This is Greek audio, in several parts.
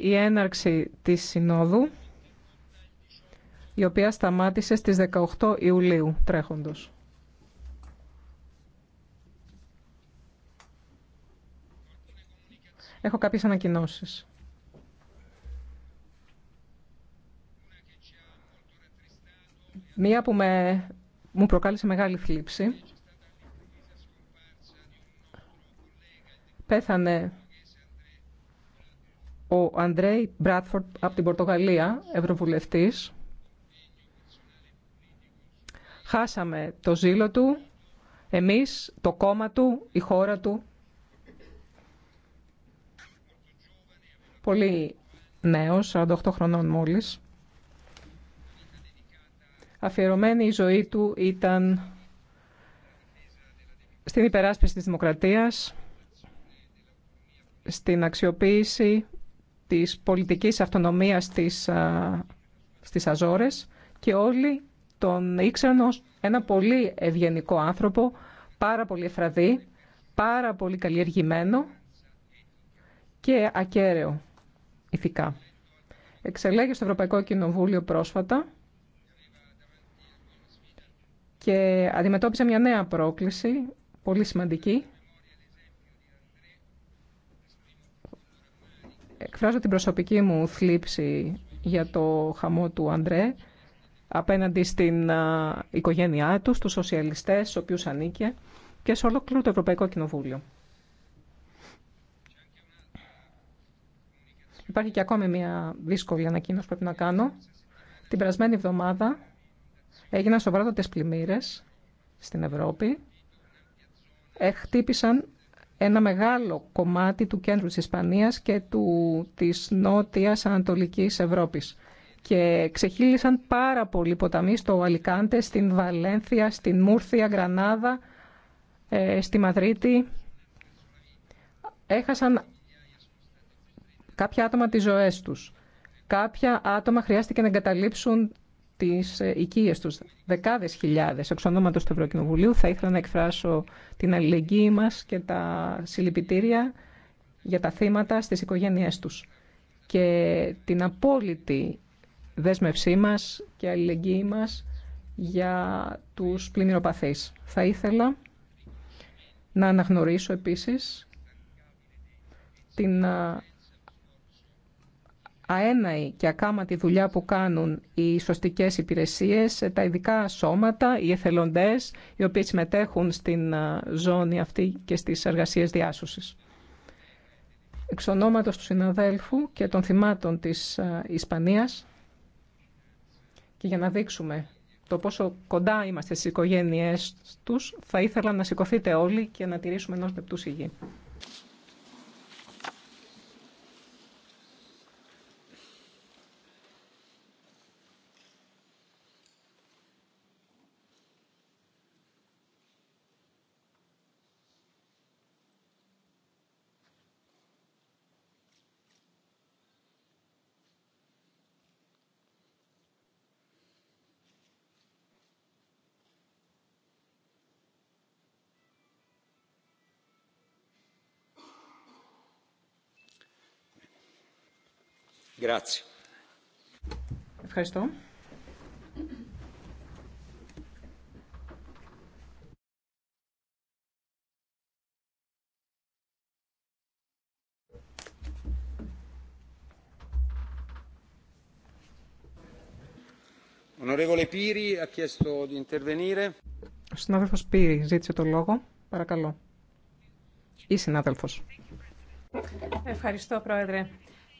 η έναρξη της Συνόδου, η οποία σταμάτησε στις 18 Ιουλίου τρέχοντος. Έχω κάποιες ανακοινώσεις. Μία που με, μου προκάλεσε μεγάλη θλίψη. Πέθανε ο Αντρέι Μπράτφορντ από την Πορτογαλία, ευρωβουλευτής. Χάσαμε το ζήλο του, εμείς, το κόμμα του, η χώρα του. Πολύ νέος, 48 χρονών μόλις. Αφιερωμένη η ζωή του ήταν στην υπεράσπιση της δημοκρατίας, στην αξιοποίηση της πολιτικής αυτονομίας της, στις Αζόρες και όλοι τον ήξεραν ως ένα πολύ ευγενικό άνθρωπο, πάρα πολύ εφραδή, πάρα πολύ καλλιεργημένο και ακέραιο ηθικά. Εξελέγει στο Ευρωπαϊκό Κοινοβούλιο πρόσφατα και αντιμετώπισε μια νέα πρόκληση, πολύ σημαντική, εκφράζω την προσωπική μου θλίψη για το χαμό του Αντρέ απέναντι στην οικογένειά του, στους σοσιαλιστές, στους οποίους ανήκε και σε ολόκληρο το Ευρωπαϊκό Κοινοβούλιο. Υπάρχει και ακόμη μια δύσκολη ανακοίνωση που πρέπει να κάνω. Την περασμένη εβδομάδα έγιναν σοβαρότατες πλημμύρες στην Ευρώπη. Ε, χτύπησαν ένα μεγάλο κομμάτι του κέντρου της Ισπανίας και του, της νότιας ανατολικής Ευρώπης. Και ξεχύλισαν πάρα πολλοί ποταμοί στο Αλικάντε, στην Βαλένθια, στην Μούρθια, Γρανάδα, ε, στη Μαδρίτη. Έχασαν κάποια άτομα τις ζωές τους. Κάποια άτομα χρειάστηκε να εγκαταλείψουν τι ε, οικίε τους. Δεκάδες χιλιάδες εξ ονόματος του Ευρωκοινοβουλίου θα ήθελα να εκφράσω την αλληλεγγύη μας και τα συλληπιτήρια για τα θύματα στις οικογένειε τους και την απόλυτη δέσμευσή μας και αλληλεγγύη μας για τους πλημμυροπαθείς. Θα ήθελα να αναγνωρίσω επίσης την αέναη και ακάματη δουλειά που κάνουν οι σωστικές υπηρεσίες, τα ειδικά σώματα, οι εθελοντές, οι οποίοι συμμετέχουν στην ζώνη αυτή και στις εργασίες διάσωσης. Εξ ονόματος του συναδέλφου και των θυμάτων της Ισπανίας και για να δείξουμε το πόσο κοντά είμαστε στις οικογένειές τους, θα ήθελα να σηκωθείτε όλοι και να τηρήσουμε ενός λεπτού Ευχαριστώ. Ο συνάδελφος Πύρη ζήτησε το λόγο. Παρακαλώ. Ή συνάδελφος. Ευχαριστώ, Πρόεδρε.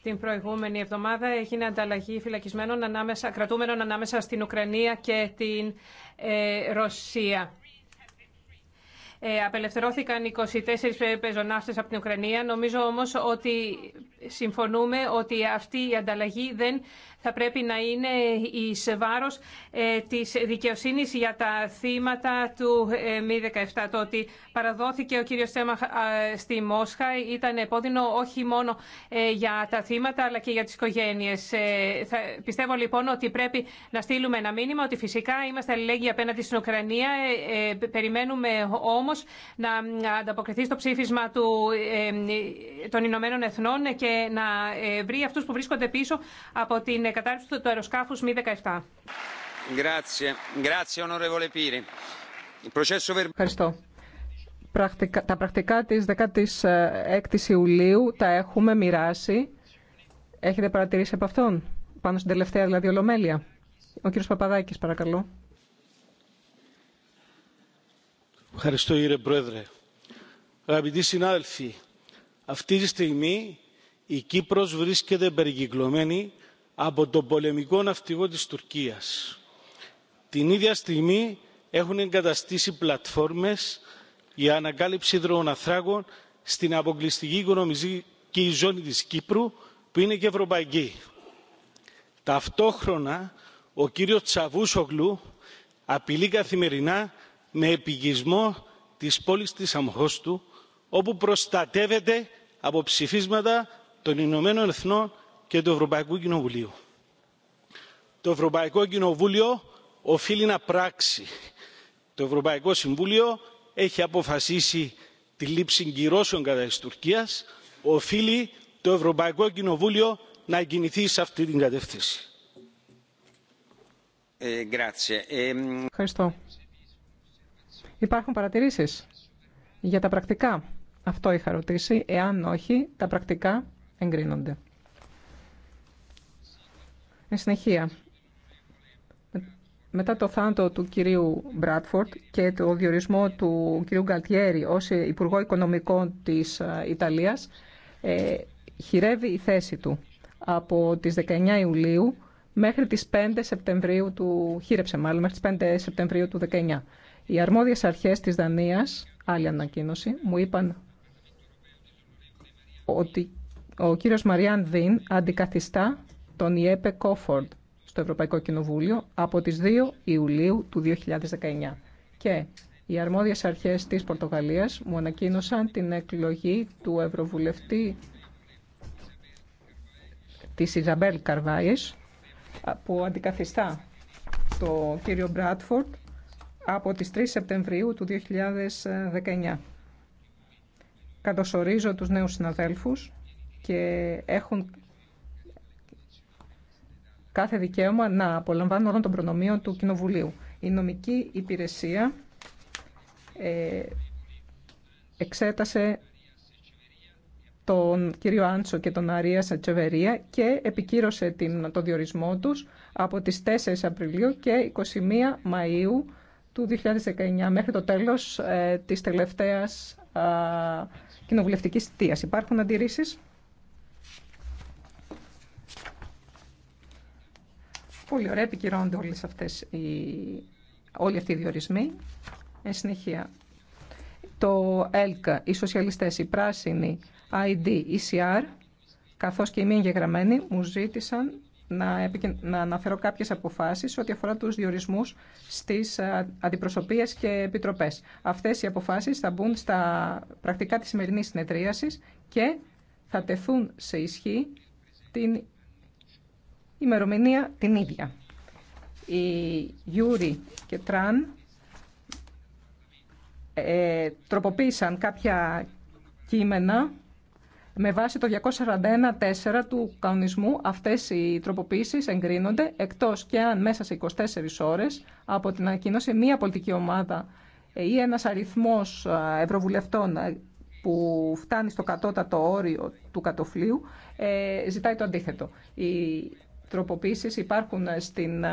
Την προηγούμενη εβδομάδα έγινε ανταλλαγή φυλακισμένων ανάμεσα, κρατούμενων ανάμεσα στην Ουκρανία και την ε, Ρωσία. Ε, απελευθερώθηκαν 24 ε, πεζοναύτες από την Ουκρανία. Νομίζω όμως ότι συμφωνούμε ότι αυτή η ανταλλαγή δεν θα πρέπει να είναι η βάρος ε, της δικαιοσύνης για τα θύματα του ΜΗ-17. Το ότι παραδόθηκε ο κύριος Τέμαχ στη Μόσχα ήταν επώδυνο όχι μόνο για τα θύματα αλλά και για τις οικογένειες. Πιστεύω λοιπόν ότι πρέπει να στείλουμε ένα μήνυμα ότι φυσικά είμαστε αλληλέγγυοι απέναντι στην Ουκρανία. Περιμένουμε όμως να ανταποκριθεί στο ψήφισμα του, ε, των Ηνωμένων Εθνών και να ε, βρει αυτούς που βρίσκονται πίσω από την κατάρριψη του αεροσκαφους μη Mi-17. Ευχαριστώ. Τα πρακτικά της 16ης ε, Ιουλίου τα έχουμε μοιράσει. Έχετε παρατηρήσει από αυτόν, πάνω στην τελευταία δηλαδή ολομέλεια. Ο κύριος Παπαδάκης παρακαλώ. Ευχαριστώ κύριε Πρόεδρε. Αγαπητοί συνάδελφοι, αυτή τη στιγμή η Κύπρος βρίσκεται περικυκλωμένη από τον πολεμικό ναυτικό της Τουρκίας. Την ίδια στιγμή έχουν εγκαταστήσει πλατφόρμες για ανακάλυψη υδρογοναθράκων στην αποκλειστική οικονομική ζώνη της Κύπρου που είναι και ευρωπαϊκή. Ταυτόχρονα ο κύριος Τσαβούσογλου απειλεί καθημερινά με επικισμό της πόλης της αμχώστου όπου προστατεύεται από ψηφίσματα των ηνωμένων εθνών και του ευρωπαϊκού κοινοβουλίου. το ευρωπαϊκό κοινοβούλιο οφείλει να πράξει. το ευρωπαϊκό συμβούλιο έχει αποφασίσει τη λήψη κυρώσεων κατά της τουρκίας οφείλει το ευρωπαϊκό κοινοβούλιο να κινηθεί σε αυτή την κατεύθυνση. Ε, Υπάρχουν παρατηρήσεις για τα πρακτικά. Αυτό είχα ρωτήσει. Εάν όχι, τα πρακτικά εγκρίνονται. Εν συνεχεία, μετά το θάνατο του κυρίου Μπράτφορντ και το διορισμό του κυρίου Γκαλτιέρη ως Υπουργό Οικονομικών της ε, Ιταλίας, ε, χειρεύει η θέση του από τις 19 Ιουλίου μέχρι τις 5 Σεπτεμβρίου του, χείρεψε μάλλον, μέχρι τις 5 Σεπτεμβρίου του 19. Οι αρμόδιες αρχές της Δανίας, άλλη ανακοίνωση, μου είπαν ότι ο κύριος Μαριάν Δίν αντικαθιστά τον Ιέπε Κόφορντ στο Ευρωπαϊκό Κοινοβούλιο από τις 2 Ιουλίου του 2019. Και οι αρμόδιες αρχές της Πορτογαλίας μου ανακοίνωσαν την εκλογή του Ευρωβουλευτή της Ιζαμπέλ Καρβάης που αντικαθιστά το κύριο Μπράτφορντ από τις 3 Σεπτεμβρίου του 2019. Κατοσορίζω τους νέους συναδέλφους και έχουν κάθε δικαίωμα να απολαμβάνουν όλων των προνομίων του Κοινοβουλίου. Η νομική υπηρεσία ε, εξέτασε τον κύριο Άντσο και τον Αρία Σατσεβερία και επικύρωσε την, το διορισμό τους από τις 4 Απριλίου και 21 Μαΐου του 2019 μέχρι το τέλος ε, της τελευταίας ε, κοινοβουλευτικής Υπάρχουν αντιρρήσεις. Πολύ ωραία, επικυρώνονται όλες αυτές οι, όλοι αυτοί οι διορισμοί. Εν συνεχεία, το ΕΛΚΑ, οι σοσιαλιστές, οι πράσινοι, ID, ECR, καθώς και οι μη εγγεγραμμένοι, μου ζήτησαν να, να αναφέρω κάποιες αποφάσεις ό,τι αφορά τους διορισμούς στις ε, αντιπροσωπείες και επιτροπές. Αυτές οι αποφάσεις θα μπουν στα πρακτικά της σημερινή συνεδρίασης και θα τεθούν σε ισχύ την ημερομηνία την ίδια. Οι Γιούρι και Τραν ε, τροποποίησαν κάποια κείμενα με βάση το 241.4 του κανονισμού αυτές οι τροποποιήσεις εγκρίνονται εκτός και αν μέσα σε 24 ώρες από την ανακοίνωση μία πολιτική ομάδα ε, ή ένας αριθμός ε, ευρωβουλευτών ε, που φτάνει στο κατώτατο όριο του κατοφλίου ζητάει το αντίθετο. Οι τροποποίησεις υπάρχουν στην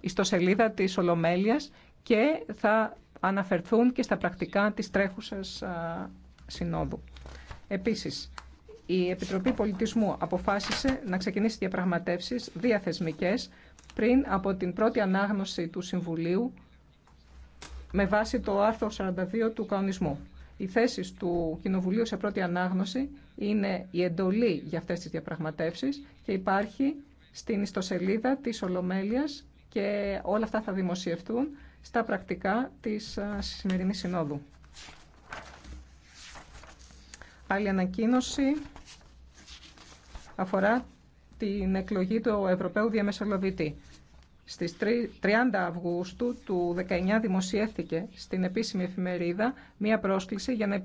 ιστοσελίδα της Ολομέλειας και θα αναφερθούν και στα πρακτικά της τρέχουσας συνόδου. Επίσης, η Επιτροπή Πολιτισμού αποφάσισε να ξεκινήσει διαπραγματεύσεις διαθεσμικές πριν από την πρώτη ανάγνωση του Συμβουλίου με βάση το άρθρο 42 του κανονισμού. Οι θέσει του Κοινοβουλίου σε πρώτη ανάγνωση είναι η εντολή για αυτές τις διαπραγματεύσεις και υπάρχει στην ιστοσελίδα της Ολομέλειας και όλα αυτά θα δημοσιευτούν στα πρακτικά της σημερινής συνόδου. Άλλη ανακοίνωση αφορά την εκλογή του Ευρωπαίου Διαμεσολαβητή. Στις 30 Αυγούστου του 19 δημοσιεύθηκε στην επίσημη εφημερίδα μία πρόσκληση για να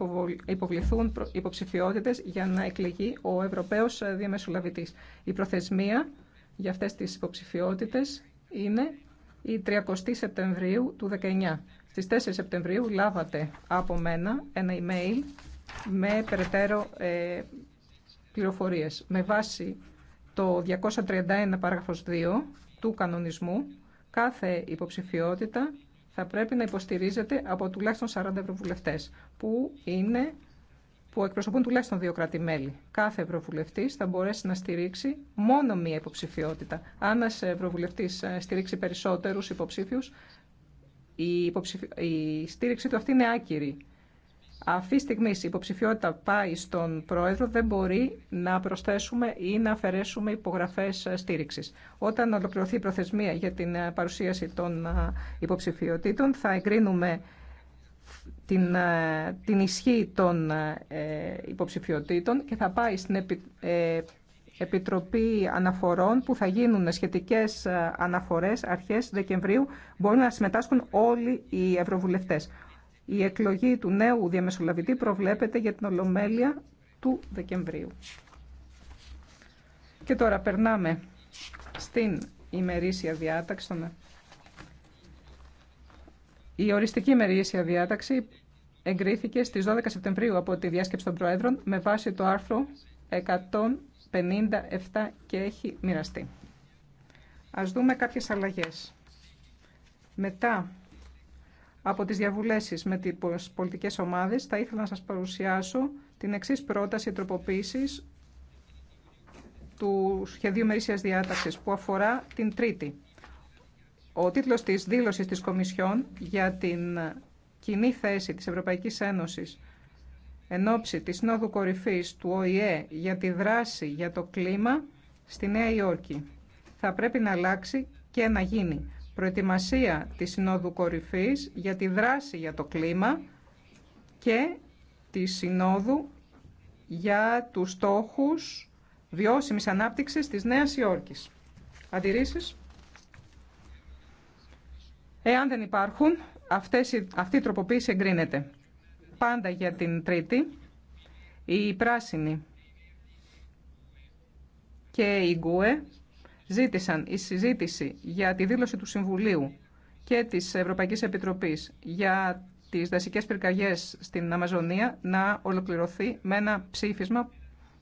υποβληθούν υποψηφιότητες για να εκλεγεί ο Ευρωπαίος Διαμεσολαβητής. Η προθεσμία για αυτές τις υποψηφιότητες είναι η 30 Σεπτεμβρίου του 19. Στις 4 Σεπτεμβρίου λάβατε από μένα ένα email με περαιτέρω ε, πληροφορίες με βάση το 231 παράγραφος 2 του κανονισμού κάθε υποψηφιότητα θα πρέπει να υποστηρίζεται από τουλάχιστον 40 ευρωβουλευτές που, είναι, που εκπροσωπούν τουλάχιστον δύο κράτη-μέλη. Κάθε ευρωβουλευτής θα μπορέσει να στηρίξει μόνο μία υποψηφιότητα. Αν ένας ευρωβουλευτής ε, στηρίξει περισσότερους υποψήφιους, η, υποψηφι... η στήριξη του αυτή είναι άκυρη αυτή τη στιγμή η υποψηφιότητα πάει στον Πρόεδρο, δεν μπορεί να προσθέσουμε ή να αφαιρέσουμε υπογραφέ στήριξη. Όταν ολοκληρωθεί η προθεσμία για την ε, παρουσίαση των ε, υποψηφιοτήτων, θα εγκρίνουμε την, ε, την ισχύ των υποψηφιοτήτων και θα πάει στην Επιτροπή Αναφορών που θα γίνουν σχετικές αναφορές αρχές Δεκεμβρίου. Μπορούν να συμμετάσχουν όλοι οι ευρωβουλευτές. Η εκλογή του νέου διαμεσολαβητή προβλέπεται για την Ολομέλεια του Δεκεμβρίου. Και τώρα περνάμε στην ημερήσια διάταξη. Η οριστική ημερήσια διάταξη εγκρίθηκε στις 12 Σεπτεμβρίου από τη διάσκεψη των Προέδρων με βάση το άρθρο 157 και έχει μοιραστεί. Ας δούμε κάποιες αλλαγές. Μετά από τις διαβουλέσεις με τις πολιτικές ομάδες, θα ήθελα να σας παρουσιάσω την εξής πρόταση τροποποίησης του σχεδίου μερίσιας διάταξης που αφορά την Τρίτη. Ο τίτλος της δήλωσης της Κομισιόν για την κοινή θέση της Ευρωπαϊκής Ένωσης εν ώψη της Νόδου Κορυφής του ΟΗΕ για τη δράση για το κλίμα στη Νέα Υόρκη θα πρέπει να αλλάξει και να γίνει προετοιμασία της Συνόδου Κορυφής για τη δράση για το κλίμα και τη Συνόδου για τους στόχους βιώσιμης ανάπτυξης της Νέας Υόρκης. Αντιρρήσεις. Εάν δεν υπάρχουν, αυτές, αυτή η τροποποίηση εγκρίνεται. Πάντα για την Τρίτη, η Πράσινη και η Γκουε ζήτησαν η συζήτηση για τη δήλωση του Συμβουλίου και της Ευρωπαϊκής Επιτροπής για τις δασικές πυρκαγιές στην Αμαζονία να ολοκληρωθεί με ένα ψήφισμα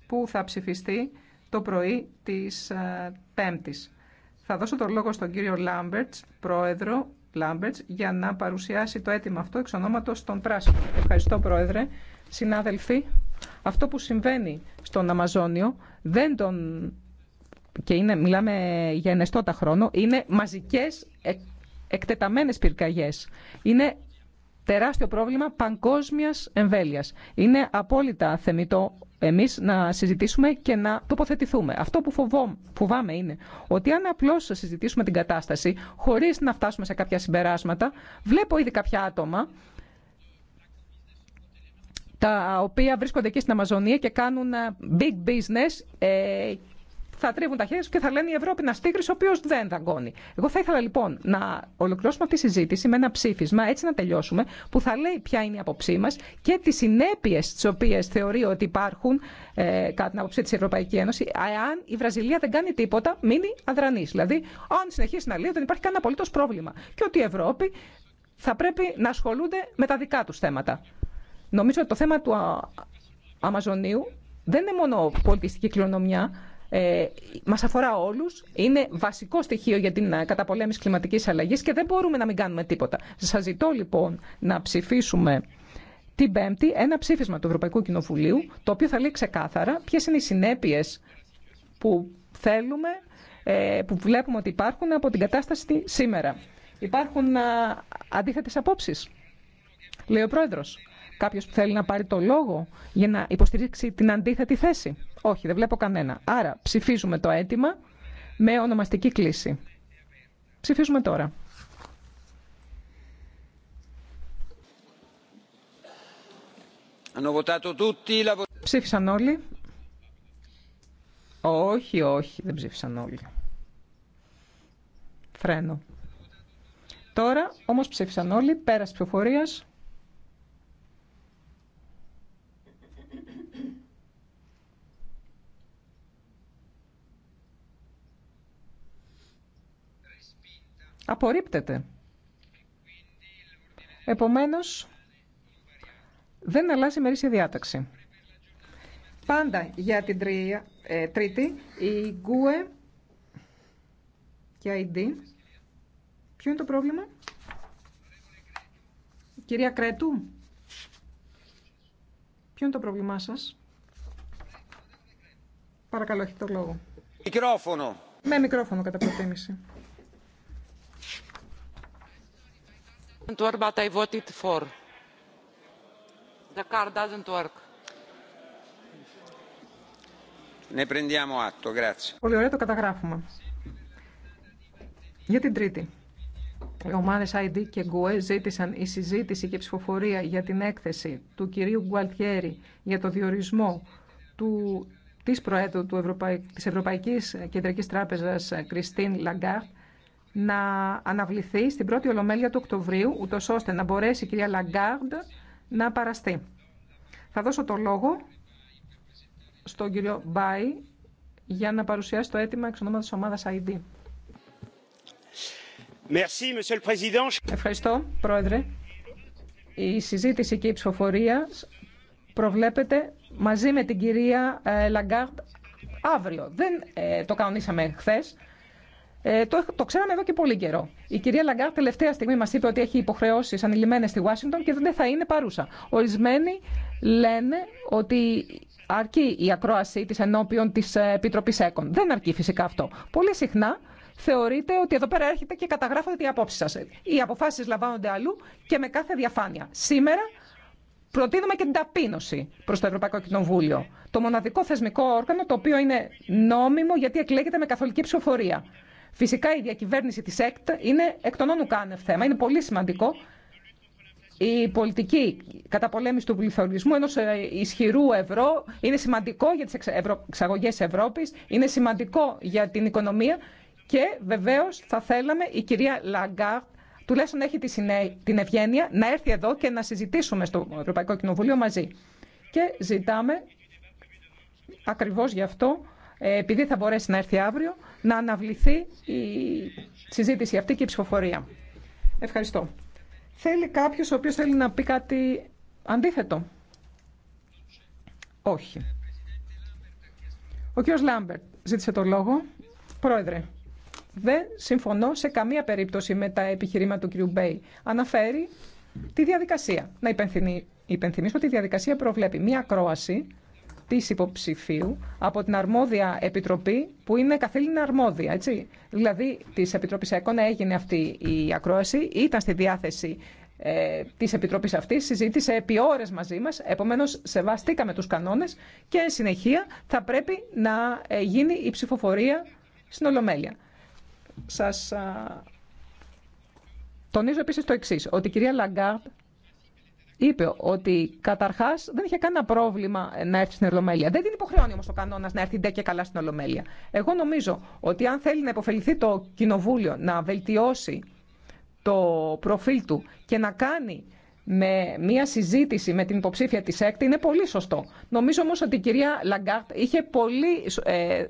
που θα ψηφιστεί το πρωί της ε, Πέμπτης. Θα δώσω τον λόγο στον κύριο Λάμπερτς, πρόεδρο Λάμπερτς, για να παρουσιάσει το αίτημα αυτό εξ ονόματος των πράσινων. Ευχαριστώ, πρόεδρε. Συνάδελφοι, αυτό που συμβαίνει στον Αμαζόνιο δεν τον και είναι, μιλάμε για εναιστώτα χρόνο, είναι μαζικές ε, εκτεταμένες πυρκαγιές. Είναι τεράστιο πρόβλημα πανκοσμίας εμβέλειας. Είναι απόλυτα θεμητό εμείς να συζητήσουμε και να τοποθετηθούμε. Αυτό που φοβώ, φοβάμαι είναι ότι αν απλώς συζητήσουμε την κατάσταση, χωρίς να φτάσουμε σε κάποια συμπεράσματα, βλέπω ήδη κάποια άτομα τα οποία βρίσκονται εκεί στην Αμαζονία και κάνουν ε, big business ε, θα τρίβουν τα χέρια του και θα λένε η Ευρώπη ένα τίγρη, ο οποίο δεν δαγκώνει. Εγώ θα ήθελα λοιπόν να ολοκληρώσουμε αυτή τη συζήτηση με ένα ψήφισμα, έτσι να τελειώσουμε, που θα λέει ποια είναι η άποψή μα και τι συνέπειε τι οποίε θεωρεί ότι υπάρχουν ε, κατά την άποψή τη Ευρωπαϊκή Ένωση, εάν η Βραζιλία δεν κάνει τίποτα, μείνει αδρανή. Δηλαδή, αν συνεχίσει να λέει δεν υπάρχει κανένα απολύτω πρόβλημα και ότι η Ευρώπη θα πρέπει να ασχολούνται με τα δικά του θέματα. Νομίζω ότι το θέμα του Αμαζονίου δεν είναι μόνο πολιτιστική κληρονομιά, ε, μας αφορά όλους, είναι βασικό στοιχείο για την ε, καταπολέμηση κλιματικής αλλαγής και δεν μπορούμε να μην κάνουμε τίποτα. Σας ζητώ λοιπόν να ψηφίσουμε την Πέμπτη ένα ψήφισμα του Ευρωπαϊκού Κοινοβουλίου, το οποίο θα λέει ξεκάθαρα ποιε είναι οι συνέπειε που θέλουμε, ε, που βλέπουμε ότι υπάρχουν από την κατάσταση σήμερα. Υπάρχουν ε, αντίθετε απόψει. Λέει ο Πρόεδρο. Κάποιο που θέλει να πάρει το λόγο για να υποστηρίξει την αντίθετη θέση. Όχι, δεν βλέπω κανένα. Άρα ψηφίζουμε το αίτημα με ονομαστική κλίση. Ψηφίζουμε τώρα. Ψήφισαν όλοι. Όχι, όχι, δεν ψήφισαν όλοι. Φρένο. Τώρα όμως ψήφισαν όλοι, πέρας ψηφοφορίας. Απορρίπτεται. Επομένως, δεν αλλάζει η μερίσια διάταξη. Πάντα για την ε, τρίτη, η ΓΚΟΕ και ID. Ποιο είναι το πρόβλημα? Κυρία Κρέτου, ποιο είναι το πρόβλημά σας? Παρακαλώ, έχετε το λόγο. Μικρόφωνο. Με μικρόφωνο κατά προτίμηση. Πολύ ωραία το καταγράφουμε. Για την τρίτη. Οι ομάδε ID και GUE ζήτησαν η συζήτηση και ψηφοφορία για την έκθεση του κυρίου Γκουαλτιέρη για το διορισμό του, της Προέδρου του Ευρωπαϊ, της Ευρωπαϊκής Κεντρικής Τράπεζας Κριστίν Λαγκάρτ να αναβληθεί στην πρώτη ολομέλεια του Οκτωβρίου, ούτω ώστε να μπορέσει η κυρία Λαγκάρντ να παραστεί. Θα δώσω το λόγο στον κύριο Μπάι για να παρουσιάσει το αίτημα εξ ονόματος της ομάδας ID. Ευχαριστώ, Πρόεδρε. Η συζήτηση και η ψηφοφορία προβλέπεται μαζί με την κυρία ε, Λαγκάρντ αύριο. Δεν ε, το κανονίσαμε χθες. Ε, το, το ξέραμε εδώ και πολύ καιρό. Η κυρία Λαγκάρ τελευταία στιγμή μα είπε ότι έχει υποχρεώσει ανηλυμένε στη Ουάσιγκτον και δεν θα είναι παρούσα. Ορισμένοι λένε ότι αρκεί η ακρόαση τη ενώπιον τη ε, Επιτροπή ΕΚΟΝ. Δεν αρκεί φυσικά αυτό. Πολύ συχνά θεωρείτε ότι εδώ πέρα έρχεται και καταγράφεται οι απόψει σα. Οι αποφάσει λαμβάνονται αλλού και με κάθε διαφάνεια. Σήμερα προτείνουμε και την ταπείνωση προ το Ευρωπαϊκό Κοινοβούλιο. Το μοναδικό θεσμικό όργανο το οποίο είναι νόμιμο γιατί εκλέγεται με καθολική ψηφοφορία. Φυσικά η διακυβέρνηση της ΕΚΤ είναι εκ των όνων κάνευ θέμα. Είναι πολύ σημαντικό η πολιτική καταπολέμηση του πληθωρισμού ενό ε, ισχυρού ευρώ είναι σημαντικό για τις εξαγωγές Ευρώπης, είναι σημαντικό για την οικονομία και βεβαίω θα θέλαμε η κυρία Λαγκάρτ τουλάχιστον έχει την ευγένεια να έρθει εδώ και να συζητήσουμε στο Ευρωπαϊκό Κοινοβούλιο μαζί. Και ζητάμε ακριβώς γι' αυτό ε, επειδή θα μπορέσει να έρθει αύριο, να αναβληθεί η συζήτηση αυτή και η ψηφοφορία. Ευχαριστώ. Θέλει κάποιος ο οποίος θέλει να πει κάτι αντίθετο. Όχι. Ο κ. Λάμπερτ ζήτησε το λόγο. Πρόεδρε, δεν συμφωνώ σε καμία περίπτωση με τα επιχειρήματα του κ. Μπέι. Αναφέρει τη διαδικασία. Να υπενθυμίσω ότι η διαδικασία προβλέπει μία ακρόαση της υποψηφίου από την αρμόδια επιτροπή που είναι καθήλυνα αρμόδια. Έτσι. Δηλαδή της Επιτροπής ΕΚΟΝ έγινε αυτή η ακρόαση, ήταν στη διάθεση ε, της Επιτροπής αυτής, συζήτησε επί ώρες μαζί μας, επομένως σεβαστήκαμε τους κανόνες και εν συνεχεία θα πρέπει να ε, γίνει η ψηφοφορία στην Ολομέλεια. Σας τονίζω επίσης το εξής, ότι η κυρία Λαγκάρτ είπε ότι καταρχά δεν είχε κανένα πρόβλημα να έρθει στην Ολομέλεια. Δεν την υποχρεώνει όμω ο κανόνα να έρθει ντε και καλά στην Ολομέλεια. Εγώ νομίζω ότι αν θέλει να υποφεληθεί το Κοινοβούλιο να βελτιώσει το προφίλ του και να κάνει με μία συζήτηση με την υποψήφια της έκτη είναι πολύ σωστό. Νομίζω όμως ότι η κυρία Λαγκάρτ είχε πολύ ε,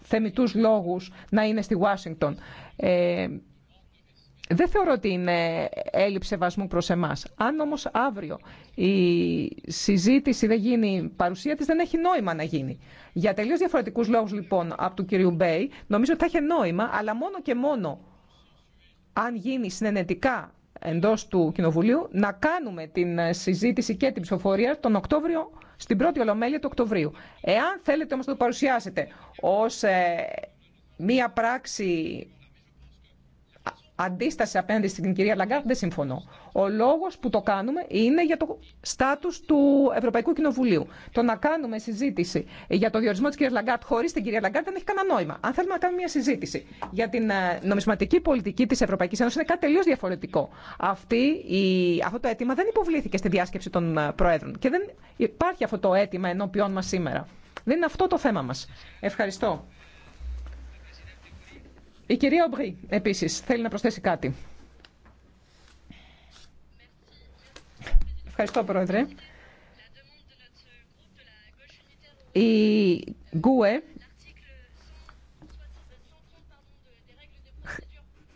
θεμητούς λόγους να είναι στη Ουάσιγκτον. Ε, δεν θεωρώ ότι είναι έλλειψη σεβασμού προς εμάς. Αν όμως αύριο η συζήτηση δεν γίνει παρουσία της, δεν έχει νόημα να γίνει. Για τελείως διαφορετικούς λόγους λοιπόν από του κυρίου Μπέι, νομίζω ότι θα έχει νόημα, αλλά μόνο και μόνο αν γίνει συνενετικά εντός του Κοινοβουλίου, να κάνουμε την συζήτηση και την ψηφοφορία τον Οκτώβριο, στην πρώτη Ολομέλεια του Οκτωβρίου. Εάν θέλετε όμως να το παρουσιάσετε ως ε, μία πράξη αντίσταση απέναντι στην κυρία Λαγκάρτ δεν συμφωνώ. Ο λόγο που το κάνουμε είναι για το στάτου του Ευρωπαϊκού Κοινοβουλίου. Το να κάνουμε συζήτηση για το διορισμό τη κυρία Λαγκάρτ χωρί την κυρία Λαγκάρτ δεν έχει κανένα νόημα. Αν θέλουμε να κάνουμε μια συζήτηση για την ε, νομισματική πολιτική τη Ευρωπαϊκή Ένωση, είναι κάτι τελείω διαφορετικό. Αυτή η, αυτό το αίτημα δεν υποβλήθηκε στη διάσκεψη των ε, Προέδρων και δεν υπάρχει αυτό το αίτημα ενώπιον μα σήμερα. Δεν είναι αυτό το θέμα μα. Ευχαριστώ. Η κυρία Ομπρή επίσης θέλει να προσθέσει κάτι. Ευχαριστώ πρόεδρε. Η Γκουε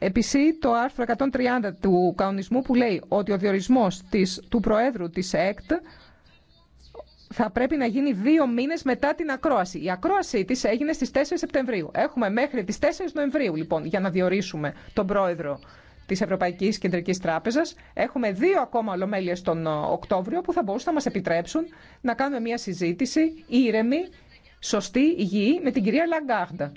Επίση, το άρθρο 130 του κανονισμού που λέει ότι ο διορισμός της, του Προέδρου της ΕΚΤ θα πρέπει να γίνει δύο μήνε μετά την ακρόαση. Η ακρόαση τη έγινε στι 4 Σεπτεμβρίου. Έχουμε μέχρι τι 4 Νοεμβρίου, λοιπόν, για να διορίσουμε τον πρόεδρο τη Ευρωπαϊκή Κεντρική Τράπεζα. Έχουμε δύο ακόμα ολομέλειε τον ε, Οκτώβριο που θα μπορούσαν να μα επιτρέψουν να κάνουμε μια συζήτηση ήρεμη, σωστή, υγιή με την κυρία Λαγκάρντα.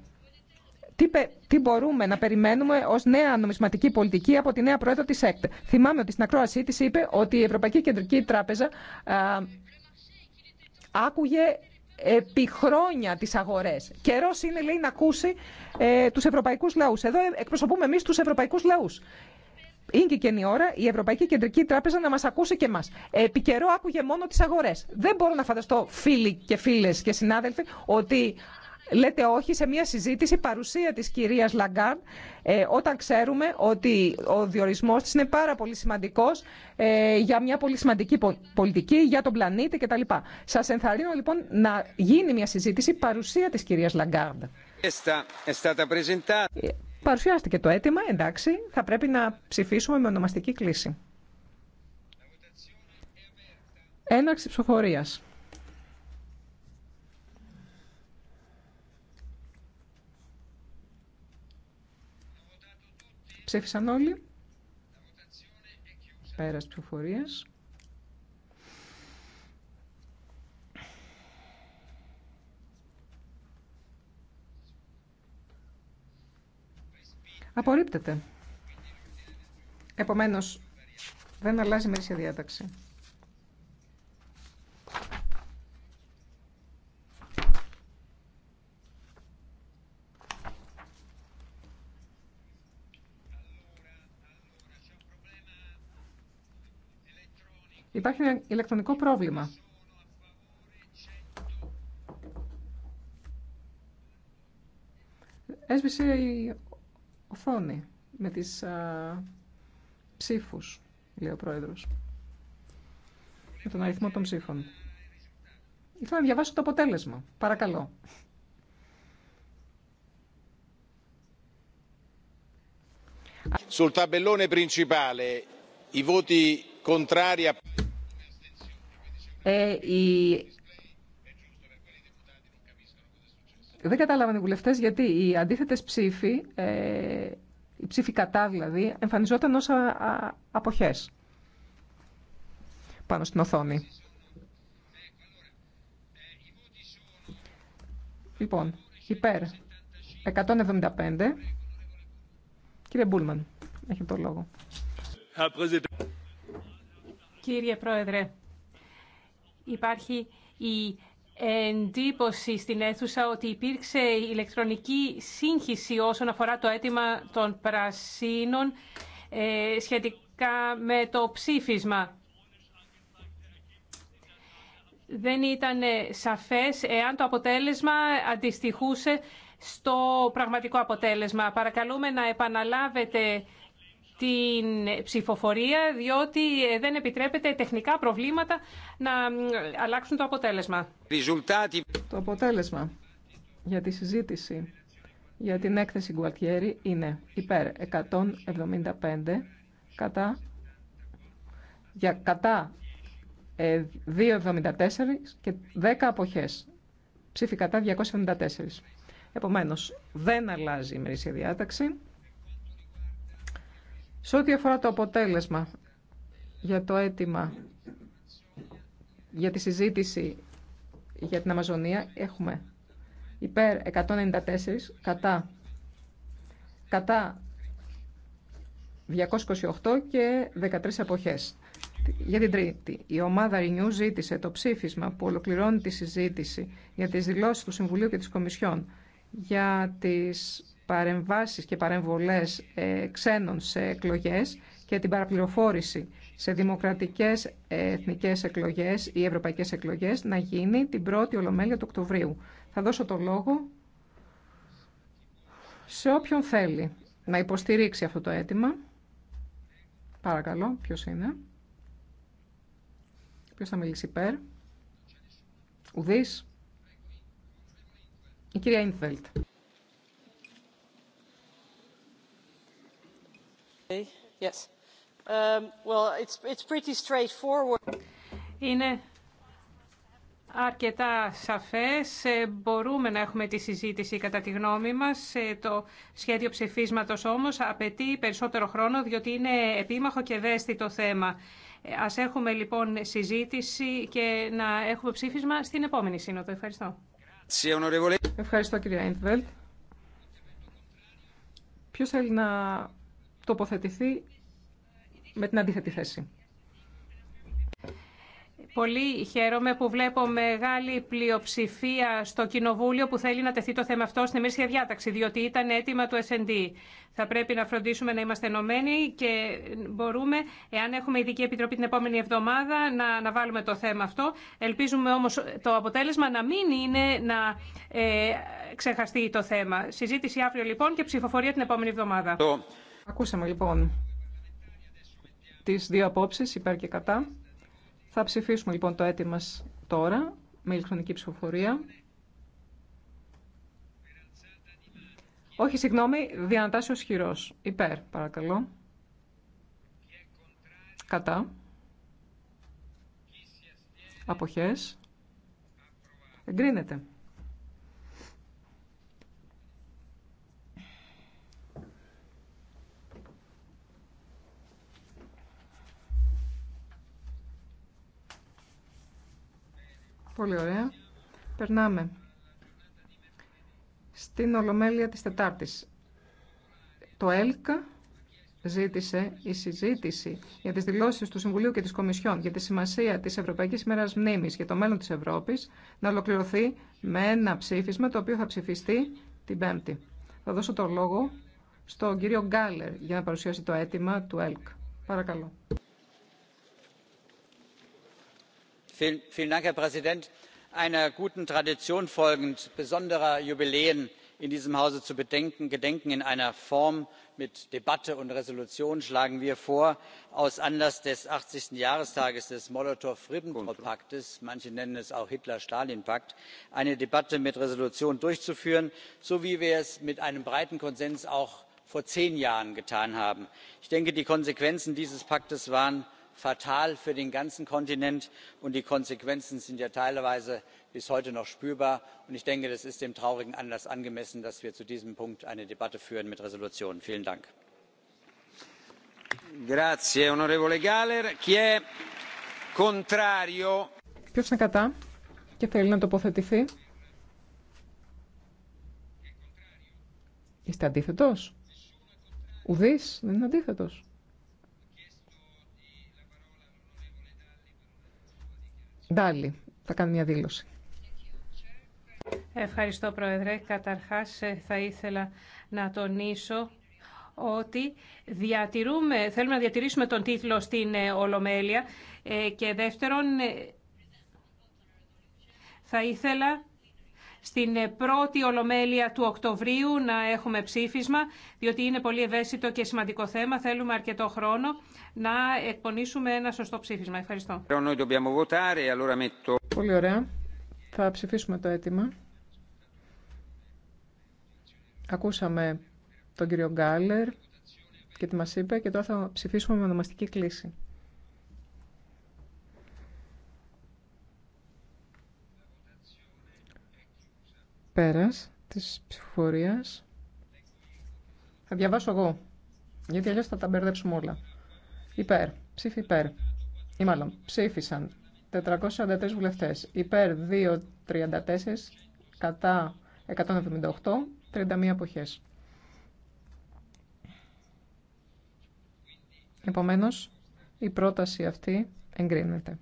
Τι, τι μπορούμε να περιμένουμε ω νέα νομισματική πολιτική από τη νέα πρόεδρο τη ΕΚΤ. Θυμάμαι ότι στην ακρόασή τη είπε ότι η Ευρωπαϊκή Κεντρική Τράπεζα άκουγε επί χρόνια τις αγορές. Καιρό είναι, λέει, να ακούσει ε, τους ευρωπαϊκούς λαούς. Εδώ εκπροσωπούμε εμείς τους ευρωπαϊκούς λαούς. Είναι και καινή ώρα η Ευρωπαϊκή Κεντρική Τράπεζα να μα ακούσει και εμά. Επί καιρό άκουγε μόνο τι αγορέ. Δεν μπορώ να φανταστώ, φίλοι και φίλε και συνάδελφοι, ότι λέτε όχι σε μια συζήτηση παρουσία της κυρίας ε, όταν ξέρουμε ότι ο διορισμός της είναι πάρα πολύ σημαντικός ε, για μια πολύ σημαντική πολιτική, για τον πλανήτη κτλ. Σας ενθαρρύνω λοιπόν να γίνει μια συζήτηση παρουσία της κυρίας Λαγκάρντ. Ε, παρουσιάστηκε το αίτημα, εντάξει, θα πρέπει να ψηφίσουμε με ονομαστική κλίση. Έναρξη ψηφοφορίας. Ψήφισαν όλοι. Πέρας ψηφοφορία. Απορρίπτεται. Επομένως, δεν αλλάζει η μερίσια διάταξη. Υπάρχει ένα ηλεκτρονικό πρόβλημα. Έσβησε η οθόνη με τις α, ψήφους, λέει ο πρόεδρος. Με τον αριθμό των ψήφων. Ήθελα να διαβάσω το αποτέλεσμα. Παρακαλώ. Sul tabellone principale i voti ε, Δεν κατάλαβαν οι βουλευτές γιατί οι αντίθετες ψήφοι, ε, οι ψήφοι κατά δηλαδή, εμφανιζόταν ως αποχές πάνω στην οθόνη. Λοιπόν, υπέρ 175. Κύριε Μπούλμαν, έχει το λόγο. Κύριε Πρόεδρε, Υπάρχει η εντύπωση στην αίθουσα ότι υπήρξε ηλεκτρονική σύγχυση όσον αφορά το αίτημα των πρασίνων ε, σχετικά με το ψήφισμα. Δεν ήταν σαφές εάν το αποτέλεσμα αντιστοιχούσε στο πραγματικό αποτέλεσμα. Παρακαλούμε να επαναλάβετε την ψηφοφορία, διότι ε, δεν επιτρέπεται τεχνικά προβλήματα να αλλάξουν το αποτέλεσμα. Το αποτέλεσμα για τη συζήτηση για την έκθεση Γκουαλτιέρη είναι υπέρ 175 κατά, για κατά 2,74 ε, και 10 αποχές. Ψήφι κατά 274. Επομένως, δεν αλλάζει η μερίσια διάταξη. Σε ό,τι αφορά το αποτέλεσμα για το αίτημα, για τη συζήτηση για την Αμαζονία, έχουμε υπέρ 194, κατά, κατά 228 και 13 εποχές. Για την Τρίτη, η ομάδα Renew ζήτησε το ψήφισμα που ολοκληρώνει τη συζήτηση για τις δηλώσεις του Συμβουλίου και της Κομισιόν για τις παρεμβάσεις και παρεμβολές ε, ξένων σε εκλογές και την παραπληροφόρηση σε δημοκρατικές ε, εθνικές εκλογές ή ευρωπαϊκές εκλογές να γίνει την πρώτη Ολομέλεια του Οκτωβρίου. Θα δώσω το λόγο σε όποιον θέλει να υποστηρίξει αυτό το αίτημα. Παρακαλώ, ποιος είναι. Ποιος θα μιλήσει υπέρ. Ουδής. Η κυρία Ίνθελτ Um, είναι αρκετά σαφές. Ε, μπορούμε να έχουμε τη συζήτηση κατά τη γνώμη μας. Ε, το σχέδιο ψηφίσματος όμως απαιτεί περισσότερο χρόνο διότι είναι επίμαχο και δέστη το θέμα. Ε, ας έχουμε λοιπόν συζήτηση και να έχουμε ψήφισμα στην επόμενη σύνοδο. Ευχαριστώ. Ευχαριστώ κυρία Ιντβελτ. Ποιος θέλει να τοποθετηθεί με την αντίθετη θέση. Πολύ χαίρομαι που βλέπω μεγάλη πλειοψηφία στο Κοινοβούλιο που θέλει να τεθεί το θέμα αυτό στην ημερήσια διάταξη, διότι ήταν αίτημα του S&D. Θα πρέπει να φροντίσουμε να είμαστε ενωμένοι και μπορούμε, εάν έχουμε ειδική επιτροπή την επόμενη εβδομάδα, να βάλουμε το θέμα αυτό. Ελπίζουμε όμως το αποτέλεσμα να μην είναι να ε, ξεχαστεί το θέμα. Συζήτηση αύριο λοιπόν και ψηφοφορία την επόμενη εβδομάδα. Ακούσαμε λοιπόν τις δύο απόψεις, υπέρ και κατά. Θα ψηφίσουμε λοιπόν το αίτημα τώρα με ηλεκτρονική ψηφοφορία. Όχι, συγγνώμη, διανατάσσεως χειρός. Υπέρ, παρακαλώ. Κατά. Αποχές. Εγκρίνεται. Πολύ ωραία. Περνάμε στην Ολομέλεια της Τετάρτης. Το ΕΛΚΑ ζήτησε η συζήτηση για τις δηλώσεις του Συμβουλίου και της Κομισιόν για τη σημασία της Ευρωπαϊκής ημέρας μνήμης για το μέλλον της Ευρώπης να ολοκληρωθεί με ένα ψήφισμα το οποίο θα ψηφιστεί την Πέμπτη. Θα δώσω το λόγο στον κύριο Γκάλερ για να παρουσιάσει το αίτημα του ΕΛΚ. Παρακαλώ herr präsident! einer guten tradition folgend besonderer jubiläen in diesem hause zu gedenken in einer form mit debatte und entschließung schlagen wir vor aus anlass des 80. jahrestages des molotow ribbentrop paktes manche nennen es auch hitler stalin pakt eine debatte mit entschließung durchzuführen so wie wir es mit einem breiten konsens auch vor zehn jahren getan haben. ich denke die konsequenzen dieses paktes waren fatal für den ganzen kontinent und die konsequenzen sind ja teilweise bis heute noch spürbar. ich denke das ist dem traurigen anlass angemessen dass wir zu diesem punkt eine debatte mit führen. mit Resolutionen. Vielen Dank, Ντάλι θα κάνει μια δήλωση. Ευχαριστώ, Πρόεδρε. Καταρχάς, ε, θα ήθελα να τονίσω ότι διατηρούμε, θέλουμε να διατηρήσουμε τον τίτλο στην ε, Ολομέλεια ε, και δεύτερον, θα ήθελα στην ε, πρώτη ολομέλεια του Οκτωβρίου να έχουμε ψήφισμα, διότι είναι πολύ ευαίσθητο και σημαντικό θέμα. Θέλουμε αρκετό χρόνο να εκπονήσουμε ένα σωστό ψήφισμα. Ευχαριστώ. E πολύ ωραία. Θα ψηφίσουμε το αίτημα. Ακούσαμε τον κύριο Γκάλερ και τι μας είπε και τώρα θα ψηφίσουμε με ονομαστική κλίση. Πέρας της ψηφοφορίας. Θα διαβάσω εγώ, γιατί αλλιώς θα τα μπερδέψουμε όλα. Υπέρ, ψήφι υπέρ. Ή μάλλον, ψήφισαν 443 βουλευτές. Υπέρ 234, κατά 178, 31 αποχές. Επομένως, η πρόταση αυτή εγκρίνεται.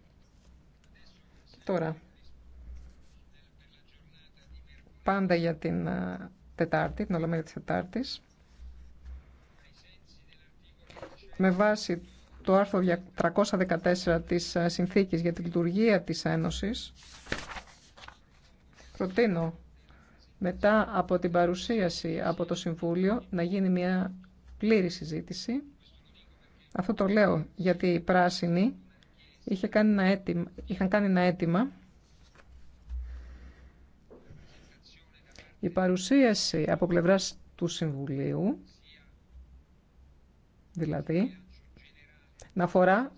τώρα, πάντα για την ε, Τετάρτη, την Ολομέλεια της Τετάρτης. Με βάση το άρθρο 314 της ε, Συνθήκης για τη Λειτουργία της Ένωσης, προτείνω μετά από την παρουσίαση από το Συμβούλιο να γίνει μια πλήρη συζήτηση. Αυτό το λέω γιατί οι πράσινοι είχε κάνει ένα αίτημα, είχαν κάνει ένα αίτημα Η παρουσίαση από πλευράς του Συμβουλίου, δηλαδή, να αφορά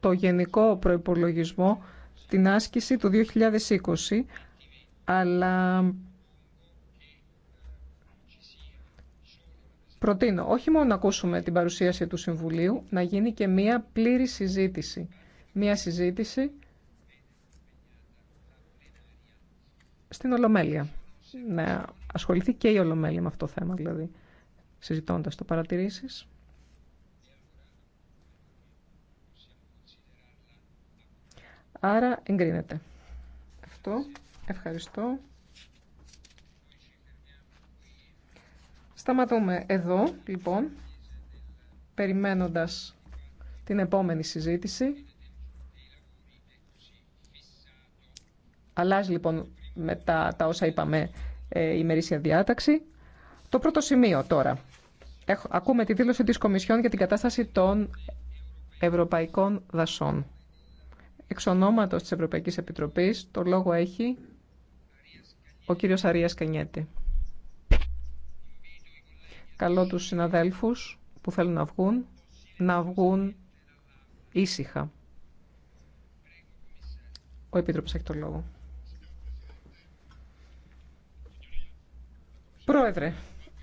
το γενικό προϋπολογισμό, την άσκηση του 2020, αλλά προτείνω όχι μόνο να ακούσουμε την παρουσίαση του Συμβουλίου, να γίνει και μία πλήρη συζήτηση. Μία συζήτηση στην Ολομέλεια. Ναι, ασχοληθεί και η Ολομέλεια με αυτό το θέμα, δηλαδή, συζητώντας το παρατηρήσεις. Άρα εγκρίνεται. Αυτό. Ευχαριστώ. Σταματούμε εδώ, λοιπόν, περιμένοντας την επόμενη συζήτηση. Αλλάζει λοιπόν με τα όσα είπαμε ε, η ημερήσια διάταξη. Το πρώτο σημείο τώρα. Ακούμε τη δήλωση της Κομισιόν για την κατάσταση των ευρωπαϊκών δασών. Εξ ονόματος της Ευρωπαϊκής Επιτροπής, το λόγο έχει ο κύριος Αρίας Κανιέτη. Καλό τους συναδέλφους που θέλουν να βγουν, να βγουν ήσυχα. Ο Επίτροπος έχει το λόγο. Πρόεδρε,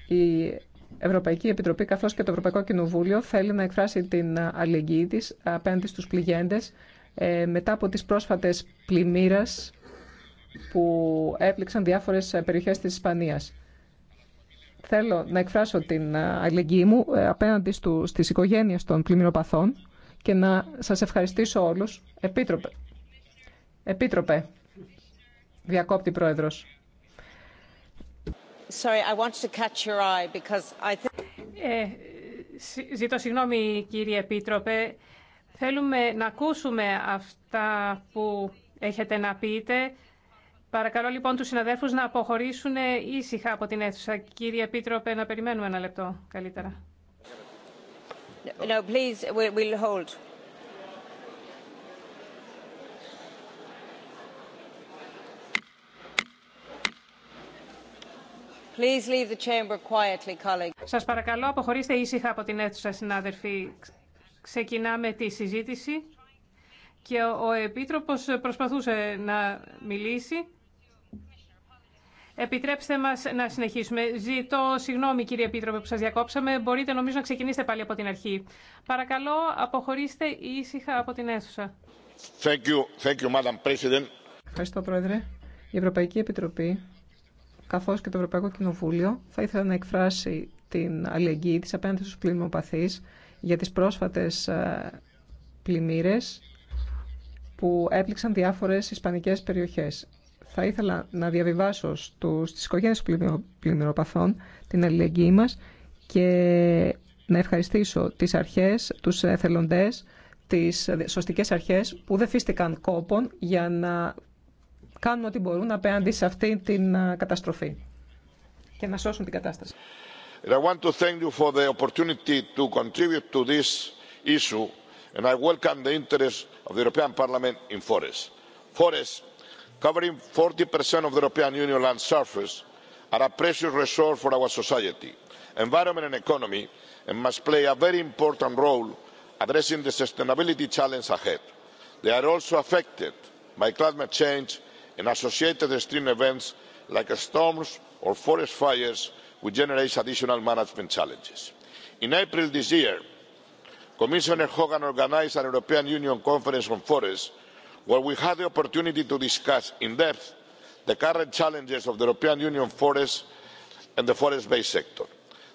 η Ευρωπαϊκή Επιτροπή καθώς και το Ευρωπαϊκό Κοινοβούλιο θέλει να εκφράσει την αλληλεγγύη της απέναντι στους πληγέντες ε, μετά από τις πρόσφατες πλημμύρες που έπληξαν διάφορες περιοχές της Ισπανίας. Θέλω να εκφράσω την αλληλεγγύη μου ε, απέναντι στι στις οικογένειες των πλημμυροπαθών και να σας ευχαριστήσω όλους. Επίτροπε, Επίτροπε διακόπτη πρόεδρος ζητώ συγγνώμη κύριε Επίτροπε. Θέλουμε να ακούσουμε αυτά που έχετε να πείτε. Παρακαλώ λοιπόν τους συναδέλφους να αποχωρήσουν ήσυχα από την αίθουσα. Κύριε Επίτροπε, να περιμένουμε ένα λεπτό καλύτερα. No, please, we'll hold. Please leave the chamber quietly, Σας παρακαλώ, αποχωρήστε ήσυχα από την αίθουσα, συνάδελφοι. Ξεκινάμε τη συζήτηση και ο Επίτροπος προσπαθούσε να μιλήσει. Επιτρέψτε μας να συνεχίσουμε. Ζητώ συγγνώμη κύριε Επίτροπε που σας διακόψαμε. Μπορείτε νομίζω να ξεκινήσετε πάλι από την αρχή. Παρακαλώ αποχωρήστε ήσυχα από την αίθουσα. Thank you. Thank you, Madam President. Ευχαριστώ Πρόεδρε. Η Ευρωπαϊκή Επιτροπή καθώς και το Ευρωπαϊκό Κοινοβούλιο θα ήθελα να εκφράσει την αλληλεγγύη της απέναντι στους πλημμοπαθείς για τις πρόσφατες ε, πλημμύρες που έπληξαν διάφορες ισπανικές περιοχές. Θα ήθελα να διαβιβάσω στους, στις οικογένειες πλημμυροπαθών την αλληλεγγύη μας και να ευχαριστήσω τις αρχές, τους εθελοντές, τις σωστικές αρχές που δεν φύστηκαν κόπον για να κάνουν ό,τι μπορούν απέναντι σε αυτή την καταστροφή και να σώσουν την κατάσταση. I want to thank you for the opportunity to contribute to this issue and I welcome the interest of the European Parliament in forests. Forests, covering 40% of the European Union land surface, are a precious resource for our society, environment and economy, and must play a very important role addressing the sustainability challenge ahead. They are also affected by climate change and associated extreme events like storms or forest fires which generate additional management challenges. in april this year commissioner hogan organised a european union conference on forests where we had the opportunity to discuss in depth the current challenges of the european union forests and the forest based sector.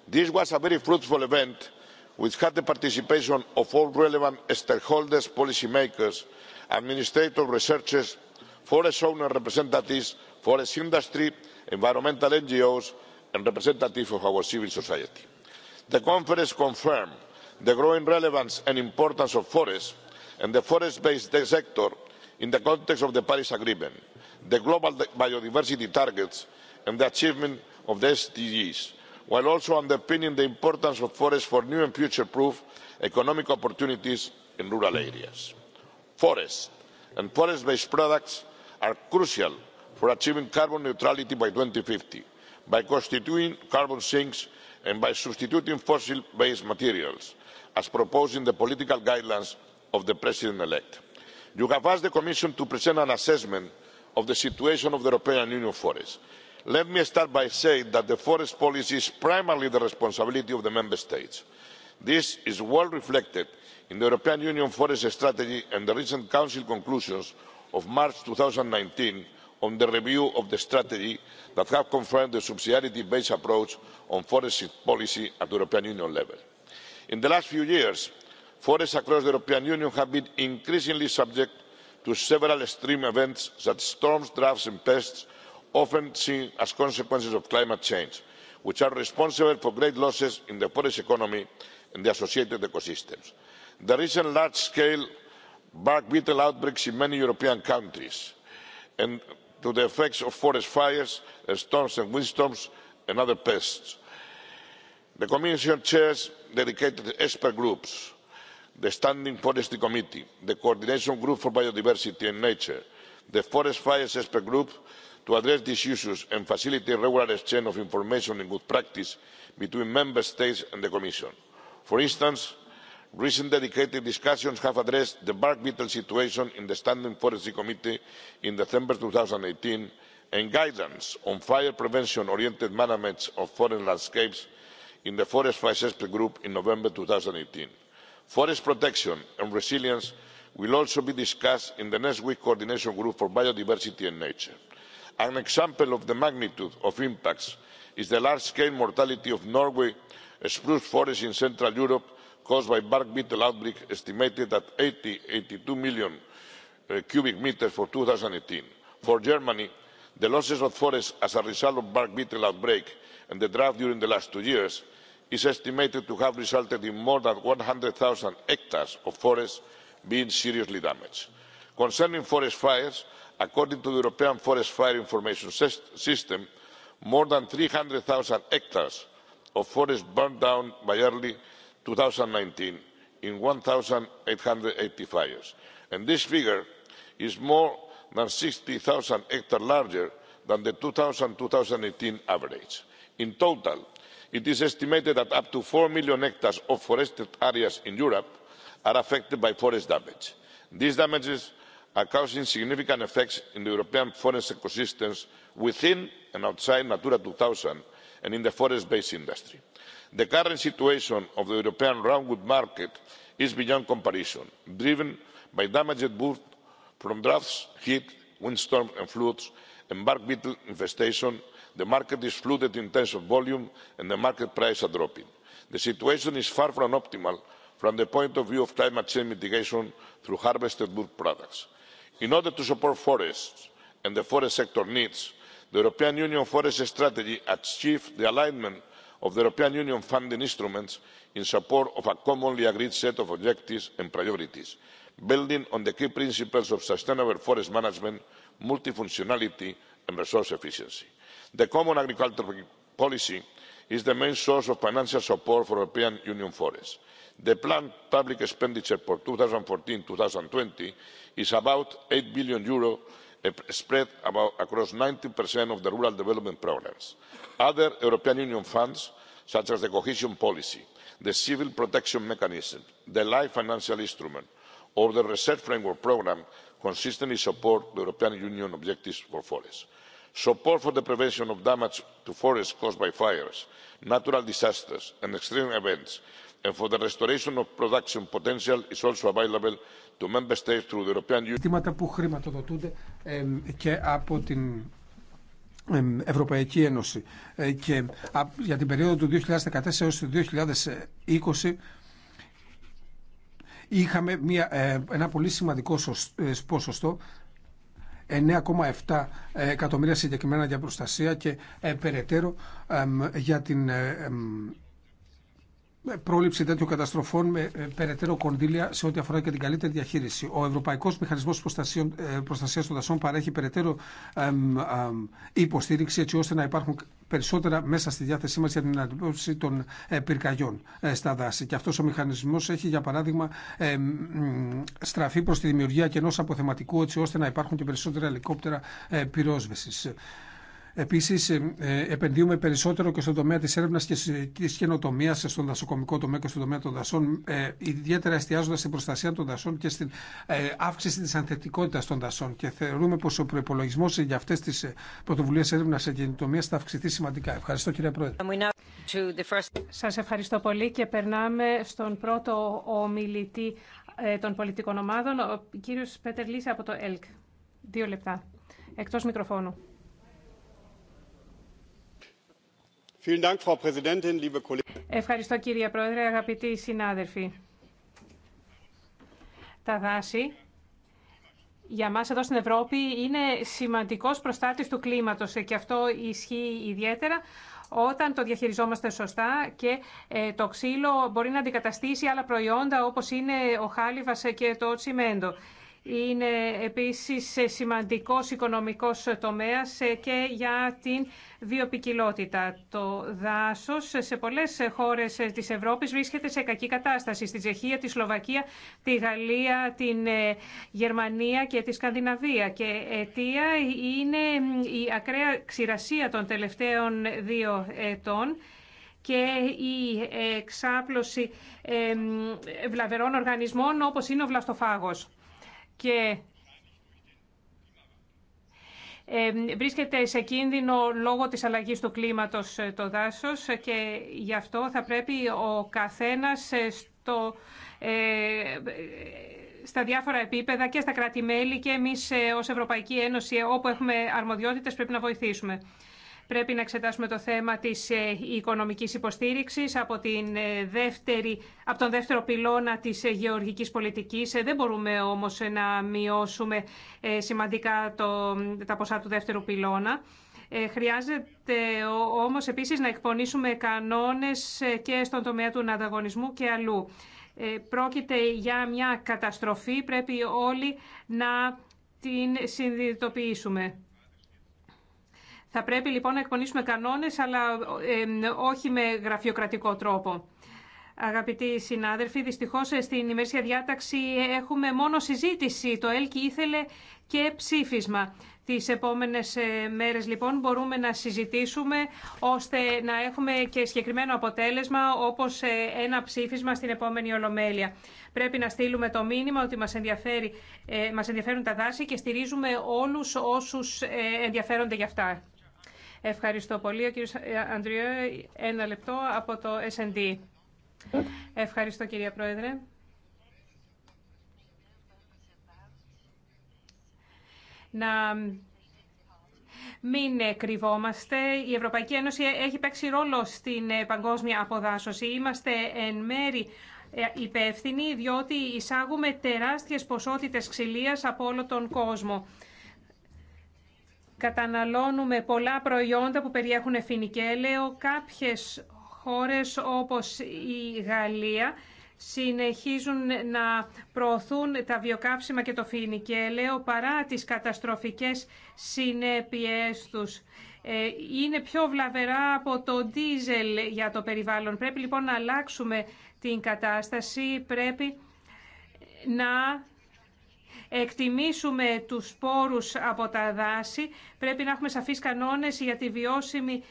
this was a very fruitful event which had the participation of all relevant stakeholders policy makers administrators researchers forest owner representatives forest industry environmental ngos and representatives of our civil society. the conference confirmed the growing relevance and importance of forests and the forest based sector in the context of the paris agreement the global biodiversity targets and the achievement of the sdgs while also underpinning the importance of forests for new and future proof economic opportunities in rural areas. forests and forest based products are crucial for achieving carbon neutrality by two fifty by constituting carbon sinks and by substituting fossil based materials as proposed in the political guidelines of the president elect. you have asked the commission to present an assessment of the situation of the european union forests. let me start by saying that the forest policy is primarily the responsibility of the member states. this is well reflected in the european union forest strategy and the recent council conclusions of march 2019 nineteen on the review of the strategy that have confirmed the subsidiarity based approach on forest policy at european union level. in the last few years forests across the european union have been increasingly subject to several extreme events such as storms droughts and pests often seen as consequences of climate change which are responsible for great losses in the forest economy and the associated ecosystems. the recent large scale beetle outbreaks in many European countries and to the effects of forest fires, storms and windstorms and other pests. The Commission chairs dedicated expert groups the Standing Forestry Committee, the Coordination Group for Biodiversity and Nature, the Forest Fires Expert Group to address these issues and facilitate regular exchange of information and good practice between Member States and the Commission. For instance, Recent dedicated discussions have addressed the bark beetle situation in the Standing Forestry Committee in December 2018 and guidance on fire prevention oriented management of foreign landscapes in the Forest Vice Group in November 2018. Forest protection and resilience will also be discussed in the next week's coordination group for biodiversity and nature. An example of the magnitude of impacts is the large scale mortality of Norway spruce forests in Central Europe caused by bark beetle outbreak estimated at eighty eighty two million cubic metres for. two thousand and eighteen for germany the losses of forests as a result of bark beetle outbreak and the drought during the last two years is estimated to have resulted in more than one hundred zero hectares of forest being seriously damaged. concerning forest fires according to the european forest fire information system more than three hundred zero hectares of forest burned down by early 2019 in eighty fires. And this figure is more than 60,000 hectares larger than the 2000-2018 average. In total, it is estimated that up to 4 million hectares of forested areas in Europe are affected by forest damage. These damages are causing significant effects in the European forest ecosystems within and outside Natura 2000 and in the forest based industry. the current situation of the european roundwood market is beyond comparison driven by damaged wood from droughts heat windstorms and floods and bark beetle infestation the market is flooded in terms of volume and the market prices are dropping. the situation is far from optimal from the point of view of climate change mitigation through harvested wood products. in order to support forests and the forest sector needs the european union forest strategy achieved the alignment of the european union funding instruments in support of a commonly agreed set of objectives and priorities building on the key principles of sustainable forest management multifunctionality and resource efficiency. the common agricultural policy is the main source of financial support for european union forests. the planned public expenditure for two thousand fourteen two twenty is about eur eight billion spread across ninety of the rural development programmes. other european union funds such as the cohesion policy the civil protection mechanism the life financial instrument or the research framework programme consistently support the european union objectives for forests support for the prevention of damage to forests caused by fires natural disasters and extreme events and for the restoration of production potential is also available to member states through the European Union. Ζητήματα που χρηματοδοτούνται και από την Ευρωπαϊκή Ένωση και για την περίοδο του 2014 έως το 2020 είχαμε μια, ένα πολύ σημαντικό ποσοστό 9,7 ε, εκατομμύρια συγκεκριμένα για προστασία και ε, περαιτέρω για την ε, πρόληψη τέτοιων καταστροφών με ε, περαιτέρω κονδύλια σε ό,τι αφορά και την καλύτερη διαχείριση. Ο Ευρωπαϊκό Μηχανισμό ε, Προστασία των Δασών παρέχει περαιτέρω υποστήριξη έτσι ώστε να υπάρχουν περισσότερα μέσα στη διάθεσή μα για την αντιμετώπιση των ε, πυρκαγιών στα δάση. Και αυτό ο μηχανισμό έχει, για παράδειγμα, στραφεί προ τη δημιουργία και ενό αποθεματικού έτσι ώστε να υπάρχουν και περισσότερα ελικόπτερα πυρόσβεση. Επίση, ε, ε, επενδύουμε περισσότερο και στον τομέα τη έρευνα και τη καινοτομία, στον δασοκομικό τομέα και στον τομέα των δασών, ε, ιδιαίτερα εστιάζοντα στην προστασία των δασών και στην αύξηση τη ανθεκτικότητα των δασών. Και θεωρούμε πω ο προπολογισμό για αυτέ τι πρωτοβουλίε έρευνα και καινοτομία θα αυξηθεί σημαντικά. Ευχαριστώ, κύριε Πρόεδρε. Σα ευχαριστώ πολύ και περνάμε στον πρώτο ομιλητή των πολιτικών ομάδων, ο κύριος Πέτερ Λίσα από το ΕΛΚ. Δύο λεπτά. Εκτός μικροφώνου. Ευχαριστώ κύριε Πρόεδρε, αγαπητοί συνάδελφοι. Τα δάση για μας εδώ στην Ευρώπη είναι σημαντικός προστάτης του κλίματος και αυτό ισχύει ιδιαίτερα όταν το διαχειριζόμαστε σωστά και ε, το ξύλο μπορεί να αντικαταστήσει άλλα προϊόντα όπως είναι ο χάλιβας και το τσιμέντο. Είναι επίσης σημαντικός οικονομικός τομέας και για την βιοπικιλότητα. Το δάσος σε πολλές χώρες της Ευρώπης βρίσκεται σε κακή κατάσταση. Στη Τσεχία, τη Σλοβακία, τη Γαλλία, την ε, Γερμανία και τη Σκανδιναβία. Και αιτία είναι η ακραία ξηρασία των τελευταίων δύο ετών και η εξάπλωση βλαβερών οργανισμών όπως είναι ο βλαστοφάγος και βρίσκεται σε κίνδυνο λόγω της αλλαγής του κλίματος ε, το δάσος ε, και γι' αυτό θα πρέπει ο καθένας ε, στο, στα διάφορα επίπεδα και στα κράτη-μέλη και εμείς ως Ευρωπαϊκή Ένωση όπου έχουμε αρμοδιότητες πρέπει να βοηθήσουμε. Πρέπει να εξετάσουμε το θέμα της ε, οικονομικής υποστήριξης από, την ε, δεύτερη, από τον δεύτερο πυλώνα της ε, γεωργικής πολιτικής. Δεν μπορούμε όμως να μειώσουμε σημαντικά το, τα ποσά του δεύτερου πυλώνα. Χρειάζεται όμως επίσης να εκπονήσουμε κανόνες και στον τομέα του ανταγωνισμού και αλλού. Πρόκειται για μια καταστροφή, πρέπει όλοι να την συνειδητοποιήσουμε. Θα πρέπει λοιπόν να εκπονήσουμε κανόνες, αλλά όχι με γραφειοκρατικό τρόπο. Αγαπητοί συνάδελφοι, δυστυχώ ε, στην ημερήσια διάταξη έχουμε μόνο συζήτηση. Το ΕΛΚΙ ήθελε και ψήφισμα. Τι επόμενε ε, μέρε λοιπόν μπορούμε να συζητήσουμε ώστε να έχουμε και συγκεκριμένο αποτέλεσμα όπω ε, ένα ψήφισμα στην επόμενη Ολομέλεια. Πρέπει να στείλουμε το μήνυμα ότι μας ενδιαφέρουν τα δάση και στηρίζουμε όλου όσου ενδιαφέρονται γι' αυτά. Ευχαριστώ πολύ. Ο κύριος Αντριώ, ένα λεπτό από το S&D. Ευχαριστώ κυρία Πρόεδρε. Να μην κρυβόμαστε. Η Ευρωπαϊκή Ένωση έχει παίξει ρόλο στην παγκόσμια αποδάσωση. Είμαστε εν μέρη υπεύθυνοι διότι εισάγουμε τεράστιες ποσότητες ξυλίας από όλο τον κόσμο. Καταναλώνουμε πολλά προϊόντα που περιέχουν φινικέλαιο. Κάποιες χώρες όπως η Γαλλία συνεχίζουν να προωθούν τα βιοκάψιμα και το φινικέλαιο παρά τις καταστροφικές συνέπειές τους. Ε, είναι πιο βλαβερά από το ντίζελ για το περιβάλλον. Πρέπει λοιπόν να αλλάξουμε την κατάσταση, πρέπει να εκτιμήσουμε τους σπόρους από τα δάση. Πρέπει να έχουμε σαφείς κανόνες για τη βιώσιμη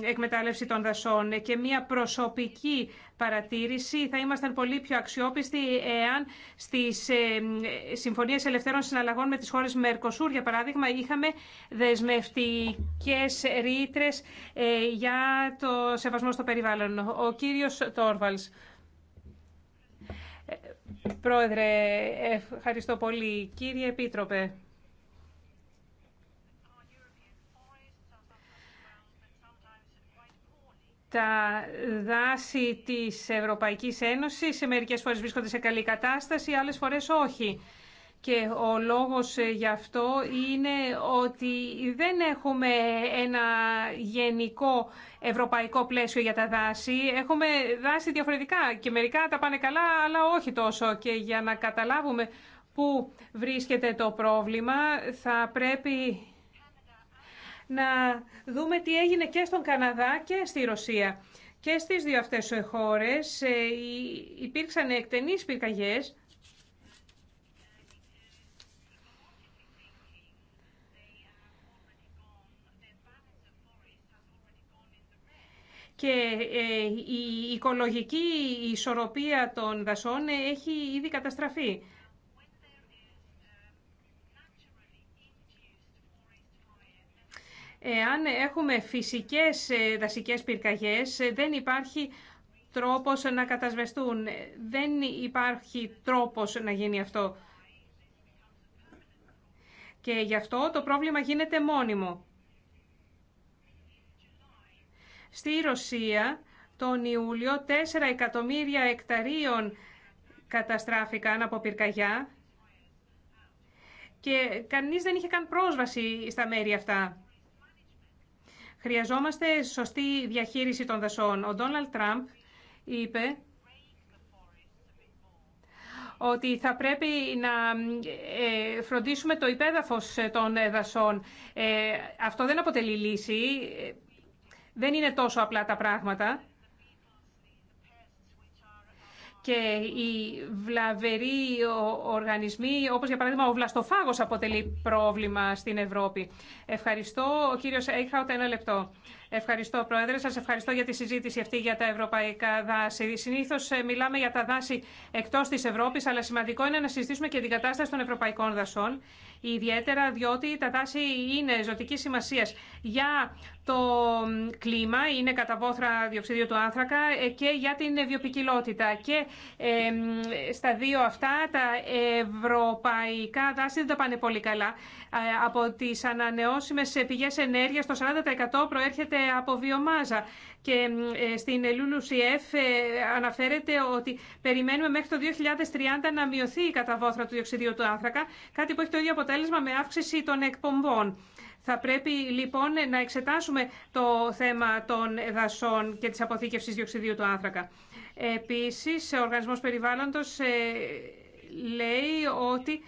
εκμετάλλευση των δασών και μια προσωπική παρατήρηση. Θα ήμασταν πολύ πιο αξιόπιστοι εάν στις συμφωνίες ελευθέρων συναλλαγών με τις χώρες Μερκοσούρ, για παράδειγμα, είχαμε δεσμευτικές ρήτρε ε, για το σεβασμό στο περιβάλλον. Ο κύριος Τόρβαλς. Πρόεδρε, ευχαριστώ πολύ. Κύριε Επίτροπε. Τα δάση της Ευρωπαϊκής Ένωσης σε μερικές φορές βρίσκονται σε καλή κατάσταση, άλλες φορές όχι. Και ο λόγος ε, γι' αυτό είναι ότι δεν έχουμε ένα γενικό ευρωπαϊκό πλαίσιο για τα δάση. Έχουμε δάση διαφορετικά και μερικά τα πάνε καλά, αλλά όχι τόσο. Και για να καταλάβουμε πού βρίσκεται το πρόβλημα, θα πρέπει να δούμε τι έγινε και στον Καναδά και στη Ρωσία. Και στις δύο αυτές χώρες ε, υπήρξαν εκτενείς πυρκαγιές και ε, η οικολογική ισορροπία των δασών ε, έχει ήδη καταστραφεί. Εάν έχουμε φυσικές ε, δασικές πυρκαγιές, δεν υπάρχει τρόπος να κατασβεστούν. Δεν υπάρχει τρόπος να γίνει αυτό. Και γι' αυτό το πρόβλημα γίνεται μόνιμο. Στη Ρωσία τον Ιούλιο 4 εκατομμύρια εκταρίων καταστράφηκαν από πυρκαγιά και κανείς δεν είχε καν πρόσβαση στα μέρη αυτά. Χρειαζόμαστε σωστή διαχείριση των δασών. Ο Ντόναλτ Τραμπ είπε ότι θα πρέπει να ε, φροντίσουμε το υπέδαφος των δασών. Ε, αυτό δεν αποτελεί λύση. Δεν είναι τόσο απλά τα πράγματα. Και οι βλαβεροί οργανισμοί, όπως για παράδειγμα ο βλαστοφάγος, αποτελεί πρόβλημα στην Ευρώπη. Ευχαριστώ. Ο κύριος Έιχαουτ, ένα λεπτό. Ευχαριστώ, Πρόεδρε. Σας ευχαριστώ για τη συζήτηση αυτή για τα ευρωπαϊκά δάση. Συνήθως ε, μιλάμε για τα δάση εκτός της Ευρώπης, αλλά σημαντικό είναι να συζητήσουμε και την κατάσταση των ευρωπαϊκών δασών ιδιαίτερα διότι τα δάση είναι ζωτική σημασία για το κλίμα, είναι κατά βόθρα του άνθρακα και για την βιοπικιλότητα. Και στα δύο αυτά τα ευρωπαϊκά δάση δεν τα πάνε πολύ καλά. Ε, από τις ανανεώσιμες πηγές ενέργειας το 40% προέρχεται από βιομάζα. Και ε, στην ε, αναφέρεται ότι περιμένουμε μέχρι το 2030 να μειωθεί η καταβόθρα του διοξιδίου του άνθρακα, κάτι που έχει το ίδιο αποτέλεσμα με αύξηση των εκπομπών. Θα πρέπει λοιπόν να εξετάσουμε το θέμα των δασών και της αποθήκευσης διοξιδίου του άνθρακα. Επίσης, ο Οργανισμός Περιβάλλοντος ε, λέει ότι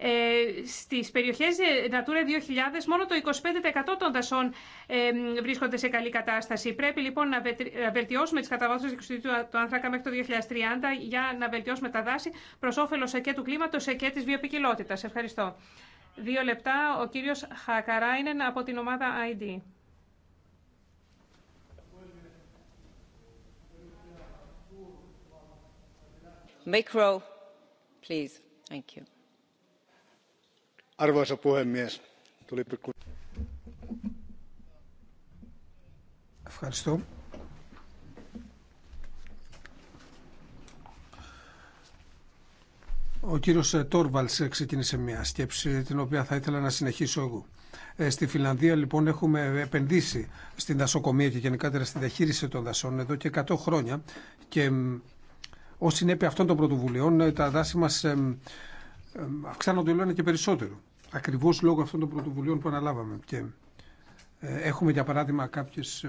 ε, στις περιοχές ε, Natura 2000 μόνο το 25% των δασών ε, βρίσκονται σε καλή κατάσταση. Πρέπει λοιπόν να βελτιώσουμε τις καταβάθμιση του άνθρακα μέχρι το 2030 για να βελτιώσουμε τα δάση προς όφελος και του κλίματος και της βιοπικιλότητας. Ευχαριστώ. Δύο λεπτά. Ο κύριος Χακαράινεν από την ομάδα ID. Micro, please. Thank you arvoisa puhemies Ευχαριστώ. Ο κύριο ε, Τόρβαλς ε, ξεκίνησε μια σκέψη την οποία θα ήθελα να συνεχίσω εγώ. Ε, στη Φιλανδία λοιπόν έχουμε επενδύσει στην δασοκομεία και γενικά στη διαχείριση των δασών εδώ και 100 χρόνια και ω συνέπεια αυτών των πρωτοβουλειών τα δάση μας αυξάνονται όλο και περισσότερο ακριβώς λόγω αυτών των πρωτοβουλίων που αναλάβαμε. Και ε, έχουμε για παράδειγμα κάποιες...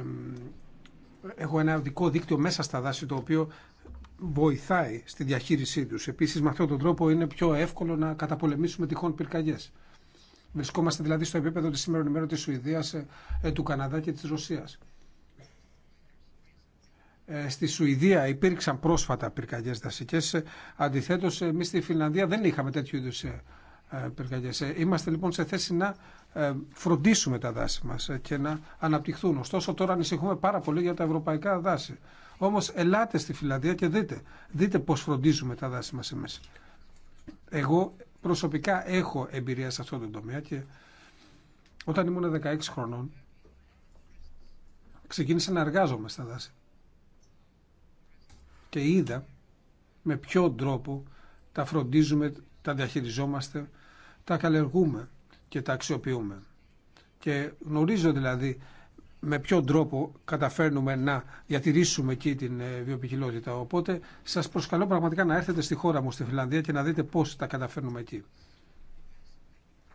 Έχω ένα δικό δίκτυο μέσα στα δάση το οποίο βοηθάει στη διαχείρισή τους. Επίσης με αυτόν τον τρόπο είναι πιο εύκολο να καταπολεμήσουμε τυχόν πυρκαγιές. Βρισκόμαστε δηλαδή στο επίπεδο της σήμερα ημέρα της Σουηδίας, ε, ε, του Καναδά και της Ρωσίας. Στη Σουηδία υπήρξαν πρόσφατα πυρκαγιές δασικές. Αντιθέτως, εμείς στη Φιλανδία δεν είχαμε τέτοιου είδους ε, ε, είμαστε λοιπόν σε θέση να ε, φροντίσουμε τα δάση μας και να αναπτυχθούν. Ωστόσο τώρα ανησυχούμε πάρα πολύ για τα ευρωπαϊκά δάση. Όμως ελάτε στη Φιλανδία και δείτε, δείτε πώς φροντίζουμε τα δάση μας εμείς. Εγώ προσωπικά έχω εμπειρία σε αυτό το τομέα και όταν ήμουν 16 χρονών ξεκίνησα να εργάζομαι στα δάση. Και είδα με ποιον τρόπο τα φροντίζουμε, τα διαχειριζόμαστε τα καλλιεργούμε και τα αξιοποιούμε. Και γνωρίζω δηλαδή με ποιον τρόπο καταφέρνουμε να διατηρήσουμε εκεί την ε, βιοπικιλότητα. Οπότε σας προσκαλώ πραγματικά να έρθετε στη χώρα μου στη Φιλανδία και να δείτε πώς τα καταφέρνουμε εκεί.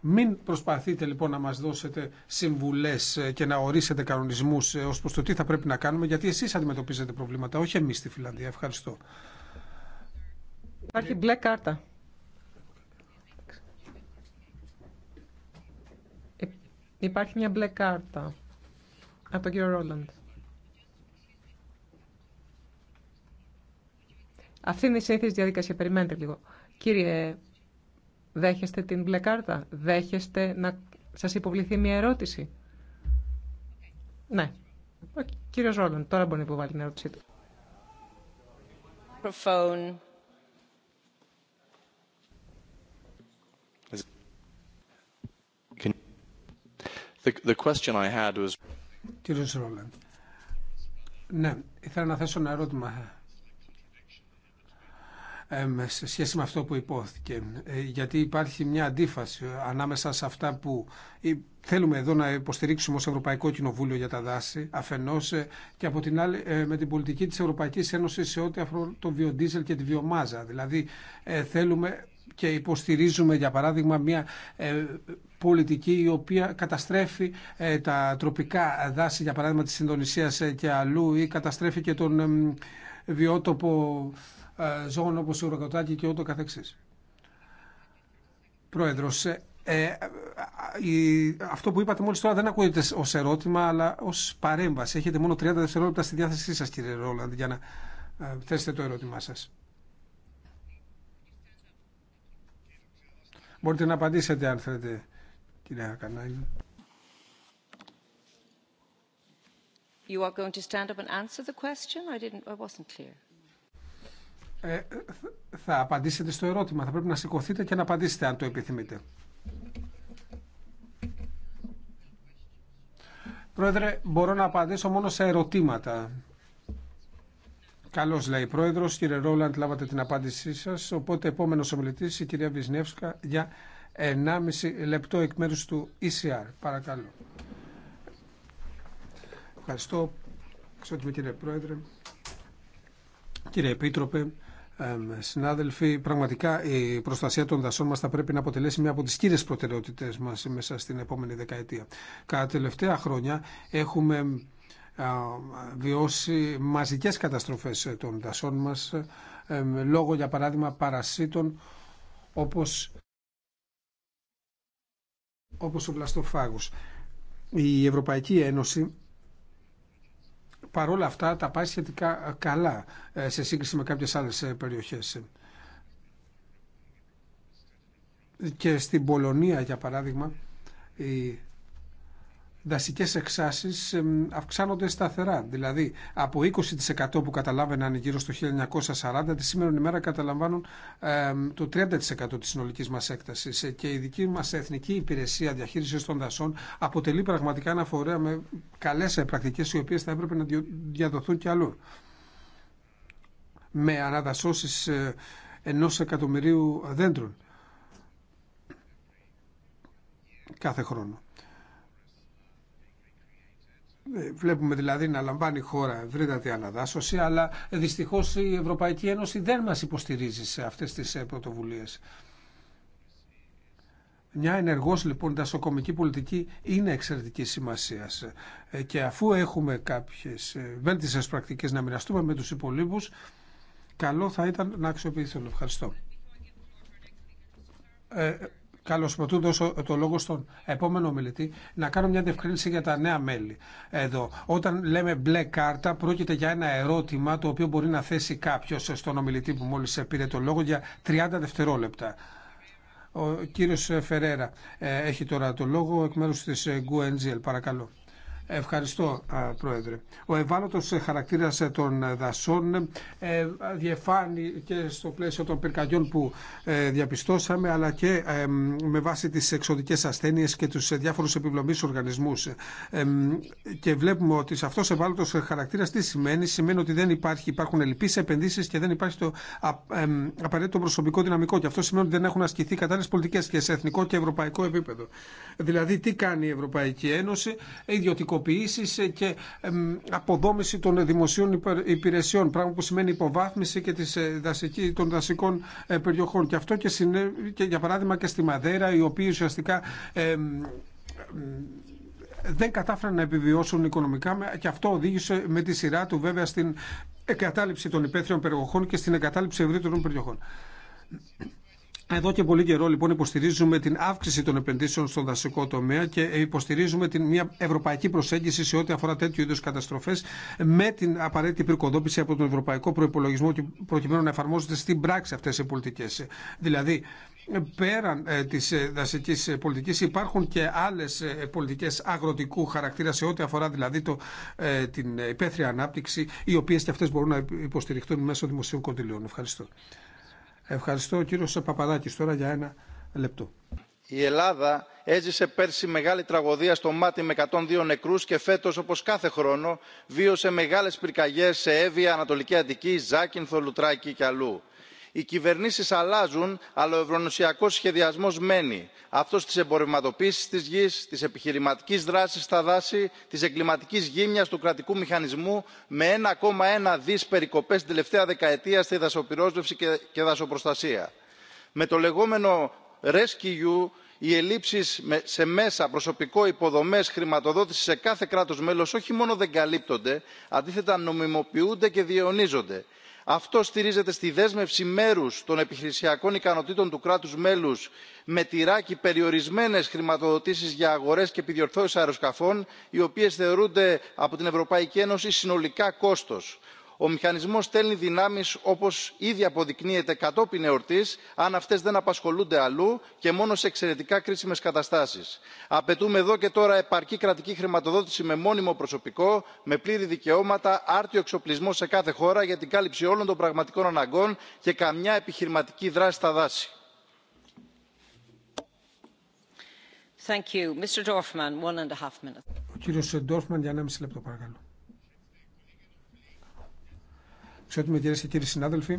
Μην προσπαθείτε λοιπόν να μας δώσετε συμβουλές ε, και να ορίσετε κανονισμούς ε, ως προς το τι θα πρέπει να κάνουμε, γιατί εσείς αντιμετωπίζετε προβλήματα, όχι εμείς στη Φιλανδία. Ευχαριστώ. Υπάρχει μπλε κάρτα. Υπάρχει μια μπλε κάρτα από τον κύριο Ρόλαντ. Αυτή είναι η σύνθεση διαδικασία. Περιμένετε λίγο. Κύριε, δέχεστε την μπλε κάρτα. Δέχεστε να σας υποβληθεί μια ερώτηση. Ναι. Ο κύριος Ρόλαντ τώρα μπορεί να υποβάλει την ερώτησή του. The, the question I had was... ναι, ήθελα να θέσω ένα ερώτημα ε, σε σχέση με αυτό που υπόθηκε. Ε, γιατί υπάρχει μια αντίφαση ε, ανάμεσα σε αυτά που θέλουμε εδώ να υποστηρίξουμε ως Ευρωπαϊκό Κοινοβούλιο για τα δάση, αφενός και από την άλλη με την πολιτική της Ευρωπαϊκής Ένωσης σε ό,τι αφορά το βιοντίζελ και τη βιομάζα. Δηλαδή θέλουμε και υποστηρίζουμε για παράδειγμα μια πολιτική η οποία καταστρέφει ε, τα τροπικά δάση, για παράδειγμα της Ινδονησίας ε, και αλλού ή καταστρέφει και τον βιότοπο ε, ζώων όπως ο ουρακοτάκη και ούτω καθεξής. Πρόεδρος, ε, αυτό που είπατε μόλις τώρα δεν ακούγεται ως ερώτημα αλλά ως παρέμβαση. Έχετε μόνο 30 δευτερόλεπτα στη διάθεσή σας κύριε Ρόλαντ για να θέσετε το ερώτημά σας. Μπορείτε να απαντήσετε αν θέλετε You are going to stand up and answer the question. I didn't. wasn't clear. Ε, ε, θα απαντήσετε στο ερώτημα. Θα πρέπει να σηκωθείτε και να απαντήσετε αν το επιθυμείτε. Πρόεδρε, μπορώ να απαντήσω μόνο σε ερωτήματα. Καλώ λέει πρόεδρο. Κύριε Ρόλαντ, λάβατε την απάντησή σα. Οπότε, επόμενο ομιλητή, η κυρία Βυσνεύσκα, για 1,5 λεπτό εκ μέρους του ECR. Παρακαλώ. Ευχαριστώ, εξότιμη κύριε Πρόεδρε, κύριε Επίτροπε, συνάδελφοι, πραγματικά η προστασία των δασών μας θα πρέπει να αποτελέσει μία από τις κύριες προτεραιότητες μας μέσα στην επόμενη δεκαετία. Κατά τελευταία χρόνια έχουμε βιώσει μαζικές καταστροφές των δασών μας λόγω για παράδειγμα παρασίτων όπως όπως ο βλαστοφάγος. Η Ευρωπαϊκή Ένωση παρόλα αυτά τα πάει σχετικά ε, καλά ε, σε σύγκριση με κάποιες άλλες ε, περιοχές. Και στην Πολωνία, για παράδειγμα, η δασικές εξάσεις αυξάνονται σταθερά. Δηλαδή από 20% που καταλάβαιναν γύρω στο 1940 τη σήμερα ημέρα καταλαμβάνουν το 30% της συνολικής μας έκτασης ε, και η δική μας Εθνική Υπηρεσία Διαχείρισης των Δασών αποτελεί πραγματικά ένα φορέα με καλές πρακτικές οι οποίες θα έπρεπε να διαδοθούν και αλλού. Με αναδασώσεις ε, ενός εκατομμυρίου δέντρων κάθε χρόνο. Ε, βλέπουμε δηλαδή να λαμβάνει η χώρα ευρύτατη αναδάσωση, αλλά δυστυχώς η Ευρωπαϊκή Ένωση δεν μας υποστηρίζει σε αυτές τις ε, πρωτοβουλίε. Μια ενεργός λοιπόν δασοκομική πολιτική είναι εξαιρετική σημασία. Ε, και αφού έχουμε κάποιες βέντισες πρακτικές να μοιραστούμε με τους υπολείπου, καλό θα ήταν να αξιοποιηθούν. Ευχαριστώ. Καλώ προτού δώσω το λόγο στον επόμενο ομιλητή να κάνω μια διευκρίνηση για τα νέα μέλη. Εδώ, όταν λέμε μπλε κάρτα, πρόκειται για ένα ερώτημα το οποίο μπορεί να θέσει κάποιο στον ομιλητή που μόλι πήρε το λόγο για 30 δευτερόλεπτα. Ο κύριος Φερέρα ε, έχει τώρα το λόγο εκ μέρου τη Γκουέντζιελ. Παρακαλώ. Ευχαριστώ, Πρόεδρε. Ο ευάλωτο ε, χαρακτήρα ε, των ε, δασών διεφάνει και στο πλαίσιο των πυρκαγιών που διαπιστώσαμε, αλλά και με βάση τι εξωτικέ ασθένειε και του διάφορου επιβλομή οργανισμού. Και βλέπουμε ότι σε αυτό ο ευάλωτο χαρακτήρα τι σημαίνει. Σημαίνει ότι δεν υπάρχει, υπάρχουν ελλειπεί επενδύσει και δεν υπάρχει το απαραίτητο προσωπικό δυναμικό. Και αυτό σημαίνει ότι δεν έχουν ασκηθεί κατάλληλε πολιτικέ και σε εθνικό και ευρωπαϊκό επίπεδο. Δηλαδή, τι κάνει η Ευρωπαϊκή Ένωση, ιδιωτικό και αποδόμηση των δημοσίων υπηρεσιών, πράγμα που σημαίνει υποβάθμιση και της ε, δασική, των δασικών ε, περιοχών. Και αυτό και, για παράδειγμα και στη Μαδέρα, οι οποίοι ουσιαστικά δεν κατάφεραν να επιβιώσουν οικονομικά και αυτό οδήγησε με τη σειρά του βέβαια στην εγκατάλειψη των υπαίθριων περιοχών και στην εγκατάλειψη ευρύτερων περιοχών. Εδώ και πολύ καιρό λοιπόν υποστηρίζουμε την αύξηση των επενδύσεων στον δασικό τομέα και ε, υποστηρίζουμε την, μια ευρωπαϊκή προσέγγιση σε ό,τι αφορά τέτοιου είδου καταστροφέ με την απαραίτητη πυρκοδόπηση από τον ευρωπαϊκό προπολογισμό και προκειμένου να εφαρμόζονται στην πράξη αυτέ οι πολιτικέ. Δηλαδή, πέραν ε, τη ε, δασική πολιτική υπάρχουν και άλλε πολιτικέ αγροτικού χαρακτήρα σε ό,τι αφορά δηλαδή το, την υπαίθρια ανάπτυξη οι οποίε και αυτέ μπορούν να υποστηριχτούν μέσω δημοσίου κοντιλίων. Ευχαριστώ. Ευχαριστώ κύριο Παπαδάκη τώρα για ένα λεπτό. Η Ελλάδα έζησε πέρσι μεγάλη τραγωδία στο Μάτι με 102 νεκρούς και φέτος όπως κάθε χρόνο βίωσε μεγάλες πυρκαγιές σε Εύβοια, Ανατολική Αττική, Ζάκυνθο, Λουτράκη και αλλού οι κυβερνήσεις αλλάζουν αλλά ο ευρωνοσιακός σχεδιασμός μένει αυτός της εμπορευματοποίησης της γης της επιχειρηματικής δράσης στα δάση της εγκληματικής γύμνιας του κρατικού μηχανισμού με ένα ένα δις περικοπές την τελευταία δεκαετία στη δασοπυρόσβευση και δασοπροστασία. με το λεγόμενο resceu οι ελλείψεις σε μέσα προσωπικό υποδομές χρηματοδότηση σε κάθε κράτος μέλος όχι μόνο δεν καλύπτονται αντίθετα νομιμοποιούνται και διαιωνίζονται αυτό στηρίζεται στη δέσμευση μέρους των επιχειρησιακών ικανοτήτων του κράτους μέλους με τυράκι περιορισμένες χρηματοδοτήσεις για αγορές και επιδιορθώσεις αεροσκαφών οι οποίες θεωρούνται από την ευρωπαϊκή ένωση συνολικά κόστος ο μηχανισμός στέλνει δυνάμεις όπως ήδη αποδεικνύεται κατόπιν εορτής αν αυτές δεν απασχολούνται αλλού και μόνο σε εξαιρετικά κρίσιμες καταστάσεις. απαιτούμε εδώ και τώρα επαρκή κρατική χρηματοδότηση με μόνιμο προσωπικό με πλήρη δικαιώματα άρτιο εξοπλισμό σε κάθε χώρα για την κάλυψη όλων των πραγματικών αναγκών και καμιά επιχειρηματική δράση στα δάση. Ξέρετε κυρίε και κύριοι συνάδελφοι,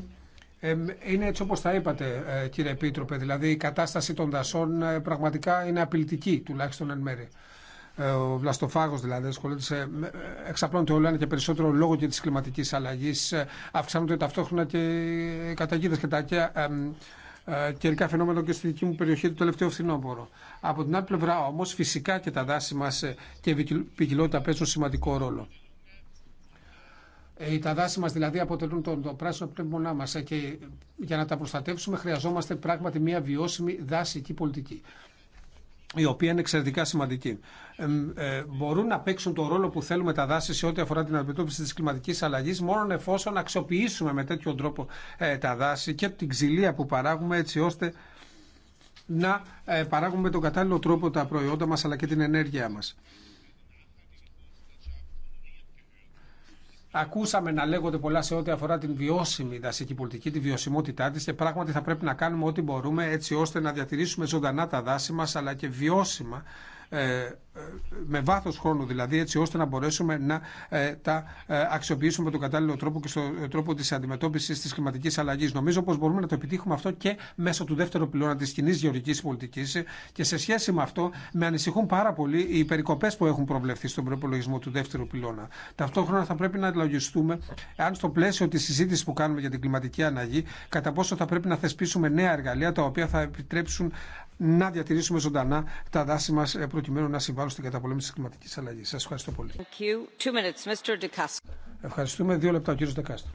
είναι έτσι όπως τα είπατε ε, κύριε Επίτροπε, δηλαδή η κατάσταση των δασών ε, πραγματικά είναι απειλητική τουλάχιστον εν μέρη. Ε, ο βλαστοφάγος δηλαδή ασχολείται, εξαπλώνεται όλο ένα και περισσότερο λόγω και της κλιματικής αλλαγής, αυξάνονται ταυτόχρονα και οι και τα καιρικά φαινόμενα και στη δική μου περιοχή το τελευταίο φθινόπωρο. Από την άλλη πλευρά όμως φυσικά και τα δάση μας και η ποικιλότητα παίζουν σημαντικό ρόλο. Ε, τα δάση μα δηλαδή αποτελούν τον, το πράσινο πνεύμονά μας ε, και για να τα προστατεύσουμε χρειαζόμαστε πράγματι μια βιώσιμη δασική πολιτική η οποία είναι εξαιρετικά σημαντική. Ε, μπορούν να παίξουν το ρόλο που θέλουμε τα δάση σε ό,τι αφορά την αντιμετώπιση τη κλιματική αλλαγή, μόνο εφόσον αξιοποιήσουμε με τέτοιο τρόπο τα δάση και την ξυλία που παράγουμε, έτσι ώστε να παράγουμε με τον κατάλληλο τρόπο τα προϊόντα μα αλλά και την ενέργειά μα. Ακούσαμε να λέγονται πολλά σε ό,τι αφορά την βιώσιμη δασική πολιτική, τη βιωσιμότητά τη και πράγματι θα πρέπει να κάνουμε ό,τι μπορούμε έτσι ώστε να διατηρήσουμε ζωντανά τα δάση μα αλλά και βιώσιμα ε, ε, με βάθο χρόνου δηλαδή έτσι ώστε να μπορέσουμε να ε, τα αξιοποιήσουμε με τον κατάλληλο τρόπο και στον τρόπο τη αντιμετώπιση τη κλιματική αλλαγή. Νομίζω πω μπορούμε να το επιτύχουμε αυτό και μέσω του δεύτερου πυλώνα τη κοινή γεωρική πολιτική και σε σχέση με αυτό με ανησυχούν πάρα πολύ οι περικοπέ που έχουν προβλεφθεί στον προπολογισμό του δεύτερου πυλώνα. Ταυτόχρονα θα πρέπει να λογιστούμε αν στο πλαίσιο τη συζήτηση που κάνουμε για την κλιματική αλλαγή κατά πόσο θα πρέπει να θεσπίσουμε νέα εργαλεία τα οποία θα επιτρέψουν να διατηρήσουμε ζωντανά τα δάση μας ε, προκειμένου να συμβάλλουν στην καταπολέμηση της κλιματικής αλλαγής. Σας ευχαριστώ πολύ. Ευχαριστούμε. Δύο λεπτά ο κύριος Δεκάστο.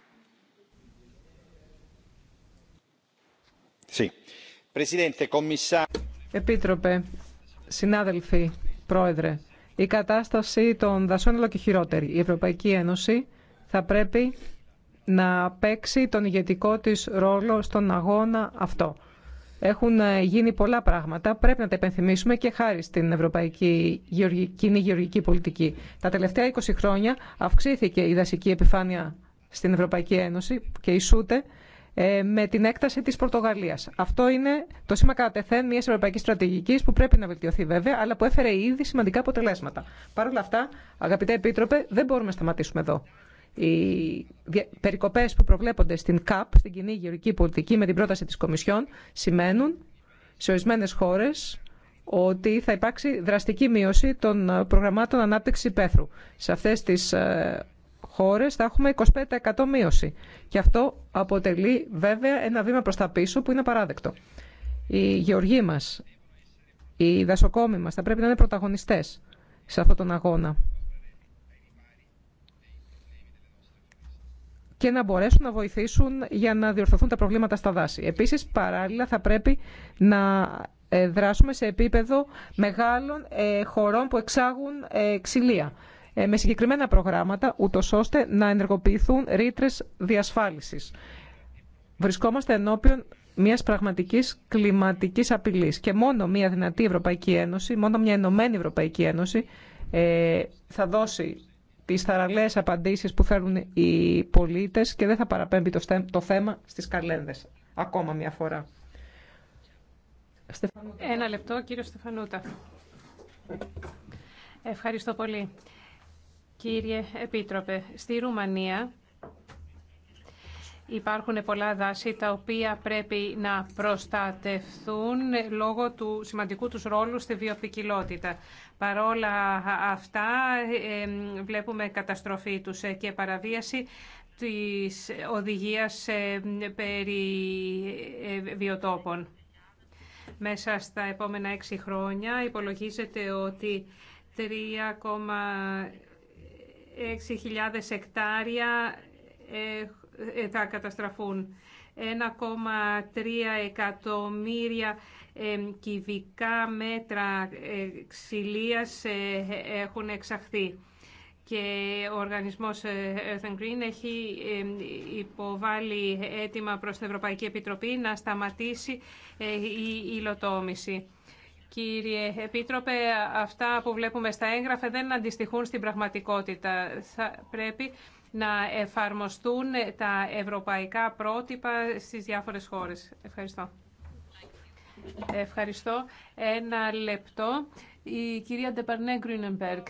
Επίτροπε, συνάδελφοι, πρόεδρε, η κατάσταση των δασών είναι και χειρότερη. Η Ευρωπαϊκή Ένωση θα πρέπει να παίξει τον ηγετικό της ρόλο στον αγώνα αυτό. Έχουν ε, γίνει πολλά πράγματα. Πρέπει να τα επενθυμίσουμε και χάρη στην ευρωπαϊκή κοινή γεωργική πολιτική. Τα τελευταία 20 χρόνια αυξήθηκε η δασική επιφάνεια στην Ευρωπαϊκή Ένωση και ισούται ε, με την έκταση τη Πορτογαλία. Αυτό είναι το σήμα κατεθέν μια ευρωπαϊκή στρατηγική που πρέπει να βελτιωθεί βέβαια, αλλά που έφερε ήδη σημαντικά αποτελέσματα. Παρ' όλα αυτά, αγαπητέ Επίτροπε, δεν μπορούμε να σταματήσουμε εδώ οι περικοπές που προβλέπονται στην ΚΑΠ, στην κοινή γεωργική πολιτική, με την πρόταση της Κομισιόν, σημαίνουν σε ορισμένε χώρες ότι θα υπάρξει δραστική μείωση των προγραμμάτων ανάπτυξη πέθρου. Σε αυτές τις ε, χώρες θα έχουμε 25% μείωση. Και αυτό αποτελεί βέβαια ένα βήμα προς τα πίσω που είναι παράδεκτο. Οι γεωργοί μα, οι δασοκόμοι μα θα πρέπει να είναι πρωταγωνιστές σε αυτόν τον αγώνα και να μπορέσουν να βοηθήσουν για να διορθωθούν τα προβλήματα στα δάση. Επίσης, παράλληλα, θα πρέπει να ε, δράσουμε σε επίπεδο μεγάλων ε, χωρών που εξάγουν ε, ξυλία με συγκεκριμένα προγράμματα, ούτως ώστε να ενεργοποιηθούν ρήτρε διασφάλισης. Βρισκόμαστε ενώπιον μια πραγματική κλιματική απειλή. Και μόνο μια δυνατή Ευρωπαϊκή Ένωση, μόνο μια ενωμένη Ευρωπαϊκή Ένωση θα δώσει τις θαραλέες απαντήσεις που θέλουν οι πολίτες και δεν θα παραπέμπει το θέμα στις καλένδες ακόμα μια φορά. Ένα λεπτό, κύριο Στεφανούτα. Ευχαριστώ πολύ. Κύριε Επίτροπε, στη Ρουμανία Υπάρχουν πολλά δάση τα οποία πρέπει να προστατευθούν λόγω του σημαντικού τους ρόλου στη βιοπικιλότητα. Παρόλα αυτά βλέπουμε καταστροφή τους ε, και παραβίαση της οδηγίας ε, περί ε, βιοτόπων. Μέσα στα επόμενα έξι χρόνια υπολογίζεται ότι 3,6000 εκτάρια ε, θα καταστραφούν. 1,3 εκατομμύρια ε, κυβικά μέτρα ε, ξυλίας έχουν εξαχθεί. Και ο οργανισμός Earth and Green έχει υποβάλει αίτημα προς την Ευρωπαϊκή Επιτροπή να σταματήσει η υλοτόμηση. Κύριε Επίτροπε, αυτά που βλέπουμε στα έγγραφα δεν αντιστοιχούν στην πραγματικότητα. Θα πρέπει να εφαρμοστούν τα ευρωπαϊκά πρότυπα στις διάφορες χώρες. Ευχαριστώ. Ευχαριστώ. Ένα λεπτό. Η κυρία Ντεπαρνέ Γκρίνεμπεργκ.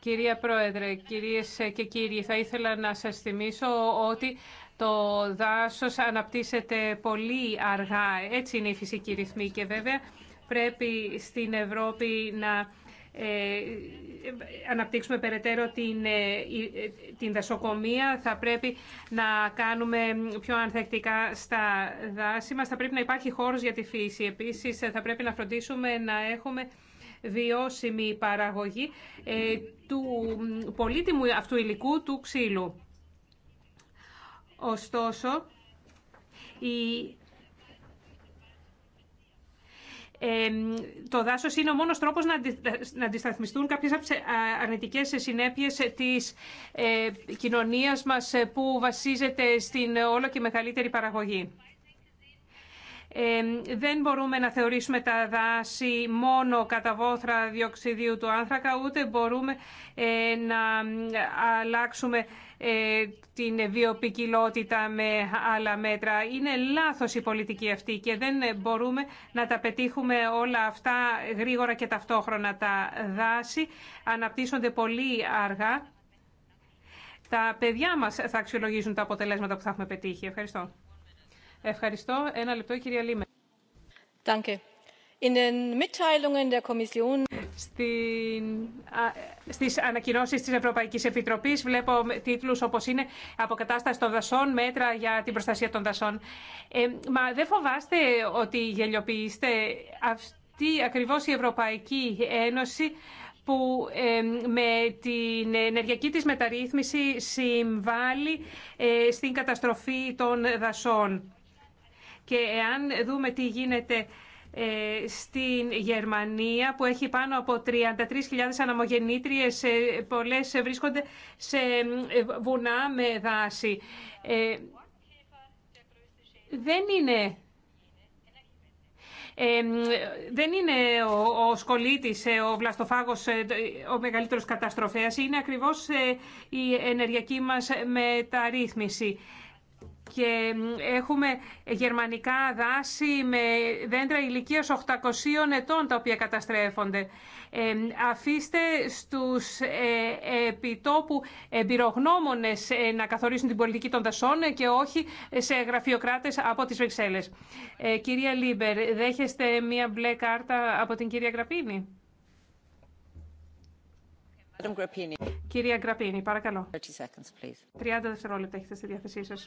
Κυρία Πρόεδρε, κυρίες και κύριοι, θα ήθελα να σας θυμίσω ότι το δάσος αναπτύσσεται πολύ αργά. Έτσι είναι η φυσική ρυθμή και βέβαια πρέπει στην Ευρώπη να ε, αναπτύξουμε περαιτέρω την, ε, ε, την δασοκομεία, θα πρέπει να κάνουμε πιο ανθεκτικά στα δάση μας, θα πρέπει να υπάρχει χώρος για τη φύση. Επίσης, θα πρέπει να φροντίσουμε να έχουμε βιώσιμη παραγωγή του πολύτιμου αυτού υλικού του ξύλου. Ωστόσο, η το δάσος είναι ο μόνος τρόπος να αντισταθμιστούν κάποιες αρνητικές συνέπειες της ε, κοινωνίας μας ε, που βασίζεται στην όλο και μεγαλύτερη παραγωγή δεν μπορούμε να θεωρήσουμε τα δάση μόνο κατά βόθρα διοξιδίου του άνθρακα, ούτε μπορούμε ε, να αλλάξουμε ε, την βιοπικιλότητα με άλλα μέτρα. Είναι λάθος η πολιτική αυτή και δεν μπορούμε να τα πετύχουμε όλα αυτά γρήγορα και ταυτόχρονα. Τα δάση αναπτύσσονται πολύ αργά. Τα παιδιά μας θα αξιολογήσουν τα αποτελέσματα που θα έχουμε πετύχει. Ευχαριστώ. Ευχαριστώ. Ένα λεπτό, κυρία Λίμε. Danke. In den Mitteilungen der Kommission στην, στις ανακοινώσεις της Ευρωπαϊκής Επιτροπής βλέπω τίτλους όπως είναι «Αποκατάσταση των δασών, μέτρα για την προστασία των δασών». Ε, μα δεν φοβάστε ότι γελιοποιείστε αυτή ακριβώς η Ευρωπαϊκή Ένωση που ε, με την ενεργειακή της μεταρρύθμιση συμβάλλει ε, στην καταστροφή των δασών. Και εάν δούμε τι γίνεται ε, στην Γερμανία που έχει πάνω από 33.000 αναμογεννήτριες, ε, πολλές βρίσκονται σε ε, βουνά με δάση. Δεν είναι... δεν είναι ο, ο σκολίτης, ο βλαστοφάγος, ο μεγαλύτερος καταστροφέας. Είναι ακριβώς η ενεργειακή μας μεταρρύθμιση και έχουμε γερμανικά δάση με δέντρα ηλικίας 800 ετών τα οποία καταστρέφονται. Ε, αφήστε στους ε, επιτόπου εμπειρογνώμονες ε, να καθορίσουν την πολιτική των δασών και όχι σε γραφειοκράτες από τις Βρυξέλλες. Ε, κυρία Λίμπερ, δέχεστε μία μπλε κάρτα από την κυρία Γραπίνη. Κυρία Γκραπίνη, παρακαλώ. 30 δευτερόλεπτα έχετε στη διάθεσή σας.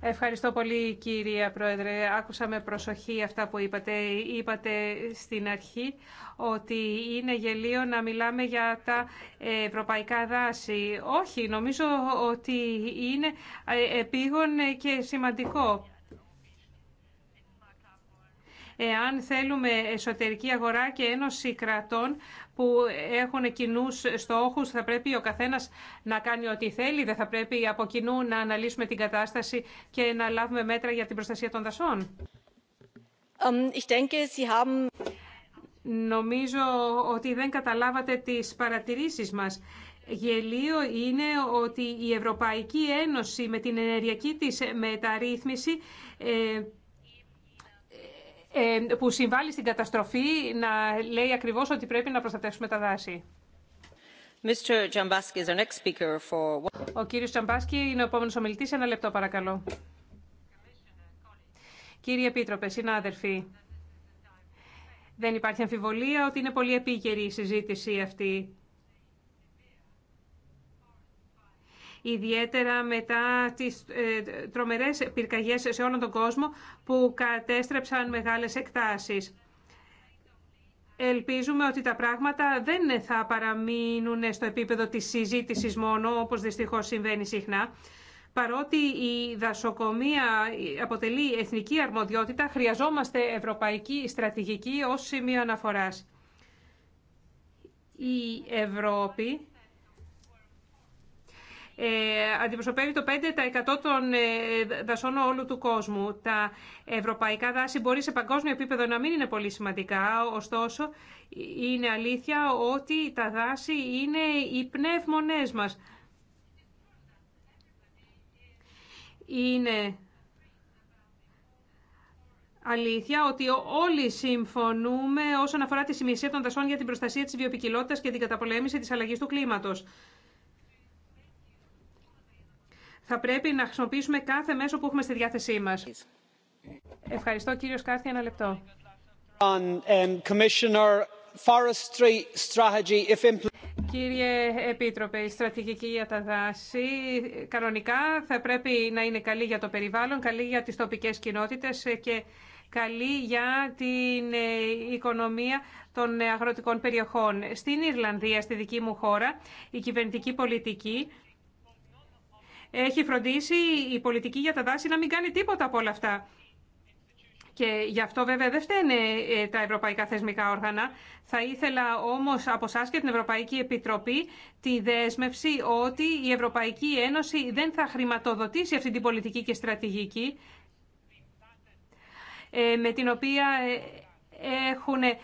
Ευχαριστώ πολύ κυρία Πρόεδρε. Άκουσα με προσοχή αυτά που είπατε. Είπατε στην αρχή ότι είναι γελίο να μιλάμε για τα ευρωπαϊκά δάση. Όχι, νομίζω ότι είναι επίγον και σημαντικό εάν θέλουμε εσωτερική αγορά και ένωση κρατών που έχουν κοινού στόχου, θα πρέπει ο καθένας να κάνει ό,τι θέλει, δεν θα πρέπει από κοινού να αναλύσουμε την κατάσταση και να λάβουμε μέτρα για την προστασία των δασών. Νομίζω ότι δεν καταλάβατε τις παρατηρήσεις μας. Γελίο είναι ότι η Ευρωπαϊκή Ένωση με την ενεργειακή της μεταρρύθμιση ε, ε, που συμβάλλει στην καταστροφή να λέει ακριβώς ότι πρέπει να προστατεύσουμε τα δάση. Mr. is our next for... Ο κύριος Τζαμπάσκι είναι ο επόμενος ομιλητής. Ένα λεπτό παρακαλώ. Κύριε Επίτροπε, συνάδελφοι, δεν υπάρχει αμφιβολία ότι είναι πολύ επίκαιρη η συζήτηση αυτή. ιδιαίτερα μετά τις ε, τρομερές πυρκαγιές σε όλον τον κόσμο που κατέστρεψαν μεγάλες εκτάσεις. Ελπίζουμε ότι τα πράγματα δεν θα παραμείνουν στο επίπεδο της συζήτησης μόνο, όπως δυστυχώς συμβαίνει συχνά. Παρότι η δασοκομεία αποτελεί εθνική αρμοδιότητα, χρειαζόμαστε ευρωπαϊκή στρατηγική ως σημείο αναφοράς. Η Ευρώπη ε, αντιπροσωπεύει το 5% των ε, δασών όλου του κόσμου. Τα ευρωπαϊκά δάση μπορεί σε παγκόσμιο επίπεδο να μην είναι πολύ σημαντικά, ωστόσο είναι αλήθεια ότι τα δάση είναι οι πνεύμονές μας. Είναι αλήθεια ότι όλοι συμφωνούμε όσον αφορά τη σημασία των δασών για την προστασία της βιοπικιλότητας και την καταπολέμηση της αλλαγής του κλίματος θα πρέπει να χρησιμοποιήσουμε κάθε μέσο που έχουμε στη διάθεσή μας. Ευχαριστώ κύριο Σκάρθη, ένα λεπτό. Um, um, Κύριε Επίτροπε, η στρατηγική για τα δάση κανονικά θα πρέπει να είναι καλή για το περιβάλλον, καλή για τις τοπικές κοινότητες και καλή για την ε, οικονομία των αγροτικών περιοχών. Στην Ιρλανδία, στη δική μου χώρα, η κυβερνητική πολιτική έχει φροντίσει η πολιτική για τα δάση να μην κάνει τίποτα από όλα αυτά. Και γι' αυτό βέβαια δεν φταίνε ε, τα ευρωπαϊκά θεσμικά όργανα. Θα ήθελα όμως από εσά και την Ευρωπαϊκή Επιτροπή τη δέσμευση ότι η Ευρωπαϊκή Ένωση δεν θα χρηματοδοτήσει αυτή την πολιτική και στρατηγική ε, με την οποία ε, έχουν ε,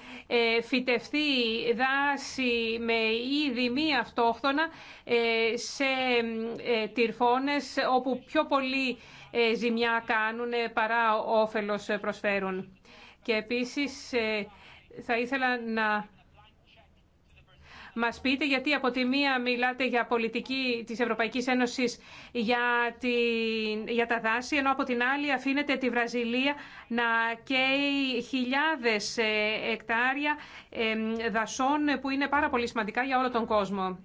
φυτευτεί δάση με ήδη μη αυτόχθονα ε, σε ε, τυρφώνες όπου πιο πολύ ζημιά κάνουν παρά όφελος προσφέρουν. Και επίσης θα ήθελα να μας πείτε, γιατί από τη μία μιλάτε για πολιτική της Ευρωπαϊκής Ένωσης για, για τα δάση, ενώ από την άλλη αφήνετε τη Βραζιλία να καίει χιλιάδες ε, εκτάρια ε, δασών που είναι πάρα πολύ σημαντικά για όλο τον κόσμο.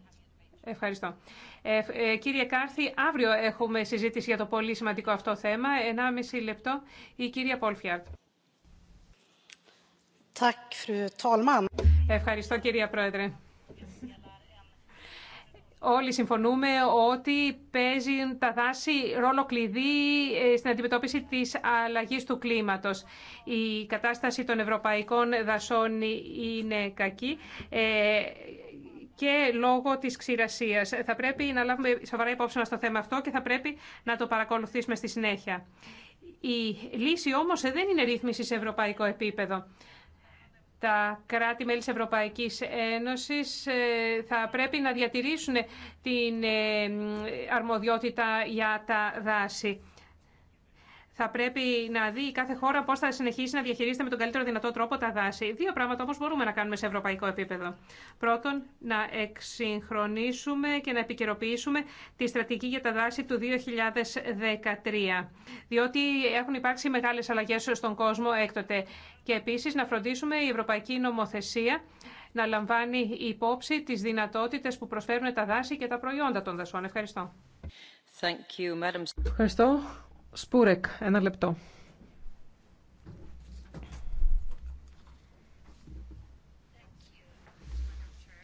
Ευχαριστώ. Ε, ε κύριε Κάρθη, αύριο έχουμε συζήτηση για το πολύ σημαντικό αυτό θέμα. μισή λεπτό η κυρία Πόλφιαρτ. Ευχαριστώ κυρία Πρόεδρε. Όλοι συμφωνούμε ότι παίζει τα δάση ρόλο κλειδί ε, στην αντιμετώπιση της αλλαγής του κλίματος. Η κατάσταση των ευρωπαϊκών δασών είναι κακή ε, και λόγω της ξηρασίας. Θα πρέπει να λάβουμε σοβαρά υπόψη μας το θέμα αυτό και θα πρέπει να το παρακολουθήσουμε στη συνέχεια. Η λύση όμως δεν είναι ρύθμιση σε ευρωπαϊκό επίπεδο τα κράτη-μέλη της Ευρωπαϊκής Ένωσης ε, θα πρέπει να διατηρήσουν την ε, αρμοδιότητα για τα δάση θα πρέπει να δει κάθε χώρα πώ θα συνεχίσει να διαχειρίζεται με τον καλύτερο δυνατό τρόπο τα δάση. Δύο πράγματα όμω μπορούμε να κάνουμε σε ευρωπαϊκό επίπεδο. Πρώτον, να εξυγχρονίσουμε και να επικαιροποιήσουμε τη στρατηγική για τα δάση του 2013. Διότι έχουν υπάρξει μεγάλε αλλαγέ στον κόσμο έκτοτε. Και επίση να φροντίσουμε η ευρωπαϊκή νομοθεσία να λαμβάνει υπόψη τις δυνατότητες που προσφέρουν τα δάση και τα προϊόντα των δασών. Ευχαριστώ. Thank you, Madam. Ευχαριστώ. Σπούρεκ, ένα λεπτό.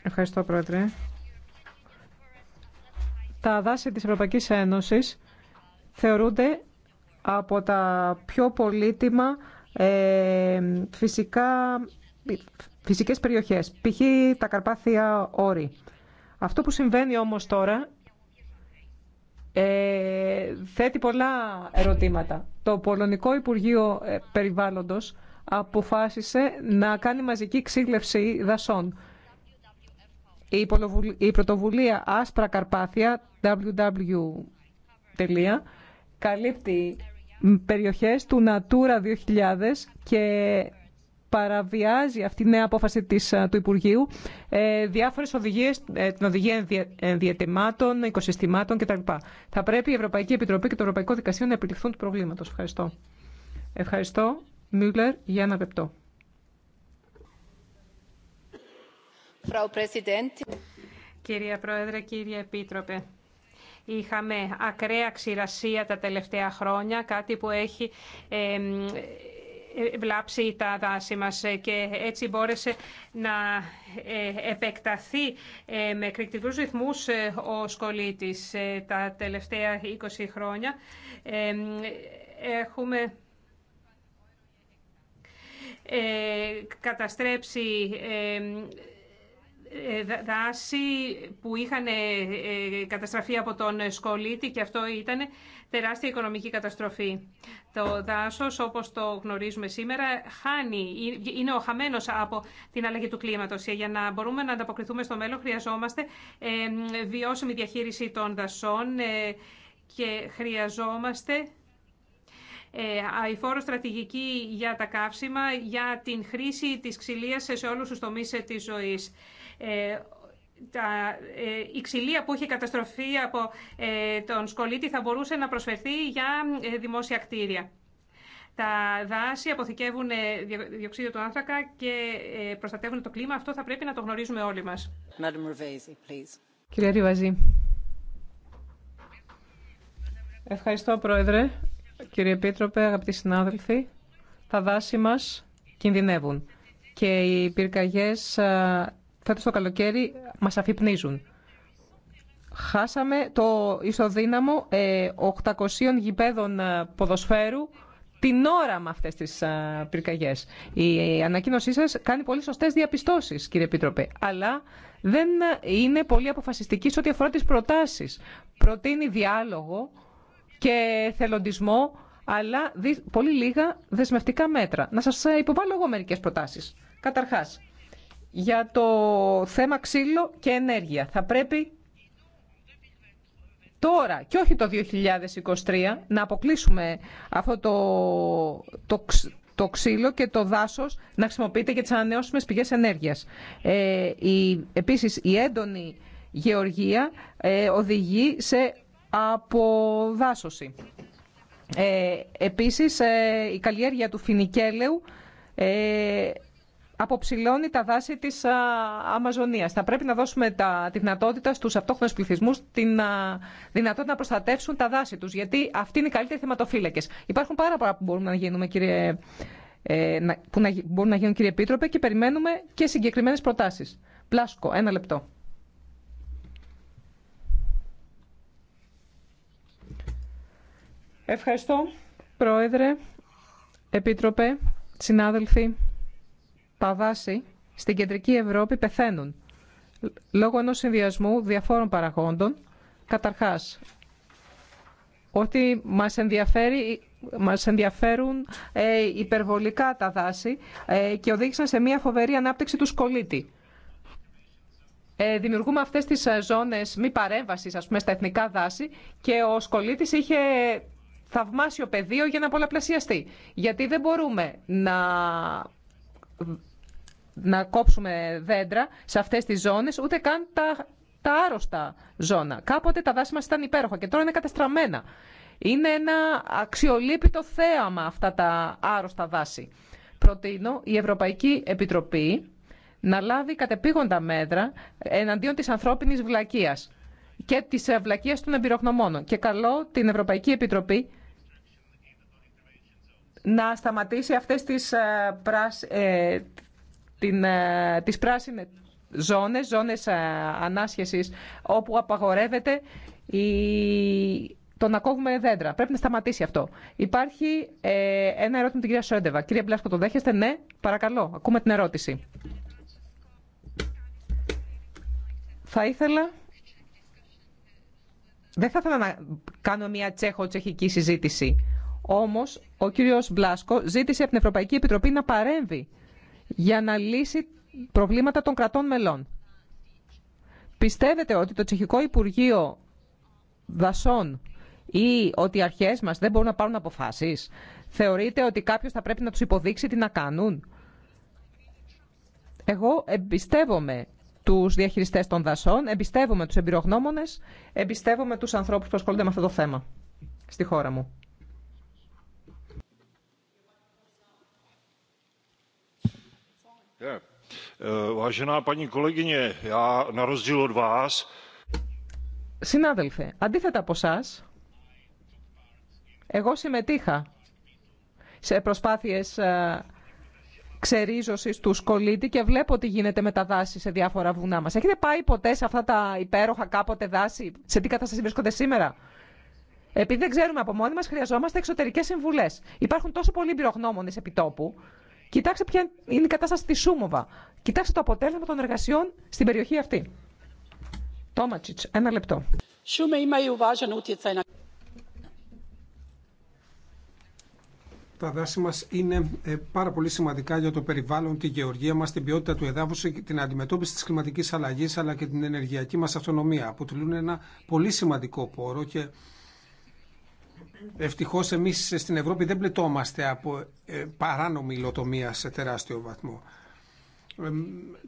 Ευχαριστώ, Πρόεδρε. Τα δάση της Ευρωπαϊκής Ένωσης θεωρούνται από τα πιο πολύτιμα ε, φυσικά, φυσικές περιοχές, π.χ. τα Καρπάθια Όρη. Αυτό που συμβαίνει όμως τώρα ε, θέτει πολλά ερωτήματα. Το Πολωνικό Υπουργείο ε, Περιβάλλοντος αποφάσισε να κάνει μαζική ξύλευση δασών. Η πρωτοβουλία Άσπρα Καρπάθια, www. καλύπτει περιοχές του Natura 2000 και παραβιάζει αυτή η νέα απόφαση της, του Υπουργείου ε, διάφορες οδηγίες, ε, την οδηγία ενδιατεμάτων, οικοσυστημάτων κτλ. Θα πρέπει η Ευρωπαϊκή Επιτροπή και το Ευρωπαϊκό Δικαστήριο να επιληφθούν του προβλήματος. Ευχαριστώ. Ευχαριστώ. Μιούλερ, για ένα λεπτό. Κυρία Πρόεδρε, κύριε Επίτροπε, είχαμε ακραία ξηρασία τα τελευταία χρόνια, κάτι που έχει ε, βλάψει τα δάση μας και έτσι μπόρεσε να ε, επεκταθεί ε, με κρίτικους ρυθμούς ε, ο σκολίτης τα τελευταία 20 χρόνια. Έχουμε καταστρέψει δάση που είχαν καταστραφεί από τον σκολίτη και αυτό ήταν τεράστια οικονομική καταστροφή. Το δάσο, όπως το γνωρίζουμε σήμερα, χάνει, είναι ο χαμένος από την αλλαγή του κλίματος. Για να μπορούμε να ανταποκριθούμε στο μέλλον χρειαζόμαστε βιώσιμη διαχείριση των δασών ε, και χρειαζόμαστε ε, αηφόρο στρατηγική για τα καύσιμα, για την χρήση της ξυλίας σε όλους τους τομείς ε, της ζωής τα ε, η ξυλία που είχε καταστροφεί από ε, τον σκολίτη θα μπορούσε να προσφερθεί για ε, δημόσια κτίρια. Τα δάση αποθηκεύουν διοξείδιο του άνθρακα και προστατεύουν το κλίμα. Αυτό θα πρέπει να το γνωρίζουμε όλοι μας. Κυρία Ριβαζή. Ευχαριστώ, Πρόεδρε. Κύριε Επίτροπε, αγαπητοί συνάδελφοι. Τα δάση μας κινδυνεύουν και οι πυρκαγιές φέτος το καλοκαίρι μας αφυπνίζουν. Χάσαμε το ισοδύναμο 800 ε, γηπέδων ε, ποδοσφαίρου την ώρα με αυτές τις ε, πυρκαγιές. Η ανακοίνωσή σας κάνει πολύ σωστές διαπιστώσεις, κύριε Επίτροπε, αλλά δεν είναι πολύ αποφασιστική σε ό,τι αφορά τις προτάσεις. Προτείνει διάλογο και θελοντισμό, αλλά πολύ λίγα δεσμευτικά μέτρα. Να σας υποβάλω εγώ μερικές προτάσεις. Καταρχάς, για το θέμα ξύλο και ενέργεια. Θα πρέπει τώρα και όχι το 2023 να αποκλείσουμε αυτό το, το, ξύλο και το δάσος να χρησιμοποιείται για τις ανανεώσιμες πηγές ενέργειας. Ε, η, επίσης η έντονη γεωργία ε, οδηγεί σε αποδάσωση. Ε, επίσης ε, η καλλιέργεια του φινικέλεου ε, αποψηλώνει τα δάση της Αμαζονία. Θα πρέπει να δώσουμε τα, τη δυνατότητα στου αυτόχθονε πληθυσμού. την δυνατότητα να προστατεύσουν τα δάση τους, γιατί αυτοί είναι οι καλύτεροι θεματοφύλακες. Υπάρχουν πάρα πολλά που μπορούμε να γίνουμε, κύριε, ε, να, που να, μπορούν να γίνουν, κύριε Επίτροπε, και περιμένουμε και συγκεκριμένες προτάσεις. Πλάσκο, ένα λεπτό. Ευχαριστώ, Πρόεδρε, Επίτροπε, συνάδελφοι δάση στην κεντρική Ευρώπη πεθαίνουν λόγω ενός συνδυασμού διαφόρων παραγόντων. Καταρχάς, ότι μας, ενδιαφέρει, μας ενδιαφέρουν ε, υπερβολικά τα δάση ε, και οδήγησαν σε μια φοβερή ανάπτυξη του σκολίτη. Ε, δημιουργούμε αυτές τις ε, ζώνες μη παρέμβασης, ας πούμε, στα εθνικά δάση και ο σκολίτης είχε θαυμάσιο πεδίο για να πολλαπλασιαστεί. Γιατί δεν μπορούμε να να κόψουμε δέντρα σε αυτές τις ζώνες, ούτε καν τα, τα άρρωστα ζώνα. Κάποτε τα δάση μας ήταν υπέροχα και τώρα είναι κατεστραμμένα. Είναι ένα αξιολύπητο θέαμα αυτά τα άρρωστα δάση. Προτείνω η Ευρωπαϊκή Επιτροπή να λάβει κατεπήγοντα μέτρα εναντίον της ανθρώπινης βλακείας και της ε, βλακείας των εμπειρογνωμόνων. Και καλό την Ευρωπαϊκή Επιτροπή να σταματήσει αυτές τις, ε, ε, την, ε, τις πράσινες ζώνες, ζώνες ε, ανάσχεσης, όπου απαγορεύεται η, το να κόβουμε δέντρα. Πρέπει να σταματήσει αυτό. Υπάρχει ε, ένα ερώτημα την κυρία Σόντεβα. Κυρία Μπλάσκο, το δέχεστε. Ναι, παρακαλώ. Ακούμε την ερώτηση. Θα ήθελα... Δεν θα ήθελα να κάνω μια τσέχο-τσεχική συζήτηση. Όμως, ο κύριος Μπλάσκο ζήτησε από την Ευρωπαϊκή Επιτροπή να παρέμβει για να λύσει προβλήματα των κρατών μελών. Πιστεύετε ότι το Τσεχικό Υπουργείο Δασών ή ότι οι αρχές μας δεν μπορούν να πάρουν αποφάσεις. Θεωρείτε ότι κάποιος θα πρέπει να τους υποδείξει τι να κάνουν. Εγώ εμπιστεύομαι τους διαχειριστές των δασών, εμπιστεύομαι τους εμπειρογνώμονες, εμπιστεύομαι τους ανθρώπους που ασχολούνται με αυτό το θέμα στη χώρα μου. Uh, Συνάδελφε, αντίθετα από εσά, εγώ συμμετείχα σε προσπάθειες ε, ξερίζωσης του σκολίτη και βλέπω τι γίνεται με τα δάση σε διάφορα βουνά μας. Έχετε πάει ποτέ σε αυτά τα υπέροχα κάποτε δάση, σε τι κατάσταση βρίσκονται σήμερα. Επειδή δεν ξέρουμε από μόνοι μας, χρειαζόμαστε εξωτερικές συμβουλές. Υπάρχουν τόσο πολλοί πυρογνώμονες επιτόπου Κοιτάξτε ποια είναι η κατάσταση στη Σούμοβα. Κοιτάξτε το αποτέλεσμα των εργασιών στην περιοχή αυτή. Τόματσιτς, ένα λεπτό. Τα δάση μας είναι ε, πάρα πολύ σημαντικά για το περιβάλλον, τη γεωργία μας, την ποιότητα του εδάφους, ε, την αντιμετώπιση της κλιματικής αλλαγής αλλά και την ενεργειακή μας αυτονομία. Αποτελούν ένα πολύ σημαντικό πόρο και Ευτυχώ εμεί στην Ευρώπη δεν πληττόμαστε από ε, παράνομη υλοτομία σε τεράστιο βαθμό.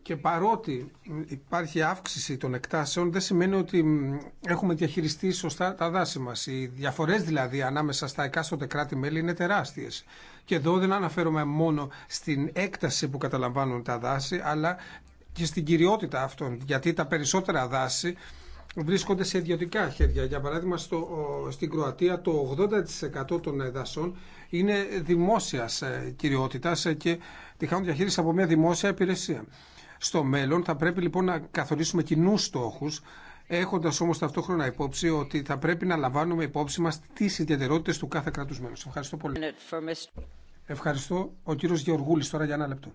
Και παρότι υπάρχει αύξηση των εκτάσεων, δεν σημαίνει ότι έχουμε διαχειριστεί σωστά τα δάση μα. Οι διαφορέ δηλαδή ανάμεσα στα εκάστοτε κράτη-μέλη είναι τεράστιε. Και εδώ δεν αναφέρομαι μόνο στην έκταση που καταλαμβάνουν τα δάση, αλλά και στην κυριότητα αυτών. Γιατί τα περισσότερα δάση βρίσκονται σε ιδιωτικά χέρια. Για παράδειγμα, στο, στην Κροατία το 80% των εδασών είναι δημόσιας ε, κυριότητα ε, και τη χάνουν διαχείριση από μια δημόσια υπηρεσία. Στο μέλλον θα πρέπει λοιπόν να καθορίσουμε κοινού στόχου, Έχοντα όμω ταυτόχρονα υπόψη ότι θα πρέπει να λαμβάνουμε υπόψη μα τι ιδιαιτερότητε του κάθε κράτου μέλου. Ευχαριστώ πολύ. Ευχαριστώ. Ο κύριο Γεωργούλη τώρα για ένα λεπτό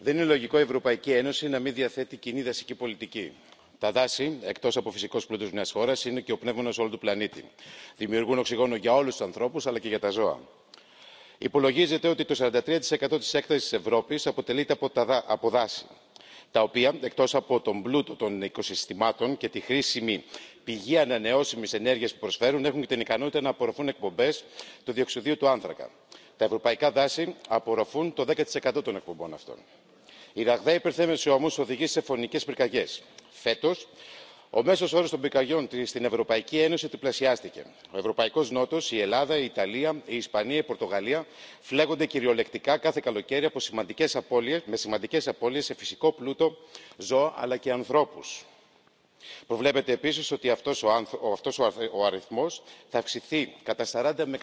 δεν είναι λογικό η ευρωπαϊκή ένωση να μην διαθέτει κοινή δασική πολιτική. τα δάση εκτό από φυσικό πλούτο μια χώρα είναι και ο πνεύμονα όλου του πλανήτη. δημιουργούν οξυγόνο για όλου του ανθρώπου αλλά και για τα ζώα. υπολογίζεται ότι το 43% τη έκταση τη ευρώπη αποτελείται από δάση τα οποία εκτό από τον πλούτο των οικοσυστημάτων και τη χρήσιμη πηγή ανανεώσιμη ενέργεια που προσφέρουν έχουν και την ικανότητα να απορροφούν εκπομπέ του διοξιδίου του άνθρακα. τα ευρωπαϊκά δάση απορροφούν το 10% των εκπομπών αυτών η ραγδαία υπερθέρμανση όμω οδηγεί σε φωνικέ πυρκαγιέ. Φέτο. ο μέσο όρο των πυρκαγιών στην ευρωπαϊκή ένωση τριπλασιάστηκε. ο Ευρωπαϊκό Νότο, η ελλάδα η ιταλία η ισπανία η πορτογαλία φλέγονται κυριολεκτικά κάθε καλοκαίρι από με σημαντικέ απώλειε σε φυσικό πλούτο ζώα αλλά και ανθρώπου. προβλέπεται επίση ότι αυτό ο, αριθμό θα αυξηθεί κατά 40 με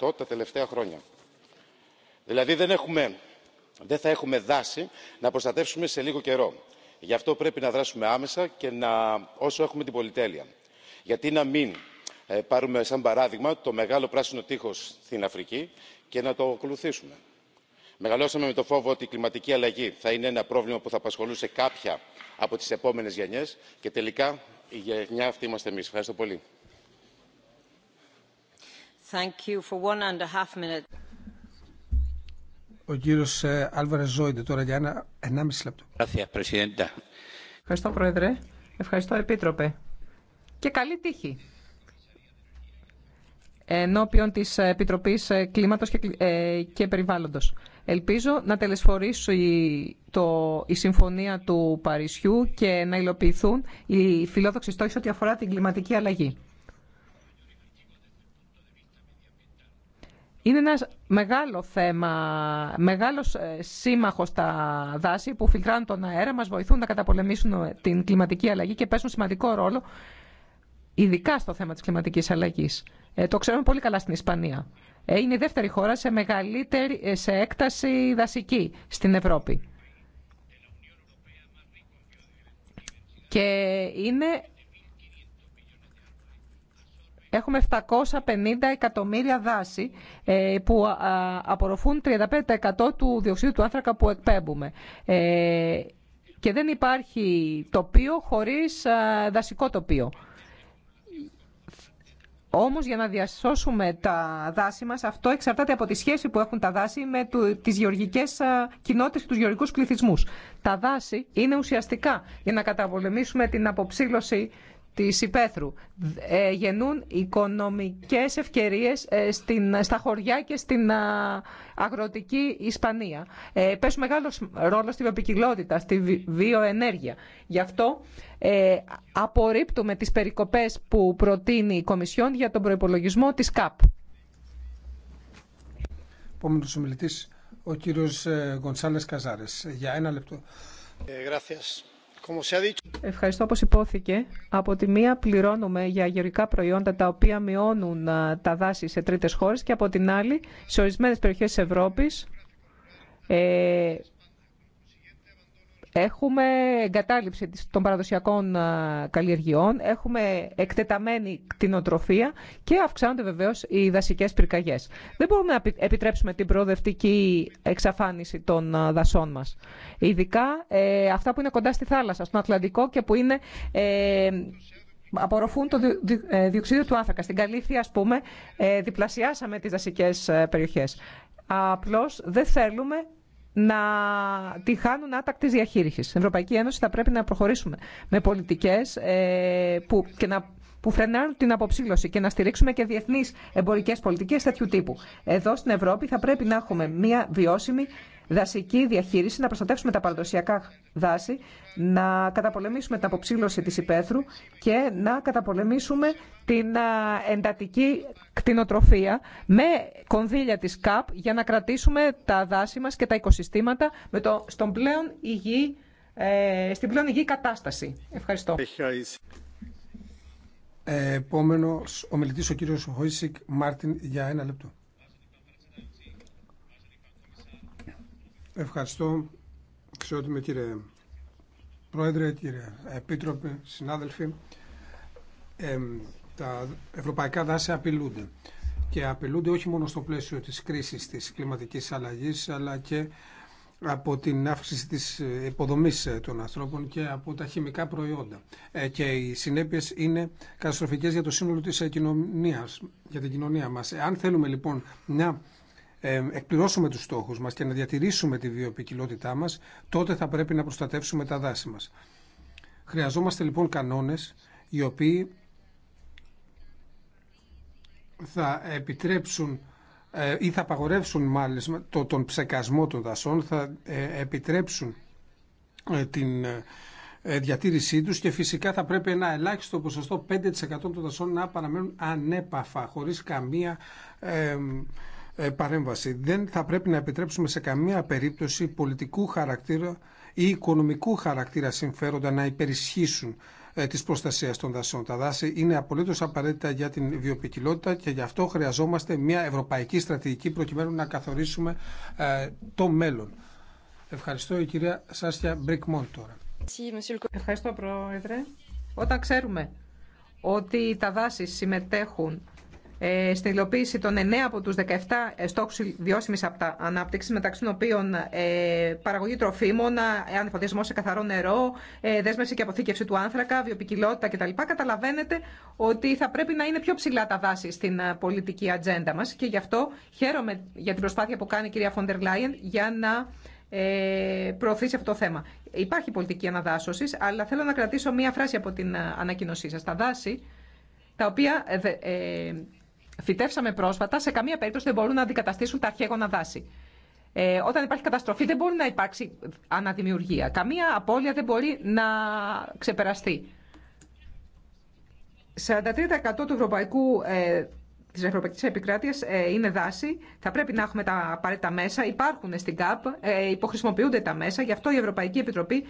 100% τα τελευταία χρόνια. δηλαδή δεν έχουμε δεν θα έχουμε δάση να προστατεύσουμε σε λίγο καιρό. γι' αυτό πρέπει να δράσουμε άμεσα και να... όσο έχουμε την πολυτέλεια. γιατί να μην ε, πάρουμε σαν παράδειγμα το μεγάλο πράσινο τείχος στην αφρική και να το ακολουθήσουμε. μεγαλώσαμε με το φόβο ότι η κλιματική αλλαγή θα είναι ένα πρόβλημα που θα απασχολούσε κάποια από τις επόμενες γενιές και τελικά η γενιά αυτή είμαστε εμείς. ευχαριστώ πολύ. Ο κύριος ε, Άλβαρε Ζόιντε τώρα για 1,5 λεπτό. Ευχαριστώ Πρόεδρε. Ευχαριστώ Επίτροπε. Και καλή τύχη ενώπιον της Επιτροπής ε, κλίματο ε, και Περιβάλλοντος. Ελπίζω να τελεσφορήσει το, η συμφωνία του Παρισιού και να υλοποιηθούν οι φιλόδοξοι στόχοι ό,τι αφορά την κλιματική αλλαγή. Είναι ένα μεγάλο θέμα, μεγάλος ε, σύμμαχος στα δάση που φιλτράνε τον αέρα, μας βοηθούν να καταπολεμήσουν ε, την κλιματική αλλαγή και παίζουν σημαντικό ρόλο, ειδικά στο θέμα της κλιματικής αλλαγής. Ε, το ξέρουμε πολύ καλά στην Ισπανία. Ε, είναι η δεύτερη χώρα σε, μεγαλύτερη, ε, σε έκταση δασική στην Ευρώπη. Και είναι Έχουμε 750 εκατομμύρια δάση ε, που απορροφούν 35% του διοξείδου του άνθρακα που εκπέμπουμε. Ε, και δεν υπάρχει τοπίο χωρίς δασικό τοπίο. Όμως για να διασώσουμε τα δάση μας αυτό εξαρτάται από τη σχέση που έχουν τα δάση με τι γεωργικέ κοινότητες και του γεωργικού πληθυσμούς. Τα δάση είναι ουσιαστικά για να καταπολεμήσουμε την αποψήλωση τη υπαίθρου. Ε, γεννούν οικονομικές ευκαιρίες ε, στα χωριά και στην αγροτική Ισπανία. Ε, παίζουν μεγάλο ρόλο στην βιοπικιλότητα, στη βιοενέργεια. Γι' αυτό ε, απορρίπτουμε τις περικοπές που προτείνει η Κομισιόν για τον προπολογισμό της ΚΑΠ. Επόμενος ομιλητής, ο κύριος ε, Γκονσάλες Καζάρες. Για ένα λεπτό. Ε, Ευχαριστώ όπως υπόθηκε. Από τη μία πληρώνουμε για αγιορικά προϊόντα τα οποία μειώνουν τα δάση σε τρίτες χώρες και από την άλλη σε ορισμένες περιοχές της Ευρώπης ε, Έχουμε εγκατάλειψη των παραδοσιακών καλλιεργειών, έχουμε εκτεταμένη κτηνοτροφία και αυξάνονται βεβαίως οι δασικές πυρκαγιές. Δεν μπορούμε να επιτρέψουμε την προοδευτική εξαφάνιση των δασών μας. Ειδικά ε, αυτά που είναι κοντά στη θάλασσα, στον Ατλαντικό και που είναι... Ε, απορροφούν το ε, διοξείδιο του άνθρακα. Στην Καλύφθη, ας πούμε, διπλασιάσαμε τις δασικές περιοχές. Απλώς δεν θέλουμε να τη χάνουν άτακτη διαχείριση. Στην Ευρωπαϊκή Ένωση θα πρέπει να προχωρήσουμε με πολιτικέ ε, που, που φρενάρουν την αποψήλωση και να στηρίξουμε και διεθνεί εμπορικέ πολιτικέ τέτοιου τύπου. Εδώ στην Ευρώπη θα πρέπει να έχουμε μια βιώσιμη δασική διαχείριση, να προστατεύσουμε τα παραδοσιακά δάση, να καταπολεμήσουμε την αποψήλωση της υπαίθρου και να καταπολεμήσουμε την εντατική κτηνοτροφία με κονδύλια της ΚΑΠ για να κρατήσουμε τα δάση μας και τα οικοσυστήματα με το, στον πλέον υγιή, ε, στην πλέον υγιή κατάσταση. Ευχαριστώ. Ε, επόμενος, ο ο κύριος Χόισικ Μάρτιν για ένα λεπτό. Ευχαριστώ, Ξιότιμε, κύριε Πρόεδρε, κύριε Επίτροπε, συνάδελφοι. τα ευρωπαϊκά δάση απειλούνται και απειλούνται όχι μόνο στο πλαίσιο της κρίσης της κλιματικής αλλαγής αλλά και από την αύξηση της υποδομής ε, των ανθρώπων και από τα χημικά προϊόντα. Ε, και οι συνέπειες είναι καταστροφικές για το σύνολο της ε, κοινωνίας, για την κοινωνία μας. Αν θέλουμε λοιπόν μια εκπληρώσουμε τους στόχους μας και να διατηρήσουμε τη βιοποικιλότητά μας, τότε θα πρέπει να προστατεύσουμε τα δάση μας. Χρειαζόμαστε λοιπόν κανόνες οι οποίοι θα επιτρέψουν ε, ή θα απαγορεύσουν μάλιστα τον ψεκασμό των δασών, θα ε, επιτρέψουν ε, την διατήρησή τους και φυσικά θα πρέπει ένα ελάχιστο ποσοστό 5% των δασών να παραμένουν ανέπαφα, χωρίς καμία ε, παρέμβαση. Δεν θα πρέπει να επιτρέψουμε σε καμία περίπτωση πολιτικού χαρακτήρα ή οικονομικού χαρακτήρα συμφέροντα να υπερισχύσουν ε, τη προστασία των δασών. Τα δάση είναι απολύτω απαραίτητα για την βιοποικιλότητα και γι' αυτό χρειαζόμαστε μια ευρωπαϊκή στρατηγική προκειμένου να καθορίσουμε ε, το μέλλον. Ευχαριστώ η κυρία Σάστια Μπρικμόν τώρα. Ευχαριστώ Πρόεδρε. Όταν ξέρουμε ότι τα δάση συμμετέχουν ε, στην υλοποίηση των 9 από τους 17 στόχους βιώσιμης ανάπτυξη μεταξύ των οποίων ε, παραγωγή τροφίμων, ανεφοδιασμό σε καθαρό νερό, ε, δέσμευση και αποθήκευση του άνθρακα, βιοπικιλότητα κτλ. Καταλαβαίνετε ότι θα πρέπει να είναι πιο ψηλά τα δάση στην πολιτική ατζέντα μας και γι' αυτό χαίρομαι για την προσπάθεια που κάνει η κυρία Φοντερ Λάιεν για να προωθήσει αυτό το θέμα. Υπάρχει πολιτική αναδάσωση, αλλά θέλω να κρατήσω μία φράση από την ανακοίνωσή σα. Τα δάση, τα οποία φυτέψαμε πρόσφατα, σε καμία περίπτωση δεν μπορούν να αντικαταστήσουν τα αρχαίγωνα δάση. Ε, όταν υπάρχει καταστροφή δεν μπορεί να υπάρξει αναδημιουργία. Καμία απώλεια δεν μπορεί να ξεπεραστεί. 43% του ευρωπαϊκού ε, τη Ευρωπαϊκή Επικράτεια ε, είναι δάση. Θα πρέπει να έχουμε τα απαραίτητα μέσα. Υπάρχουν στην ΚΑΠ, ε, υποχρησιμοποιούνται τα μέσα. Γι' αυτό η Ευρωπαϊκή Επιτροπή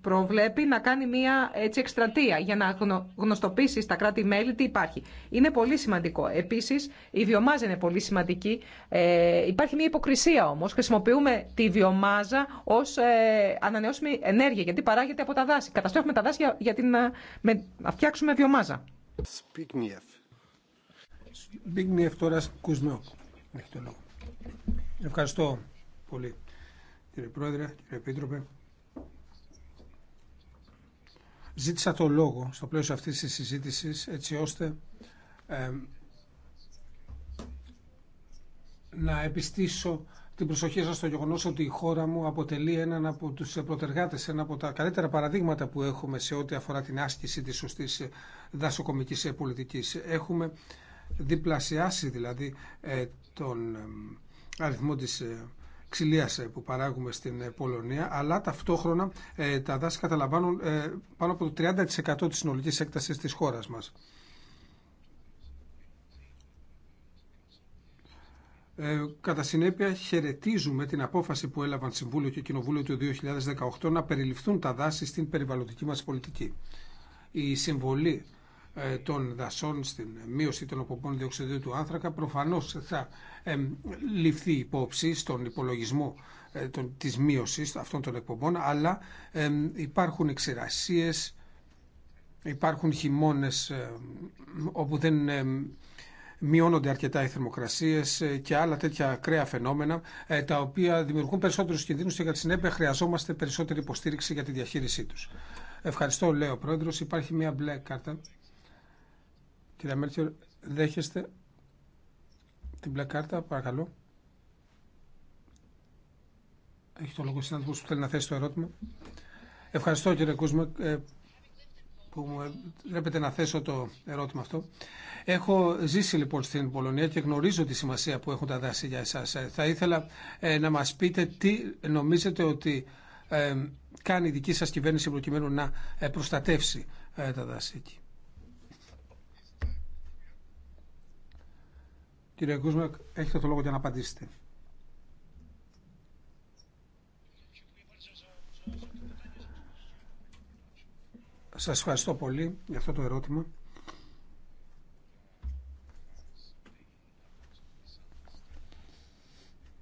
προβλέπει να κάνει μια έτσι, εκστρατεία για να γνωστοποιήσει στα κράτη-μέλη τι υπάρχει. Είναι πολύ σημαντικό. Επίση, η βιομάζα είναι πολύ σημαντική. Ε, υπάρχει μια υποκρισία όμω. Χρησιμοποιούμε τη βιομάζα ω ε, ανανεώσιμη ενέργεια, γιατί παράγεται από τα δάση. Καταστρέφουμε τα δάση για, την, με, να φτιάξουμε βιομάζα. Μπίγνη Ευτόρα Κουσνόκ. Έχει το λόγο. Ευχαριστώ πολύ κύριε Πρόεδρε, κύριε Επίτροπε. Ζήτησα το λόγο στο πλαίσιο αυτής της συζήτησης έτσι ώστε να επιστήσω την προσοχή σας στο γεγονός ότι η χώρα μου αποτελεί έναν από τους προτεργάτες ένα από τα καλύτερα παραδείγματα που έχουμε σε ό,τι αφορά την άσκηση της σωστής δασοκομικής πολιτικής. Έχουμε διπλασιάσει δηλαδή ε, τον αριθμό της ε, ξυλίας ε, που παράγουμε στην Πολωνία, αλλά ταυτόχρονα τα δάση καταλαμβάνουν πάνω από το 30% της συνολικής έκτασης της χώρας μας. κατά συνέπεια, χαιρετίζουμε την απόφαση που έλαβαν Συμβούλιο και Κοινοβούλιο του 2018 να περιληφθούν τα δάση στην περιβαλλοντική μας πολιτική. Η συμβολή ε, των δασών, στην μείωση των αποπών διοξιδίου του άνθρακα, προφανώς θα ε, ληφθεί υπόψη στον υπολογισμό ε, της μείωσης αυτών των εκπομπών, αλλά υπάρχουν εξερασίες, υπάρχουν χειμώνες όπου δεν μειώνονται αρκετά οι θερμοκρασίε και άλλα τέτοια ακραία φαινόμενα, τα οποία δημιουργούν περισσότερους κινδύνους και κατά συνέπεια χρειαζόμαστε περισσότερη υποστήριξη για τη διαχείρισή τους. Ευχαριστώ, λέει ο Πρόεδρο. Υπάρχει μια μπλε κάρτα Κυρία μέρτιο, δέχεστε την μπλε κάρτα, παρακαλώ. Έχει το λόγο συνάδελφος που θέλει να θέσει το ερώτημα. Ευχαριστώ κύριε Κούσμα ε, που μου να θέσω το ερώτημα αυτό. Έχω ζήσει λοιπόν στην Πολωνία και γνωρίζω τη σημασία που έχουν τα δάση για εσάς. Ε, θα ήθελα ε, να μας πείτε τι νομίζετε ότι κάνει η δική σας κυβέρνηση προκειμένου να προστατεύσει τα δάση εκεί. Κύριε Γκούσμακ, έχετε το λόγο για να απαντήσετε. Σας ευχαριστώ πολύ για αυτό το ερώτημα.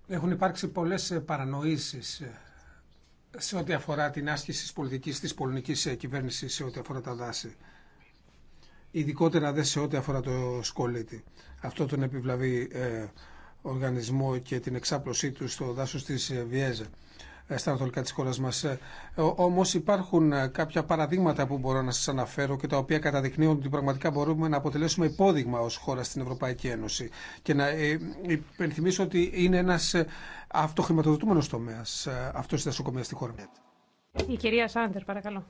Έχουν υπάρξει πολλές παρανοήσεις σε ό,τι αφορά την άσκηση της πολιτικής της πολωνικής κυβέρνησης, σε ό,τι αφορά τα δάση ειδικότερα δε σε ό,τι αφορά το σκολίτι. Αυτό τον επιβλαβή ε, οργανισμό και την εξάπλωσή του στο δάσος της ε, Βιέζα ε, στα ανατολικά της χώρας μας. Όμως υπάρχουν κάποια παραδείγματα που μπορώ να σας αναφέρω και τα οποία καταδεικνύουν ότι πραγματικά μπορούμε να αποτελέσουμε υπόδειγμα ως χώρα στην Ευρωπαϊκή Ένωση. Και να υπενθυμίσω ότι είναι ένας αυτοχρηματοδοτούμενος τομέας αυτός η δασοκομεία στη χώρα. Η κυρία Σάντερ, παρακαλώ.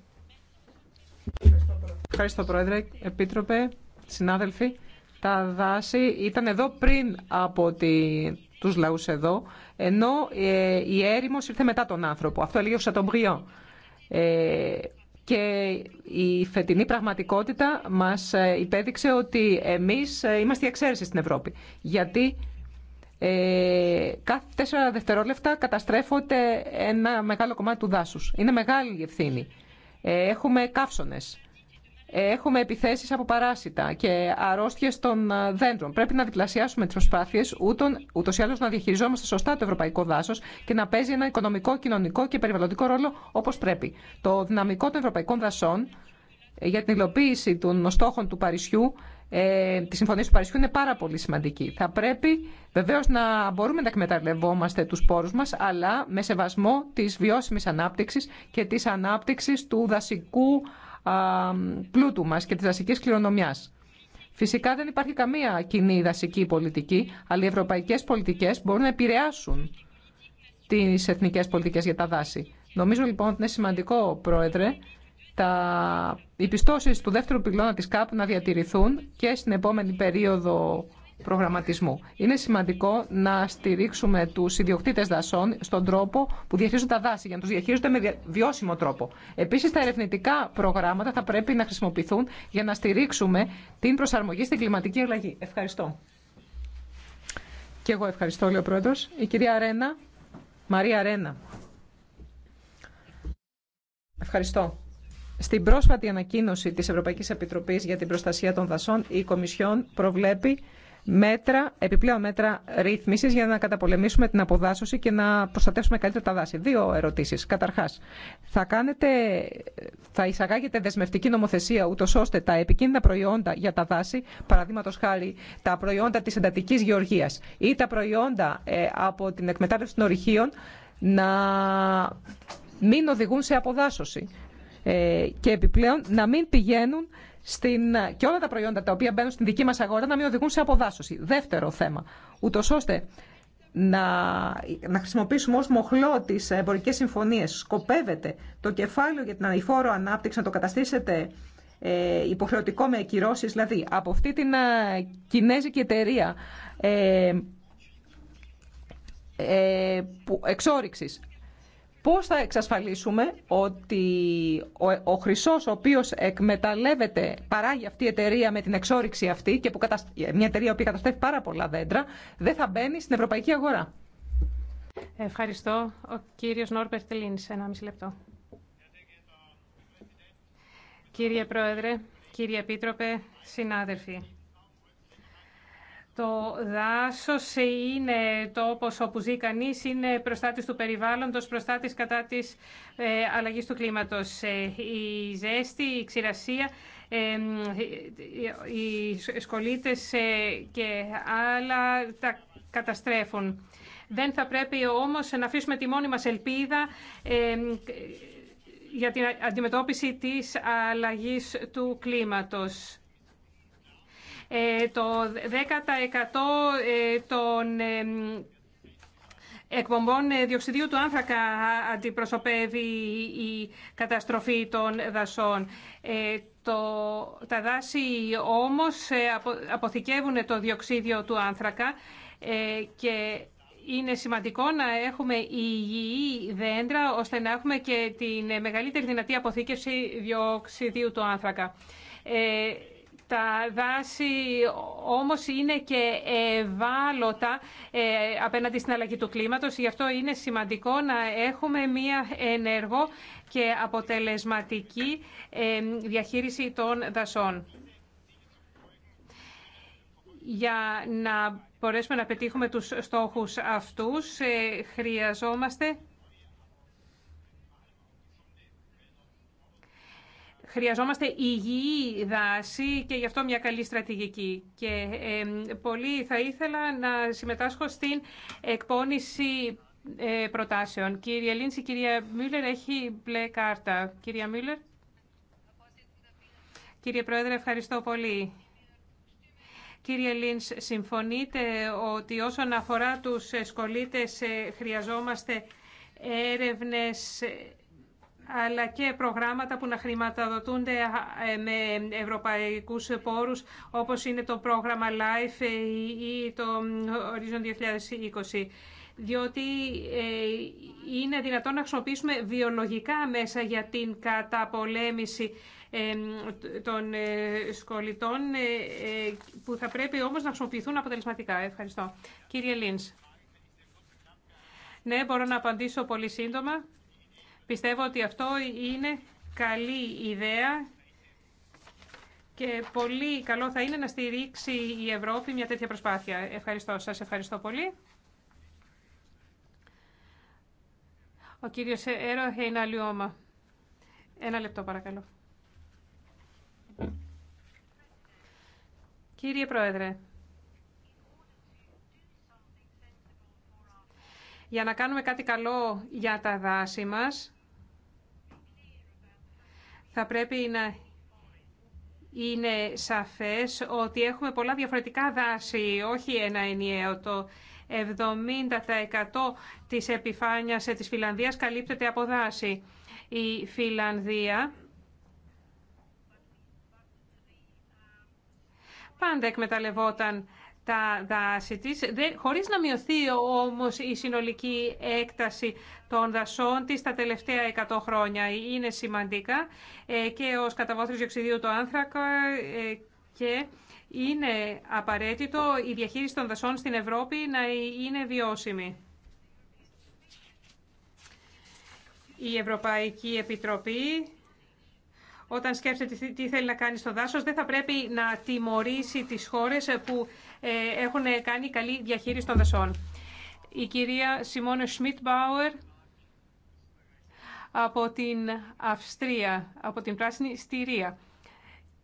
Ευχαριστώ, Πρόεδρε. Επίτροπε, συνάδελφοι, τα δάση ήταν εδώ πριν από τη... τους λαούς εδώ, ενώ ε, η έρημος ήρθε μετά τον άνθρωπο. Αυτό έλεγε ο Σατομπριό. Ε, και η φετινή πραγματικότητα μας ε, υπέδειξε ότι εμείς ε, είμαστε η εξαίρεση στην Ευρώπη. Γιατί ε, κάθε τέσσερα δευτερόλεπτα καταστρέφονται ένα μεγάλο κομμάτι του δάσους. Είναι μεγάλη η ευθύνη. έχουμε καύσονες έχουμε επιθέσει από παράσιτα και αρρώστιε των ε, δέντρων. Πρέπει να διπλασιάσουμε τι προσπάθειε ούτω ή άλλω να διαχειριζόμαστε σωστά το ευρωπαϊκό δάσο και να παίζει ένα οικονομικό, κοινωνικό και περιβαλλοντικό ρόλο όπω πρέπει. Το δυναμικό των ευρωπαϊκών δασών ε, για την υλοποίηση των στόχων του Παρισιού, ε, τη συμφωνία του Παρισιού είναι πάρα πολύ σημαντική. Θα πρέπει βεβαίω να μπορούμε να εκμεταλλευόμαστε του πόρου μα, αλλά με σεβασμό τη βιώσιμη ανάπτυξη και τη ανάπτυξη του δασικού πλούτου μας και της δασικής κληρονομιάς. Φυσικά δεν υπάρχει καμία κοινή δασική πολιτική, αλλά οι ευρωπαϊκές πολιτικές μπορούν να επηρεάσουν τις εθνικές πολιτικές για τα δάση. Νομίζω λοιπόν ότι είναι σημαντικό, Πρόεδρε, τα... οι του δεύτερου πυλώνα της ΚΑΠ να διατηρηθούν και στην επόμενη περίοδο προγραμματισμού. Είναι σημαντικό να στηρίξουμε του ιδιοκτήτε δασών στον τρόπο που διαχειρίζονται τα δάση, για να του διαχειρίζονται με βιώσιμο τρόπο. Επίση, τα ερευνητικά προγράμματα θα πρέπει να χρησιμοποιηθούν για να στηρίξουμε την προσαρμογή στην κλιματική αλλαγή. Ευχαριστώ. Και εγώ ευχαριστώ, λέει ο πρόεδρο. Η κυρία Αρένα, Μαρία Αρένα. Ευχαριστώ. Στην πρόσφατη ανακοίνωση της Ευρωπαϊκής Επιτροπής για την Προστασία των Δασών, η Κομισιόν προβλέπει μέτρα, επιπλέον μέτρα ρύθμιση για να καταπολεμήσουμε την αποδάσωση και να προστατεύσουμε καλύτερα τα δάση. Δύο ερωτήσει. Καταρχά, θα, κάνετε, θα εισαγάγετε δεσμευτική νομοθεσία ούτω ώστε τα επικίνδυνα προϊόντα για τα δάση, παραδείγματο χάρη τα προϊόντα τη εντατική γεωργία ή τα προϊόντα ε, από την εκμετάλλευση των ορυχείων, να μην οδηγούν σε αποδάσωση ε, και επιπλέον να μην πηγαίνουν στην, και όλα τα προϊόντα τα οποία μπαίνουν στην δική μας αγορά να μην οδηγούν σε αποδάσωση. Δεύτερο θέμα, ούτως ώστε να, να χρησιμοποιήσουμε ως μοχλό τις εμπορικές συμφωνίες. Σκοπεύετε το κεφάλαιο για την αηφόρο ανάπτυξη να το καταστήσετε ε, υποχρεωτικό με ακυρώσει, δηλαδή από αυτή την ε, κινέζικη εταιρεία ε, ε, Πώς θα εξασφαλίσουμε ότι ο, ο χρυσός ο οποίος εκμεταλλεύεται, παράγει αυτή η εταιρεία με την εξόριξη αυτή και που μια εταιρεία που καταστρέφει πάρα πολλά δέντρα, δεν θα μπαίνει στην ευρωπαϊκή αγορά. Ευχαριστώ. Ο κύριος Νόρπερ Τελίνης, ένα μισή λεπτό. Κύριε Πρόεδρε, κύριε Επίτροπε, συνάδελφοι. Το δάσος είναι τόπος όπου ζει κανείς, είναι προστάτης του περιβάλλοντος, προστάτης κατά της ε, αλλαγής του κλίματος. Ε, η ζέστη, η ξηρασία, ε, οι σκολίτες και άλλα τα καταστρέφουν. Δεν θα πρέπει όμως να αφήσουμε τη μόνη μας ελπίδα για την αντιμετώπιση της αλλαγής του κλίματος. Ε, το 10% ε, των εκπομπών ε, διοξιδίου του άνθρακα αντιπροσωπεύει η καταστροφή των δασών. Το, τα δάση όμως αποθηκεύουν το διοξίδιο του άνθρακα και είναι σημαντικό να έχουμε υγιή δέντρα ώστε να έχουμε και την μεγαλύτερη δυνατή αποθήκευση διοξιδίου του άνθρακα. Τα δάση όμως είναι και ευάλωτα ε, απέναντι στην αλλαγή του κλίματος. Γι' αυτό είναι σημαντικό να έχουμε μία ενεργό και αποτελεσματική ε, διαχείριση των δασών. Για να μπορέσουμε να πετύχουμε τους στόχους αυτούς, ε, χρειαζόμαστε Χρειαζόμαστε υγιή δάση και γι' αυτό μια καλή στρατηγική. Και πολύ θα ήθελα να συμμετάσχω στην εκπόνηση ε, προτάσεων. Κύριε η κυρία Μίλλερ έχει μπλε κάρτα. Κυρία Μίλλερ. Κύριε Πρόεδρε, ευχαριστώ πολύ. Κύριε Λίνς, συμφωνείτε ότι όσον αφορά τους σχολίτες, ε, χρειαζόμαστε έρευνες αλλά και προγράμματα που να χρηματοδοτούνται ε, με ευρωπαϊκούς πόρους, όπως είναι το πρόγραμμα LIFE ή το ε, Horizon 2020 διότι ε, είναι δυνατόν να χρησιμοποιήσουμε βιολογικά μέσα για την καταπολέμηση των σκολητών, που θα πρέπει όμως να χρησιμοποιηθούν αποτελεσματικά. Ευχαριστώ. Κύριε Λίνς. Ναι, μπορώ να απαντήσω πολύ σύντομα. Πιστεύω ότι αυτό είναι καλή ιδέα και πολύ καλό θα είναι να στηρίξει η Ευρώπη μια τέτοια προσπάθεια. Ευχαριστώ σας, ευχαριστώ πολύ. Ο κύριος Έρο όμα. Ένα λεπτό παρακαλώ. Κύριε Πρόεδρε, για να κάνουμε κάτι καλό για τα δάση μας, θα πρέπει να είναι σαφές ότι έχουμε πολλά διαφορετικά δάση, όχι ένα ενιαίο. Το 70% της επιφάνειας της Φιλανδίας καλύπτεται από δάση. Η Φιλανδία πάντα εκμεταλλευόταν τα δάση της, χωρίς να μειωθεί όμως η συνολική έκταση των δασών της τα τελευταία 100 χρόνια. Είναι σημαντικά ε, και ως καταβόθρος διοξιδίου το άνθρακα ε, και είναι απαραίτητο η διαχείριση των δασών στην Ευρώπη να είναι βιώσιμη. Η Ευρωπαϊκή Επιτροπή όταν σκέφτεται τι θέλει να κάνει στο δάσος, δεν θα πρέπει να τιμωρήσει τις χώρες που ε, έχουν κάνει καλή διαχείριση των δασών. Η κυρία Σιμώνε Μπάουερ από την Αυστρία, από την Πράσινη Στηρία.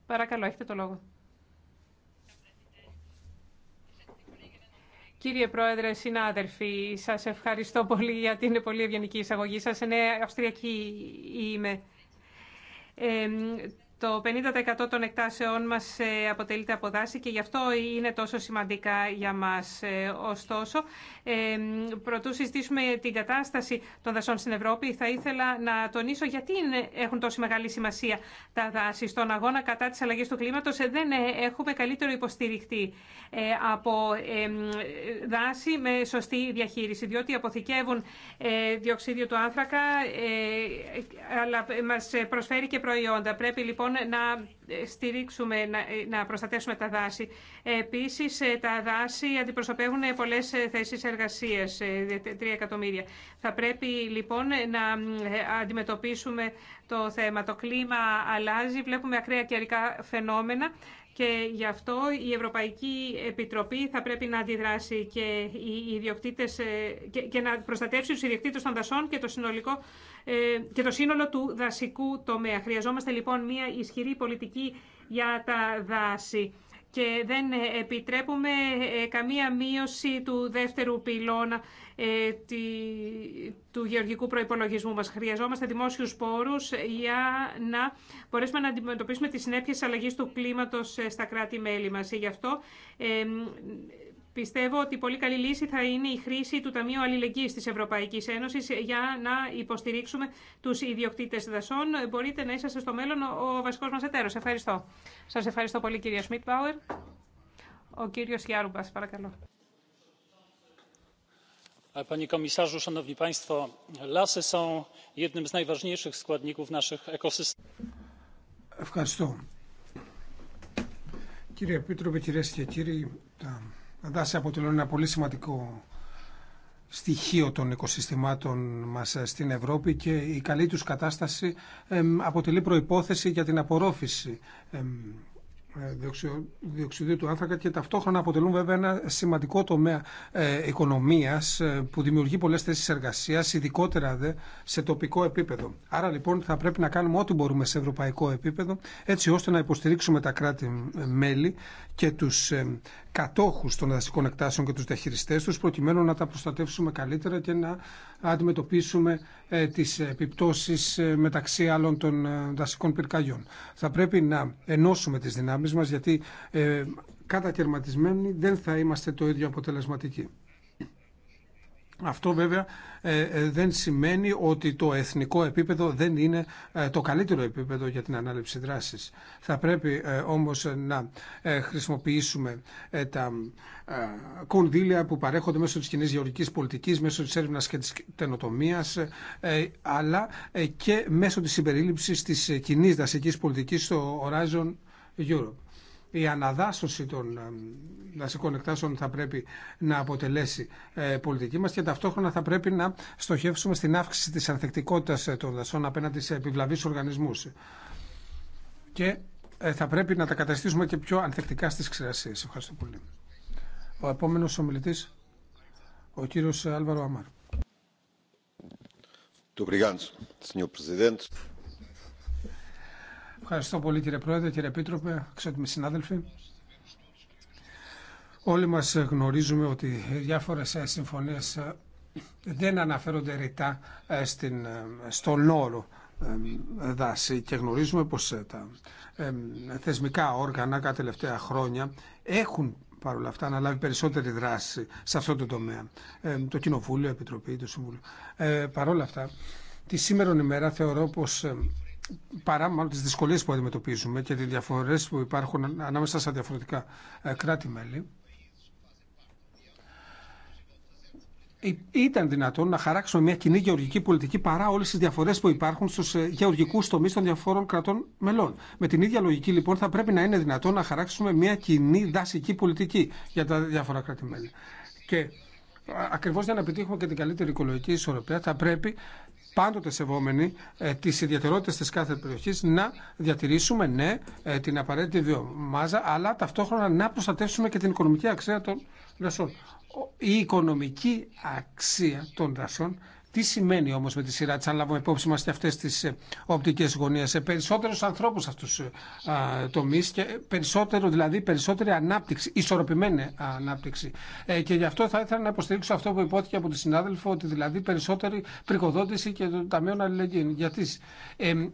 Παρακαλώ, έχετε το λόγο. Κύριε Πρόεδρε, συνάδελφοι, σας ευχαριστώ πολύ για την πολύ ευγενική εισαγωγή σας. Είναι αυστριακή είμαι. Ε, το 50% των εκτάσεών μας ε, αποτελείται από δάση και γι' αυτό είναι τόσο σημαντικά για μας. Ε, ωστόσο, ε, προτού συζητήσουμε την κατάσταση των δασών στην Ευρώπη, θα ήθελα να τονίσω γιατί έχουν τόσο μεγάλη σημασία τα δάση. Στον αγώνα κατά της αλλαγής του κλίματος δεν έχουμε καλύτερο υποστηριχτή από δάση με σωστή διαχείριση, διότι αποθηκεύουν διοξίδιο του άνθρακα, αλλά μας προσφέρει και προϊόντα. Πρέπει λοιπόν Λοιπόν να ε, στηρίξουμε, ε, να προστατεύσουμε τα δάση. Επίσης, ε, τα δάση αντιπροσωπεύουν πολλές θέσεις εργασίας, 3 εκατομμύρια. Θα πρέπει λοιπόν να αντιμετωπίσουμε το θέμα. Το κλίμα αλλάζει, βλέπουμε ακραία καιρικά φαινόμενα και γι' αυτό η Ευρωπαϊκή Επιτροπή θα πρέπει να αντιδράσει και, οι ε, και, να προστατεύσει τους ιδιοκτήτες των δασών και το, συνολικό, ε, και το σύνολο του δασικού τομέα. Χρειαζόμαστε λοιπόν μια ισχυρή πολιτική για τα δάση και δεν επιτρέπουμε ε, καμία μείωση του δεύτερου πυλώνα ε, του γεωργικού προπολογισμού. Μα Χρειαζόμαστε δημόσιου πόρου για να μπορέσουμε να αντιμετωπίσουμε τις συνέπειες αλλαγή του κλίματο ε, στα κράτη-μέλη μα. Γι' αυτό ε, Πιστεύω ότι πολύ καλή λύση θα είναι η χρήση του Ταμείου Αλληλεγγύης της Ευρωπαϊκής Ένωσης για να υποστηρίξουμε τους ιδιοκτήτες δασών. Μπορείτε να είσαστε στο μέλλον ο βασικός μας εταίρος. Ευχαριστώ. Σας ευχαριστώ πολύ κυρία Σμιτ Ο κύριος Γιάρουμπας, παρακαλώ. Ευχαριστώ. Κύριε Επίτροπε, κυρίε και κύριοι, τα δάση αποτελούν ένα πολύ σημαντικό στοιχείο των οικοσυστημάτων μας ε, στην Ευρώπη και η καλή τους κατάσταση αποτελεί προϋπόθεση για την απορρόφηση ε, διοξιδίου του άνθρακα και ταυτόχρονα αποτελούν βέβαια ένα σημαντικό τομέα ε, οικονομίας ε, που δημιουργεί πολλές θέσεις εργασίας, ειδικότερα δε, σε τοπικό επίπεδο. Άρα λοιπόν θα πρέπει να κάνουμε ό,τι μπορούμε σε ευρωπαϊκό επίπεδο έτσι ώστε να υποστηρίξουμε τα κράτη-μέλη και τους κατόχους των δασικών εκτάσεων και τους διαχειριστές τους προκειμένου να τα προστατεύσουμε καλύτερα και να αντιμετωπίσουμε ε, τις επιπτώσεις ε, μεταξύ άλλων των ε, δασικών πυρκαγιών. Θα πρέπει να ενώσουμε τις δυνάμεις μας γιατί κατακαιρματισμένοι δεν θα είμαστε το ίδιο αποτελεσματικοί. Αυτό βέβαια ε, ε, δεν σημαίνει ότι το εθνικό επίπεδο δεν είναι ε, το καλύτερο επίπεδο για την ανάληψη δράσης. Θα πρέπει όμως να χρησιμοποιήσουμε τα κονδύλια που παρέχονται μέσω της κοινή γεωργικής πολιτικής, μέσω της έρευνας και της τενοτομίας, αλλά και μέσω της συμπερίληψης της κοινή δασικής πολιτικής στο Horizon Europe η αναδάσωση των δασικών εκτάσεων θα πρέπει να αποτελέσει ε, πολιτική μας και ταυτόχρονα θα πρέπει να στοχεύσουμε στην αύξηση της ανθεκτικότητας ε, των δασών απέναντι σε επιβλαβείς οργανισμούς. Και ε, θα πρέπει να τα καταστήσουμε και πιο ανθεκτικά στις ξηρασίες. Ευχαριστώ πολύ. Ο επόμενος ομιλητής, ο κύριος Άλβαρο Αμάρ. Ευχαριστώ πολύ κύριε Πρόεδρε, κύριε Επίτροπε, αξιότιμοι συνάδελφοι. Όλοι μας γνωρίζουμε ότι διάφορες ε, συμφωνίες ε, δεν αναφέρονται ρητά ε, στην, στον όρο δάση και γνωρίζουμε πως τα θεσμικά όργανα κατά τελευταία χρόνια έχουν παρόλα αυτά να λάβει περισσότερη δράση σε αυτό το τομέα. Το Κοινοβούλιο, η Επιτροπή, το Συμβούλιο. Παρόλα αυτά, τη σήμερα ημέρα θεωρώ πως παρά μάλλον τις δυσκολίες που αντιμετωπίζουμε και τις διαφορές που υπάρχουν ανάμεσα στα διαφορετικά ε, κράτη-μέλη, ήταν δυνατόν να χαράξουμε μια κοινή γεωργική πολιτική παρά όλες τις διαφορές που υπάρχουν στους ε, γεωργικούς τομείς των διαφόρων κρατών μελών. Με την ίδια λογική λοιπόν θα πρέπει να είναι δυνατόν να χαράξουμε μια κοινή δασική πολιτική για τα διάφορα κράτη-μέλη. Και ακριβώς για να επιτύχουμε και την καλύτερη οικολογική ισορροπία θα πρέπει πάντοτε σεβόμενοι ε, τις ιδιαιτερότητες της κάθε περιοχής να διατηρήσουμε ναι ε, την απαραίτητη βιομάζα αλλά ταυτόχρονα να προστατεύσουμε και την οικονομική αξία των δασών. Η οικονομική αξία των δασών τι σημαίνει όμω με τη σειρά τη αν λάβουμε υπόψη μα και αυτέ τι ε, οπτικέ γωνίες, ε, σε περισσότερου ανθρώπους αυτού ε, του και περισσότερο, δηλαδή περισσότερη ανάπτυξη, ισορροπημένη ανάπτυξη. και γι' αυτό θα ήθελα να υποστηρίξω αυτό που υπόθηκε από τη συνάδελφο, ότι δηλαδή περισσότερη πρικοδότηση και το Ταμείο αλληλεγγύη. Γιατί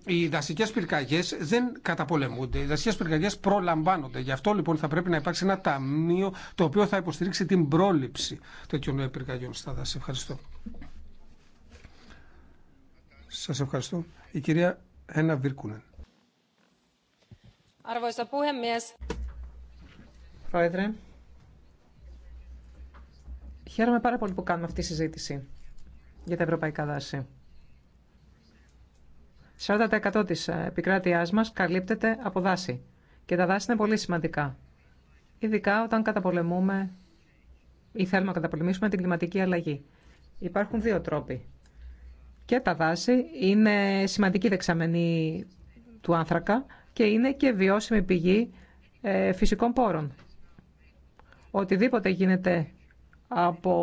οι δασικέ πυρκαγιέ δεν καταπολεμούνται, οι δασικέ πυρκαγιέ προλαμβάνονται. Γι' αυτό λοιπόν θα πρέπει να υπάρξει ένα ταμείο το οποίο θα υποστηρίξει την πρόληψη τέτοιων πυρκαγιών στα δάση. Ευχαριστώ. Σας ευχαριστώ. Η κυρία Ένα Βίρκουνεν. Πρόεδρε, χαίρομαι πάρα πολύ που κάνουμε αυτή τη συζήτηση για τα ευρωπαϊκά δάση. 40% της ε, επικράτειάς μας καλύπτεται από δάση. Και τα δάση είναι πολύ σημαντικά. Ειδικά όταν καταπολεμούμε ή θέλουμε να καταπολεμήσουμε την κλιματική αλλαγή. Υπάρχουν δύο τρόποι και τα δάση είναι σημαντική δεξαμενή του άνθρακα και είναι και βιώσιμη πηγή ε, φυσικών πόρων. Οτιδήποτε γίνεται από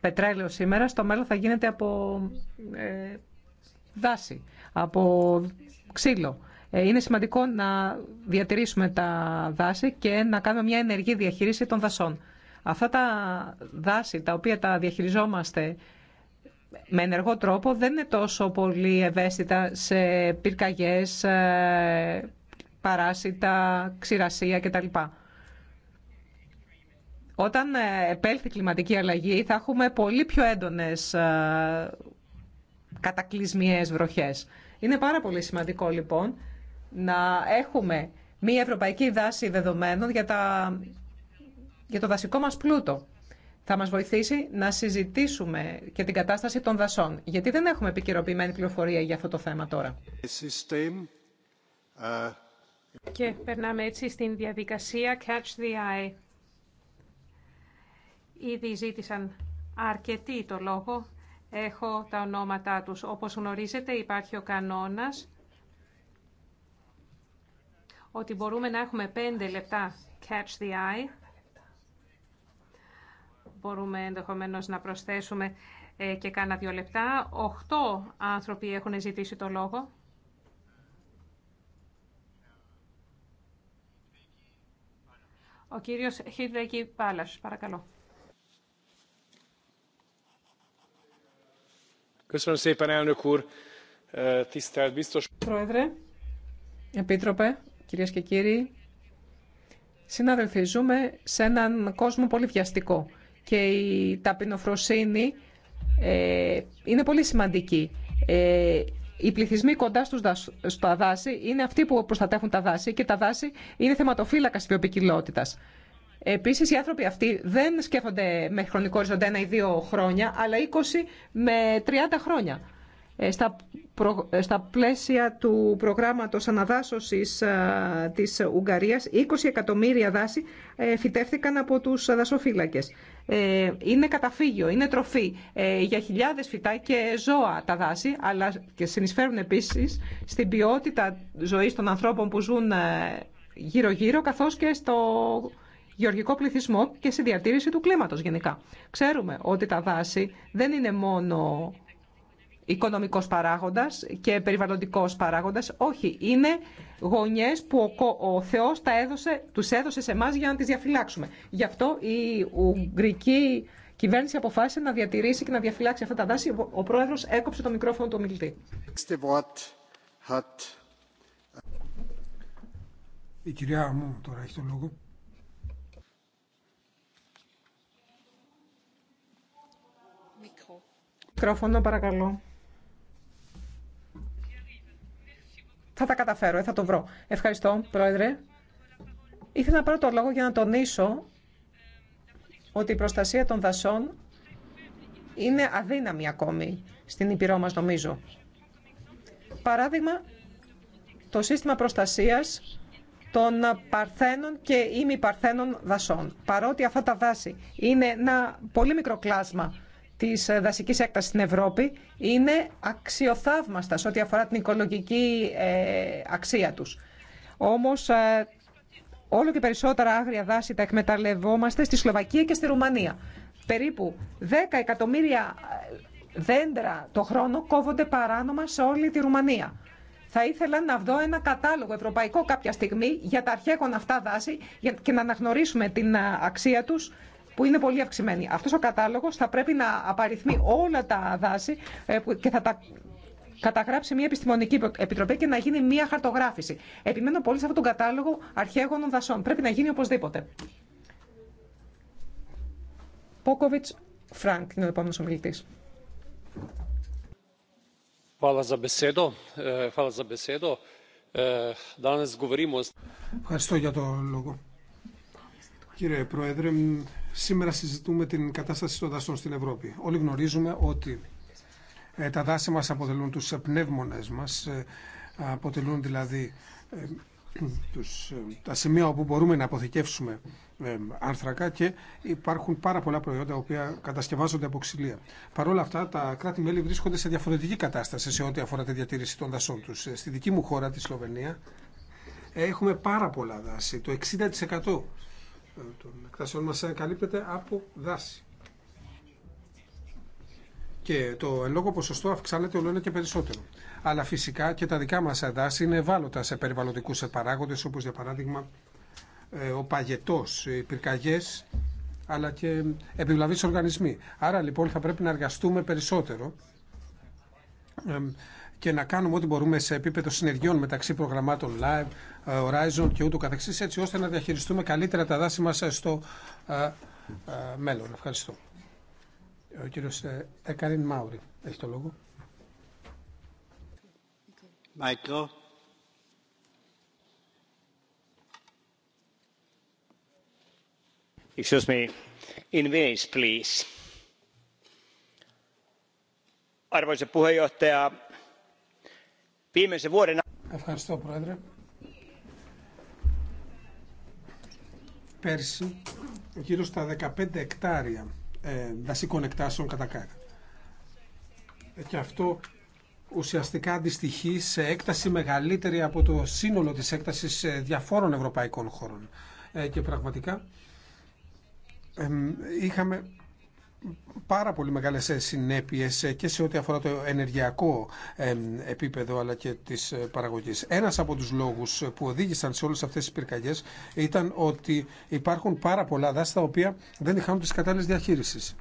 πετρέλαιο σήμερα, στο μέλλον θα γίνεται από ε, δάση, από ξύλο. Ε, είναι σημαντικό να διατηρήσουμε τα δάση και να κάνουμε μια ενεργή διαχείριση των δασών. Αυτά τα δάση τα οποία τα διαχειριζόμαστε με ενεργό τρόπο δεν είναι τόσο πολύ ευαίσθητα σε πυρκαγιές, ε, παράσιτα, ξηρασία κτλ. Όταν ε, επέλθει η κλιματική αλλαγή θα έχουμε πολύ πιο έντονες ε, κατακλυσμιές βροχές. Είναι πάρα πολύ σημαντικό λοιπόν να έχουμε μία ευρωπαϊκή δάση δεδομένων για, για το δασικό μας πλούτο θα μας βοηθήσει να συζητήσουμε και την κατάσταση των δασών. Γιατί δεν έχουμε επικαιροποιημένη πληροφορία για αυτό το θέμα τώρα. Και περνάμε έτσι στην διαδικασία Catch the Eye. Ήδη ζήτησαν αρκετοί το λόγο. Έχω τα ονόματά τους. Όπως γνωρίζετε υπάρχει ο κανόνας ότι μπορούμε να έχουμε πέντε λεπτά Catch the Eye μπορούμε ενδεχομένως να προσθέσουμε ε, και κάνα δύο λεπτά. Οχτώ άνθρωποι έχουν ζητήσει το λόγο. Ο κύριος Χίτρεκη Πάλας, παρακαλώ. Πρόεδρε, Επίτροπε, κυρίες και κύριοι, συναδελφίζουμε σε έναν κόσμο πολύ βιαστικό και η ταπεινοφροσύνη ε, είναι πολύ σημαντική. Ε, οι πληθυσμοί κοντά στους δασ... δάση είναι αυτοί που προστατεύουν τα δάση και τα δάση είναι θεματοφύλακα τη βιοπικιλότητα. Επίση, οι άνθρωποι αυτοί δεν σκέφτονται με χρονικό οριζόντα ένα ή δύο χρόνια, αλλά 20 με 30 χρόνια. Ε, στα, προ, ε, πλαίσια του προγράμματος αναδάσωσης ε, της Ουγγαρίας 20 εκατομμύρια δάση φυτεύθηκαν από τους δασοφύλακες. Είναι καταφύγιο, είναι τροφή για χιλιάδες φυτά και ζώα τα δάση αλλά και συνεισφέρουν επίσης στην ποιότητα ζωής των ανθρώπων που ζουν γύρω-γύρω καθώς και στο γεωργικό πληθυσμό και στη διατήρηση του κλίματος γενικά. Ξέρουμε ότι τα δάση δεν είναι μόνο οικονομικός παράγοντας και περιβαλλοντικός παράγοντας. Όχι, είναι γωνιές που ο, Θεός τα έδωσε, τους έδωσε σε εμά για να τις διαφυλάξουμε. Γι' αυτό η Ουγγρική κυβέρνηση αποφάσισε να διατηρήσει και να διαφυλάξει αυτά τα δάση. Ο πρόεδρος έκοψε το μικρόφωνο του ομιλητή. Η κυρία μου Μικρόφωνο παρακαλώ. Θα τα καταφέρω, ε, θα το βρω. Ευχαριστώ, Πρόεδρε. Ήθελα να πάρω το λόγο για να τονίσω ότι η προστασία των δασών είναι αδύναμη ακόμη στην Ήπειρό μας, νομίζω. Παράδειγμα, το σύστημα προστασίας των παρθένων και ημιπαρθένων δασών. Παρότι αυτά τα δάση είναι ένα πολύ μικρό κλάσμα Τη ε, δασική έκτασης στην Ευρώπη είναι αξιοθαύμαστα σε ό,τι αφορά την οικολογική ε, αξία τους. Όμως ε, όλο και περισσότερα άγρια δάση τα εκμεταλλευόμαστε στη Σλοβακία και στη Ρουμανία. Περίπου 10 εκατομμύρια δέντρα το χρόνο κόβονται παράνομα σε όλη τη Ρουμανία. Θα ήθελα να βρω ένα κατάλογο ευρωπαϊκό κάποια στιγμή για τα αρχαίγον αυτά δάση και να αναγνωρίσουμε την αξία τους που είναι πολύ αυξημένη. Αυτός ο κατάλογος θα πρέπει να απαριθμεί όλα τα δάση ε, και θα τα καταγράψει μια επιστημονική επιτροπή και να γίνει μια χαρτογράφηση. Επιμένω πολύ σε αυτόν τον κατάλογο αρχαίγωνων δασών. Πρέπει να γίνει οπωσδήποτε. Πόκοβιτ Φρανκ είναι ο επόμενος ομιλητής. Ε, ε, Ευχαριστώ για το λόγο. Κύριε Πρόεδρε, Σήμερα συζητούμε την κατάσταση των δασών στην Ευρώπη. Όλοι γνωρίζουμε ότι ε, τα δάση μας αποτελούν τους πνεύμονες μας, ε, αποτελούν δηλαδή ε, τους, τα σημεία όπου μπορούμε να αποθηκεύσουμε άνθρακα και υπάρχουν πάρα πολλά προϊόντα οποία κατασκευάζονται από ξυλία. Παρ' όλα αυτά, τα κράτη-μέλη βρίσκονται σε διαφορετική κατάσταση σε ό,τι αφορά τη διατήρηση των δασών τους. Στη δική μου χώρα, τη Σλοβενία, έχουμε πάρα πολλά δάση. Το 60% ε, των εκτάσεων μας ε, καλύπτεται από δάση. Και το εν λόγω ποσοστό αυξάνεται όλο και περισσότερο. Αλλά φυσικά και τα δικά μας δάση είναι ευάλωτα σε περιβαλλοντικούς παράγοντες όπως για παράδειγμα ε, ο παγετός, οι πυρκαγιές αλλά και επιβλαβείς οργανισμοί. Άρα λοιπόν θα πρέπει να εργαστούμε περισσότερο και να κάνουμε ό,τι μπορούμε σε επίπεδο συνεργειών μεταξύ προγραμμάτων Live, ε, Horizon και ούτω καθεξής, έτσι ώστε να διαχειριστούμε καλύτερα τα δάση μας ε, στο ε, μέλλον. Ευχαριστώ. Ο κύριος Εκαρίν Μάουρη έχει το λόγο. Μάικρο. Excuse me. In Venice, please. Arvoisa puheenjohtaja, Ευχαριστώ, Πρόεδρε. Πέρσι, γύρω στα 15 εκτάρια ε, δασικών εκτάσεων κατακάθεται. Και αυτό ουσιαστικά αντιστοιχεί σε έκταση μεγαλύτερη από το σύνολο της έκτασης ε, διαφόρων ευρωπαϊκών χώρων. Ε, και πραγματικά είχαμε πάρα πολύ μεγάλες ε, συνέπειες ε, και σε ό,τι αφορά το ενεργειακό ε, επίπεδο αλλά και της παραγωγής. Ένας από τους λόγους που οδήγησαν σε όλες αυτές τις πυρκαγιές ήταν ότι υπάρχουν πάρα πολλά δάση τα οποία δεν είχαν τις κατάλληλες διαχείρισης.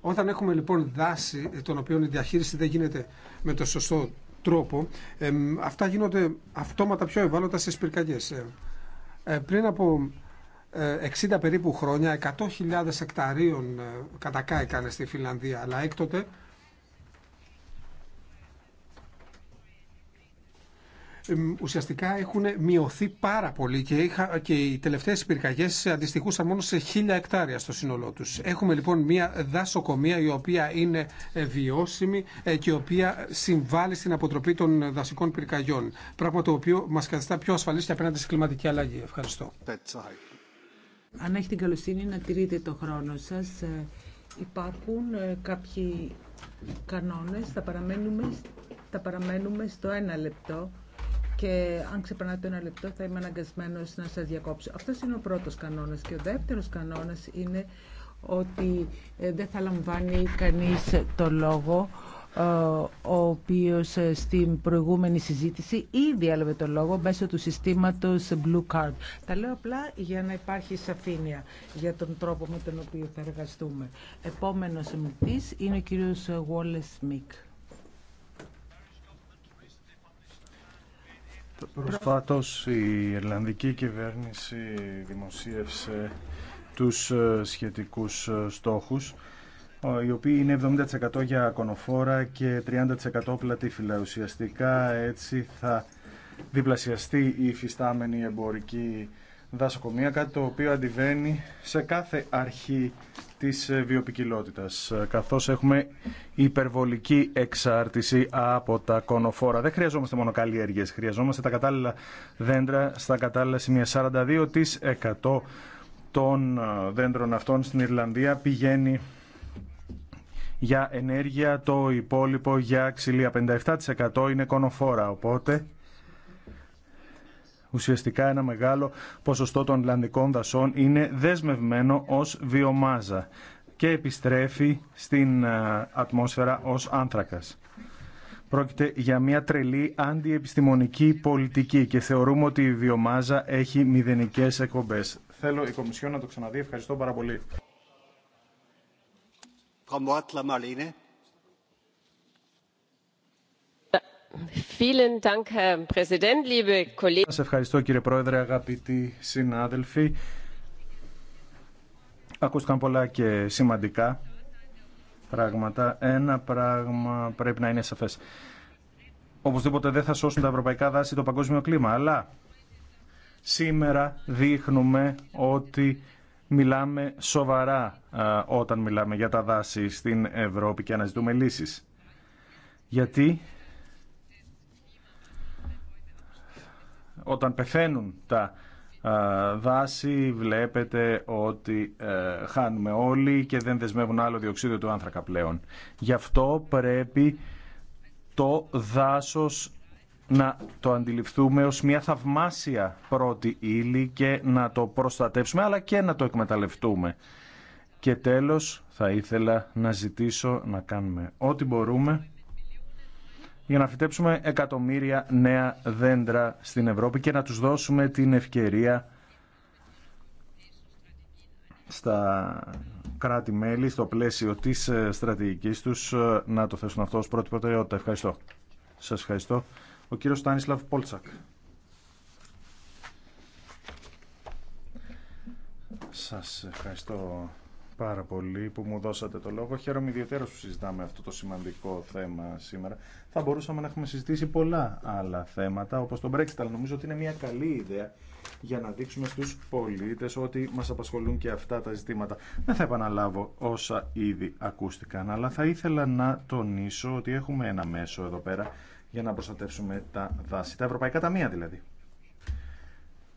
Όταν έχουμε λοιπόν δάση των οποίων η διαχείριση δεν γίνεται με το σωστό τρόπο, αυτά γίνονται αυτόματα πιο ευάλωτα στις πυρκαγιές. πριν από 60 ε, περίπου χρόνια 100.000 εκταρίων ε, κατακάηκαν στη Φιλανδία, αλλά έκτοτε ουσιαστικά έχουν μειωθεί πάρα πολύ και, είχα, και οι τελευταίες πυρκαγιές αντιστοιχούσαν μόνο σε χίλια εκτάρια στο σύνολό τους. Έχουμε λοιπόν μια δασοκομεία η οποία είναι ε, βιώσιμη και η οποία συμβάλλει στην αποτροπή των δασικών πυρκαγιών. Πράγμα το οποίο μας καθιστά πιο ασφαλής και απέναντι στη κλιματική αλλαγή. Ευχαριστώ. Αν έχει την καλοσύνη να τηρείτε το χρόνο σας, ε, υπάρχουν ε, κάποιοι κανόνες, θα παραμένουμε, θα παραμένουμε στο ένα λεπτό και αν ξεπερνάτε το ένα λεπτό θα είμαι αναγκασμένος να σας διακόψω. Αυτός είναι ο πρώτος κανόνας και ο δεύτερος κανόνας είναι ότι ε, δεν θα λαμβάνει κανείς το λόγο ε, ο οποίος ε, στην προηγούμενη συζήτηση ήδη έλαβε το λόγο μέσω του συστήματος Blue Card. Τα λέω απλά για να υπάρχει σαφήνεια για τον τρόπο με τον οποίο θα εργαστούμε. Επόμενος ομιλητής είναι ο κύριος Wallace Mick. Προσφάτως η Ιρλανδική κυβέρνηση δημοσίευσε τους ε, σχετικούς στόχους οι οποίοι είναι 70% για κονοφόρα και 30% πλατήφυλλα. Ουσιαστικά έτσι θα διπλασιαστεί η υφιστάμενη εμπορική δασοκομεία, κάτι το οποίο αντιβαίνει σε κάθε αρχή της ε, βιοπικιλότητας, ε, καθώς έχουμε υπερβολική εξάρτηση από τα κονοφόρα. Δεν χρειαζόμαστε μόνο καλλιέργειες, χρειαζόμαστε τα κατάλληλα δέντρα στα κατάλληλα σημεία. 42% των ε, δέντρων αυτών στην Ιρλανδία πηγαίνει για ενέργεια, το υπόλοιπο για ξυλία. 57% είναι κονοφόρα, οπότε ουσιαστικά ένα μεγάλο ποσοστό των λανδικών δασών είναι δεσμευμένο ως βιομάζα και επιστρέφει στην ε, ατμόσφαιρα ως άνθρακας. Πρόκειται για μια τρελή αντιεπιστημονική πολιτική και θεωρούμε ότι η βιομάζα έχει μηδενικές εκπομπές. Θέλω η Κομισιόν να το ξαναδεί. Ευχαριστώ πάρα πολύ. Frau Σας ευχαριστώ κύριε Πρόεδρε, αγαπητοί συνάδελφοι. Ακούστηκαν πολλά και σημαντικά πράγματα. Ένα πράγμα πρέπει να είναι σαφές. Οπωσδήποτε δεν θα σώσουν τα ευρωπαϊκά δάση το παγκόσμιο κλίμα, αλλά σήμερα δείχνουμε ότι μιλάμε σοβαρά όταν μιλάμε για τα δάση στην Ευρώπη και αναζητούμε λύσεις. Γιατί όταν πεθαίνουν τα δάση βλέπετε ότι ε, χάνουμε όλοι και δεν δεσμεύουν άλλο διοξείδιο του άνθρακα πλέον. Γι' αυτό πρέπει το δάσος να το αντιληφθούμε ως μια θαυμάσια πρώτη ύλη και να το προστατεύσουμε αλλά και να το εκμεταλλευτούμε. Και τέλος θα ήθελα να ζητήσω να κάνουμε ό,τι μπορούμε για να φυτέψουμε εκατομμύρια νέα δέντρα στην Ευρώπη και να τους δώσουμε την ευκαιρία στα κράτη-μέλη, στο πλαίσιο της ε, στρατηγικής τους, ε, να το θέσουν αυτό ως πρώτη προτεραιότητα. Ευχαριστώ. Σας ευχαριστώ. Ο κύριος Στάνισλαβ Πόλτσακ. Σας ευχαριστώ πάρα πολύ που μου δώσατε το λόγο. Χαίρομαι ιδιαίτερα που συζητάμε αυτό το σημαντικό θέμα σήμερα. Θα μπορούσαμε να έχουμε συζητήσει πολλά άλλα θέματα, όπως το Brexit, αλλά νομίζω ότι είναι μια καλή ιδέα για να δείξουμε στους πολίτες ότι μας απασχολούν και αυτά τα ζητήματα. Δεν θα επαναλάβω όσα ήδη ακούστηκαν, αλλά θα ήθελα να τονίσω ότι έχουμε ένα μέσο εδώ πέρα για να προστατεύσουμε τα δάση, τα ευρωπαϊκά ταμεία δηλαδή.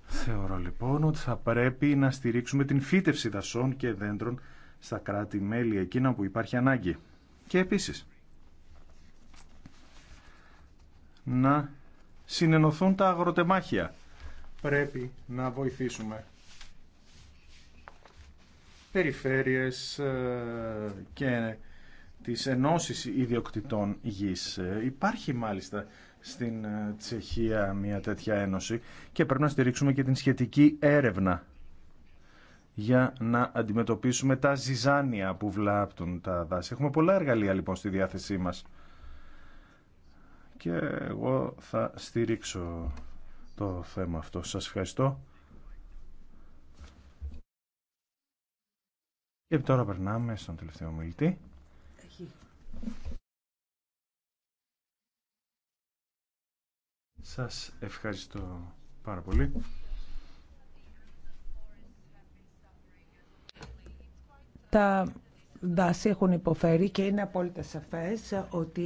Θεωρώ λοιπόν ότι θα πρέπει να στηρίξουμε την φύτευση δασών και δέντρων στα κράτη-μέλη εκείνα που υπάρχει ανάγκη. Και επίσης, να συνενωθούν τα αγροτεμάχια πρέπει να βοηθήσουμε περιφέρειες ε, και τις ενώσεις ιδιοκτητών γης. Υπάρχει μάλιστα στην ε, Τσεχία μια τέτοια ένωση και πρέπει να στηρίξουμε και την σχετική έρευνα για να αντιμετωπίσουμε τα ζυζάνια που βλάπτουν τα δάση. Έχουμε πολλά εργαλεία λοιπόν στη διάθεσή μας και εγώ θα στηρίξω το θέμα αυτό. Σας ευχαριστώ. Και τώρα περνάμε στον τελευταίο μιλητή. Σας ευχαριστώ πάρα πολύ. Τα δάση έχουν υποφέρει και είναι απόλυτα σαφές ότι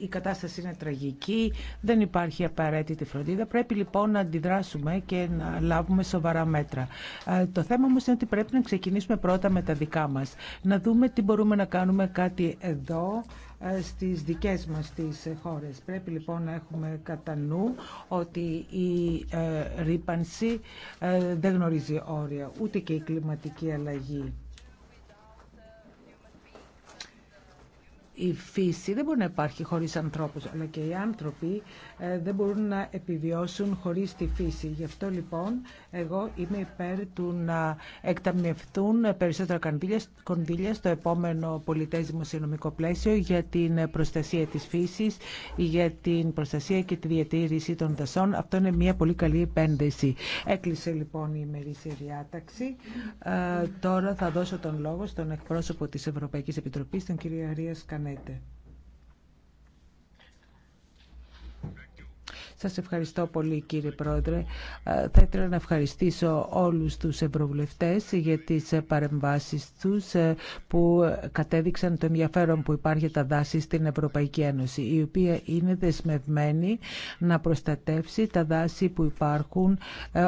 η κατάσταση είναι τραγική, δεν υπάρχει απαραίτητη φροντίδα. Πρέπει λοιπόν να αντιδράσουμε και να λάβουμε σοβαρά μέτρα. Ε, το θέμα όμως είναι ότι πρέπει να ξεκινήσουμε πρώτα με τα δικά μας. Να δούμε τι μπορούμε να κάνουμε κάτι εδώ, ε, στις δικές μας τις χώρες. Πρέπει λοιπόν να έχουμε κατά νου ότι η ε, ρήπανση δεν γνωρίζει όρια, ούτε και η κλιματική αλλαγή. η φύση δεν μπορεί να υπάρχει χωρίς ανθρώπους, αλλά και οι άνθρωποι ε, δεν μπορούν να επιβιώσουν χωρίς τη φύση. Γι' αυτό λοιπόν εγώ είμαι υπέρ του να εκταμνευτούν περισσότερα κονδύλια στο επόμενο πολιτές δημοσιονομικό πλαίσιο για την προστασία της φύσης, για την προστασία και τη διατήρηση των δασών. Αυτό είναι μια πολύ καλή επένδυση. Έκλεισε λοιπόν η ημερήσια διάταξη. Ε, τώρα θα δώσω τον λόγο στον εκπρόσωπο της Ευρωπαϊκής Επιτροπής, τον κύριο Αρία κάνετε. Σας ευχαριστώ πολύ κύριε Πρόεδρε. Ε, θα ήθελα να ευχαριστήσω όλους τους ευρωβουλευτές για τις ε, παρεμβάσεις τους ε, που κατέδειξαν το ενδιαφέρον που υπάρχει για τα δάση στην Ευρωπαϊκή Ένωση, η οποία είναι δεσμευμένη να προστατεύσει τα δάση που υπάρχουν,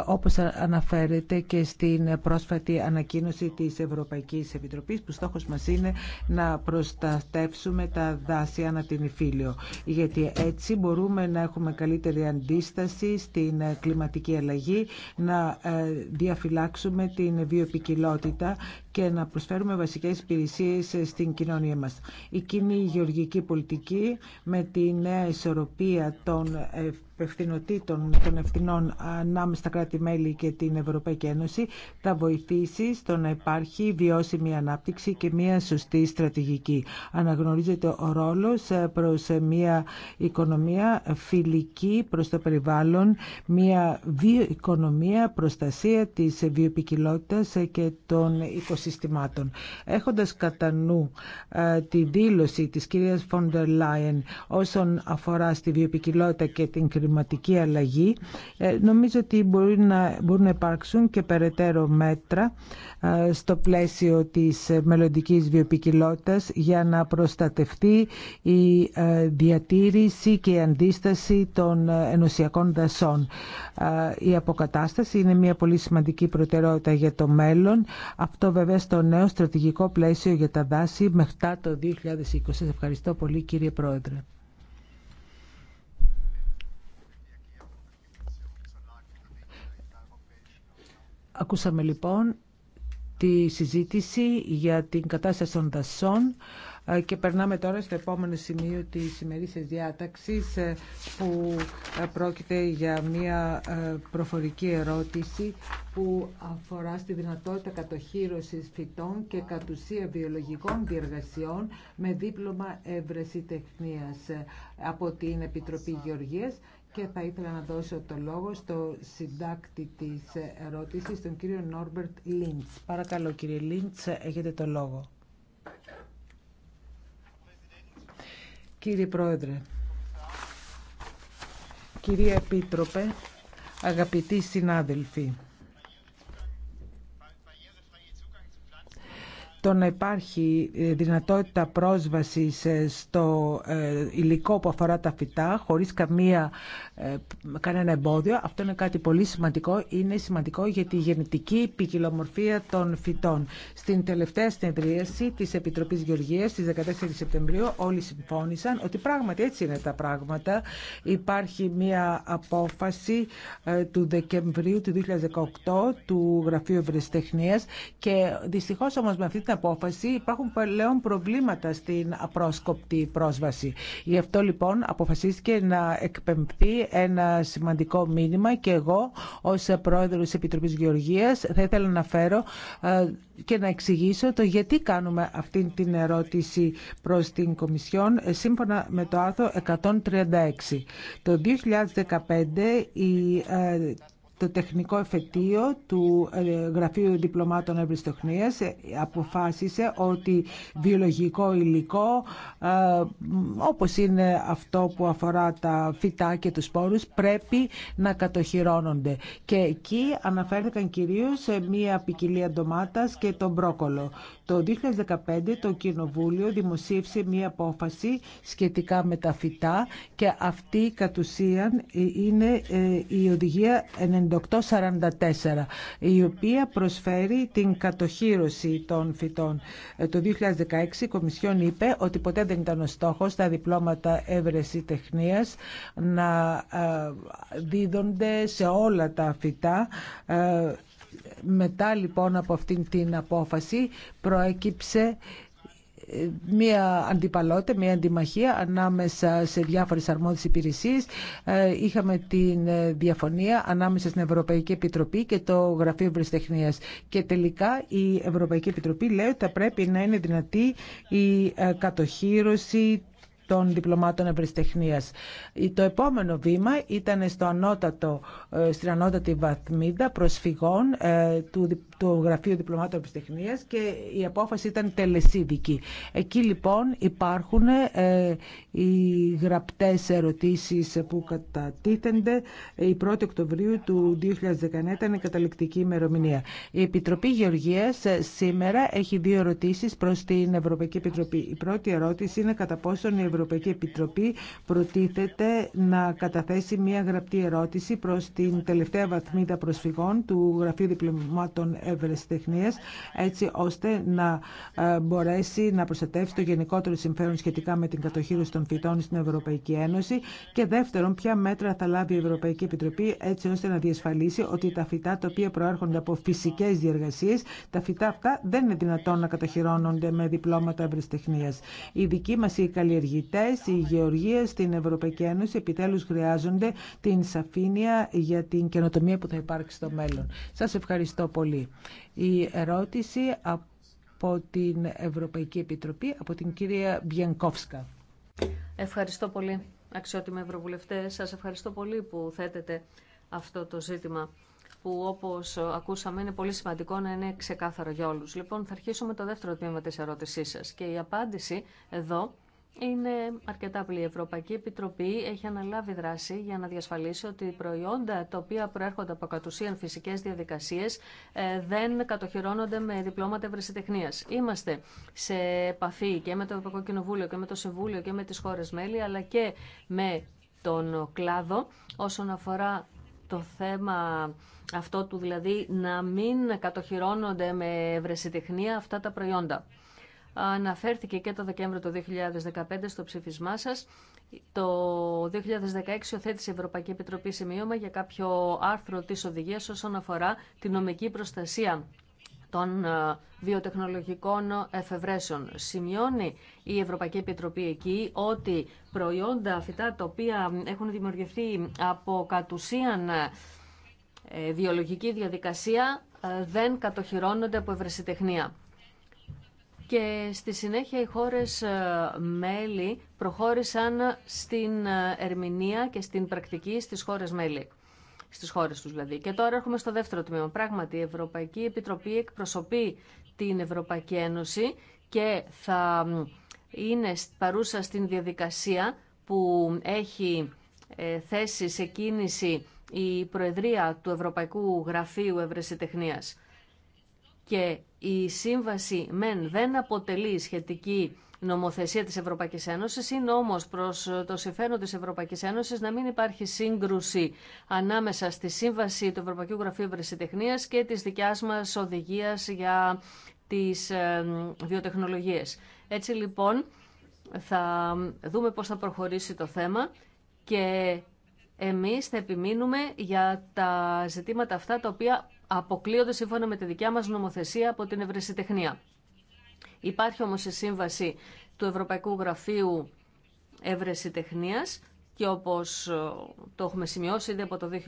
όπως αναφέρεται και στην πρόσφατη ανακοίνωση της Ευρωπαϊκής Επιτροπής, που στόχος μας είναι να προστατεύσουμε τα δάση ανά την υφήλιο, γιατί έτσι μπορούμε να έχουμε καλύτερη αντίσταση στην ε, κλιματική αλλαγή, να ε, διαφυλάξουμε την βιοπικιλότητα και να προσφέρουμε βασικές υπηρεσίες ε, στην κοινωνία μας. Η κοινή γεωργική πολιτική με τη νέα ισορροπία των υπευθυνοτήτων των ευθυνών ανάμεσα στα κράτη-μέλη και την Ευρωπαϊκή Ένωση θα βοηθήσει στο να υπάρχει βιώσιμη ανάπτυξη και μια σωστή στρατηγική. Αναγνωρίζεται ο ρόλος προς μια οικονομία φιλική προς το περιβάλλον, μια βιοοικονομία προστασία της βιοπικιλότητας και των οικοσυστημάτων. Έχοντας κατά νου ε, τη δήλωση της κυρίας Φόντερ Λάιεν όσον αφορά στη βιοπικιλότητα και την αλλαγή, ε, νομίζω ότι μπορεί να, μπορούν να υπάρξουν και περαιτέρω μέτρα ε, στο πλαίσιο της μελλοντική βιοπικιλότητας για να προστατευτεί η ε, διατήρηση και η αντίσταση των ενωσιακών δασών. Η αποκατάσταση είναι μια πολύ σημαντική προτεραιότητα για το μέλλον. Αυτό βέβαια στο νέο στρατηγικό πλαίσιο για τα δάση μέχρι το 2020. Σας ευχαριστώ πολύ κύριε Πρόεδρε. Ακούσαμε λοιπόν τη συζήτηση για την κατάσταση των δασών ε, και περνάμε τώρα στο επόμενο σημείο της σημερινή διάταξης ε, που ε, πρόκειται για μια προφορική ερώτηση που αφορά στη δυνατότητα κατοχήρωσης φυτών και κατ' ουσία βιολογικών διεργασιών με δίπλωμα εύρεση τεχνίας από την Επιτροπή Γεωργίας. Και θα ήθελα να δώσω το λόγο στο συντάκτη της ερώτησης, τον κύριο Νόρμπερτ Λίντς. Παρακαλώ κύριε Λίντς, έχετε το λόγο. Κύριε Πρόεδρε, κυρία Επίτροπε, αγαπητοί συνάδελφοι, το να υπάρχει ε, δυνατότητα πρόσβασης ε, στο ε, υλικό που αφορά τα φυτά χωρίς καμία, κανένα εμπόδιο. Αυτό είναι κάτι πολύ σημαντικό. Είναι σημαντικό για τη γενετική ποικιλομορφία των φυτών. Στην τελευταία συνεδρίαση της Επιτροπής Γεωργίας στις 14 Σεπτεμβρίου όλοι συμφώνησαν ότι πράγματι έτσι είναι τα πράγματα. Υπάρχει μια απόφαση του Δεκεμβρίου του 2018 του Γραφείου Ευρεσιτεχνίας και δυστυχώς όμως απόφαση υπάρχουν πλέον προβλήματα στην απρόσκοπτη πρόσβαση. Γι' αυτό λοιπόν αποφασίστηκε να εκπαιμφθεί ένα σημαντικό μήνυμα και εγώ ως πρόεδρος της Επιτροπής Γεωργίας θα ήθελα να φέρω ε, και να εξηγήσω το γιατί κάνουμε αυτή την ερώτηση προς την Κομισιόν ε, σύμφωνα με το άρθρο 136. Το 2015 η ε, το τεχνικό εφετείο του ε, Γραφείου Διπλωμάτων Ευρυστοχνίας ε, αποφάσισε ότι βιολογικό υλικό, ε, όπως είναι αυτό που αφορά τα φυτά και τους σπόρους, πρέπει να κατοχυρώνονται. Και εκεί αναφέρθηκαν κυρίως μία ποικιλία ντομάτας και τον μπρόκολο. Το 2015 το Κοινοβούλιο δημοσίευσε μία απόφαση σχετικά με τα φυτά και αυτή κατ' ουσίαν ε, είναι ε, η Οδηγία 9844 η οποία προσφέρει την κατοχήρωση των φυτών. Ε, το 2016 η Κομισιόν είπε ότι ποτέ δεν ήταν ο στόχος τα διπλώματα έβρεση τεχνίας να δίδονται σε όλα τα φυτά μετά λοιπόν από αυτήν την απόφαση προέκυψε ε, μια αντιπαλότητα, μια αντιμαχία ανάμεσα σε διάφορες αρμόδιες υπηρεσίες. Ε, είχαμε την ε, διαφωνία ανάμεσα στην Ευρωπαϊκή Επιτροπή και το Γραφείο Ευρεσιτεχνίας. Και τελικά η Ευρωπαϊκή Επιτροπή λέει ότι θα πρέπει να είναι δυνατή η κατοχήρωση των διπλωμάτων ευρεσιτεχνίας. Το επόμενο βήμα ήταν στο ανώτατο, ε, στην ανώτατη βαθμίδα προσφυγών ε, του, του Γραφείου Διπλωμάτων Ευρεσιτεχνίας και η απόφαση ήταν τελεσίδικη. Εκεί λοιπόν υπάρχουν ε, οι γραπτέ ερωτήσει που κατατίθενται. Η 1η Οκτωβρίου του 2019 ήταν η καταληκτική ημερομηνία. Η Επιτροπή Γεωργία σήμερα έχει δύο ερωτήσει προ την Ευρωπαϊκή Επιτροπή. Η πρώτη ερώτηση είναι κατά πόσον η Ευρωπαϊκή Επιτροπή προτίθεται να καταθέσει μια γραπτή ερώτηση προς την τελευταία βαθμίδα προσφυγών του Γραφείου Διπλωμάτων Ευρεσιτεχνία, έτσι ώστε να ε, μπορέσει να προστατεύσει το γενικότερο συμφέρον σχετικά με την κατοχήρωση των φυτών στην Ευρωπαϊκή Ένωση και δεύτερον ποια μέτρα θα λάβει η Ευρωπαϊκή Επιτροπή έτσι ώστε να διασφαλίσει ότι τα φυτά τα οποία προέρχονται από φυσικέ διεργασίε, τα φυτά αυτά δεν είναι δυνατόν να κατοχυρώνονται με διπλώματα ευρεσιτεχνία. Η δική μα η δωρητές, οι γεωργίε στην Ευρωπαϊκή Ένωση επιτέλου χρειάζονται την σαφήνεια για την καινοτομία που θα υπάρξει στο μέλλον. Σα ευχαριστώ πολύ. Η ερώτηση από την Ευρωπαϊκή Επιτροπή, από την κυρία Μπιενκόφσκα. Ευχαριστώ πολύ, αξιότιμοι Ευρωβουλευτέ. Σα ευχαριστώ πολύ που θέτετε αυτό το ζήτημα που όπως ακούσαμε είναι πολύ σημαντικό να είναι ξεκάθαρο για όλους. Λοιπόν, θα αρχίσουμε με το δεύτερο τμήμα της ερώτησής σας και η απάντηση εδώ είναι αρκετά απλή. Η Ευρωπαϊκή Επιτροπή έχει αναλάβει δράση για να διασφαλίσει ότι οι προϊόντα τα οποία προέρχονται από κατ' ουσίαν φυσικέ διαδικασίε ε, δεν κατοχυρώνονται με διπλώματα ευρεσιτεχνία. Είμαστε σε επαφή και με το Ευρωπαϊκό Κοινοβούλιο και με το Συμβούλιο και με τι χώρε μέλη, αλλά και με τον κλάδο όσον αφορά το θέμα αυτό του δηλαδή να μην κατοχυρώνονται με ευρεσιτεχνία αυτά τα προϊόντα αναφέρθηκε και το Δεκέμβριο του 2015 στο ψήφισμά σα Το 2016 οθέτησε η Ευρωπαϊκή Επιτροπή σημείωμα για κάποιο άρθρο τη οδηγία όσον αφορά τη νομική προστασία των ε, βιοτεχνολογικών εφευρέσεων. Σημειώνει η Ευρωπαϊκή Επιτροπή εκεί ότι προϊόντα φυτά τα οποία έχουν δημιουργηθεί από κατουσίαν ε, βιολογική διαδικασία ε, δεν κατοχυρώνονται από ευρεσιτεχνία και στη συνέχεια οι χώρες ε, μέλη προχώρησαν στην ε, ερμηνεία και στην πρακτική στις χώρες μέλη. Στις χώρες τους δηλαδή. Και τώρα έρχομαι στο δεύτερο τμήμα. Πράγματι, η Ευρωπαϊκή Επιτροπή εκπροσωπεί την Ευρωπαϊκή Ένωση και θα είναι παρούσα στην διαδικασία που έχει ε, θέσει σε κίνηση η Προεδρία του Ευρωπαϊκού Γραφείου Ευρεσιτεχνίας και η σύμβαση μεν δεν αποτελεί σχετική νομοθεσία της Ευρωπαϊκής Ένωσης, είναι όμως προς το συμφέρον της Ευρωπαϊκής Ένωσης να μην υπάρχει σύγκρουση ανάμεσα στη σύμβαση του Ευρωπαϊκού Γραφείου Βρεσιτεχνίας και της δικιάς μας οδηγίας για τις ε, βιοτεχνολογίες. Έτσι λοιπόν θα δούμε πώς θα προχωρήσει το θέμα και εμείς θα επιμείνουμε για τα ζητήματα αυτά τα οποία αποκλείονται σύμφωνα με τη δικιά μας νομοθεσία από την ευρεσιτεχνία. Υπάρχει όμως η σύμβαση του Ευρωπαϊκού Γραφείου Ευρεσιτεχνίας και όπως ε, το έχουμε σημειώσει ήδη από το 2016,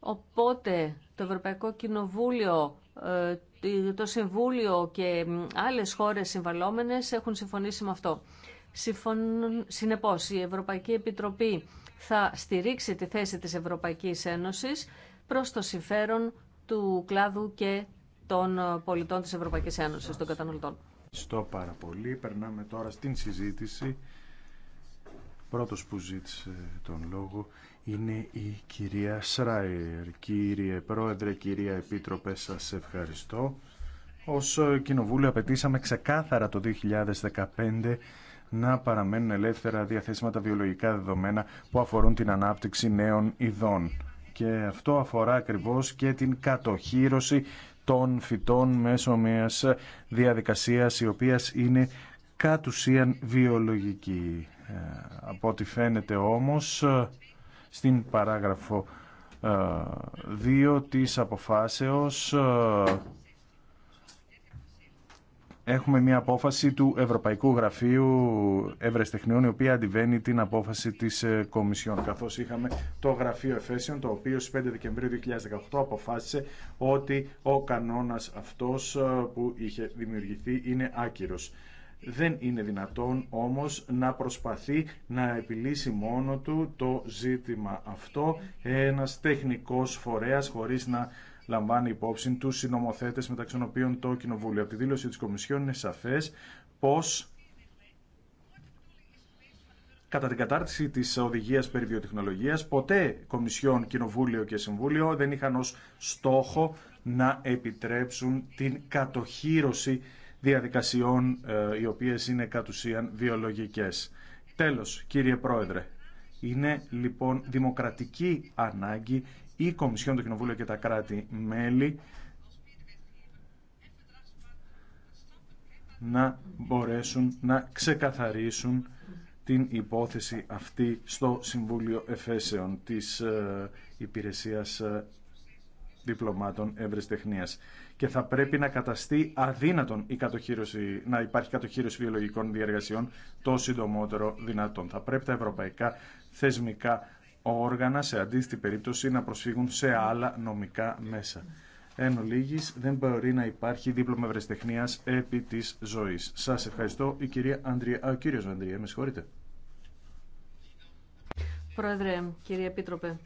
οπότε το Ευρωπαϊκό Κοινοβούλιο, ε, το Συμβούλιο και άλλες χώρες συμβαλόμενες έχουν συμφωνήσει με αυτό. Συνεπώς, η Ευρωπαϊκή Επιτροπή θα στηρίξει τη θέση της Ευρωπαϊκής Ένωσης προς το συμφέρον του κλάδου και των πολιτών της Ευρωπαϊκής Ένωσης, των καταναλωτών. Ευχαριστώ πάρα πολύ. Περνάμε τώρα στην συζήτηση. Πρώτος που ζήτησε τον λόγο είναι η κυρία Σράιερ. Κύριε Πρόεδρε, κυρία Επίτροπε, σας ευχαριστώ. Ως Κοινοβούλιο απαιτήσαμε ξεκάθαρα το 2015 να παραμένουν ελεύθερα διαθέσιμα τα βιολογικά δεδομένα που αφορούν την ανάπτυξη νέων ειδών. Και αυτό αφορά ακριβώς και την κατοχύρωση των φυτών μέσω μιας διαδικασίας η οποία είναι κατ' ουσίαν βιολογική. Ε, από ό,τι φαίνεται όμως ε, στην παράγραφο 2 ε, της αποφάσεως έχουμε μια απόφαση του Ευρωπαϊκού Γραφείου Ευρεστεχνιών η οποία αντιβαίνει την απόφαση της ε, Κομισιόν καθώς είχαμε το Γραφείο Εφέσεων το οποίο στις 5 Δεκεμβρίου 2018 αποφάσισε ότι ο κανόνας αυτός ε, που είχε δημιουργηθεί είναι άκυρος. Δεν είναι δυνατόν όμως να προσπαθεί να επιλύσει μόνο του το ζήτημα αυτό ένας τεχνικός φορέας χωρίς να λαμβάνει υπόψη του συνομοθέτε μεταξύ των οποίων το Κοινοβούλιο. Από τη δήλωση τη Κομισιόν είναι σαφέ πω Κατά την κατάρτιση τη οδηγία περί ποτέ Κομισιόν, Κοινοβούλιο και Συμβούλιο δεν είχαν ω στόχο να επιτρέψουν την κατοχήρωση διαδικασιών ε, οι οποίες είναι κατ' ουσίαν βιολογικές. Τέλος, κύριε Πρόεδρε, είναι λοιπόν δημοκρατική ανάγκη η Κομισιόν, το Κοινοβούλιο και τα κράτη-μέλη να μπορέσουν να ξεκαθαρίσουν την υπόθεση αυτή στο Συμβούλιο Εφέσεων της ε, Υπηρεσίας ε, Διπλωμάτων Τεχνίας. Και θα πρέπει να καταστεί αδύνατον η κατοχήρωση, να υπάρχει κατοχήρωση βιολογικών διεργασιών το συντομότερο δυνατόν. Θα πρέπει τα ευρωπαϊκά θεσμικά όργανα σε αντίστοιχη περίπτωση να προσφύγουν σε άλλα νομικά μέσα. Εν ολίγης, δεν μπορεί να υπάρχει δίπλωμα ευρεσιτεχνίας επί της ζωής. Σας ευχαριστώ. Η κυρία Ανδρία... ο κύριος Ανδρία, με συγχωρείτε. Πρόεδρε, κύριε Επίτροπε,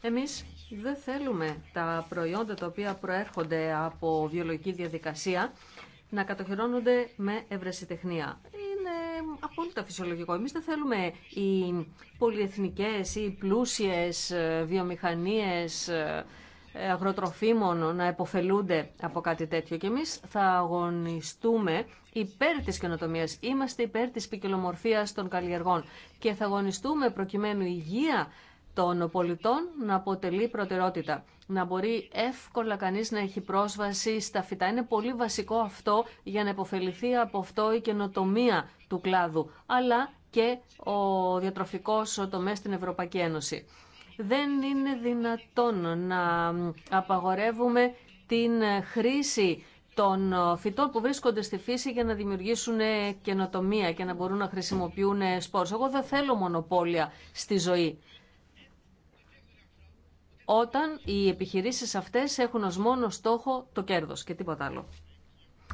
εμείς δεν θέλουμε τα προϊόντα τα οποία προέρχονται από βιολογική διαδικασία να κατοχυρώνονται με ευρεσιτεχνία είναι απόλυτα φυσιολογικό. Εμείς δεν θέλουμε οι πολυεθνικές ή πλούσιες ε, βιομηχανίες ε, αγροτροφίμων να επωφελούνται από κάτι τέτοιο. Και εμείς θα αγωνιστούμε υπέρ της καινοτομία. Είμαστε υπέρ της ποικιλομορφία των καλλιεργών. Και θα αγωνιστούμε προκειμένου υγεία των πολιτών να αποτελεί προτεραιότητα. Να μπορεί εύκολα κανείς να έχει πρόσβαση στα φυτά. Είναι πολύ βασικό αυτό για να υποφεληθεί από αυτό η καινοτομία του κλάδου, αλλά και ο διατροφικός τομέας στην Ευρωπαϊκή Ένωση. Δεν είναι δυνατόν να απαγορεύουμε την χρήση των φυτών που βρίσκονται στη φύση για να δημιουργήσουν καινοτομία και να μπορούν να χρησιμοποιούν σπόρους. Εγώ δεν θέλω μονοπόλια στη ζωή όταν οι επιχειρήσεις αυτές έχουν ως μόνο στόχο το κέρδος και τίποτα άλλο.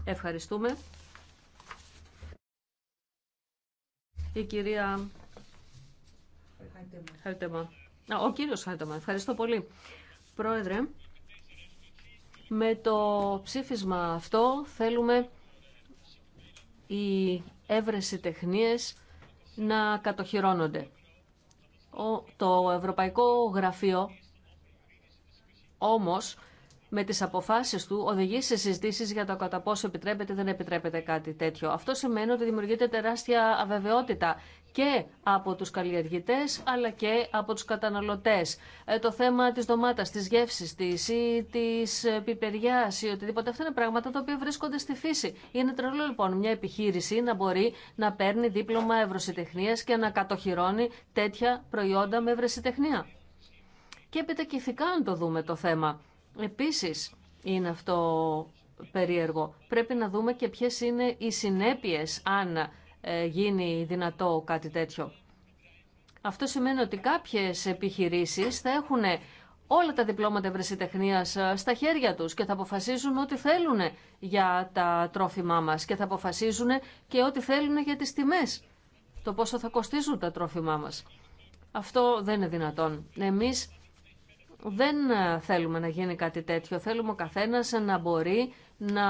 Ευχαριστούμε. Η κυρία Χαϊτεμα. Ο κύριος Χαϊτεμα. Ευχαριστώ πολύ. Πρόεδρε, με το ψήφισμα αυτό θέλουμε οι έβρεση τεχνίες να κατοχυρώνονται. Το Ευρωπαϊκό Γραφείο Όμω, με τι αποφάσει του οδηγεί σε συζητήσει για το κατά πόσο επιτρέπεται ή δεν επιτρέπεται κάτι τέτοιο. Αυτό σημαίνει ότι δημιουργείται τεράστια αβεβαιότητα και από τους καλλιεργητές αλλά και από τους καταναλωτές. Ε, το θέμα της ντομάτας, της γεύσης της ή της πιπεριάς ή οτιδήποτε αυτά είναι πράγματα τα οποία βρίσκονται στη φύση. Είναι τρελό λοιπόν μια επιχείρηση να μπορεί να παίρνει δίπλωμα ευρωσιτεχνίας και να κατοχυρώνει τέτοια προϊόντα με ευρεσιτεχνία και επιτακηθικά αν το δούμε το θέμα. Επίσης είναι αυτό περίεργο. Πρέπει να δούμε και ποιες είναι οι συνέπειες αν ε, γίνει δυνατό κάτι τέτοιο. Αυτό σημαίνει ότι κάποιες επιχειρήσεις θα έχουν όλα τα διπλώματα ευρεσιτεχνίας ε, στα χέρια τους και θα αποφασίζουν ό,τι θέλουν για τα τρόφιμά μας και θα αποφασίζουν και ό,τι θέλουν για τις τιμές, το πόσο θα κοστίζουν τα τρόφιμά μας. Αυτό δεν είναι δυνατόν. Εμείς δεν ε, θέλουμε να γίνει κάτι τέτοιο. Θέλουμε ο καθένας να μπορεί να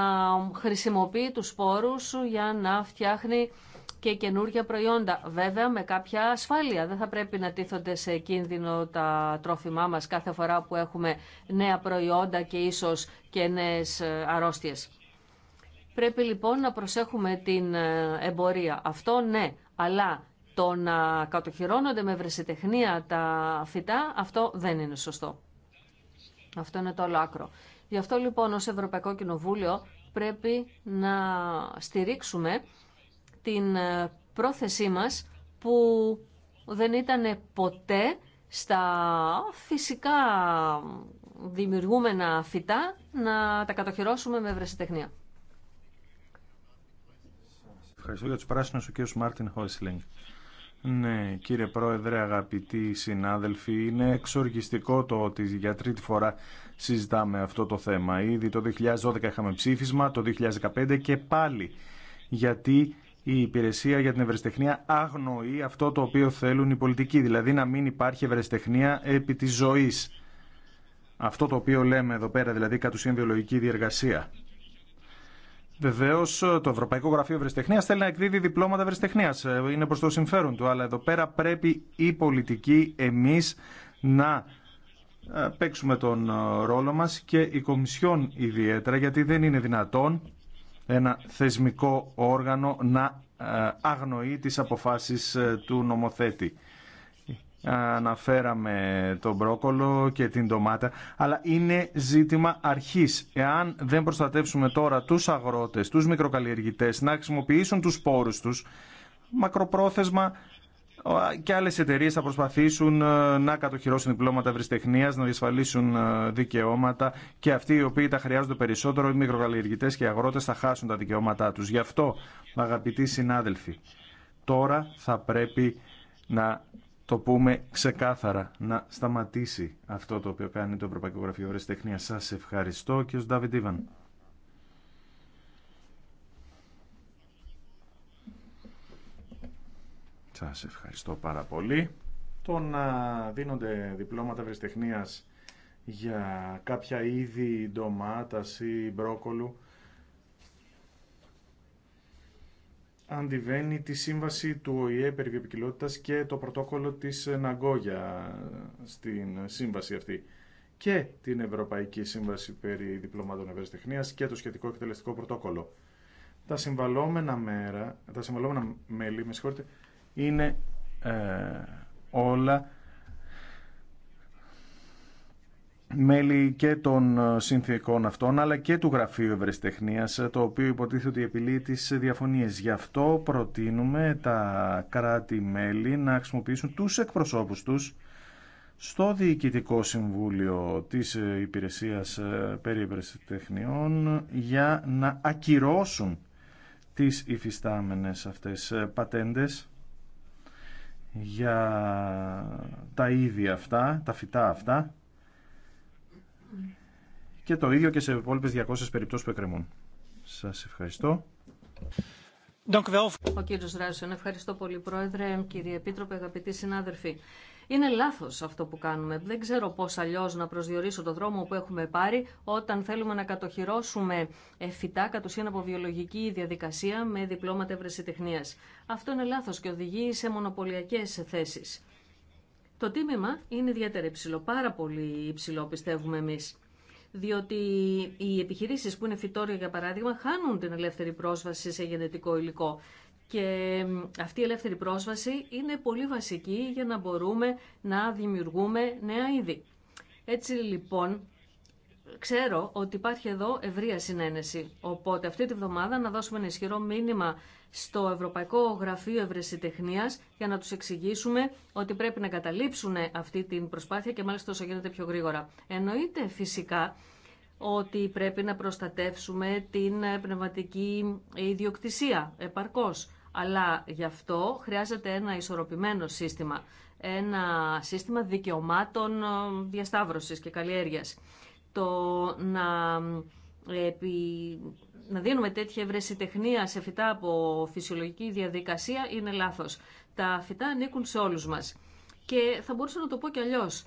χρησιμοποιεί τους σπόρους για να φτιάχνει και καινούργια προϊόντα. Βέβαια με κάποια ασφάλεια. Δεν θα πρέπει να τίθονται σε κίνδυνο τα τρόφιμά μας κάθε φορά που έχουμε νέα προϊόντα και ίσως και νέες ε, αρρώστιες. Πρέπει λοιπόν να προσέχουμε την ε, εμπορία. Αυτό ναι, αλλά το να κατοχυρώνονται με βρεσιτεχνία τα φυτά, αυτό δεν είναι σωστό. Αυτό είναι το όλο άκρο. Γι' αυτό λοιπόν ως Ευρωπαϊκό Κοινοβούλιο πρέπει να στηρίξουμε την ε, πρόθεσή μας που δεν ήταν ποτέ στα φυσικά δημιουργούμενα φυτά να τα κατοχυρώσουμε με ευρεσιτεχνία. Ευχαριστώ για τους πράσινους ο κ. Μάρτιν Χόισλινγκ. Ναι, κύριε Πρόεδρε, αγαπητοί συνάδελφοι, είναι εξοργιστικό το ότι για τρίτη φορά συζητάμε αυτό το θέμα. Ήδη το 2012 είχαμε ψήφισμα, το 2015 και πάλι. Γιατί η υπηρεσία για την ευρεστεχνία αγνοεί αυτό το οποίο θέλουν οι πολιτικοί, δηλαδή να μην υπάρχει ευρεσιτεχνία επί της ζωής. Αυτό το οποίο λέμε εδώ πέρα, δηλαδή κατ' ουσίαν βιολογική διεργασία. Βεβαίω, το Ευρωπαϊκό Γραφείο Ευρεσιτεχνία θέλει να εκδίδει διπλώματα ευρεσιτεχνία. Είναι προ το συμφέρον του. Αλλά εδώ πέρα πρέπει η πολιτική, εμεί, να ε, παίξουμε τον ε, ρόλο μας και η Κομισιόν ιδιαίτερα, γιατί δεν είναι δυνατόν ένα θεσμικό όργανο να ε, αγνοεί τις αποφάσεις του νομοθέτη αναφέραμε τον μπρόκολο και την ντομάτα, αλλά είναι ζήτημα αρχής. Εάν δεν προστατεύσουμε τώρα τους αγρότες, τους μικροκαλλιεργητές, να χρησιμοποιήσουν τους σπόρους τους, μακροπρόθεσμα και άλλες εταιρείες θα προσπαθήσουν ε, να κατοχυρώσουν διπλώματα ευρυστεχνίας, να διασφαλίσουν ε, δικαιώματα και αυτοί οι οποίοι τα χρειάζονται περισσότερο, οι μικροκαλλιεργητές και οι αγρότες θα χάσουν τα δικαιώματά τους. Γι' αυτό, αγαπητοί συνάδελφοι, τώρα θα πρέπει να το πούμε ξεκάθαρα, να σταματήσει αυτό το οποίο κάνει το Ευρωπαϊκό Γραφείο Ωρές Σα ευχαριστώ και ο Ντάβιντ Ιβαν. Σας ευχαριστώ πάρα πολύ. Το να δίνονται διπλώματα ευρεσιτεχνίας για κάποια είδη ντομάτας ή μπρόκολου αντιβαίνει τη σύμβαση του ΟΗΕ περί βιοποικιλότητας και το πρωτόκολλο της Ναγκόγια στην σύμβαση αυτή και την Ευρωπαϊκή Σύμβαση περί διπλωμάτων ευρεσιτεχνίας και το σχετικό εκτελεστικό πρωτόκολλο. Τα συμβαλόμενα, μέρα, τα συμβαλόμενα μέλη με είναι ε, όλα μέλη και των ε, συνθήκων αυτών, αλλά και του Γραφείου Ευρεσιτεχνίας, ε, το οποίο υποτίθεται ότι επιλύει τις διαφωνίες. Γι' αυτό προτείνουμε τα κράτη-μέλη να χρησιμοποιήσουν τους εκπροσώπους τους στο Διοικητικό Συμβούλιο της ε, Υπηρεσίας Περί Ευρεσιτεχνιών για να ακυρώσουν τις υφιστάμενες αυτές πατέντες για τα ίδια αυτά, τα φυτά αυτά, και το ίδιο και σε υπόλοιπε 200 περιπτώσει που εκκρεμούν. Σας ευχαριστώ. Ο κύριο Ράσιον, ευχαριστώ πολύ πρόεδρε, κύριε Επίτροπε, αγαπητοί συνάδελφοι. Είναι λάθος αυτό που κάνουμε. Δεν ξέρω πώ αλλιώ να προσδιορίσω το δρόμο που έχουμε πάρει όταν θέλουμε να κατοχυρώσουμε φυτά κατ' ουσίαν από βιολογική διαδικασία με διπλώματα ευρεσιτεχνία. Αυτό είναι λάθο και οδηγεί σε μονοπωλιακέ θέσει. Το τίμημα είναι ιδιαίτερα υψηλό, πάρα πολύ υψηλό πιστεύουμε εμείς. Διότι οι επιχειρήσεις που είναι φυτόρια για παράδειγμα χάνουν την ελεύθερη πρόσβαση σε γενετικό υλικό. Και αυτή η ελεύθερη πρόσβαση είναι πολύ βασική για να μπορούμε να δημιουργούμε νέα είδη. Έτσι λοιπόν ξέρω ότι υπάρχει εδώ ευρεία συνένεση. Οπότε αυτή τη βδομάδα να δώσουμε ένα ισχυρό μήνυμα στο Ευρωπαϊκό Γραφείο Ευρεσιτεχνία για να του εξηγήσουμε ότι πρέπει να καταλήψουν αυτή την προσπάθεια και μάλιστα όσο γίνεται πιο γρήγορα. Εννοείται φυσικά ότι πρέπει να προστατεύσουμε την πνευματική ιδιοκτησία επαρκώς. Αλλά γι' αυτό χρειάζεται ένα ισορροπημένο σύστημα. Ένα σύστημα δικαιωμάτων ε, διασταύρωσης και καλλιέργειας το να, να δίνουμε τέτοια ευρεσιτεχνία σε φυτά από φυσιολογική διαδικασία είναι λάθος. Τα φυτά ανήκουν σε όλους μας. Και θα μπορούσα να το πω κι αλλιώς.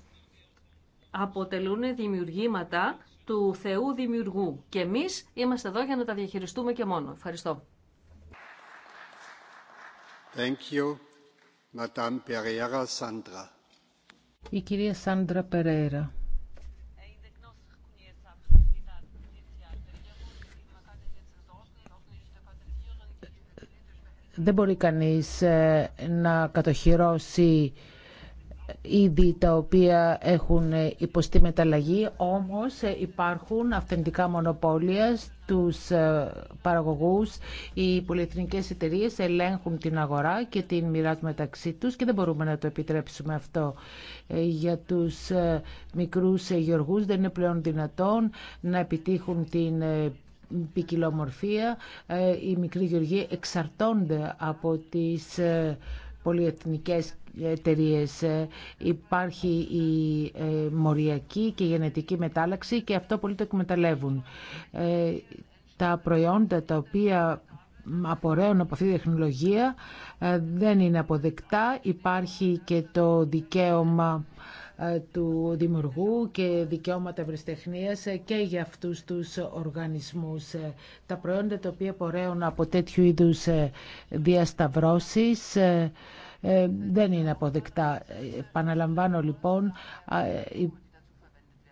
Αποτελούν δημιουργήματα του Θεού Δημιουργού. Και εμείς είμαστε εδώ για να τα διαχειριστούμε και μόνο. Ευχαριστώ. Thank you. Madame Η κυρία Σάντρα Περέρα. Δεν μπορεί κανείς ε, να κατοχυρώσει είδη τα οποία έχουν υποστεί μεταλλαγή, όμως ε, υπάρχουν αυθεντικά μονοπόλια τους ε, παραγωγούς. Οι πολυεθνικές εταιρείε ελέγχουν την αγορά και την του μεταξύ τους και δεν μπορούμε να το επιτρέψουμε αυτό. Για τους μικρούς γεωργούς δεν είναι πλέον δυνατόν να επιτύχουν την ποικιλομορφία. Ε, οι μικροί γεωργοί εξαρτώνται από τις ε, πολυεθνικές εταιρείε. Ε, υπάρχει η μοριακή και η γενετική μετάλλαξη και αυτό πολύ το εκμεταλλεύουν. Τα προϊόντα τα οποία απορρέουν από αυτή τη τεχνολογία δεν είναι αποδεκτά. Υπάρχει και το δικαίωμα ε, του δημιουργού και δικαιώματα ευρεσιτεχνίας ε, και για αυτούς τους οργανισμούς. Ε, τα προϊόντα τα οποία πορέουν από τέτοιου είδους διασταυρώσεις δεν είναι αποδεκτά. Παναλαμβάνω λοιπόν,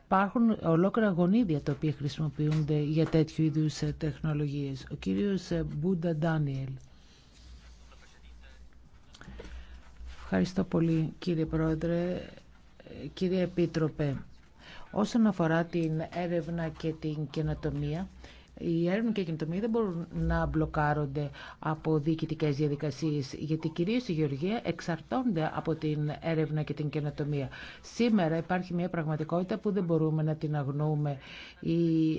υπάρχουν ολόκληρα γονίδια τα οποία χρησιμοποιούνται για τέτοιου είδους τεχνολογίες. Ο κύριος Μπούντα Ντάνιελ. Ευχαριστώ πολύ κύριε Πρόεδρε. Κύριε Επίτροπε, όσον αφορά την έρευνα και την καινοτομία, η έρευνα και η καινοτομία δεν μπορούν να μπλοκάρονται από διοικητικέ διαδικασίε, γιατί κυρίω η γεωργία εξαρτώνται από την έρευνα και την καινοτομία. Σήμερα υπάρχει μια πραγματικότητα που δεν μπορούμε να την αγνοούμε. Η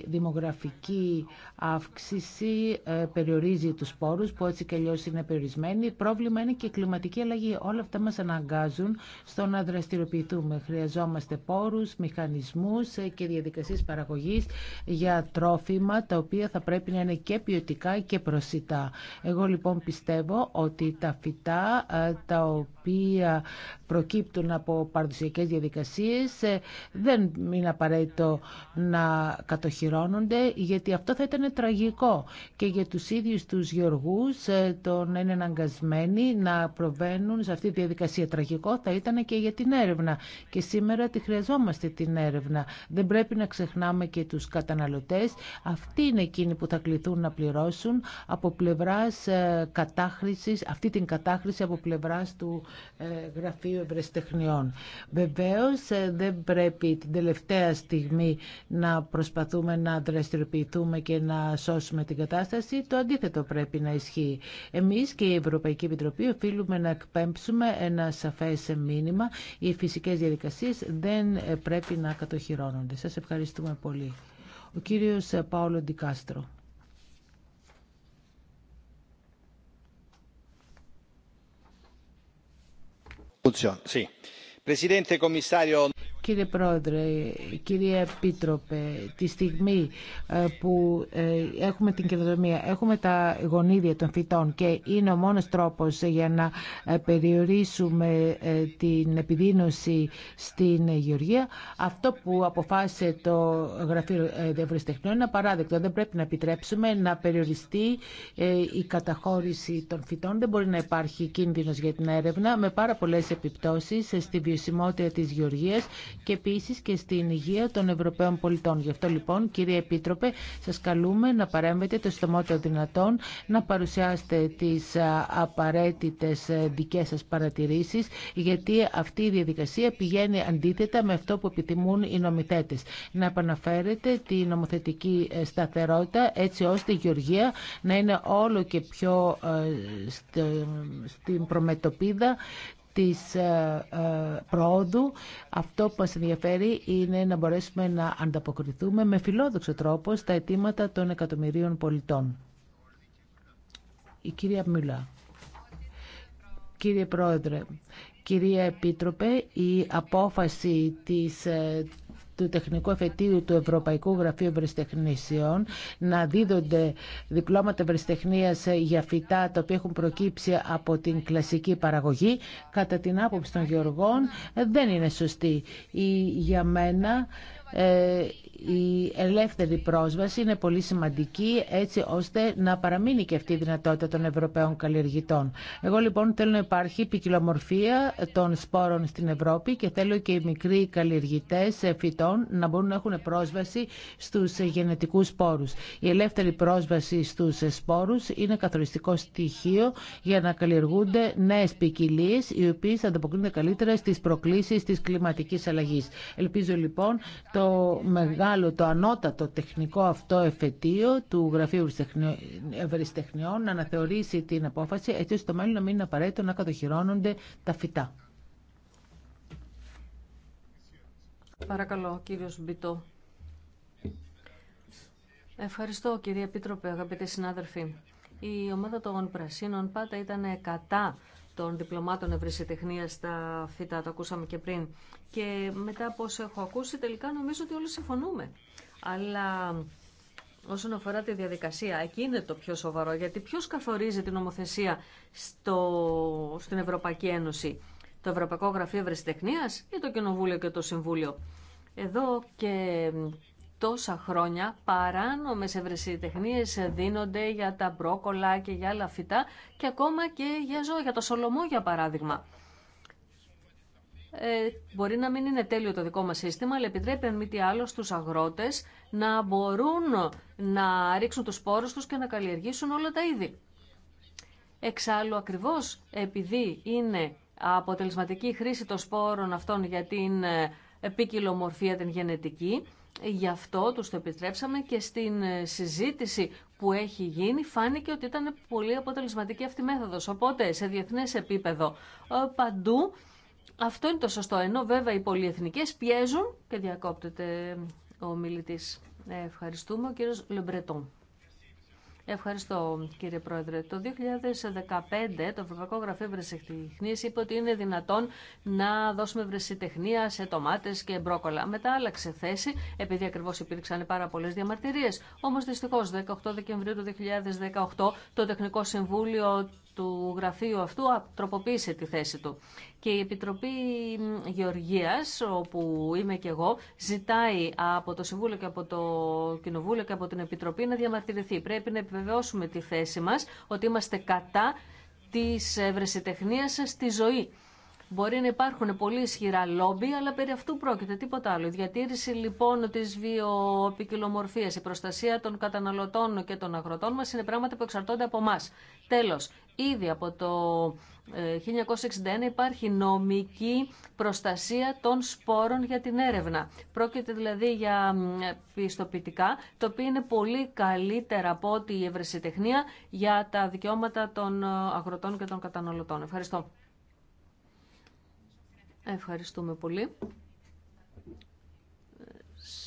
δημογραφική αύξηση ε, περιορίζει του πόρου, που έτσι και αλλιώ είναι περιορισμένοι. Πρόβλημα είναι και η κλιματική αλλαγή. Όλα αυτά μα αναγκάζουν στο να δραστηριοποιηθούμε. Χρειαζόμαστε πόρου, μηχανισμού ε, και διαδικασίε παραγωγή για τρόφιμα, τα οποία θα πρέπει να είναι και ποιοτικά και προσιτά. Εγώ λοιπόν πιστεύω ότι τα φυτά ε, τα οποία προκύπτουν από παραδοσιακές διαδικασίες ε, δεν είναι απαραίτητο να κατοχυρώνονται γιατί αυτό θα ήταν τραγικό και για τους ίδιους τους γεωργούς ε, το να είναι αναγκασμένοι να προβαίνουν σε αυτή τη διαδικασία. Τραγικό θα ήταν και για την έρευνα και σήμερα τη χρειαζόμαστε την έρευνα. Δεν πρέπει να ξεχνάμε και τους καταναλωτές. Αυτή είναι εκείνοι που θα κληθούν να πληρώσουν από πλευράς ε, κατάχρησης, αυτή την κατάχρηση από πλευράς του ε, Γραφείου ευρεστεχνιών Βεβαίως ε, δεν πρέπει την τελευταία στιγμή να προσπαθούμε να δραστηριοποιηθούμε και να σώσουμε την κατάσταση. Το αντίθετο πρέπει να ισχύει. Εμείς και η Ευρωπαϊκή Επιτροπή οφείλουμε να εκπέμψουμε ένα σαφές μήνυμα. Οι φυσικές διαδικασίες δεν πρέπει να κατοχυρώνονται. Σας ευχαριστούμε πολύ ο κύριος Παόλο Ντικάστρο. Sì. Presidente Commissario Κύριε Πρόεδρε, κύριε Επίτροπε, τη στιγμή ε, που ε, έχουμε την κερδομία, έχουμε τα γονίδια των φυτών και είναι ο μόνος τρόπος για να ε, περιορίσουμε την επιδίνωση στην γεωργία, αυτό που αποφάσισε το Γραφείο Ευρωστεχνών είναι απαράδεκτο. Δεν πρέπει να επιτρέψουμε να περιοριστεί η καταχώρηση των φυτών. Δεν μπορεί να υπάρχει κίνδυνος για την έρευνα με πάρα πολλές επιπτώσεις στη βιωσιμότητα της γεωργίας και επίσης και στην υγεία των Ευρωπαίων πολιτών. Γι' αυτό λοιπόν κύριε Επίτροπε σας καλούμε να παρέμβετε το στομότερο δυνατόν, να παρουσιάσετε τις απαραίτητες ε, δικές σας παρατηρήσεις γιατί αυτή η διαδικασία πηγαίνει αντίθετα με αυτό που επιθυμούν οι νομιθέτε. Να επαναφέρετε τη νομοθετική ε, σταθερότητα έτσι ώστε η Γεωργία να είναι όλο και πιο ε, στην προμετωπίδα της ε, ε, προόδου. Αυτό που μας ενδιαφέρει είναι να μπορέσουμε να ανταποκριθούμε με φιλόδοξο τρόπο στα αιτήματα των εκατομμυρίων πολιτών. Η κυρία Μιλά. Κύριε Πρόεδρε, Κυρία Επίτροπε, η απόφαση της ε, του τεχνικού εφετείου του Ευρωπαϊκού Γραφείου Ευρεσιτεχνήσεων να δίδονται διπλώματα ευρεσιτεχνία για φυτά τα οποία έχουν προκύψει από την κλασική παραγωγή, κατά την άποψη των γεωργών δεν είναι σωστή. Ή για μένα ε, η ελεύθερη πρόσβαση είναι πολύ σημαντική έτσι ώστε να παραμείνει και αυτή η δυνατότητα των Ευρωπαίων καλλιεργητών. Εγώ λοιπόν θέλω να υπάρχει ποικιλομορφία των σπόρων στην Ευρώπη και θέλω και οι μικροί καλλιεργητές φυτών να μπορούν να έχουν πρόσβαση στους γενετικούς σπόρους. Η ελεύθερη πρόσβαση στους σπόρους είναι καθοριστικό στοιχείο για να καλλιεργούνται νέες ποικιλίε οι θα ανταποκρίνονται καλύτερα στις προκλήσεις τη κλιματική αλλαγή. Ελπίζω λοιπόν το μεγάλο άλλο το ανώτατο τεχνικό αυτό εφετείο του Γραφείου Ευρυστεχνιών να αναθεωρήσει την απόφαση έτσι ώστε το μέλλον να μην είναι απαραίτητο να κατοχυρώνονται τα φυτά. Παρακαλώ, κύριος Μπιτό. Ευχαριστώ, κύριε Επίτροπε, αγαπητοί συνάδελφοι. Η ομάδα των Πρασίνων πάντα ήταν κατά των διπλωμάτων ευρεσιτεχνία στα φύτα, το ακούσαμε και πριν. Και μετά από όσο έχω ακούσει, τελικά νομίζω ότι όλοι συμφωνούμε. Αλλά όσον αφορά τη διαδικασία, εκεί είναι το πιο σοβαρό, γιατί ποιο καθορίζει την νομοθεσία στο, στην Ευρωπαϊκή Ένωση, το Ευρωπαϊκό Γραφείο Ευρεσιτεχνία ή το Κοινοβούλιο και το Συμβούλιο. Εδώ και τόσα χρόνια παράνομες ευρεσιτεχνίες δίνονται για τα μπρόκολα και για άλλα φυτά και ακόμα και για ζώα, για το σολομό για παράδειγμα. Ε, μπορεί να μην είναι τέλειο το δικό μας σύστημα, αλλά επιτρέπει αν μη τι άλλο στους αγρότες να μπορούν να ρίξουν τους σπόρους τους και να καλλιεργήσουν όλα τα είδη. Εξάλλου ακριβώς επειδή είναι αποτελεσματική χρήση των σπόρων αυτών για την ε, επίκυλομορφία, την γενετική, Γι' αυτό τους το επιτρέψαμε και στην ε, συζήτηση που έχει γίνει φάνηκε ότι ήταν πολύ αποτελεσματική αυτή η μέθοδος. Οπότε σε διεθνές επίπεδο ε, παντού αυτό είναι το σωστό. Ενώ βέβαια οι πολυεθνικές πιέζουν και διακόπτεται ο μιλητής. Ε, ευχαριστούμε ο κύριος Λεμπρετόν. Ευχαριστώ κύριε Πρόεδρε. Το 2015 το Ευρωπαϊκό Γραφείο Βρεσιτεχνία είπε ότι είναι δυνατόν να δώσουμε βρεσιτεχνία σε τομάτες και μπρόκολα. Μετά άλλαξε θέση επειδή ακριβώ υπήρξαν πάρα πολλέ διαμαρτυρίες. Όμω, δυστυχώ, 18 Δεκεμβρίου του 2018 το Τεχνικό Συμβούλιο του γραφείου αυτού τροποποίησε τη θέση του. Και η Επιτροπή Γεωργίας, όπου είμαι και εγώ, ζητάει από το Συμβούλιο και από το Κοινοβούλιο και από την Επιτροπή να διαμαρτυρηθεί. Πρέπει να επιβεβαιώσουμε τη θέση μας ότι είμαστε κατά της ευρεσιτεχνίας στη ζωή. Μπορεί να υπάρχουν πολύ ισχυρά λόμπι, αλλά περί αυτού πρόκειται τίποτα άλλο. Η διατήρηση λοιπόν τη βιοπικιλομορφία, η προστασία των καταναλωτών και των αγροτών μα είναι πράγματα που εξαρτώνται από εμά. Τέλο, Ήδη από το 1961 ε, υπάρχει νομική προστασία των σπόρων για την έρευνα. Πρόκειται δηλαδή για πιστοποιητικά, το οποίο είναι πολύ καλύτερα από ό,τι η ευρεσιτεχνία για τα δικαιώματα των ε, αγροτών και των καταναλωτών. Ευχαριστώ. Ευχαριστούμε πολύ.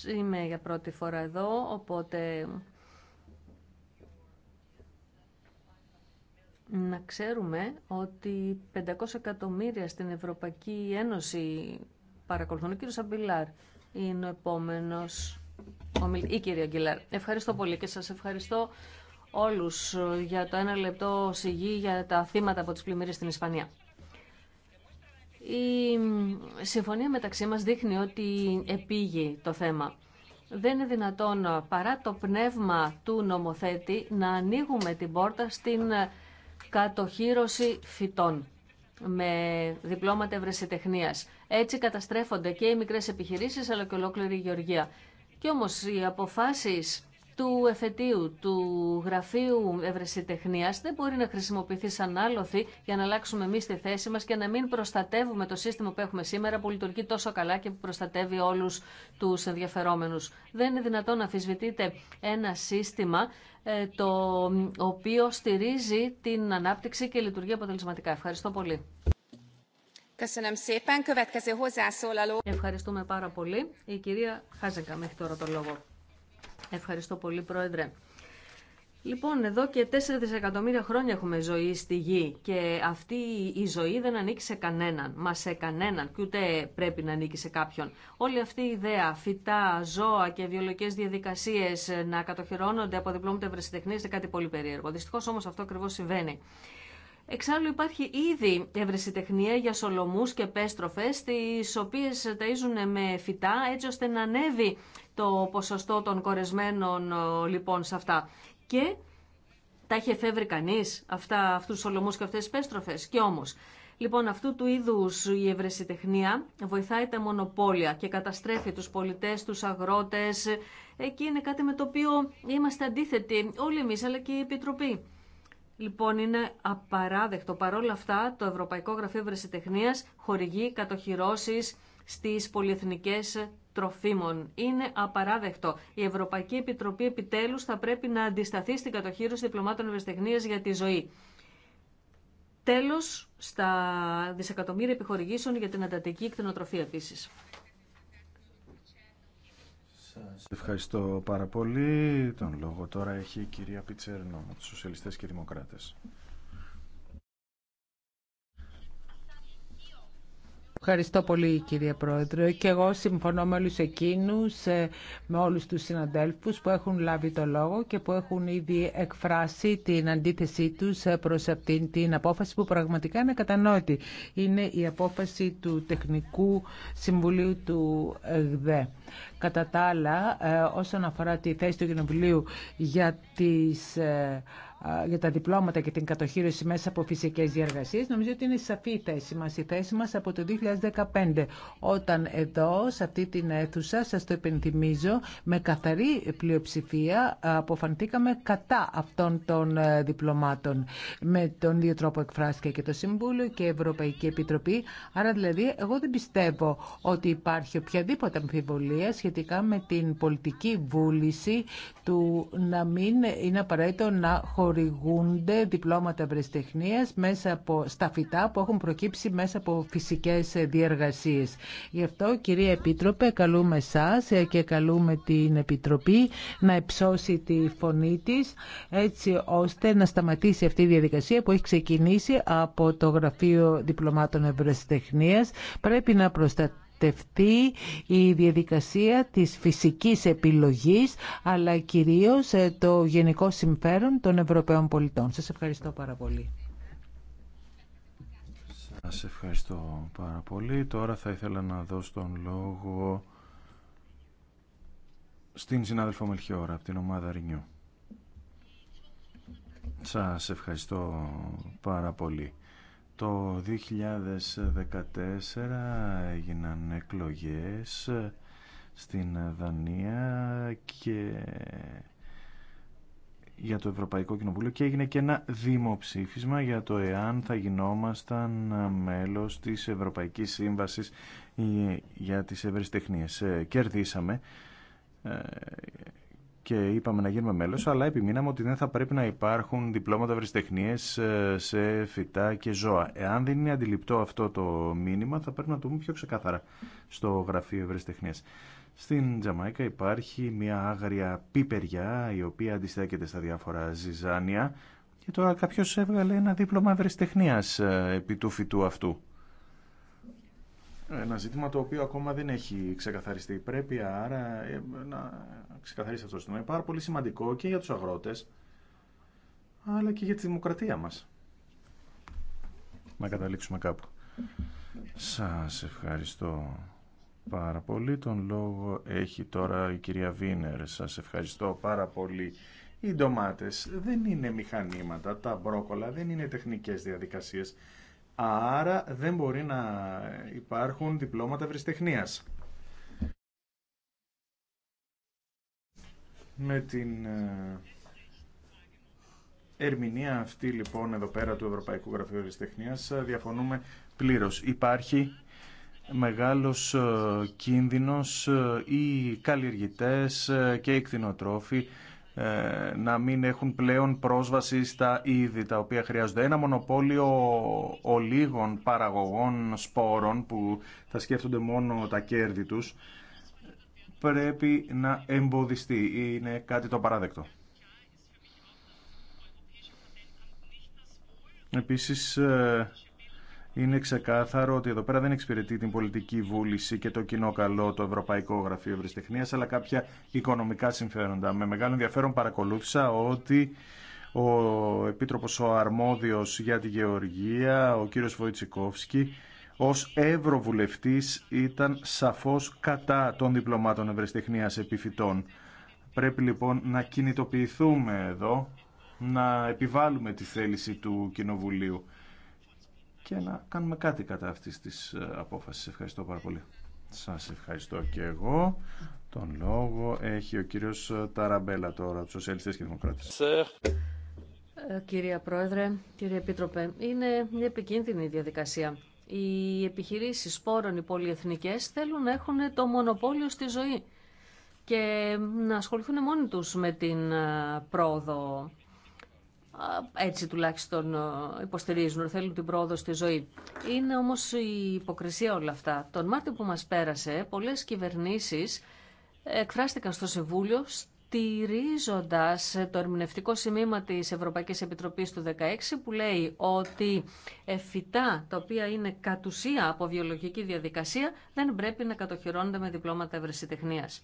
Ε, Είμαι για πρώτη φορά εδώ, οπότε να ξέρουμε ότι 500 εκατομμύρια στην Ευρωπαϊκή Ένωση παρακολουθούν. Ο κύριος Αμπιλάρ είναι ο επόμενος. Η κυρία Αγγιλάρ. Ευχαριστώ πολύ και σας ευχαριστώ όλους για το ένα λεπτό σιγή για τα θύματα από τις πλημμύρες στην Ισπανία. Η συμφωνία μεταξύ μας δείχνει ότι επήγει το θέμα. Δεν είναι δυνατόν παρά το πνεύμα του νομοθέτη να ανοίγουμε την πόρτα στην κατοχύρωση φυτών με διπλώματα ευρεσιτεχνία. Έτσι καταστρέφονται και οι μικρές επιχειρήσεις αλλά και ολόκληρη η γεωργία. Κι όμως οι αποφάσεις του εφετείου, του γραφείου ευρεσιτεχνία δεν μπορεί να χρησιμοποιηθεί σαν άλοθη για να αλλάξουμε εμεί τη θέση μα και να μην προστατεύουμε το σύστημα που έχουμε σήμερα που λειτουργεί τόσο καλά και που προστατεύει όλου του ενδιαφερόμενους. Δεν είναι δυνατόν να αφισβητείτε ένα σύστημα ε, το οποίο στηρίζει την ανάπτυξη και λειτουργεί αποτελεσματικά. Ευχαριστώ πολύ. Ευχαριστούμε πάρα πολύ. Η κυρία Χάζεκα μέχρι τώρα το λόγο. Ευχαριστώ πολύ, Πρόεδρε. Λοιπόν, εδώ και 4 δισεκατομμύρια χρόνια έχουμε ζωή στη γη και αυτή η ζωή δεν ανήκει σε κανέναν, μα σε κανέναν και ούτε πρέπει να ανήκει σε κάποιον. Όλη αυτή η ιδέα, φυτά, ζώα και βιολογικέ διαδικασίε να κατοχυρώνονται από διπλώματα ευρεσιτεχνία είναι κάτι πολύ περίεργο. Δυστυχώ όμω αυτό ακριβώ συμβαίνει. Εξάλλου υπάρχει ήδη ευρεσιτεχνία για σολομούς και πέστροφες, τις οποίες ταΐζουν με φυτά έτσι ώστε να ανέβει το ποσοστό των κορεσμένων λοιπόν σε αυτά. Και τα έχει εφεύρει κανεί αυτού του ολομού και αυτέ τι πέστροφε. Και όμω. Λοιπόν, αυτού του είδου η ευρεσιτεχνία βοηθάει τα μονοπόλια και καταστρέφει του πολιτέ, του αγρότε. Εκεί είναι κάτι με το οποίο είμαστε αντίθετοι όλοι εμεί, αλλά και η Επιτροπή. Λοιπόν, είναι απαράδεκτο. Παρ' όλα αυτά, το Ευρωπαϊκό Γραφείο Ευρεσιτεχνία χορηγεί κατοχυρώσει στι πολυεθνικές τροφίμων. Είναι απαράδεκτο. Η Ευρωπαϊκή Επιτροπή επιτέλου θα πρέπει να αντισταθεί στην κατοχήρωση διπλωμάτων ευρεσιτεχνία για τη ζωή. Τέλο, στα δισεκατομμύρια επιχορηγήσεων για την αντατική κτηνοτροφία επίση. Σας ευχαριστώ πάρα πολύ. Τον λόγο τώρα έχει η κυρία Πιτσέρνο, τους Σοσιαλιστές και Δημοκράτες. Ευχαριστώ πολύ κύριε Πρόεδρε και εγώ συμφωνώ με όλους εκείνους, ε, με όλους τους συναντέλφους που έχουν λάβει το λόγο και που έχουν ήδη εκφράσει την αντίθεσή τους ε, προς αυτήν την απόφαση που πραγματικά είναι κατανόητη. Είναι η απόφαση του Τεχνικού Συμβουλίου του ΕΓΔΕ. Κατά τα άλλα, ε, όσον αφορά τη θέση του Κοινοβουλίου για τις για τα διπλώματα και την κατοχήρωση μέσα από φυσικές διαργασίες. Νομίζω ότι είναι σαφή η θέση μας, η θέση μας από το 2015, όταν εδώ, σε αυτή την αίθουσα, σας το επενθυμίζω, με καθαρή πλειοψηφία αποφανθήκαμε κατά αυτών των ε, διπλωμάτων. Με τον ίδιο τρόπο εκφράστηκε και το Συμβούλιο και η Ευρωπαϊκή Επιτροπή. Άρα δηλαδή εγώ δεν πιστεύω ότι υπάρχει οποιαδήποτε αμφιβολία σχετικά με την πολιτική βούληση του να μην είναι απαραίτητο να χωρίσουμε χορηγούνται διπλώματα βρεστεχνίας μέσα από, στα φυτά που έχουν προκύψει μέσα από φυσικές διεργασίες. Γι' αυτό, κυρία Επίτροπε, καλούμε εσά και καλούμε την Επιτροπή να εψώσει τη φωνή της έτσι ώστε να σταματήσει αυτή η διαδικασία που έχει ξεκινήσει από το Γραφείο Διπλωμάτων Ευρεσιτεχνία. Πρέπει να προστατεύει η διαδικασία της φυσικής επιλογής αλλά κυρίως ε, το γενικό συμφέρον των Ευρωπαίων πολιτών. Σας ευχαριστώ πάρα πολύ. Σας ευχαριστώ πάρα πολύ. Τώρα θα ήθελα να δώσω τον λόγο στην συνάδελφο Μελχιόρα από την ομάδα Ρινιού. Σας ευχαριστώ πάρα πολύ. Το 2014 έγιναν εκλογές στην Δανία και για το Ευρωπαϊκό Κοινοβούλιο και έγινε και ένα δημοψήφισμα για το εάν θα γινόμασταν μέλος της Ευρωπαϊκής Σύμβασης για τις Τεχνίες. Ε, κερδίσαμε ε, και είπαμε να γίνουμε μέλο, αλλά επιμείναμε ότι δεν θα πρέπει να υπάρχουν διπλώματα βρυστεχνίες ε, σε φυτά και ζώα. Εάν δεν είναι αντιληπτό αυτό το μήνυμα, θα πρέπει να το πούμε πιο ξεκάθαρα στο γραφείο Ευρεστεχνία. Στην Τζαμαϊκά υπάρχει μια άγρια πίπεριά, η οποία αντιστέκεται στα διάφορα ζυζάνια, και τώρα κάποιος έβγαλε ένα δίπλωμα ευρεσιτεχνίας ε, επί του φυτού αυτού. Ένα ζήτημα το οποίο ακόμα δεν έχει ξεκαθαριστεί. Πρέπει άρα ε, να ξεκαθαρίσει αυτό το ζήτημα. Είναι πάρα πολύ σημαντικό και για τους αγρότες, αλλά και για τη δημοκρατία μας. Να καταλήξουμε κάπου. Σας ευχαριστώ πάρα πολύ. Τον λόγο έχει τώρα η κυρία Βίνερ. Σας ευχαριστώ πάρα πολύ. Οι ντομάτες δεν είναι μηχανήματα, τα μπρόκολα δεν είναι τεχνικές διαδικασίες. Άρα δεν μπορεί να υπάρχουν διπλώματα βριστεχνίας. Με την ε, ερμηνεία αυτή λοιπόν εδώ πέρα του Ευρωπαϊκού Γραφείου Ευρυστεχνίας ε, διαφωνούμε πλήρως. Υπάρχει μεγάλος ε, κίνδυνος η καλλιεργητές και οι κτηνοτρόφοι ε, να μην έχουν πλέον πρόσβαση στα είδη τα οποία χρειάζονται. Ένα μονοπόλιο ολίγων παραγωγών σπόρων που θα σκέφτονται μόνο τα κέρδη τους πρέπει να εμποδιστεί. Είναι κάτι το παράδεκτο. Επίσης ε, είναι ξεκάθαρο ότι εδώ πέρα δεν εξυπηρετεί την πολιτική βούληση και το κοινό καλό το Ευρωπαϊκό Γραφείο Ευρεσιτεχνίας, αλλά κάποια οικονομικά συμφέροντα. Με μεγάλο ενδιαφέρον παρακολούθησα ότι ο Επίτροπος ο Αρμόδιος για τη Γεωργία, ο κύριος Βοητσικόφσκι, ως Ευρωβουλευτής ήταν σαφώς κατά των διπλωμάτων ευρεσιτεχνίας επιφυτών. Πρέπει λοιπόν να κινητοποιηθούμε εδώ, να επιβάλλουμε τη θέληση του Κοινοβουλίου και να κάνουμε κάτι κατά αυτής της ε, απόφασης. Ευχαριστώ πάρα πολύ. Σας ευχαριστώ και εγώ. Τον λόγο έχει ο κύριος ε, Ταραμπέλα τώρα, του Σοσιαλιστέ και Δημοκράτες. Ε, κυρία Πρόεδρε, κύριε Επίτροπε, είναι μια επικίνδυνη διαδικασία. Οι επιχειρήσει σπόρων, οι πολυεθνικές, θέλουν να έχουν το μονοπόλιο στη ζωή και να ασχοληθούν μόνοι τους με την πρόοδο έτσι τουλάχιστον ε, υποστηρίζουν, θέλουν την πρόοδο στη ζωή. Είναι όμως η υποκρισία όλα αυτά. Τον Μάρτιο που μας πέρασε, πολλές κυβερνήσεις εκφράστηκαν στο Συμβούλιο στηρίζοντας το ερμηνευτικό σημείωμα της Ευρωπαϊκής Επιτροπής του 2016... που λέει ότι φυτά τα οποία είναι κατουσία από βιολογική διαδικασία δεν πρέπει να κατοχυρώνονται με διπλώματα ευρεσιτεχνίας.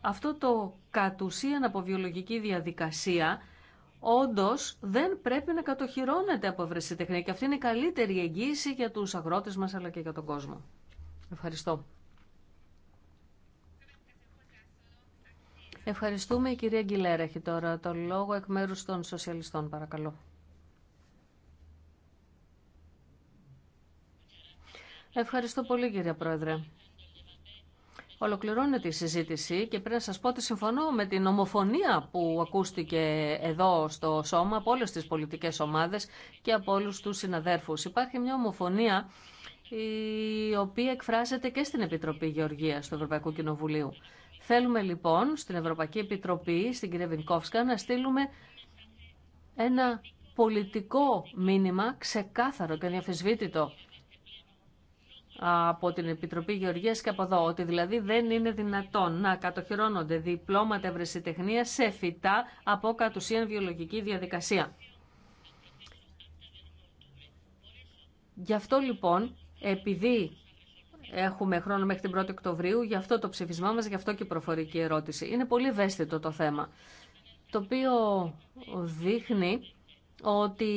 Αυτό το κατ' από βιολογική διαδικασία όντως δεν πρέπει να κατοχυρώνεται από ευρεσιτεχνία και αυτή είναι η καλύτερη εγγύηση για τους αγρότες μας αλλά και για τον κόσμο. Ευχαριστώ. Ευχαριστούμε. Η κυρία Γκυλέρα έχει τώρα το λόγο εκ μέρους των σοσιαλιστών, παρακαλώ. Ευχαριστώ πολύ, κυρία Πρόεδρε. Ολοκληρώνεται η συζήτηση και πρέπει να σας πω ότι συμφωνώ με την ομοφωνία που ακούστηκε εδώ στο σώμα από όλες τις πολιτικές ομάδες και από όλους τους συναδέρφους. Υπάρχει μια ομοφωνία η οποία εκφράζεται και στην Επιτροπή Γεωργίας του Ευρωπαϊκού Κοινοβουλίου. Θέλουμε λοιπόν στην Ευρωπαϊκή Επιτροπή, στην κυρία Βινκόφσκα, να στείλουμε ένα πολιτικό μήνυμα ξεκάθαρο και αναφεσβήτητο από την Επιτροπή Γεωργίας και από εδώ, ότι δηλαδή δεν είναι δυνατόν να κατοχυρώνονται διπλώματα ευρεσιτεχνία σε φυτά από κατ' βιολογική διαδικασία. Γι' αυτό λοιπόν, επειδή έχουμε χρόνο μέχρι την 1η Οκτωβρίου, γι' αυτό το ψηφισμά μας, γι' αυτό και η προφορική ερώτηση. Είναι πολύ ευαίσθητο το θέμα, το οποίο δείχνει ότι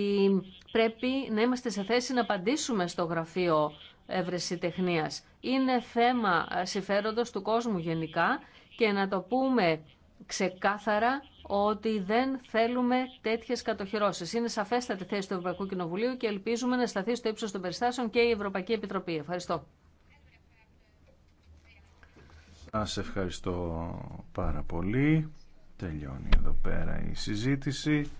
πρέπει να είμαστε σε θέση να απαντήσουμε στο γραφείο ευρεσιτεχνίας. Είναι θέμα συμφέροντος του κόσμου γενικά και να το πούμε ξεκάθαρα ότι δεν θέλουμε τέτοιε κατοχυρώσει. Είναι σαφέστατη θέση του Ευρωπαϊκού Κοινοβουλίου και ελπίζουμε να σταθεί στο ύψο των περιστάσεων και η Ευρωπαϊκή Επιτροπή. Ευχαριστώ. Σα ευχαριστώ πάρα πολύ. Τελειώνει εδώ πέρα η συζήτηση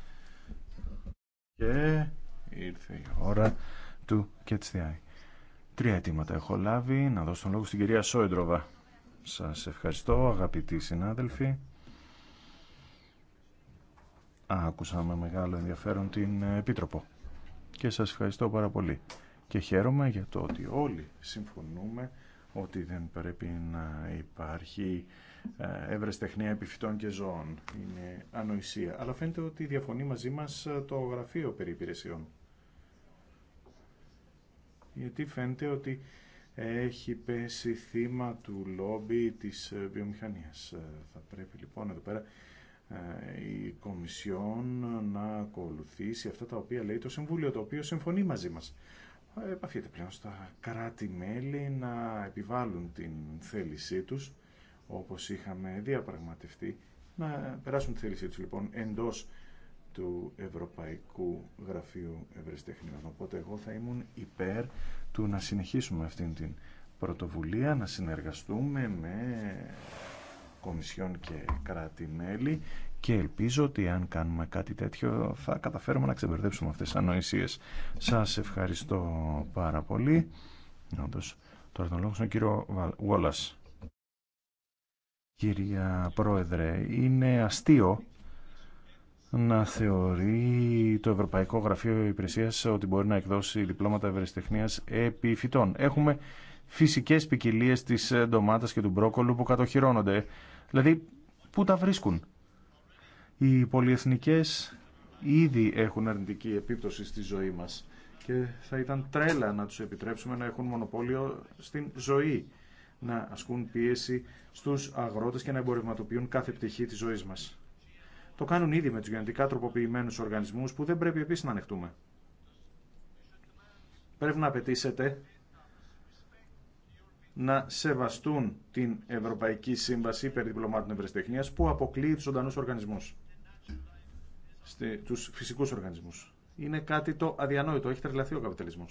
και ήρθε η ώρα του ΚΕΤΣΤΙΑΗ. Τρία αιτήματα έχω λάβει. Να δώσω τον λόγο στην κυρία Σόιντροβα. Σας ευχαριστώ αγαπητοί συνάδελφοι. Άκουσα με μεγάλο ενδιαφέρον την Επίτροπο και σας ευχαριστώ πάρα πολύ. Και χαίρομαι για το ότι όλοι συμφωνούμε ότι δεν πρέπει να υπάρχει ευρεστεχνία επιφυτών και ζώων. Είναι ανοησία. Αλλά φαίνεται ότι διαφωνεί μαζί μας ε, το γραφείο περί γιατί φαίνεται ότι έχει πέσει θύμα του λόμπι της ε, βιομηχανίας. Ε, θα πρέπει λοιπόν εδώ πέρα ε, η Κομισιόν να ακολουθήσει αυτά τα οποία λέει το Συμβούλιο, το οποίο συμφωνεί μαζί μας. Επαφείται πλέον στα κράτη-μέλη να επιβάλλουν την θέλησή τους, όπως είχαμε διαπραγματευτεί, να περάσουν τη θέλησή τους λοιπόν εντός του Ευρωπαϊκού Γραφείου Ευρεσιτεχνιών. Οπότε εγώ θα ήμουν υπέρ του να συνεχίσουμε αυτήν την πρωτοβουλία, να συνεργαστούμε με Κομισιόν και κράτη-μέλη και ελπίζω ότι αν κάνουμε κάτι τέτοιο θα καταφέρουμε να ξεμπερδέψουμε αυτές τις ανοησίες. Σας ευχαριστώ πάρα πολύ. Όντως, τώρα τον λόγο στον κύριο Wallace. Κυρία Πρόεδρε, είναι αστείο να θεωρεί το Ευρωπαϊκό Γραφείο Υπηρεσία ότι μπορεί να εκδώσει διπλώματα ευρεσιτεχνία επί φυτών. Έχουμε φυσικές ποικιλίε της ντομάτα και του μπρόκολου που κατοχυρώνονται. Δηλαδή, πού τα βρίσκουν. Οι πολυεθνικές ήδη έχουν αρνητική επίπτωση στη ζωή μας και θα ήταν τρέλα να του επιτρέψουμε να έχουν μονοπόλιο στην ζωή να ασκούν πίεση στους αγρότες και να εμπορευματοποιούν κάθε πτυχή της ζωής μας. Το κάνουν ήδη με τους γενετικά τροποποιημένους οργανισμούς που δεν πρέπει επίση να ανεχτούμε. Πρέπει να απαιτήσετε να σεβαστούν την Ευρωπαϊκή Σύμβαση περί διπλωμάτων ευρεσιτεχνίας που αποκλείει του ζωντανού οργανισμού. τους φυσικούς οργανισμούς. Είναι κάτι το αδιανόητο, έχει τρελαθεί ο καπιταλισμό.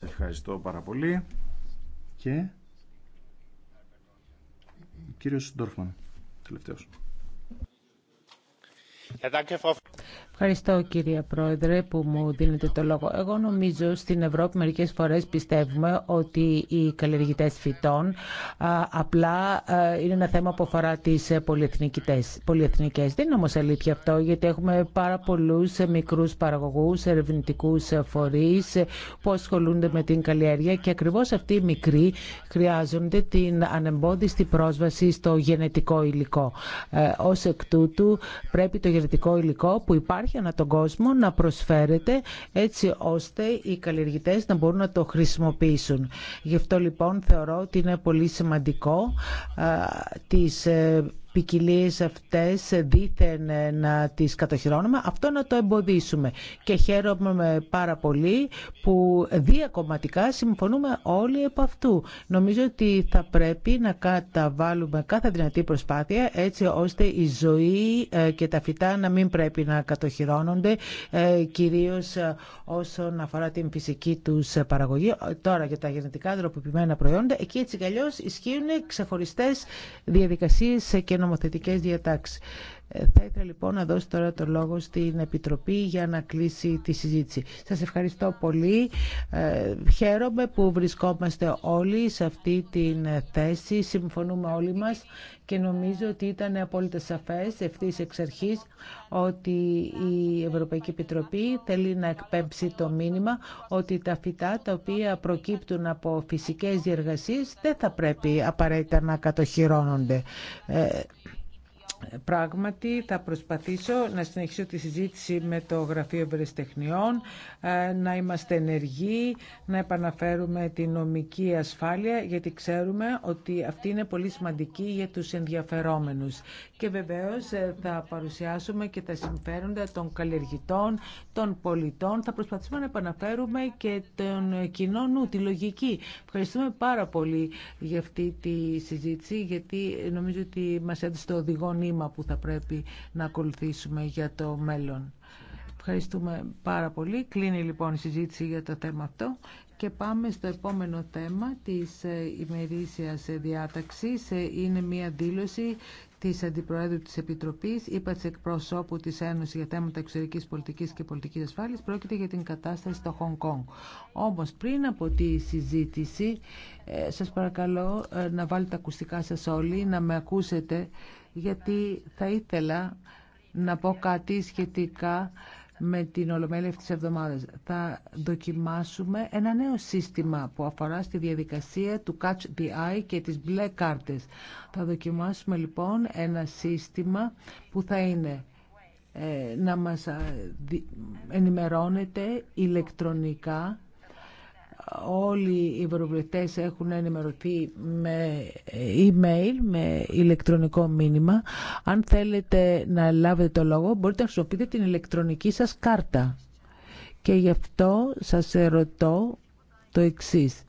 Ευχαριστώ πάρα πολύ. Και κύριος Ντόρφμαν, τελευταίος. Ε, Ευχαριστώ κύριε Πρόεδρε που μου δίνετε το λόγο. Εγώ νομίζω στην Ευρώπη μερικές φορές πιστεύουμε ότι οι καλλιεργητές φυτών απλά είναι ένα θέμα που αφορά τις πολυεθνικές. Δεν είναι όμως αλήθεια αυτό γιατί έχουμε πάρα πολλούς μικρούς παραγωγούς, ερευνητικούς φορείς που ασχολούνται με την καλλιέργεια και ακριβώς αυτοί οι μικροί χρειάζονται την ανεμπόδιστη πρόσβαση στο γενετικό υλικό. Ε, ως εκ τούτου πρέπει το γενετικό υλικό που υπάρχει υπάρχει ανά τον κόσμο να προσφέρεται έτσι ώστε οι καλλιεργητές να μπορούν να το χρησιμοποιήσουν. Γι' αυτό λοιπόν θεωρώ ότι είναι πολύ σημαντικό ε, ποικιλίε αυτές δίθεν να τις κατοχυρώνουμε, αυτό να το εμποδίσουμε. Και χαίρομαι πάρα πολύ που διακομματικά συμφωνούμε όλοι από αυτού. Νομίζω ότι θα πρέπει να καταβάλουμε κάθε δυνατή προσπάθεια έτσι ώστε η ζωή ε, και τα φυτά να μην πρέπει να κατοχυρώνονται ε, κυρίω ε, όσον αφορά την φυσική τους παραγωγή. Τώρα για τα γενετικά δροποποιημένα προϊόντα, εκεί έτσι κι ισχύουν ξεχωριστέ διαδικασίες και νομοθετικές διατάξεις. Ε, θα ήθελα λοιπόν να δώσω τώρα το λόγο στην Επιτροπή για να κλείσει τη συζήτηση. Σας ευχαριστώ πολύ. Ε, χαίρομαι που βρισκόμαστε όλοι σε αυτή την θέση. Συμφωνούμε όλοι μας και νομίζω ότι ήταν απόλυτα σαφές ευθύς εξ αρχής ότι η Ευρωπαϊκή Επιτροπή θέλει να εκπέμψει το μήνυμα ότι τα φυτά τα οποία προκύπτουν από φυσικές διεργασίες δεν θα πρέπει απαραίτητα να κατοχυρώνονται. Ε, Πράγματι θα προσπαθήσω να συνεχίσω τη συζήτηση με το Γραφείο περιστεχνιών ε, να είμαστε ενεργοί, να επαναφέρουμε την νομική ασφάλεια, γιατί ξέρουμε ότι αυτή είναι πολύ σημαντική για τους ενδιαφερόμενους. Και βεβαίως ε, θα παρουσιάσουμε και τα συμφέροντα των καλλιεργητών, των πολιτών. Θα προσπαθήσουμε να επαναφέρουμε και τον κοινό νου, τη λογική. Ευχαριστούμε πάρα πολύ για αυτή τη συζήτηση, γιατί νομίζω ότι μας έδωσε το οδηγό βήμα που θα πρέπει να ακολουθήσουμε για το μέλλον. Ευχαριστούμε πάρα πολύ. Κλείνει λοιπόν η συζήτηση για το θέμα αυτό και πάμε στο επόμενο θέμα της ε, ημερήσιας διάταξης. Ε, είναι μια δήλωση της Αντιπροέδρου της Επιτροπής, είπα της εκπροσώπου της Ένωσης για θέματα εξωτερικής πολιτικής και πολιτικής ασφάλειας, πρόκειται για την κατάσταση στο Χονγκ Κόνγκ. Όμως πριν από τη συζήτηση, ε, σας παρακαλώ να βάλετε ακουστικά σας όλοι, να με ακούσετε γιατί θα ήθελα να πω κάτι σχετικά με την Ολομέλεια αυτής της εβδομάδας. Θα δοκιμάσουμε ένα νέο σύστημα που αφορά στη διαδικασία του Catch the Eye και τις μπλε κάρτες. Θα δοκιμάσουμε λοιπόν ένα σύστημα που θα είναι ε, να μας ε, ενημερώνεται ηλεκτρονικά όλοι οι ευρωβουλευτές έχουν ενημερωθεί με email, με ηλεκτρονικό μήνυμα. Αν θέλετε να λάβετε το λόγο, μπορείτε να χρησιμοποιείτε την ηλεκτρονική σας κάρτα. Και γι' αυτό σας ερωτώ το εξής.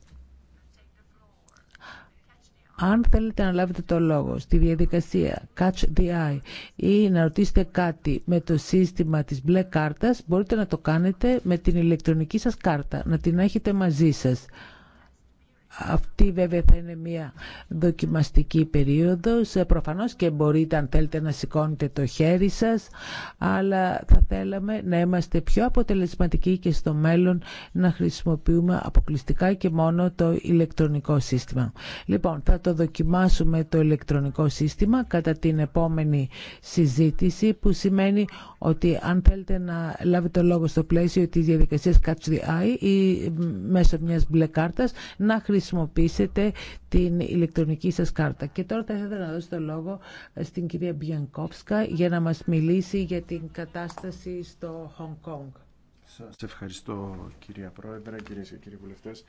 Αν θέλετε να λάβετε το λόγο στη διαδικασία Catch the Eye ή να ρωτήσετε κάτι με το σύστημα της μπλε κάρτας, μπορείτε να το κάνετε με την ηλεκτρονική σας κάρτα, να την έχετε μαζί σας. Αυτή βέβαια θα είναι μια δοκιμαστική περίοδος. Ε, προφανώς και μπορείτε αν θέλετε να σηκώνετε το χέρι σας, αλλά θα θέλαμε να είμαστε πιο αποτελεσματικοί και στο μέλλον να χρησιμοποιούμε αποκλειστικά και μόνο το ηλεκτρονικό σύστημα. Λοιπόν, θα το δοκιμάσουμε το ηλεκτρονικό σύστημα κατά την επόμενη συζήτηση που σημαίνει ότι αν θέλετε να λάβετε λόγο στο πλαίσιο της διαδικασίας Catch the Eye ή μέσω μιας μπλε κάρτας να χρησιμοποιήσετε την ηλεκτρονική σας κάρτα. Και τώρα θα ήθελα να δώσω το λόγο στην κυρία Μπιανκόφσκα για να μας μιλήσει για την κατάσταση στο Hong Kong. Σας ευχαριστώ κυρία Πρόεδρε, κυρίες και κύριοι βουλευτές.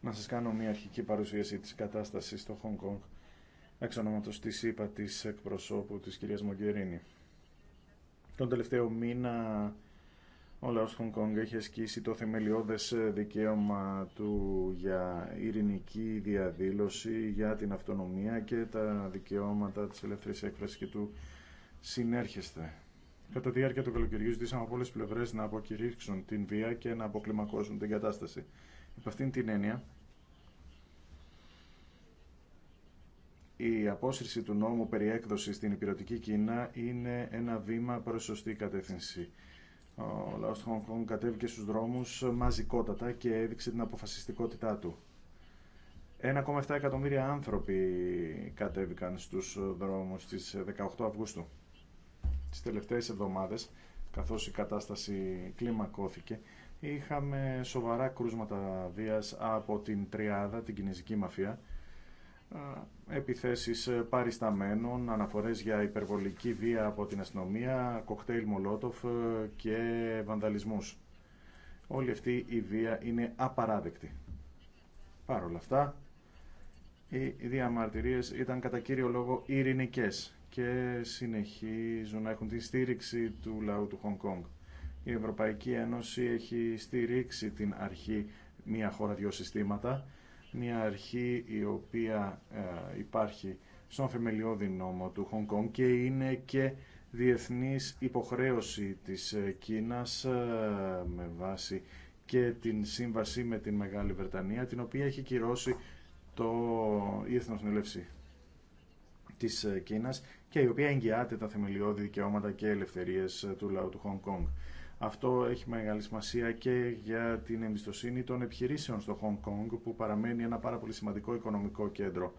Να σας κάνω μια αρχική παρουσίαση της κατάστασης στο Hong Kong εξ ονόματος της ΥΠΑ της εκπροσώπου της κυρίας Μογκερίνη. Τον τελευταίο μήνα ο λαό Χονγκ Κόγκ έχει ασκήσει το θεμελιώδες ε, δικαίωμα του για ειρηνική διαδήλωση, για την αυτονομία και τα δικαιώματα της ελεύθερη έκφρασης και του συνέρχεστε. Κατά τη διάρκεια του καλοκαιριού ζητήσαμε από όλε τι πλευρές να αποκηρύξουν την βία και να αποκλιμακώσουν την κατάσταση. Υπ' αυτήν την έννοια, η απόσυρση του νόμου περί έκδοσης στην υπηρετική Κίνα είναι ένα βήμα προς σωστή κατεύθυνση. Ο λαός του Χονγκ κατέβηκε στους δρόμους μαζικότατα και έδειξε την αποφασιστικότητά του. 1,7 εκατομμύρια άνθρωποι κατέβηκαν στους δρόμους στις 18 Αυγούστου. Τις τελευταίες εβδομάδες, καθώς η κατάσταση κλιμακώθηκε, είχαμε σοβαρά κρούσματα βίας από την Τριάδα, την Κινέζικη Μαφία, επιθέσεις ε, παρισταμένων, αναφορές για υπερβολική βία από την αστυνομία, κοκτέιλ μολότοφ ε, και βανδαλισμούς. Όλη αυτή η βία είναι απαράδεκτη. Παρ' όλα αυτά, οι διαμαρτυρίες ήταν κατά κύριο λόγο ειρηνικές και συνεχίζουν να έχουν τη στήριξη του λαού του Χονγκ Κόνγκ. Η Ευρωπαϊκή Ένωση έχει στηρίξει την αρχή «Μία χώρα, δύο συστήματα» μια αρχή η οποία ε, υπάρχει στον θεμελιώδη νόμο του Χονγκ Κονγκ και είναι και διεθνής υποχρέωση της ε, Κίνας ε, με βάση και την σύμβαση με την Μεγάλη Βρετανία την οποία έχει κυρώσει το, η Εθνοσυνέλευση της Κίνας και η οποία εγγυάται τα θεμελιώδη δικαιώματα και ελευθερίες του λαού του Χονγκ Κονγκ. Αυτό έχει μεγάλη σημασία και για την εμπιστοσύνη των επιχειρήσεων στο Χονγκ που παραμένει ένα πάρα πολύ σημαντικό οικονομικό κέντρο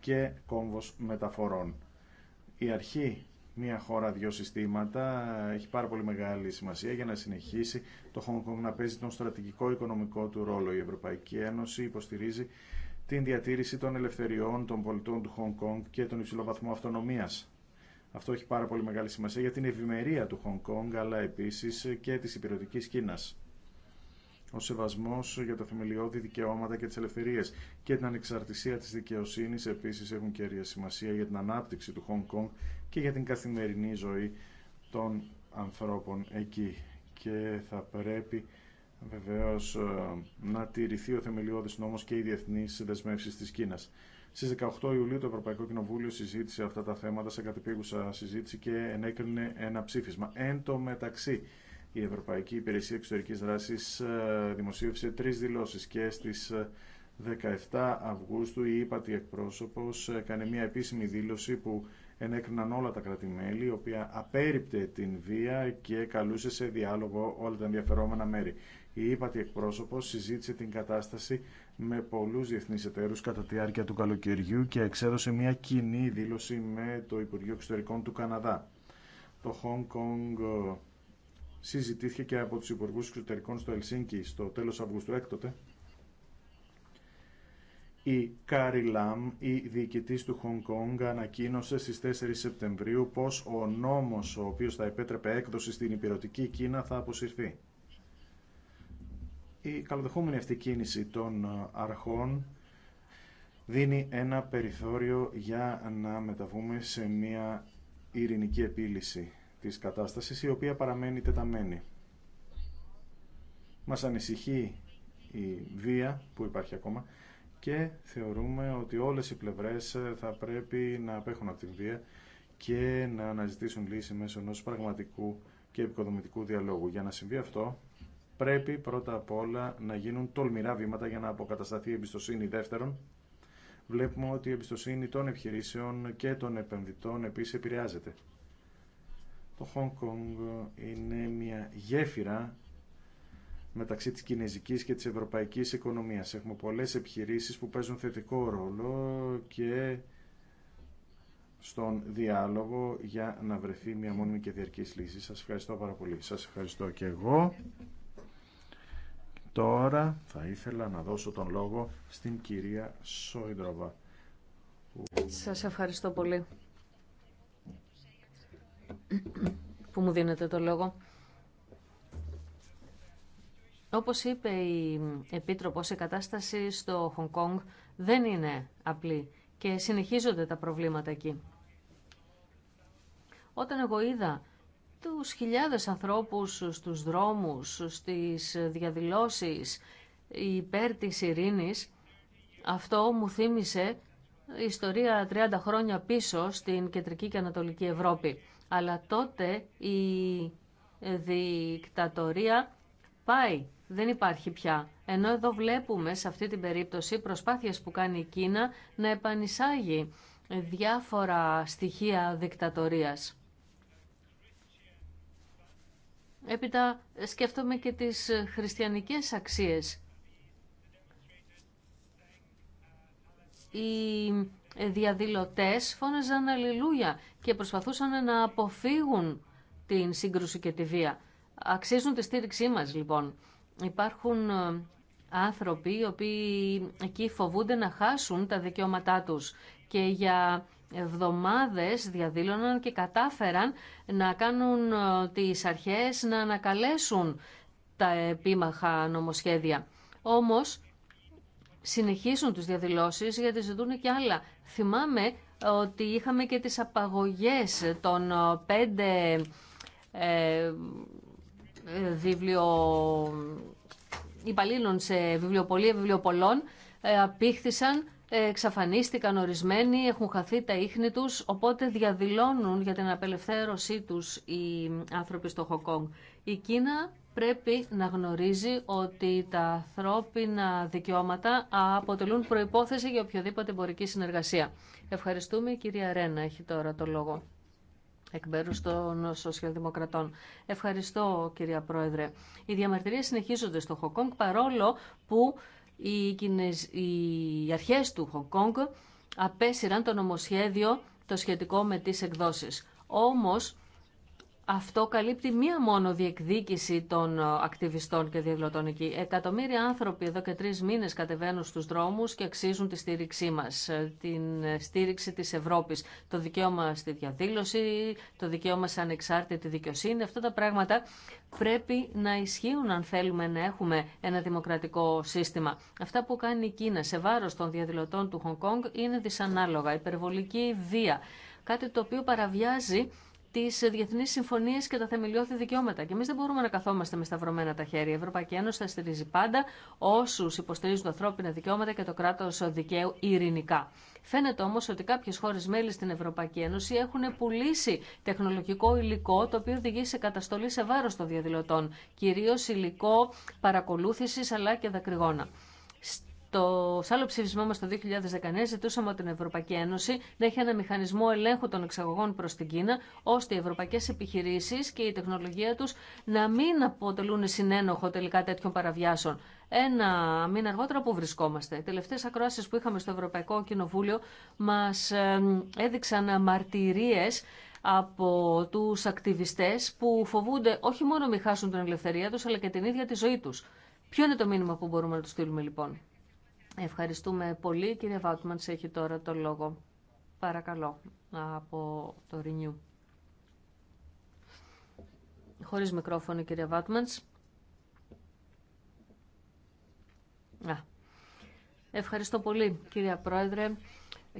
και κόμβος μεταφορών. Η αρχή μια χώρα, δύο συστήματα έχει πάρα πολύ μεγάλη σημασία για να συνεχίσει το Χονγκ να παίζει τον στρατηγικό οικονομικό του ρόλο. Η Ευρωπαϊκή Ένωση υποστηρίζει την διατήρηση των ελευθεριών των πολιτών του Χονγκ και τον υψηλό βαθμό αυτονομίας αυτό έχει πάρα πολύ μεγάλη σημασία για την ευημερία του Χονγκ Κόνγκ, αλλά επίση και τη υπηρετική κίνα. Ο σεβασμό για τα θεμελιώδη δικαιώματα και τι ελευθερίε και την ανεξαρτησία τη δικαιοσύνη. Επίση έχουν κέρια σημασία για την ανάπτυξη του Χονγκ Κόνγκ και για την καθημερινή ζωή των ανθρώπων εκεί. Και θα πρέπει βεβαίω ε, να τηρηθεί ο θεμελιώδη νόμο και οι διεθνεί δεσμεύσει τη Κίνα. Στι 18 Ιουλίου το Ευρωπαϊκό Κοινοβούλιο συζήτησε αυτά τα θέματα σε κατεπίγουσα συζήτηση και ενέκρινε ένα ψήφισμα. Εν τω μεταξύ, η Ευρωπαϊκή Υπηρεσία Εξωτερική Δράσης ε, δημοσίευσε τρεις δηλώσεις και στις 17 ε, Αυγούστου η ΥΠΑΤΗ εκπρόσωπος έκανε μια επίσημη δήλωση που ενέκριναν όλα τα κρατημέλη, η οποία απέριπτε την βία και καλούσε σε διάλογο όλα τα ενδιαφερόμενα μέρη. Η ΥΠΑΤΗ εκπρόσωπο συζήτησε την κατάσταση με πολλούς διεθνείς εταίρους κατά τη διάρκεια του καλοκαιριού και εξέδωσε μια κοινή δήλωση με το Υπουργείο Εξωτερικών του Καναδά. Το Hong Kong ε, συζητήθηκε και από τους Υπουργούς Εξωτερικών στο Ελσίνκι στο τέλος Αυγούστου έκτοτε. Η Κάρι Λαμ, η διοικητή του Χονγκ Κόνγκ, ανακοίνωσε στι 4 Σεπτεμβρίου πω ο νόμο ο οποίο θα επέτρεπε έκδοση στην υπηρετική Κίνα θα αποσυρθεί. Η καλοδεχόμενη αυτή κίνηση των ε, αρχών δίνει ένα περιθώριο για να μεταβούμε σε μια ειρηνική επίλυση της κατάστασης η οποία παραμένει τεταμένη. Μας ανησυχεί η βία που υπάρχει ακόμα και θεωρούμε ότι όλες οι πλευρές ε, θα πρέπει να απέχουν από την βία και να αναζητήσουν λύση μέσω ενός πραγματικού και επικοδομητικού διαλόγου. Για να συμβεί αυτό πρέπει πρώτα απ' όλα να γίνουν τολμηρά βήματα για να αποκατασταθεί η εμπιστοσύνη δεύτερον. Βλέπουμε ότι η εμπιστοσύνη των επιχειρήσεων και των επενδυτών επίσης επηρεάζεται. Το Hong Kong είναι μια γέφυρα μεταξύ της κινέζικης και της ευρωπαϊκής οικονομίας. Έχουμε πολλές επιχειρήσεις που παίζουν θετικό ρόλο και στον διάλογο για να βρεθεί μια μόνιμη και διαρκής λύση. Σας ευχαριστώ πάρα πολύ. Σας ευχαριστώ και εγώ. Τώρα θα ήθελα να δώσω τον λόγο στην κυρία Σόιντροβα. Σας ευχαριστώ πολύ που μου δίνετε το λόγο. Όπως είπε η Επίτροπος, η κατάσταση στο Χονγκ δεν είναι απλή και συνεχίζονται τα προβλήματα εκεί. Όταν εγώ είδα τους χιλιάδες ανθρώπους στους δρόμους, στις διαδηλώσεις υπέρ της ειρήνης, αυτό μου θύμισε ιστορία 30 χρόνια πίσω στην Κεντρική και Ανατολική Ευρώπη. Αλλά τότε η δικτατορία πάει, δεν υπάρχει πια. Ενώ εδώ βλέπουμε σε αυτή την περίπτωση προσπάθειες που κάνει η Κίνα να επανισάγει διάφορα στοιχεία δικτατορίας. Έπειτα σκέφτομαι και τις χριστιανικές αξίες. Οι διαδηλωτές φώναζαν αλληλούια και προσπαθούσαν να αποφύγουν την σύγκρουση και τη βία. Αξίζουν τη στήριξή μας λοιπόν. Υπάρχουν ε, άνθρωποι οι οποίοι εκεί φοβούνται να χάσουν τα δικαιώματά τους και για εβδομάδες διαδήλωναν και κατάφεραν να κάνουν ε, τις αρχές να ανακαλέσουν τα επίμαχα νομοσχέδια. Όμως συνεχίσουν τους διαδηλώσεις γιατί ζητούν και άλλα. Θυμάμαι ότι είχαμε και τις απαγωγές των ε, πέντε ε, βιβλιο... υπαλλήλων σε βιβλιοπολία βιβλιοπολών ε, απήχθησαν εξαφανίστηκαν ορισμένοι, έχουν χαθεί τα ίχνη τους, οπότε διαδηλώνουν για την απελευθέρωσή τους οι άνθρωποι στο Χοκόγκ. Η Κίνα πρέπει να γνωρίζει ότι τα ανθρώπινα δικαιώματα αποτελούν προϋπόθεση για οποιοδήποτε εμπορική συνεργασία. Ευχαριστούμε. Η κυρία Ρένα έχει τώρα το λόγο εκ των Σοσιαλδημοκρατών. Ευχαριστώ, κυρία Πρόεδρε. Οι διαμαρτυρίες συνεχίζονται στο Χοκόγκ παρόλο που οι, Κινες, αρχές του Χονγκ Κόγκ απέσυραν το νομοσχέδιο το σχετικό με τις εκδόσεις. Όμως αυτό καλύπτει μία μόνο διεκδίκηση των ε, ακτιβιστών και διαδηλωτών εκεί. Εκατομμύρια άνθρωποι εδώ και τρεις μήνες κατεβαίνουν στους δρόμους και αξίζουν τη στήριξή μας, ε, την ε, στήριξη της Ευρώπης, το δικαίωμα στη διαδήλωση, το δικαίωμα σε ανεξάρτητη δικαιοσύνη. Αυτά τα πράγματα πρέπει να ισχύουν αν θέλουμε να έχουμε ένα δημοκρατικό σύστημα. Αυτά που κάνει η Κίνα σε βάρος των διαδηλωτών του Χονγκ Κόνγκ είναι δυσανάλογα, υπερβολική βία, κάτι το οποίο παραβιάζει τι διεθνεί συμφωνίε και τα θεμελιώδη δικαιώματα. Και εμεί δεν μπορούμε να καθόμαστε με σταυρωμένα τα χέρια. Η Ευρωπαϊκή Ένωση θα στηρίζει πάντα όσου υποστηρίζουν τα ανθρώπινα δικαιώματα και το κράτο δικαίου ειρηνικά. Φαίνεται όμω ότι κάποιε χώρε μέλη στην Ευρωπαϊκή Ένωση έχουν πουλήσει τεχνολογικό υλικό το οποίο οδηγεί σε καταστολή σε βάρο των διαδηλωτών, κυρίω υλικό παρακολούθηση αλλά και δακρυγόνα. Το άλλο ψηφισμό μα το 2019 ζητούσαμε από την Ευρωπαϊκή Ένωση να έχει ένα μηχανισμό ελέγχου των εξαγωγών προ την Κίνα, ώστε οι ευρωπαϊκές επιχειρήσεις και η τεχνολογία του να μην αποτελούν συνένοχο τελικά τέτοιων παραβιάσεων. Ένα μήνα αργότερα που βρισκόμαστε. Οι τελευταίες ακροάσεις που είχαμε στο Ευρωπαϊκό Κοινοβούλιο μα ε, έδειξαν μαρτυρίε από τους ακτιβιστές που φοβούνται όχι μόνο μην χάσουν την ελευθερία τους αλλά και την ίδια τη ζωή τους. Ποιο είναι το μήνυμα που μπορούμε να του στείλουμε λοιπόν. Ευχαριστούμε πολύ. Κύριε κυρία έχει τώρα το λόγο. Παρακαλώ, από το Renew. Χωρίς μικρόφωνο, κύριε Βάτμαντς. Ευχαριστώ πολύ, κύριε Πρόεδρε,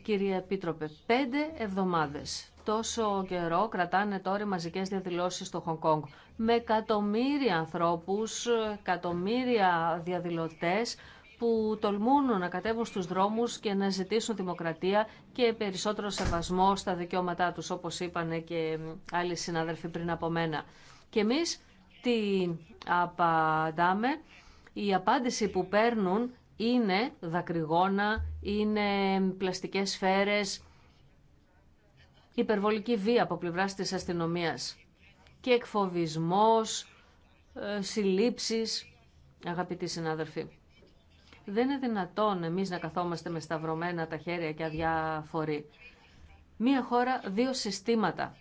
κύριε Επίτροπε. Πέντε εβδομάδες. Τόσο καιρό κρατάνε τώρα οι μαζικές διαδηλώσεις στο Χονγκ Κόνγκ. Με εκατομμύρια ανθρώπους, εκατομμύρια διαδηλωτές που τολμούν να κατέβουν στους δρόμους και να ζητήσουν δημοκρατία και περισσότερο σεβασμό στα δικαιώματά τους, όπως είπαν και άλλοι συνάδελφοι πριν από μένα. Και εμείς τι απαντάμε. Η απάντηση που παίρνουν είναι δακρυγόνα, είναι πλαστικές σφαίρες, υπερβολική βία από πλευράς της αστυνομίας και εκφοβισμός, ε, συλλήψεις, αγαπητοί συνάδελφοι. Δεν είναι δυνατόν εμείς να καθόμαστε με σταυρωμένα τα χέρια και αδιάφοροι. Μία χώρα, δύο συστήματα.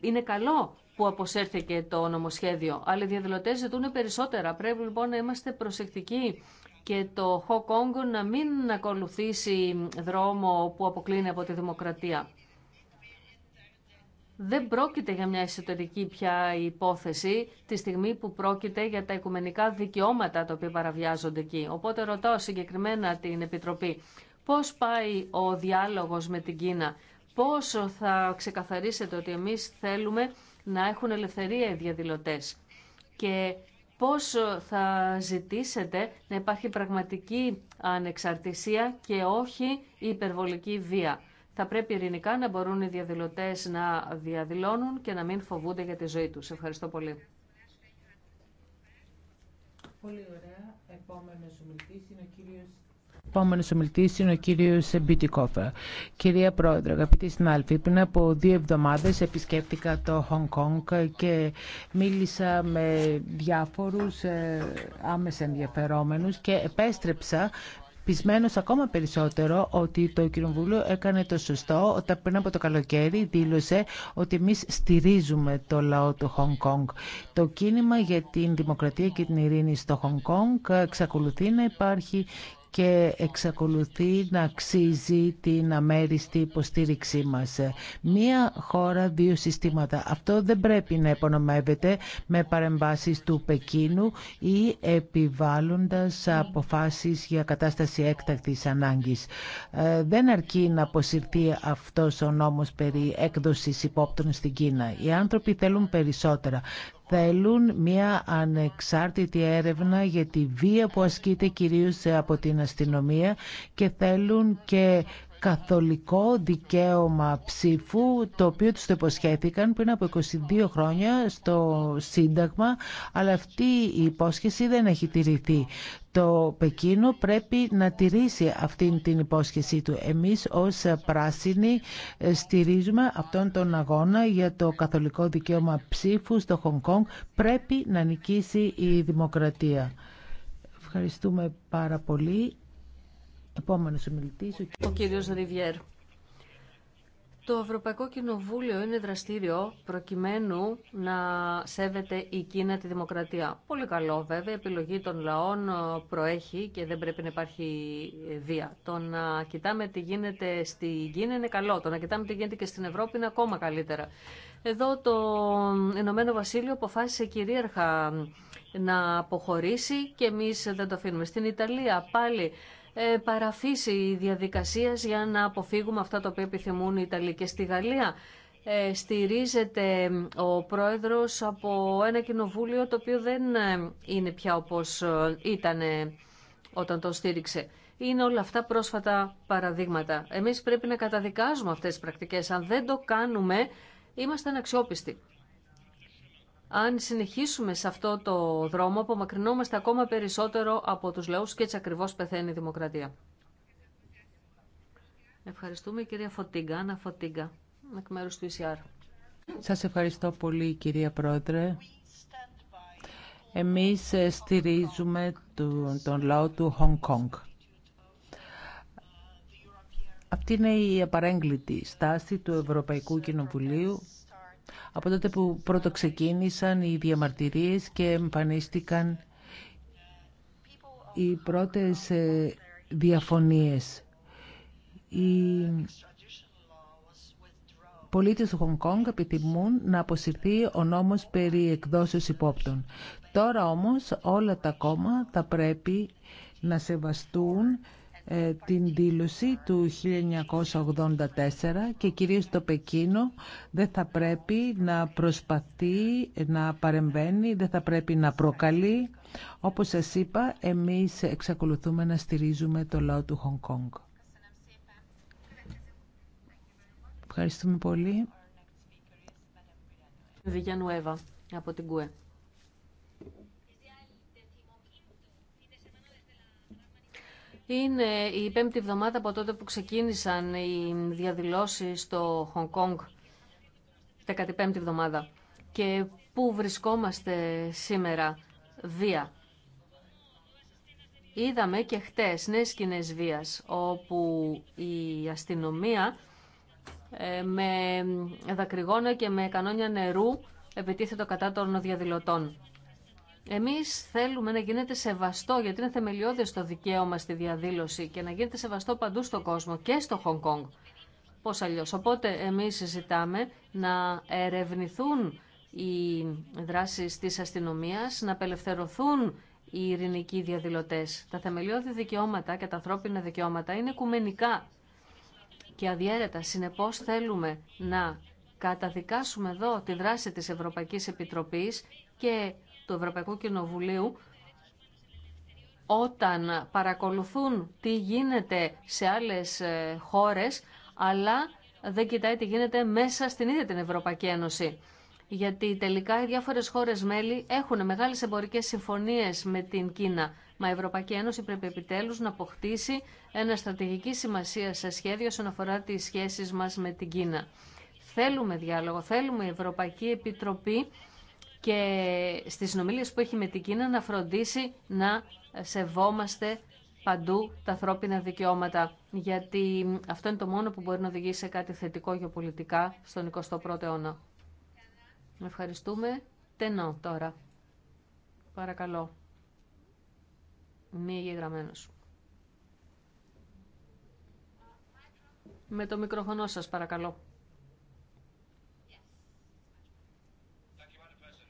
Είναι καλό που αποσέρθηκε το νομοσχέδιο, αλλά οι διαδηλωτές ζητούν περισσότερα. Πρέπει λοιπόν να είμαστε προσεκτικοί και το Χοκόγκο να μην ακολουθήσει δρόμο που αποκλίνει από τη δημοκρατία δεν πρόκειται για μια εσωτερική πια υπόθεση τη στιγμή που πρόκειται για τα οικουμενικά δικαιώματα τα οποία παραβιάζονται εκεί. Οπότε ρωτάω συγκεκριμένα την Επιτροπή πώς πάει ο διάλογος με την Κίνα, πόσο θα ξεκαθαρίσετε ότι εμείς θέλουμε να έχουν ελευθερία οι διαδηλωτές και πώς θα ζητήσετε να υπάρχει πραγματική ανεξαρτησία και όχι υπερβολική βία. Θα πρέπει ειρηνικά να μπορούν οι διαδηλωτέ να διαδηλώνουν και να μην φοβούνται για τη ζωή του. Ευχαριστώ πολύ. Πολύ ωραία. Επόμενος ο κύριος επόμενο ομιλητή είναι ο κύριο Μπιτικόφα. Κυρία Πρόεδρε, αγαπητοί συνάδελφοι, πριν από δύο εβδομάδε επισκέφτηκα το Χονγκ Κονγκ και μίλησα με διάφορου ε, άμεσα ενδιαφερόμενου και επέστρεψα πισμένος ακόμα περισσότερο ότι το Κοινοβούλιο έκανε το σωστό όταν πριν από το καλοκαίρι δήλωσε ότι εμεί στηρίζουμε το λαό του Χονγκ Κονγκ. Το κίνημα για την δημοκρατία και την ειρήνη στο Χονγκ Κονγκ εξακολουθεί να υπάρχει και εξακολουθεί να αξίζει την αμέριστη υποστήριξή μας. Μία χώρα, δύο συστήματα. Αυτό δεν πρέπει να υπονομεύεται με παρεμβάσεις του Πεκίνου ή επιβάλλοντας αποφάσεις για κατάσταση έκτακτης ανάγκης. Ε, δεν αρκεί να αποσυρθεί αυτός ο νόμος περί έκδοσης υπόπτων στην Κίνα. Οι άνθρωποι θέλουν περισσότερα θέλουν μια ανεξάρτητη έρευνα για τη βία που ασκείται κυρίως από την αστυνομία και θέλουν και καθολικό δικαίωμα ψήφου το οποίο τους το υποσχέθηκαν πριν από 22 χρόνια στο Σύνταγμα αλλά αυτή η υπόσχεση δεν έχει τηρηθεί. Το Πεκίνο πρέπει να τηρήσει αυτή την υπόσχεσή του. Εμείς ως πράσινοι στηρίζουμε αυτόν τον αγώνα για το καθολικό δικαίωμα ψήφου στο Χονγκ Κονγκ. Πρέπει να νικήσει η δημοκρατία. Ευχαριστούμε πάρα πολύ. Ο κύριος Ριβιέρ. Το Ευρωπαϊκό Κοινοβούλιο είναι δραστήριο προκειμένου να σέβεται η Κίνα τη δημοκρατία. Πολύ καλό βέβαια, η επιλογή των λαών ε, προέχει και δεν πρέπει να υπάρχει ε, βία. Το να κοιτάμε τι γίνεται στην Κίνα είναι καλό, το να κοιτάμε τι γίνεται και στην Ευρώπη είναι ακόμα καλύτερα. Εδώ το Ηνωμένο Βασίλειο αποφάσισε κυρίαρχα να αποχωρήσει και εμείς δεν το αφήνουμε. Στην Ιταλία πάλι ε, παραφύσει η διαδικασία για να αποφύγουμε αυτά τα οποία επιθυμούν οι Ιταλοί. Και στη Γαλλία ε, στηρίζεται ο πρόεδρος από ένα κοινοβούλιο το οποίο δεν ε, είναι πια όπως ήταν όταν το στήριξε. Είναι όλα αυτά πρόσφατα παραδείγματα. Εμείς πρέπει να καταδικάζουμε αυτές τις πρακτικές. Αν δεν το κάνουμε, είμαστε αναξιόπιστοι αν συνεχίσουμε σε αυτό το δρόμο, απομακρυνόμαστε ακόμα περισσότερο από τους λαούς και έτσι ακριβώς πεθαίνει η δημοκρατία. Ευχαριστούμε κυρία Φωτίγκα, Άννα Φωτίγκα, εκ μέρους του ECR. Σας ευχαριστώ πολύ κυρία Πρόεδρε. Εμείς ε, στηρίζουμε τον λαό του Hong Kong. Αυτή είναι η απαρέγκλητη στάση του Ευρωπαϊκού Κοινοβουλίου από τότε που πρώτο ξεκίνησαν οι διαμαρτυρίες και εμφανίστηκαν οι πρώτες ε, διαφωνίες. Οι πολίτες του Χονγκ Κόνγκ επιθυμούν να αποσυρθεί ο νόμος περί εκδόσεως υπόπτων. Τώρα όμως όλα τα κόμμα θα πρέπει να σεβαστούν ε, την δήλωση του 1984 και κυρίως το Πεκίνο δεν θα πρέπει να προσπαθεί να παρεμβαίνει, δεν θα πρέπει να προκαλεί. Όπως σας είπα, εμείς εξακολουθούμε να στηρίζουμε το λαό του Χονγκ Κόνγκ. Ευχαριστούμε πολύ. από την Είναι η πέμπτη εβδομάδα από τότε που ξεκίνησαν οι διαδηλώσεις στο Χονγκ Κόνγκ, 15η εβδομάδα. Και πού βρισκόμαστε σήμερα βία. Είδαμε και χτες νέες σκηνές βίας, όπου η αστυνομία ε, με δακρυγόνα και με κανόνια νερού επιτίθεται κατά των διαδηλωτών. Εμεί θέλουμε να γίνεται σεβαστό, γιατί είναι θεμελιώδε το δικαίωμα στη διαδήλωση και να γίνεται σεβαστό παντού στον κόσμο και στο Χονγκ Κόνγκ. Πώ αλλιώ. Οπότε εμεί συζητάμε να ερευνηθούν οι δράσει τη αστυνομία, να απελευθερωθούν οι ειρηνικοί διαδηλωτέ. Τα θεμελιώδη δικαιώματα και τα ανθρώπινα δικαιώματα είναι οικουμενικά και αδιέρετα. συνεπώ θέλουμε να καταδικάσουμε εδώ τη δράση της Ευρωπαϊκής Επιτροπής και του Ευρωπαϊκού Κοινοβουλίου όταν παρακολουθούν τι γίνεται σε άλλες ε, χώρες, αλλά δεν κοιτάει τι γίνεται μέσα στην ίδια την Ευρωπαϊκή Ένωση. Γιατί τελικά οι διάφορες χώρες μέλη έχουν μεγάλες εμπορικές συμφωνίες με την Κίνα. Μα η Ευρωπαϊκή Ένωση πρέπει επιτέλους να αποκτήσει ένα στρατηγική σημασία σε σχέδιο όσον αφορά τις σχέσεις μας με την Κίνα. Θέλουμε διάλογο, θέλουμε η Ευρωπαϊκή Επιτροπή και στις συνομιλίες που έχει με την Κίνα να φροντίσει να σεβόμαστε παντού τα ανθρώπινα δικαιώματα. Γιατί αυτό είναι το μόνο που μπορεί να οδηγήσει σε κάτι θετικό γεωπολιτικά στον 21ο αιώνα. Ευχαριστούμε. Τενό τώρα. Παρακαλώ. Μη γραμμένος. Με το μικροφωνό σας παρακαλώ.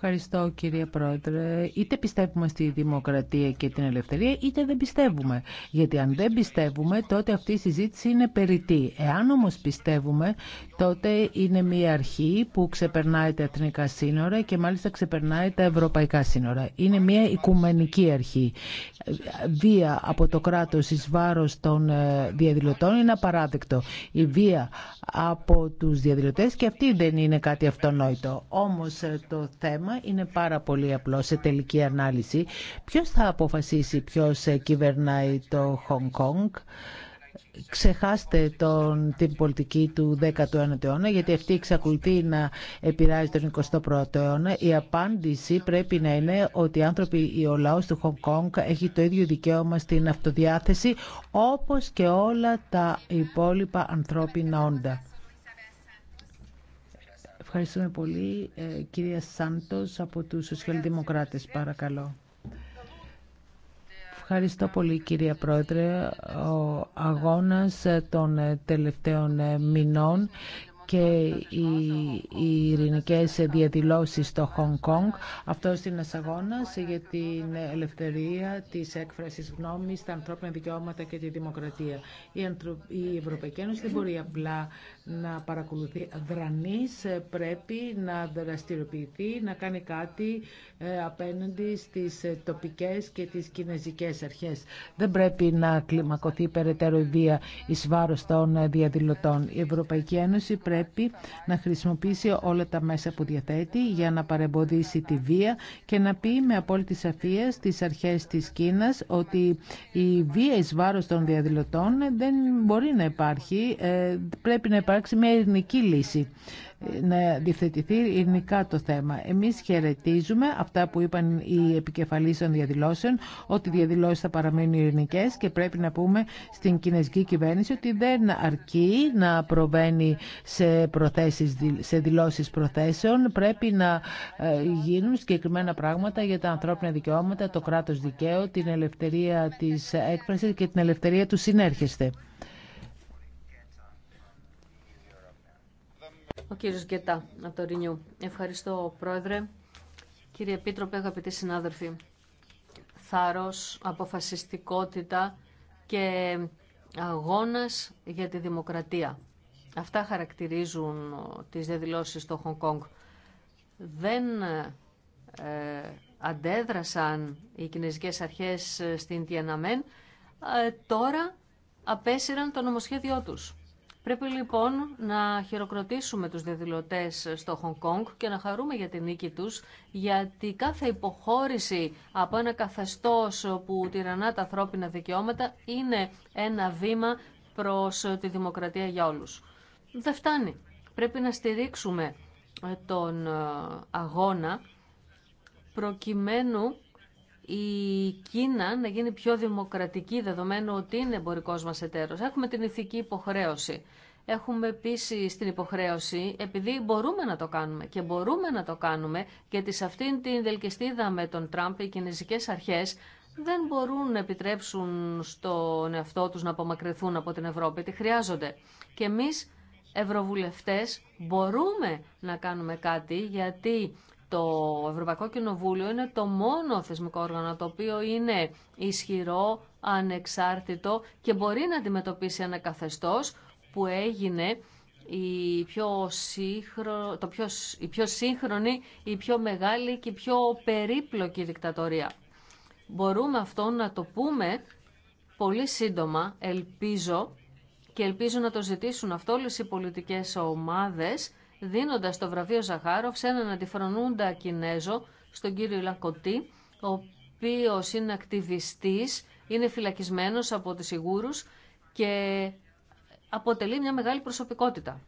Ευχαριστώ κύριε Πρόεδρε. Είτε πιστεύουμε στη δημοκρατία και την ελευθερία, είτε δεν πιστεύουμε. Γιατί αν δεν πιστεύουμε, τότε αυτή η συζήτηση είναι περιττή. Εάν όμως πιστεύουμε, τότε είναι μια αρχή που ξεπερνάει τα εθνικά σύνορα και μάλιστα ξεπερνάει τα ευρωπαϊκά σύνορα. Είναι μια οικουμενική αρχή. Βία από το κράτος εις βάρος των ε, διαδηλωτών είναι απαράδεκτο. Η βία από τους διαδηλωτές και αυτή δεν είναι κάτι αυτονόητο. Όμως ε, το θέμα είναι πάρα πολύ απλό σε τελική ανάλυση. Ποιος θα αποφασίσει ποιος ε, κυβερνάει το Χονγκ Κονγκ. Ξεχάστε τον, την πολιτική του 19ου αιώνα, γιατί αυτή εξακολουθεί να επηρεάζει τον 21ο αιώνα. Η απάντηση πρέπει να είναι ότι οι άνθρωποι, ο λαός του Χονγκ Κόνγκ έχει το ίδιο δικαίωμα στην αυτοδιάθεση, όπως και όλα τα υπόλοιπα ανθρώπινα όντα. Ευχαριστούμε πολύ. Ε, κυρία Σάντος από τους Σοσιαλδημοκράτες, παρακαλώ. Ευχαριστώ πολύ κυρία Πρόεδρε. Ο αγώνας ε, των ε, τελευταίων μηνών και οι, οι ειρηνικέ διαδηλώσει στο Χονγκ Κονγκ. Αυτό είναι ένα αγώνα για την ελευθερία τη έκφραση γνώμη, τα ανθρώπινα δικαιώματα και τη δημοκρατία. Η, Ευρωπαϊκή Ένωση δεν μπορεί απλά να παρακολουθεί δρανείς ε, πρέπει να δραστηριοποιηθεί, να κάνει κάτι ε, απέναντι στις ε, τοπικές και τις κινέζικες αρχές. Δεν πρέπει να κλιμακωθεί περαιτέρω η βία εις βάρος των διαδηλωτών. Η Ευρωπαϊκή Ένωση πρέπει να χρησιμοποιήσει όλα τα μέσα που διαθέτει για να παρεμποδίσει τη βία και να πει με απόλυτη σαφία στις αρχές της Κίνας ότι η βία εις βάρος των διαδηλωτών δεν μπορεί να υπάρχει. Πρέπει να υπάρχει υπάρξει μια ειρηνική λύση να διευθετηθεί ειρηνικά το θέμα. Εμείς χαιρετίζουμε αυτά που είπαν οι επικεφαλής των διαδηλώσεων, ότι οι διαδηλώσεις θα παραμείνουν ειρηνικέ και πρέπει να πούμε στην κινέζικη κυβέρνηση ότι δεν αρκεί να προβαίνει σε, προθέσεις, σε δηλώσεις προθέσεων. Πρέπει να ε, γίνουν συγκεκριμένα πράγματα για τα ανθρώπινα δικαιώματα, το κράτος δικαίου, την ελευθερία της έκφρασης και την ελευθερία του συνέρχεστε. Ο κύριος Γκέτα από το Ρινιού. Ευχαριστώ πρόεδρε. Κύριε Επίτροπε, αγαπητοί συνάδελφοι. Θάρρος, αποφασιστικότητα και αγώνας για τη δημοκρατία. Αυτά χαρακτηρίζουν ε, τις διαδηλώσεις στο Χονγκ Κόνγκ. Δεν ε, αντέδρασαν οι κινέζικες αρχές ε, στην Τιαναμέν, τώρα απέσυραν το νομοσχέδιό τους. Πρέπει λοιπόν να χειροκροτήσουμε τους διαδηλωτέ στο Χονγκ Κόνγκ και να χαρούμε για την νίκη τους, γιατί κάθε υποχώρηση από ένα καθεστώς που τυρανά τα ανθρώπινα δικαιώματα είναι ένα βήμα προς τη δημοκρατία για όλους. Δεν φτάνει. Πρέπει να στηρίξουμε τον ε, αγώνα προκειμένου η Κίνα να γίνει πιο δημοκρατική δεδομένου ότι είναι εμπορικό μα εταίρο. Έχουμε την ηθική υποχρέωση. Έχουμε επίση την υποχρέωση, επειδή μπορούμε να το κάνουμε και μπορούμε να το κάνουμε, γιατί σε αυτήν την δελκιστίδα με τον Τραμπ οι κινέζικε αρχές δεν μπορούν να επιτρέψουν στον εαυτό τους να απομακρυνθούν από την Ευρώπη. τι χρειάζονται. Και εμείς, ευρωβουλευτές, μπορούμε να κάνουμε κάτι, γιατί το Ευρωπαϊκό Κοινοβούλιο είναι το μόνο θεσμικό όργανο το οποίο είναι ισχυρό, ανεξάρτητο και μπορεί να αντιμετωπίσει ένα καθεστώς που έγινε η πιο, σύγχρο... το πιο σύγχρονη, η πιο μεγάλη και η πιο περίπλοκη δικτατορία. Μπορούμε αυτό να το πούμε πολύ σύντομα, ελπίζω, και ελπίζω να το ζητήσουν αυτό όλες οι πολιτικές ομάδες δίνοντας το βραβείο Ζαχάροφ σε έναν αντιφρονούντα Κινέζο, στον κύριο Λακωτή, ο οποίος είναι ακτιβιστής, είναι φυλακισμένος από τους Ιγούρους και αποτελεί μια μεγάλη προσωπικότητα.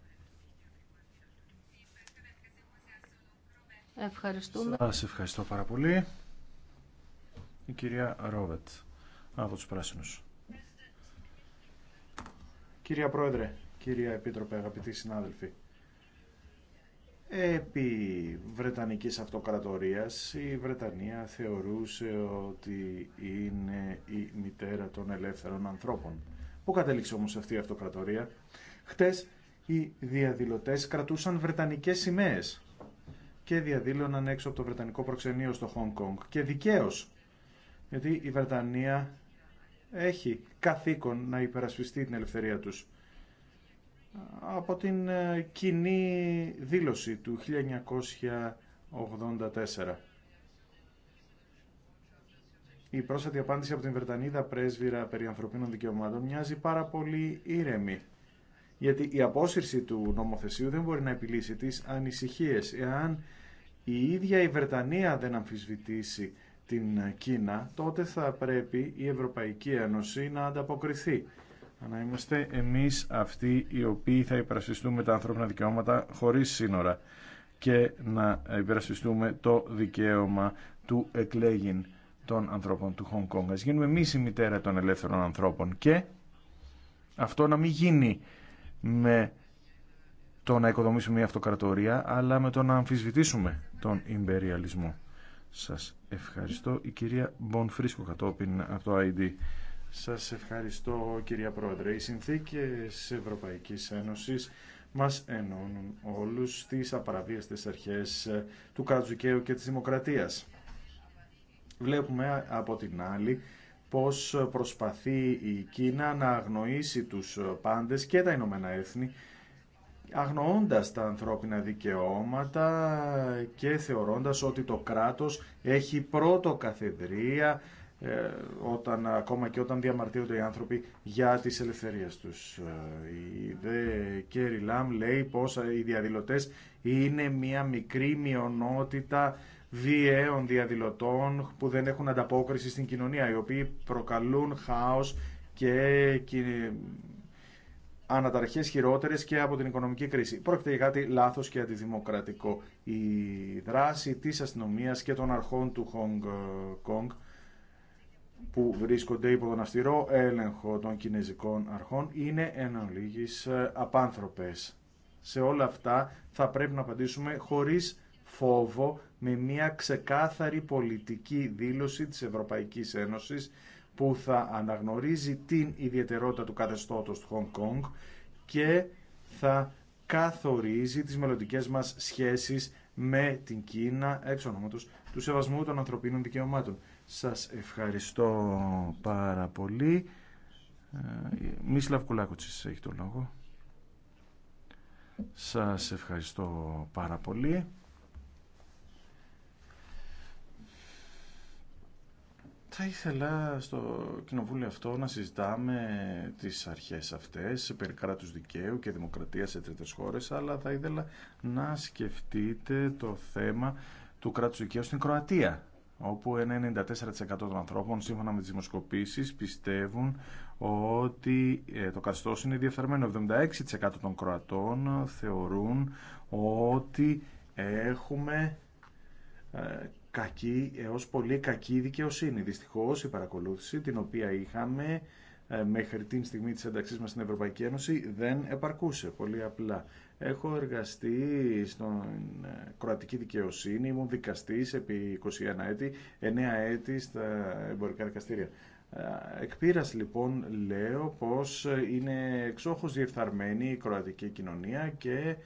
Ευχαριστούμε. Σας ευχαριστώ πάρα πολύ. Η κυρία Ρόβετ από τους Πράσινους. Κυρία Πρόεδρε, κυρία Επίτροπε, αγαπητοί συνάδελφοι. Επί Βρετανικής Αυτοκρατορίας η Βρετανία θεωρούσε ότι είναι η μητέρα των ελεύθερων ανθρώπων. Πού κατέληξε όμως αυτή η αυτοκρατορία. Χτες οι διαδηλωτές κρατούσαν βρετανικές σημαίες και διαδήλωναν έξω από το βρετανικό προξενείο στο Χονγκ Κονγκ και δικαίως γιατί η Βρετανία έχει καθήκον να υπερασπιστεί την ελευθερία τους από την ε, κοινή δήλωση του 1984. Η πρόσφατη απάντηση από την Βρετανίδα πρέσβυρα περί ανθρωπίνων δικαιωμάτων μοιάζει πάρα πολύ ήρεμη. Γιατί η απόσυρση του νομοθεσίου δεν μπορεί να επιλύσει τις ανησυχίες. Εάν η ίδια η Βρετανία δεν αμφισβητήσει την Κίνα, τότε θα πρέπει η Ευρωπαϊκή Ένωση να ανταποκριθεί να είμαστε εμεί αυτοί οι οποίοι θα υπερασπιστούμε τα ανθρώπινα δικαιώματα χωρί σύνορα και να υπερασπιστούμε το δικαίωμα του εκλέγην των ανθρώπων του Χονγκ γίνουμε εμεί η μητέρα των ελεύθερων ανθρώπων και αυτό να μην γίνει με το να οικοδομήσουμε μια αυτοκρατορία, αλλά με το να αμφισβητήσουμε τον υπεριαλισμό. Σας ευχαριστώ. Η κυρία Μπονφρίσκο κατόπιν από το ID. Σας ευχαριστώ κυρία Πρόεδρε. Οι συνθήκες Ευρωπαϊκής Ένωσης μας ενώνουν όλους στις απαραβίαστες αρχές του κατζουκαίου και της δημοκρατίας. Βλέπουμε από την άλλη πως προσπαθεί η Κίνα να αγνοήσει τους πάντες και τα Ηνωμένα Έθνη αγνοώντας τα ανθρώπινα δικαιώματα και θεωρώντας ότι το κράτος έχει πρώτο καθεδρία ε, όταν, ακόμα και όταν διαμαρτύρονται οι άνθρωποι για τις ελευθερίες τους. Ε, η Δε Κέρι Λάμ λέει πως οι διαδηλωτές είναι μια μικρή μειονότητα βιαίων διαδηλωτών που δεν έχουν ανταπόκριση στην κοινωνία, οι οποίοι προκαλούν χάος και αναταρχές χειρότερες και από την οικονομική κρίση. Πρόκειται για κάτι λάθος και αντιδημοκρατικό. Η δράση της αστυνομίας και των αρχών του Χονγκ Κονγκ που βρίσκονται υπό τον αυστηρό έλεγχο των κινέζικων αρχών είναι εν ολίγης ε, απάνθρωπες. Σε όλα αυτά θα πρέπει να απαντήσουμε χωρίς φόβο με μια ξεκάθαρη πολιτική δήλωση της Ευρωπαϊκής Ένωσης που θα αναγνωρίζει την ιδιαιτερότητα του καθεστώτος του Χονγκ Κονγκ και θα καθορίζει τις μελλοντικές μας σχέσεις με την Κίνα έξω ονόματος του σεβασμού των ανθρωπίνων δικαιωμάτων. Σας ευχαριστώ πάρα πολύ. Ε, Μίσλαβ Κουλάκουτσης έχει το λόγο. Σας ευχαριστώ πάρα πολύ. Θα ήθελα στο κοινοβούλιο αυτό να συζητάμε τις αρχές αυτές περί κράτους δικαίου και δημοκρατία σε τρίτες χώρες, αλλά θα ήθελα να σκεφτείτε το θέμα του κράτους δικαίου στην Κροατία όπου ένα 94% των ανθρώπων σύμφωνα με τις δημοσκοπήσεις πιστεύουν ότι ε, το καθεστώ είναι διεφθαρμένο. 76% των Κροατών θεωρούν ότι έχουμε ε, κακή έως πολύ κακή δικαιοσύνη. Δυστυχώς η παρακολούθηση την οποία είχαμε ε, μέχρι την στιγμή της ένταξής μας στην Ευρωπαϊκή Ένωση δεν επαρκούσε. Πολύ απλά Έχω εργαστεί στην ε, κροατική δικαιοσύνη, ήμουν δικαστής επί 21 έτη, 9 έτη στα εμπορικά δικαστήρια. Ε, Εκπήρας λοιπόν λέω πως είναι εξόχως διεφθαρμένη η κροατική κοινωνία και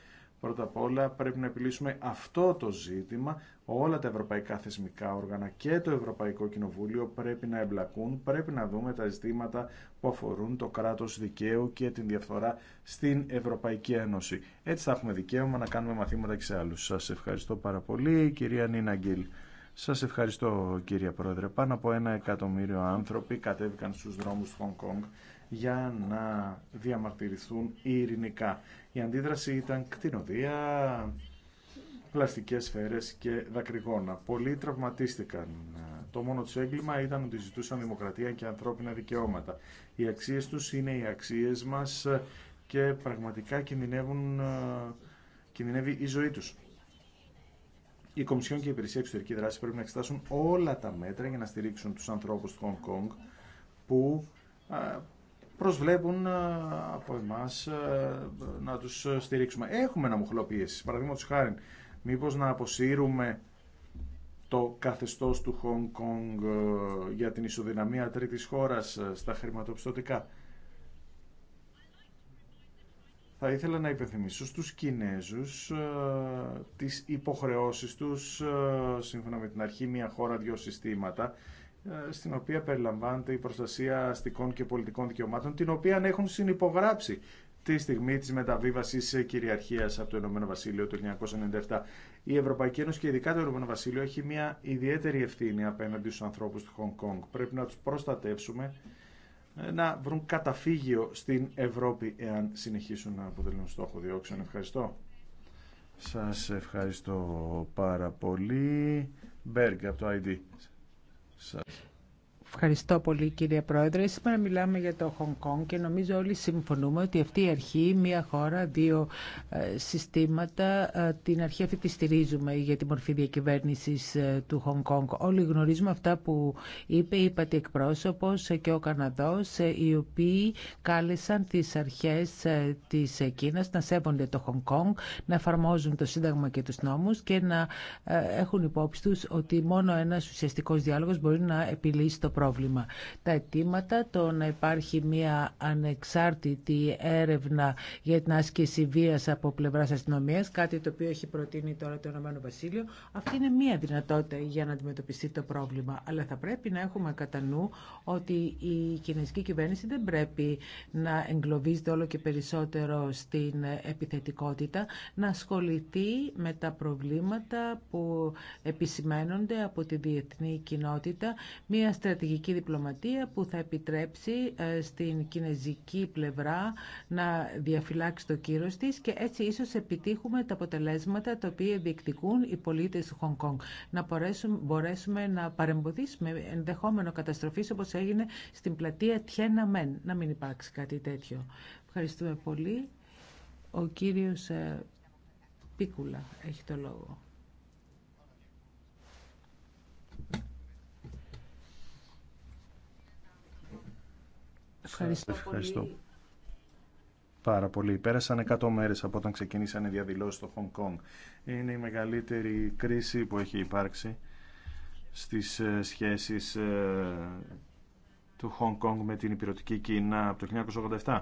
πρώτα απ' όλα πρέπει να επιλύσουμε αυτό το ζήτημα όλα τα ευρωπαϊκά θεσμικά όργανα και το Ευρωπαϊκό Κοινοβούλιο πρέπει να εμπλακούν, πρέπει να δούμε τα ζητήματα που αφορούν το κράτος δικαίου και την διαφθορά στην Ευρωπαϊκή Ένωση. Έτσι θα έχουμε δικαίωμα να κάνουμε μαθήματα και σε άλλους. Σας ευχαριστώ πάρα πολύ, κυρία Νίνα Γκίλ. Σας ευχαριστώ κύριε Πρόεδρε. Πάνω από ένα εκατομμύριο άνθρωποι κατέβηκαν στους δρόμους του Χονγκ Κονγκ για να διαμαρτυρηθούν ειρηνικά. Η αντίδραση ήταν κτηνοδία, πλαστικές σφαίρες και δακρυγόνα. Πολλοί τραυματίστηκαν. Το μόνο τους έγκλημα ήταν ότι ζητούσαν δημοκρατία και ανθρώπινα δικαιώματα. Οι αξίες τους είναι οι αξίες μας και πραγματικά κινδυνεύουν, ε, κινδυνεύει η ζωή τους. Η Κομισιόν και η Υπηρεσία Εξωτερική Δράση πρέπει να εξετάσουν όλα τα μέτρα για να στηρίξουν τους ανθρώπους του Χονγκ Κονγκ που ε, προσβλέπουν ε, από εμάς να τους στηρίξουμε. Έχουμε ένα μοχλό πίεση. Παραδείγματος χάρη Μήπως να αποσύρουμε το καθεστώς του Χονγκ Κονγκ ε, για την ισοδυναμία τρίτης χώρας ε, στα χρηματοπιστωτικά. Θα ήθελα να υπενθυμίσω στους Κινέζους ε, τις υποχρεώσεις τους σύμφωνα με την αρχή «Μια χώρα, δύο συστήματα» στην οποία περιλαμβάνεται η προστασία αστικών και πολιτικών δικαιωμάτων, την οποία έχουν συνυπογράψει τη στιγμή της μεταβίβασης ε, κυριαρχίας από το Ηνωμένο Βασίλειο το 1997. Η Ευρωπαϊκή Ένωση και ειδικά το Ηνωμένο Βασίλειο έχει μια ιδιαίτερη ευθύνη απέναντι στους ανθρώπους του Χονγκ Κονγκ. Πρέπει να τους προστατεύσουμε ε, να βρουν καταφύγιο στην Ευρώπη εάν συνεχίσουν να αποτελούν στόχο διώξεων. Ευχαριστώ. Σας ευχαριστώ πάρα πολύ. Μπέργκ από το ID. Ευχαριστώ πολύ κύριε Πρόεδρε. Σήμερα μιλάμε για το Χονγκ Κονγκ και νομίζω όλοι συμφωνούμε ότι αυτή η αρχή, μία χώρα, δύο ε, συστήματα, ε, την αρχή αυτή τη στηρίζουμε για τη μορφή διακυβέρνηση ε, του Χονγκ Κονγκ. Όλοι γνωρίζουμε αυτά που είπε, είπατε εκπρόσωπο και ο Καναδό, οι οποίοι κάλεσαν τι αρχέ τη Κίνα να σέβονται το Χονγκ Κονγκ, να εφαρμόζουν το Σύνταγμα και του νόμου και να έχουν υπόψη του ότι μόνο ένα ουσιαστικό διάλογο μπορεί να επιλύσει το πρόβλημα πρόβλημα. Τα αιτήματα, το να υπάρχει μια ανεξάρτητη έρευνα για την άσκηση βία από πλευρά αστυνομία, κάτι το οποίο έχει προτείνει τώρα το Ηνωμένο Βασίλειο, αυτή είναι μια δυνατότητα για να αντιμετωπιστεί το πρόβλημα. Αλλά θα πρέπει να έχουμε κατά νου ότι η κινέζικη κυβέρνηση δεν πρέπει να εγκλωβίζεται όλο και περισσότερο στην επιθετικότητα, να ασχοληθεί με τα προβλήματα που επισημαίνονται από τη διεθνή κοινότητα, μια στρατηγική στρατηγική διπλωματία που θα επιτρέψει ε, στην κινέζικη πλευρά να διαφυλάξει το κύρος της και έτσι ίσως επιτύχουμε τα αποτελέσματα τα οποία διεκδικούν οι πολίτες του Χονγκ Κονγκ. Να μπορέσουμε να παρεμποδίσουμε ενδεχόμενο καταστροφής όπως έγινε στην πλατεία Τιένα Μεν. Να μην υπάρξει κάτι τέτοιο. Ευχαριστούμε πολύ. Ο κύριος ε, Πίκουλα έχει το λόγο. Ευχαριστώ, Πολύ. Πάρα πολύ. Πέρασαν 100 μέρες από όταν ξεκινήσαν οι διαδηλώσεις στο Χονγκ Κόνγκ. Είναι η μεγαλύτερη κρίση που έχει υπάρξει στις ε, σχέσεις ε, του Χονγκ Κόνγκ με την υπηρετική Κίνα από το 1987.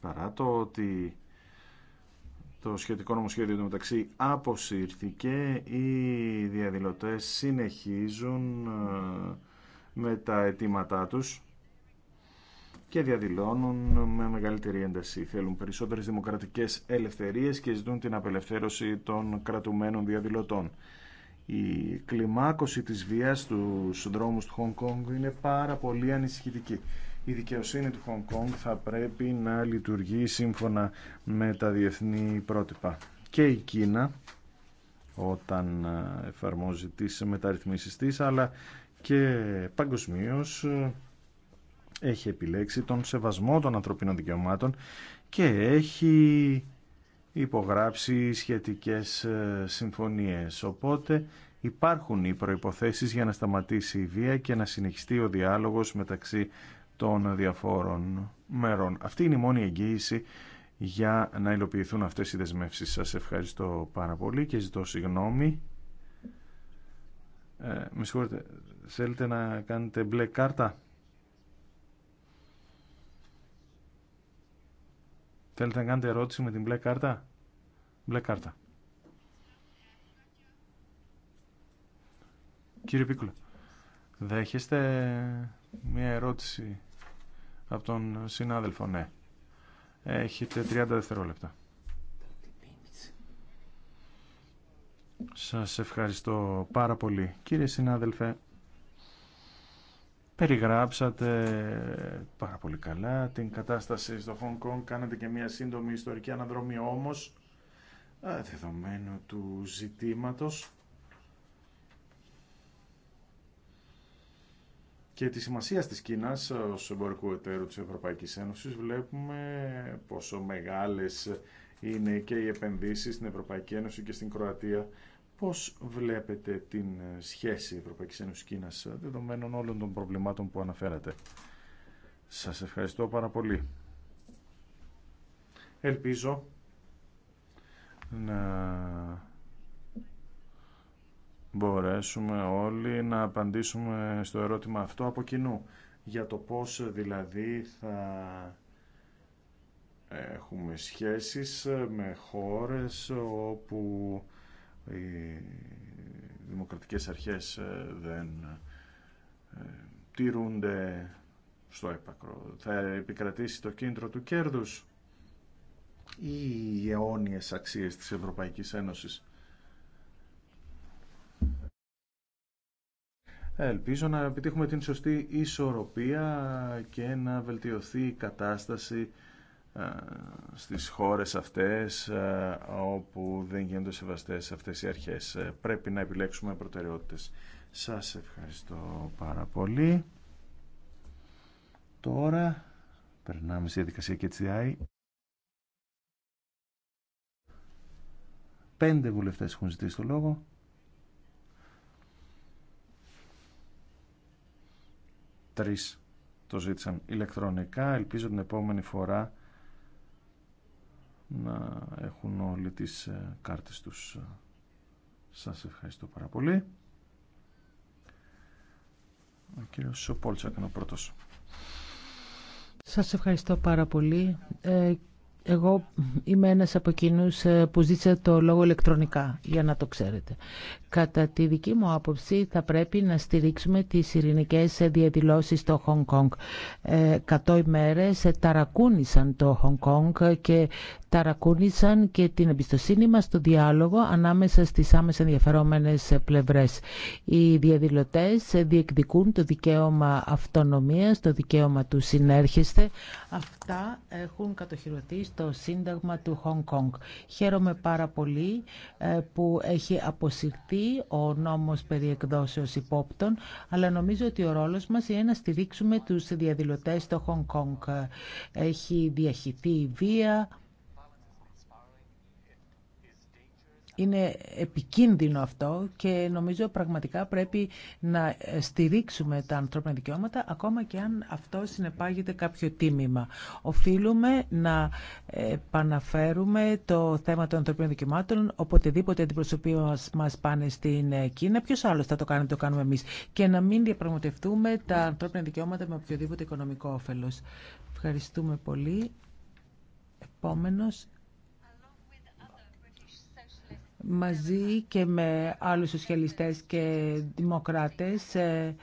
Παρά το ότι το σχετικό νομοσχέδιο του μεταξύ αποσύρθηκε, οι διαδηλωτές συνεχίζουν ε, με τα αιτήματά τους και διαδηλώνουν με μεγαλύτερη ένταση. Θέλουν περισσότερες δημοκρατικές ελευθερίες και ζητούν την απελευθέρωση των κρατουμένων διαδηλωτών. Η κλιμάκωση της βίας στους δρόμους του Χονγκ Κόνγκ είναι πάρα πολύ ανησυχητική. Η δικαιοσύνη του Χονγκ Κόνγκ θα πρέπει να λειτουργεί σύμφωνα με τα διεθνή πρότυπα. Και η Κίνα όταν ε, εφαρμόζει τις μεταρρυθμίσεις της, αλλά και παγκοσμίω ε, έχει επιλέξει τον σεβασμό των ανθρωπίνων δικαιωμάτων και έχει υπογράψει σχετικές ε, συμφωνίες. Οπότε υπάρχουν οι προϋποθέσεις για να σταματήσει η βία και να συνεχιστεί ο διάλογος μεταξύ των διαφόρων μέρων. Αυτή είναι η μόνη εγγύηση για να υλοποιηθούν αυτές οι δεσμεύσεις. Σας ευχαριστώ πάρα πολύ και ζητώ συγγνώμη. Ε, Θέλετε να κάνετε μπλε κάρτα. Θέλετε να κάνετε ερώτηση με την μπλε κάρτα. Μπλε κάρτα. Κύριε Πίκουλο, δέχεστε μία ερώτηση από τον συνάδελφο, ναι. Έχετε 30 δευτερόλεπτα. Σας ευχαριστώ πάρα πολύ. Κύριε συνάδελφε, περιγράψατε πάρα πολύ καλά την κατάσταση στο Χονγκ Kong, κάνατε και μια σύντομη ιστορική αναδρομή όμως, ε, δεδομένου του ζητήματος και τη σημασία της Κίνας ως εμπορικού εταίρου της Ευρωπαϊκής Ένωσης βλέπουμε πόσο μεγάλες είναι και οι επενδύσεις στην Ευρωπαϊκή Ένωση και στην Κροατία Πώς βλέπετε την ε, σχέση Ευρωπαϊκής Ένωσης Κίνας ε, δεδομένων όλων των προβλημάτων που αναφέρατε. Σας ευχαριστώ πάρα πολύ. Ελπίζω να μπορέσουμε όλοι να απαντήσουμε στο ερώτημα αυτό από κοινού για το πώς ε, δηλαδή θα έχουμε σχέσεις με χώρες όπου οι δημοκρατικές αρχές ε, δεν ε, τηρούνται στο έπακρο. Θα επικρατήσει το κίνητρο του κέρδους ή οι αιώνιες αξίες της Ευρωπαϊκής Ένωσης. Ελπίζω να επιτύχουμε την σωστή ισορροπία και να βελτιωθεί η κατάσταση ε, στις χώρες αυτές ε, όπου δεν γίνονται σεβαστές αυτές οι αρχές. Ε, πρέπει να επιλέξουμε προτεραιότητες. Σας ευχαριστώ πάρα πολύ. Τώρα περνάμε στη διαδικασία και Πέντε βουλευτές έχουν ζητήσει το λόγο. Τρεις το ζήτησαν ηλεκτρονικά. Ελπίζω την επόμενη φορά να έχουν όλοι τις ε, κάρτες τους. Σας ευχαριστώ πάρα πολύ. Ο κύριος είναι ο πρώτος. Σας ευχαριστώ πάρα πολύ. Ε, εγώ είμαι ένας από εκείνους ε, που ζήτησα το λόγο ηλεκτρονικά, για να το ξέρετε. Κατά τη δική μου άποψη θα πρέπει να στηρίξουμε τις ειρηνικές διαδηλώσεις στο Χονγκ Κονγκ. Ε, Κατό ημέρες ε, ταρακούνησαν το Χονγκ Κονγκ και ταρακούνησαν και την εμπιστοσύνη μας στο διάλογο ανάμεσα στις άμεσα ενδιαφερόμενες πλευρές. Οι διαδηλωτές διεκδικούν το δικαίωμα αυτονομίας, το δικαίωμα του συνέρχεστε. Αυτά έχουν κατοχυρωθεί το Σύνταγμα του Χονγκ Κονγκ. Χαίρομαι πάρα πολύ ε, που έχει αποσυρθεί ο νόμος περί εκδόσεως υπόπτων, αλλά νομίζω ότι ο ρόλος μας είναι να στηρίξουμε τους διαδηλωτές στο Χονγκ Κονγκ. Έχει διαχυθεί η βία, Είναι επικίνδυνο αυτό και νομίζω πραγματικά πρέπει να στηρίξουμε τα ανθρώπινα δικαιώματα ακόμα και αν αυτό συνεπάγεται κάποιο τίμημα. Οφείλουμε να επαναφέρουμε το θέμα των ανθρώπινων δικαιωμάτων οποτεδήποτε αντιπροσωπεί μας πάνε στην Κίνα. ποιο άλλο θα το κάνει, το κάνουμε εμείς. Και να μην διαπραγματευτούμε τα ανθρώπινα δικαιώματα με οποιοδήποτε οικονομικό όφελος. Ευχαριστούμε πολύ. Επόμενος, μαζί και με άλλους σοσιαλιστές και δημοκράτες, ε,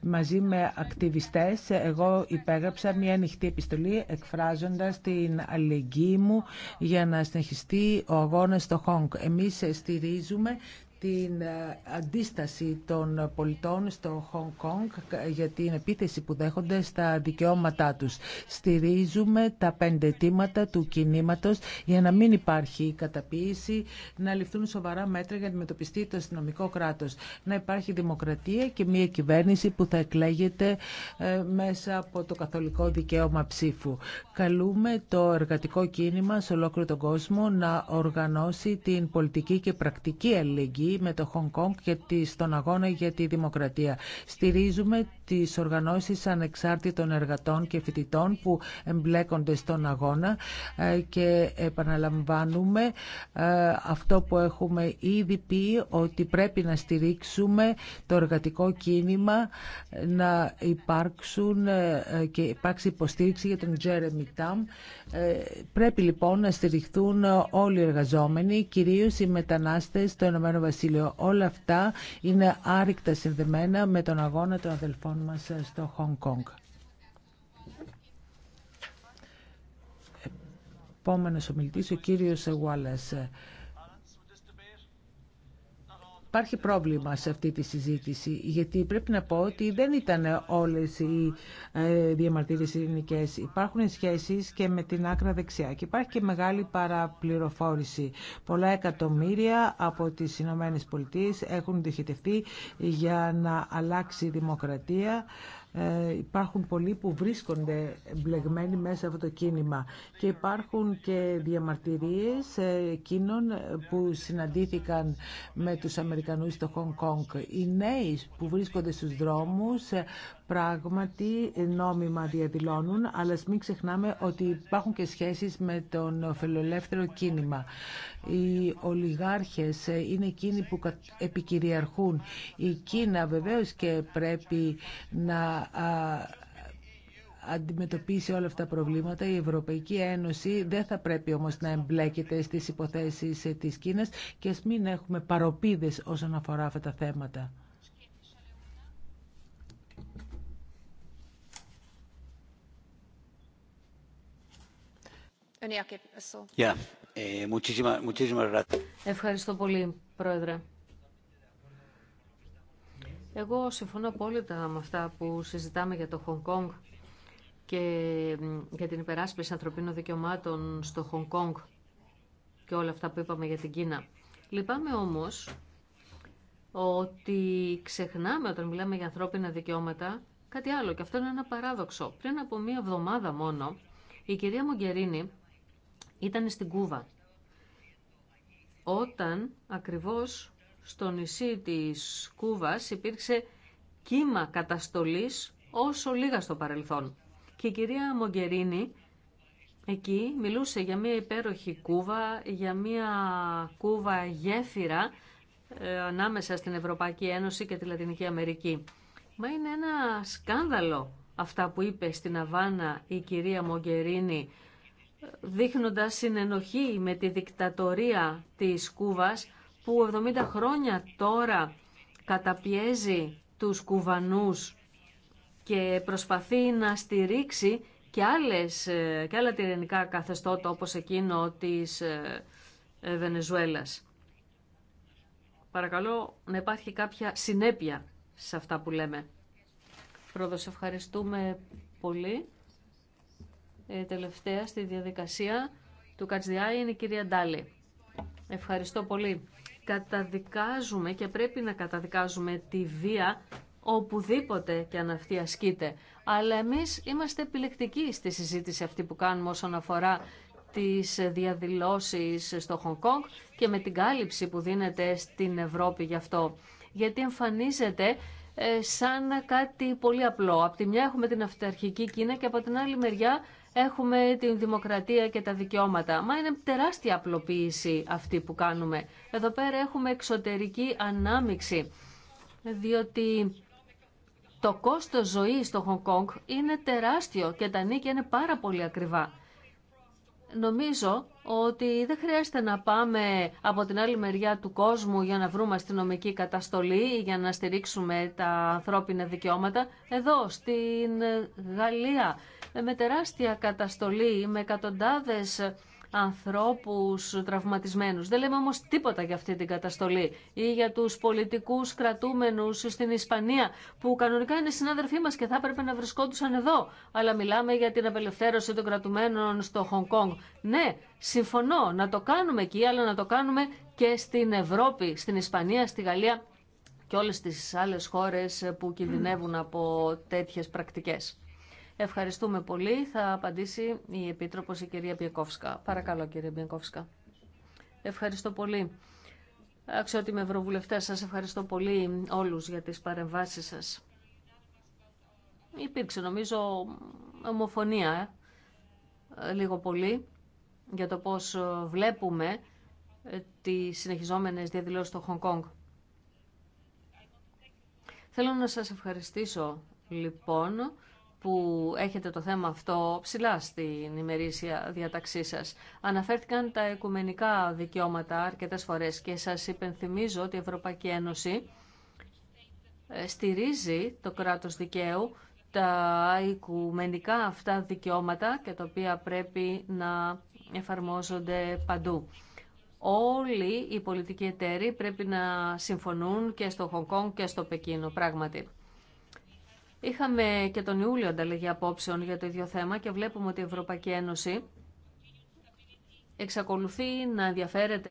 μαζί με ακτιβιστές. Εγώ υπέγραψα μια ανοιχτή επιστολή εκφράζοντας την αλληλεγγύη μου για να συνεχιστεί ο αγώνας στο Χόγκ. Εμείς στηρίζουμε την ε, αντίσταση των πολιτών στο Χονγκ Κόνγκ για την επίθεση που δέχονται στα δικαιώματά τους. Στηρίζουμε τα πέντε αιτήματα του κινήματος για να μην υπάρχει καταποίηση, να ληφθούν σοβαρά μέτρα για να αντιμετωπιστεί το αστυνομικό κράτος, να υπάρχει δημοκρατία και μια κυβέρνηση που θα εκλέγεται ε, μέσα από το καθολικό δικαίωμα ψήφου. Καλούμε το εργατικό κίνημα σε ολόκληρο τον κόσμο να οργανώσει την πολιτική και πρακτική αλληλεγγύη με το Χονγκ Κονγκ και στον αγώνα για τη δημοκρατία. Στηρίζουμε τις οργανώσεις ανεξάρτητων εργατών και φοιτητών που εμπλέκονται στον αγώνα ε, και επαναλαμβάνουμε ε, αυτό που έχουμε ήδη πει ότι πρέπει να στηρίξουμε το εργατικό κίνημα να υπάρξουν ε, και υπάρξει υποστήριξη για τον Τζέρεμι Ταμ Πρέπει λοιπόν να στηριχθούν όλοι οι εργαζόμενοι, κυρίως οι μετανάστες στο Ηνωμένο Βασίλειο. Όλα αυτά είναι άρρηκτα συνδεμένα με τον αγώνα των αδελφών μας ε, στο Χονγκ Κονγκ. Επόμενος ομιλητής ο κύριος Wallace. Υπάρχει πρόβλημα σε αυτή τη συζήτηση, γιατί πρέπει να πω ότι δεν ήταν όλες οι ε, διαμαρτύρες ειρηνικές. Υπάρχουν σχέσεις και με την άκρα δεξιά και υπάρχει και μεγάλη παραπληροφόρηση. Πολλά εκατομμύρια από τις Ηνωμένε Πολιτείες έχουν διοχετευτεί για να αλλάξει η δημοκρατία ε, υπάρχουν πολλοί που βρίσκονται μπλεγμένοι μέσα από το κίνημα και υπάρχουν και διαμαρτυρίες εκείνων που συναντήθηκαν με τους Αμερικανούς στο Χονγκ Κόνγκ. Οι νέοι που βρίσκονται στους δρόμους πράγματι νόμιμα διαδηλώνουν, αλλά μην ξεχνάμε ότι υπάρχουν και σχέσεις με τον φιλελεύθερο κίνημα. Οι ολιγάρχες είναι εκείνοι που επικυριαρχούν. Η Κίνα βεβαίως και πρέπει να αντιμετωπίσει όλα αυτά τα προβλήματα. Η Ευρωπαϊκή Ένωση δεν θα πρέπει όμως να εμπλέκεται στις υποθέσεις της Κίνας και ας μην έχουμε παροπίδες όσον αφορά αυτά τα θέματα. Ε, Ευχαριστώ πολύ, Πρόεδρε. Εγώ συμφωνώ απόλυτα με αυτά που συζητάμε για το Χονγκ Κόνγκ και για την υπεράσπιση ανθρωπίνων δικαιωμάτων στο Χονγκ Κόνγκ και όλα αυτά που είπαμε για την Κίνα. Λυπάμαι όμως ότι ξεχνάμε όταν μιλάμε για ανθρώπινα δικαιώματα κάτι άλλο και αυτό είναι ένα παράδοξο. Πριν από μία εβδομάδα μόνο η κυρία Μογκερίνη ήταν στην Κούβα. Όταν ακριβώς στο νησί της Κούβας υπήρξε κύμα καταστολής όσο λίγα στο παρελθόν. Και η κυρία Μογκερίνη εκεί μιλούσε για μια υπέροχη Κούβα, για μια Κούβα γέφυρα ε, ανάμεσα στην Ευρωπαϊκή Ένωση και τη Λατινική Αμερική. Μα είναι ένα σκάνδαλο αυτά που είπε στην Αβάνα η κυρία Μογκερίνη δείχνοντας συνενοχή με τη δικτατορία της Κούβας που 70 χρόνια τώρα καταπιέζει τους Κουβανούς και προσπαθεί να στηρίξει και, άλλες, ε, και άλλα τυρενικά καθεστώτα όπως εκείνο της ε, ε, Βενεζουέλας. Παρακαλώ να υπάρχει κάποια συνέπεια σε αυτά που λέμε. Πρόεδρος, ευχαριστούμε πολύ. Ε, τελευταία στη διαδικασία του Κατσδιά είναι η κυρία Ντάλη. Ευχαριστώ πολύ. Καταδικάζουμε και πρέπει να καταδικάζουμε τη βία οπουδήποτε και αν αυτή ασκείται. Αλλά εμείς είμαστε επιλεκτικοί στη συζήτηση αυτή που κάνουμε όσον αφορά τις διαδηλώσεις στο Χονγκ Κονγκ και με την κάλυψη που δίνεται στην Ευρώπη γι' αυτό. Γιατί εμφανίζεται ε, σαν κάτι πολύ απλό. Από τη μια έχουμε την αυταρχική Κίνα και από την άλλη μεριά έχουμε την δημοκρατία και τα δικαιώματα. Μα είναι τεράστια απλοποίηση αυτή που κάνουμε. Εδώ πέρα έχουμε εξωτερική ανάμιξη, διότι το κόστος ζωής στο Χονγκ Κόνγκ είναι τεράστιο και τα νίκια είναι πάρα πολύ ακριβά. Νομίζω ότι δεν χρειάζεται να πάμε από την άλλη μεριά του κόσμου για να βρούμε αστυνομική καταστολή ή για να στηρίξουμε τα ανθρώπινα δικαιώματα. Εδώ, στην Γαλλία, με τεράστια καταστολή, με εκατοντάδες ανθρώπους τραυματισμένους. Δεν λέμε όμως τίποτα για αυτή την καταστολή ή για τους πολιτικούς κρατούμενους στην Ισπανία που κανονικά είναι συνάδελφοί μας και θα έπρεπε να βρισκόντουσαν εδώ. Αλλά μιλάμε για την απελευθέρωση των κρατουμένων στο Χονγκ Κόνγκ. Ναι, συμφωνώ να το κάνουμε εκεί αλλά να το κάνουμε και στην Ευρώπη, στην Ισπανία, στη Γαλλία και όλες τις άλλες χώρες που κινδυνεύουν από τέτοιες πρακτικές. Ευχαριστούμε πολύ. Θα απαντήσει η Επίτροπος η κυρία Μπιακόφσκα. Παρακαλώ κύριε Μπιακόφσκα. Ευχαριστώ πολύ. Αξιότιμη Ευρωβουλευτέ, σας ευχαριστώ πολύ όλους για τις παρεμβάσεις σας. Υπήρξε νομίζω ομοφωνία ε, λίγο πολύ για το πώς βλέπουμε ε, τι συνεχιζόμενες διαδηλώσεις στο Χονγκ Κόνγκ. Θέλω να σας ευχαριστήσω λοιπόν που έχετε το θέμα αυτό ψηλά στην ημερήσια διαταξή σας. Αναφέρθηκαν τα οικουμενικά δικαιώματα αρκετές φορές και σας υπενθυμίζω ότι η Ευρωπαϊκή Ένωση ε, στηρίζει το κράτος δικαίου τα οικουμενικά αυτά δικαιώματα και τα οποία πρέπει να εφαρμόζονται παντού. Όλοι οι πολιτικοί εταίροι πρέπει να συμφωνούν και στο Χονγκ και στο Πεκίνο, πράγματι. Είχαμε και τον Ιούλιο ανταλλαγή απόψεων για το ίδιο θέμα και βλέπουμε ότι η Ευρωπαϊκή Ένωση εξακολουθεί να ενδιαφέρεται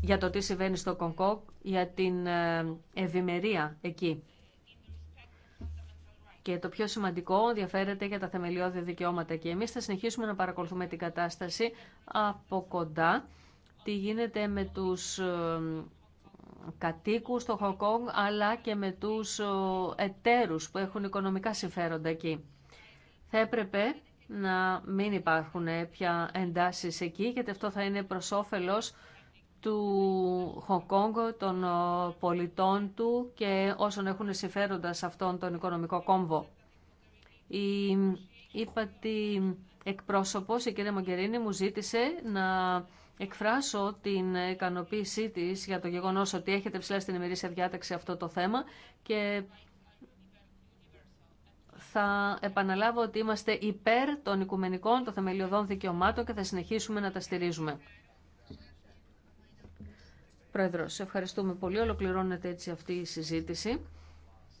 για το τι συμβαίνει στο Κονκόκ, για την ε, ευημερία εκεί. Και το πιο σημαντικό ενδιαφέρεται για τα θεμελιώδη δικαιώματα. Και εμείς θα συνεχίσουμε να παρακολουθούμε την κατάσταση από κοντά, τι γίνεται με τους ε, κατοίκους στο Χοκόγγ αλλά και με τους εταίρους που έχουν οικονομικά συμφέροντα εκεί. Θα έπρεπε να μην υπάρχουν πια εντάσεις εκεί γιατί αυτό θα είναι προς όφελος του Χοκόγγ των πολιτών του και όσων έχουν συμφέροντα σε αυτόν τον οικονομικό κόμβο. Η είπατη εκπρόσωπος, η κυρία Μογκερίνη, μου ζήτησε να εκφράσω την ικανοποίησή της για το γεγονός ότι έχετε ψηλά στην ημερήσια διάταξη αυτό το θέμα και θα επαναλάβω ότι είμαστε υπέρ των οικουμενικών, των θεμελιωδών δικαιωμάτων και θα συνεχίσουμε να τα στηρίζουμε. Σε ευχαριστούμε πολύ. Ολοκληρώνεται έτσι αυτή η συζήτηση.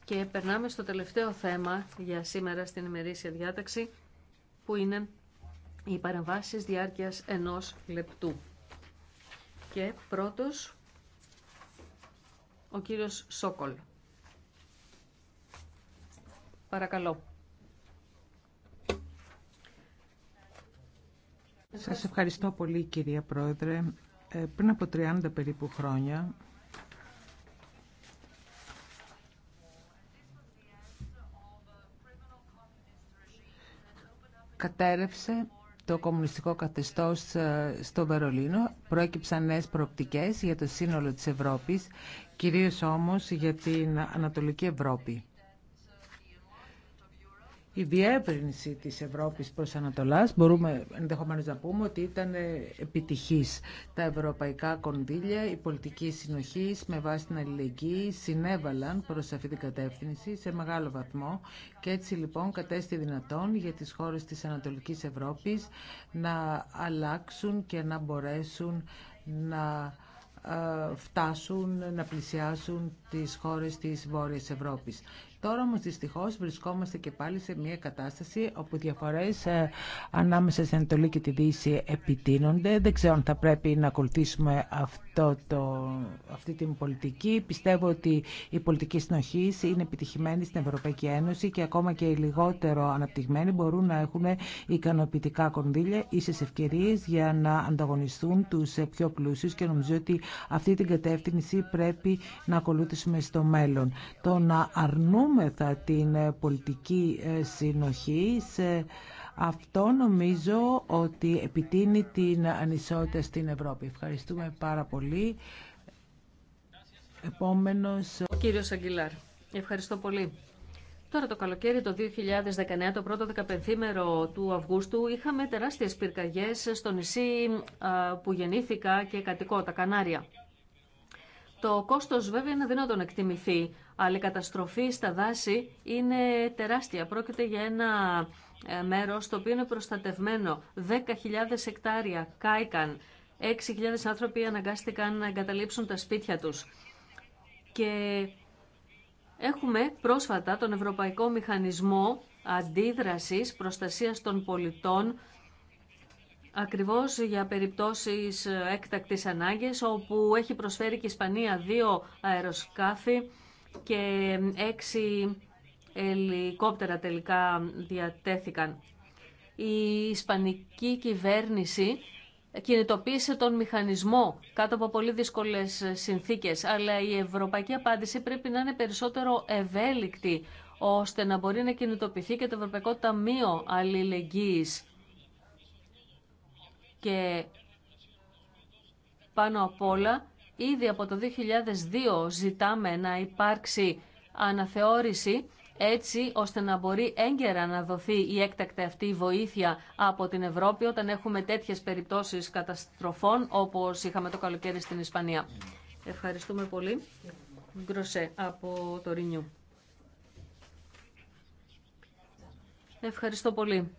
Και περνάμε στο τελευταίο θέμα για σήμερα στην ημερήσια διάταξη, που είναι οι παρεμβάσεις διάρκειας ενός λεπτού και πρώτος ο κύριος Σόκολ. Παρακαλώ. Σας ευχαριστώ πολύ κυρία Πρόεδρε. Ε, πριν από 30 περίπου χρόνια κατέρευσε το κομμουνιστικό καθεστώς ε, στο Βερολίνο προέκυψαν νέες προοπτικές για το σύνολο της Ευρώπης, κυρίως όμως για την Ανατολική Ευρώπη η διεύρυνση της Ευρώπης προς Ανατολάς, μπορούμε ενδεχομένως να πούμε ότι ήταν ε, επιτυχής. Τα ευρωπαϊκά κονδύλια, η πολιτική συνοχή με βάση την αλληλεγγύη συνέβαλαν προς αυτή την κατεύθυνση σε μεγάλο βαθμό και έτσι λοιπόν κατέστη δυνατόν για τις χώρες της Ανατολικής Ευρώπης να αλλάξουν και να μπορέσουν να ε, φτάσουν να πλησιάσουν τις χώρες της Βόρειας Ευρώπης. Τώρα όμως δυστυχώς βρισκόμαστε και πάλι σε μια κατάσταση όπου διαφορές ε, ανάμεσα στην Ανατολή και τη Δύση επιτείνονται. Δεν ξέρω αν θα πρέπει να ακολουθήσουμε αυτό το, αυτή την πολιτική. Πιστεύω ότι η πολιτική συνοχή είναι επιτυχημένη στην Ευρωπαϊκή Ένωση και ακόμα και οι λιγότερο αναπτυγμένοι μπορούν να έχουν ικανοποιητικά κονδύλια, ίσες ευκαιρίες για να ανταγωνιστούν τους ε, πιο πλούσιους και νομίζω ότι αυτή την κατεύθυνση πρέπει να ακολουθήσουμε στο μέλλον. Το να αρνούμε θα την ε, πολιτική ε, συνοχή. Σε αυτό νομίζω ότι επιτείνει την ανισότητα στην Ευρώπη. Ευχαριστούμε πάρα πολύ. Επόμενος... Ο κύριος Αγγιλάρ, ευχαριστώ πολύ. Τώρα το καλοκαίρι το 2019, το πρώτο δεκαπενθήμερο του Αυγούστου, είχαμε τεράστιες πυρκαγιές στο νησί που γεννήθηκα και κατοικώ, τα Κανάρια. Το κόστος βέβαια είναι δυνατόν να εκτιμηθεί, αλλά η καταστροφή στα δάση είναι τεράστια. Πρόκειται για ένα ε, μέρος το οποίο είναι προστατευμένο. 10.000 εκτάρια κάηκαν, 6.000 άνθρωποι αναγκάστηκαν να εγκαταλείψουν τα σπίτια τους. Και έχουμε πρόσφατα τον Ευρωπαϊκό Μηχανισμό Αντίδρασης Προστασίας των Πολιτών ακριβώς για περιπτώσεις έκτακτης ανάγκης, όπου έχει προσφέρει και η Ισπανία δύο αεροσκάφη και έξι ελικόπτερα τελικά διατέθηκαν. Η Ισπανική κυβέρνηση κινητοποίησε τον μηχανισμό κάτω από πολύ δύσκολες συνθήκες, αλλά η ευρωπαϊκή απάντηση πρέπει να είναι περισσότερο ευέλικτη, ώστε να μπορεί να κινητοποιηθεί και το Ευρωπαϊκό Ταμείο Αλληλεγγύης και πάνω απ' όλα, ήδη από το 2002 ζητάμε να υπάρξει αναθεώρηση έτσι ώστε να μπορεί έγκαιρα να δοθεί η έκτακτη αυτή βοήθεια από την Ευρώπη όταν έχουμε τέτοιες περιπτώσεις καταστροφών όπως είχαμε το καλοκαίρι στην Ισπανία. Ευχαριστούμε πολύ. Γκροσέ από το Ρινιού. Ευχαριστώ πολύ.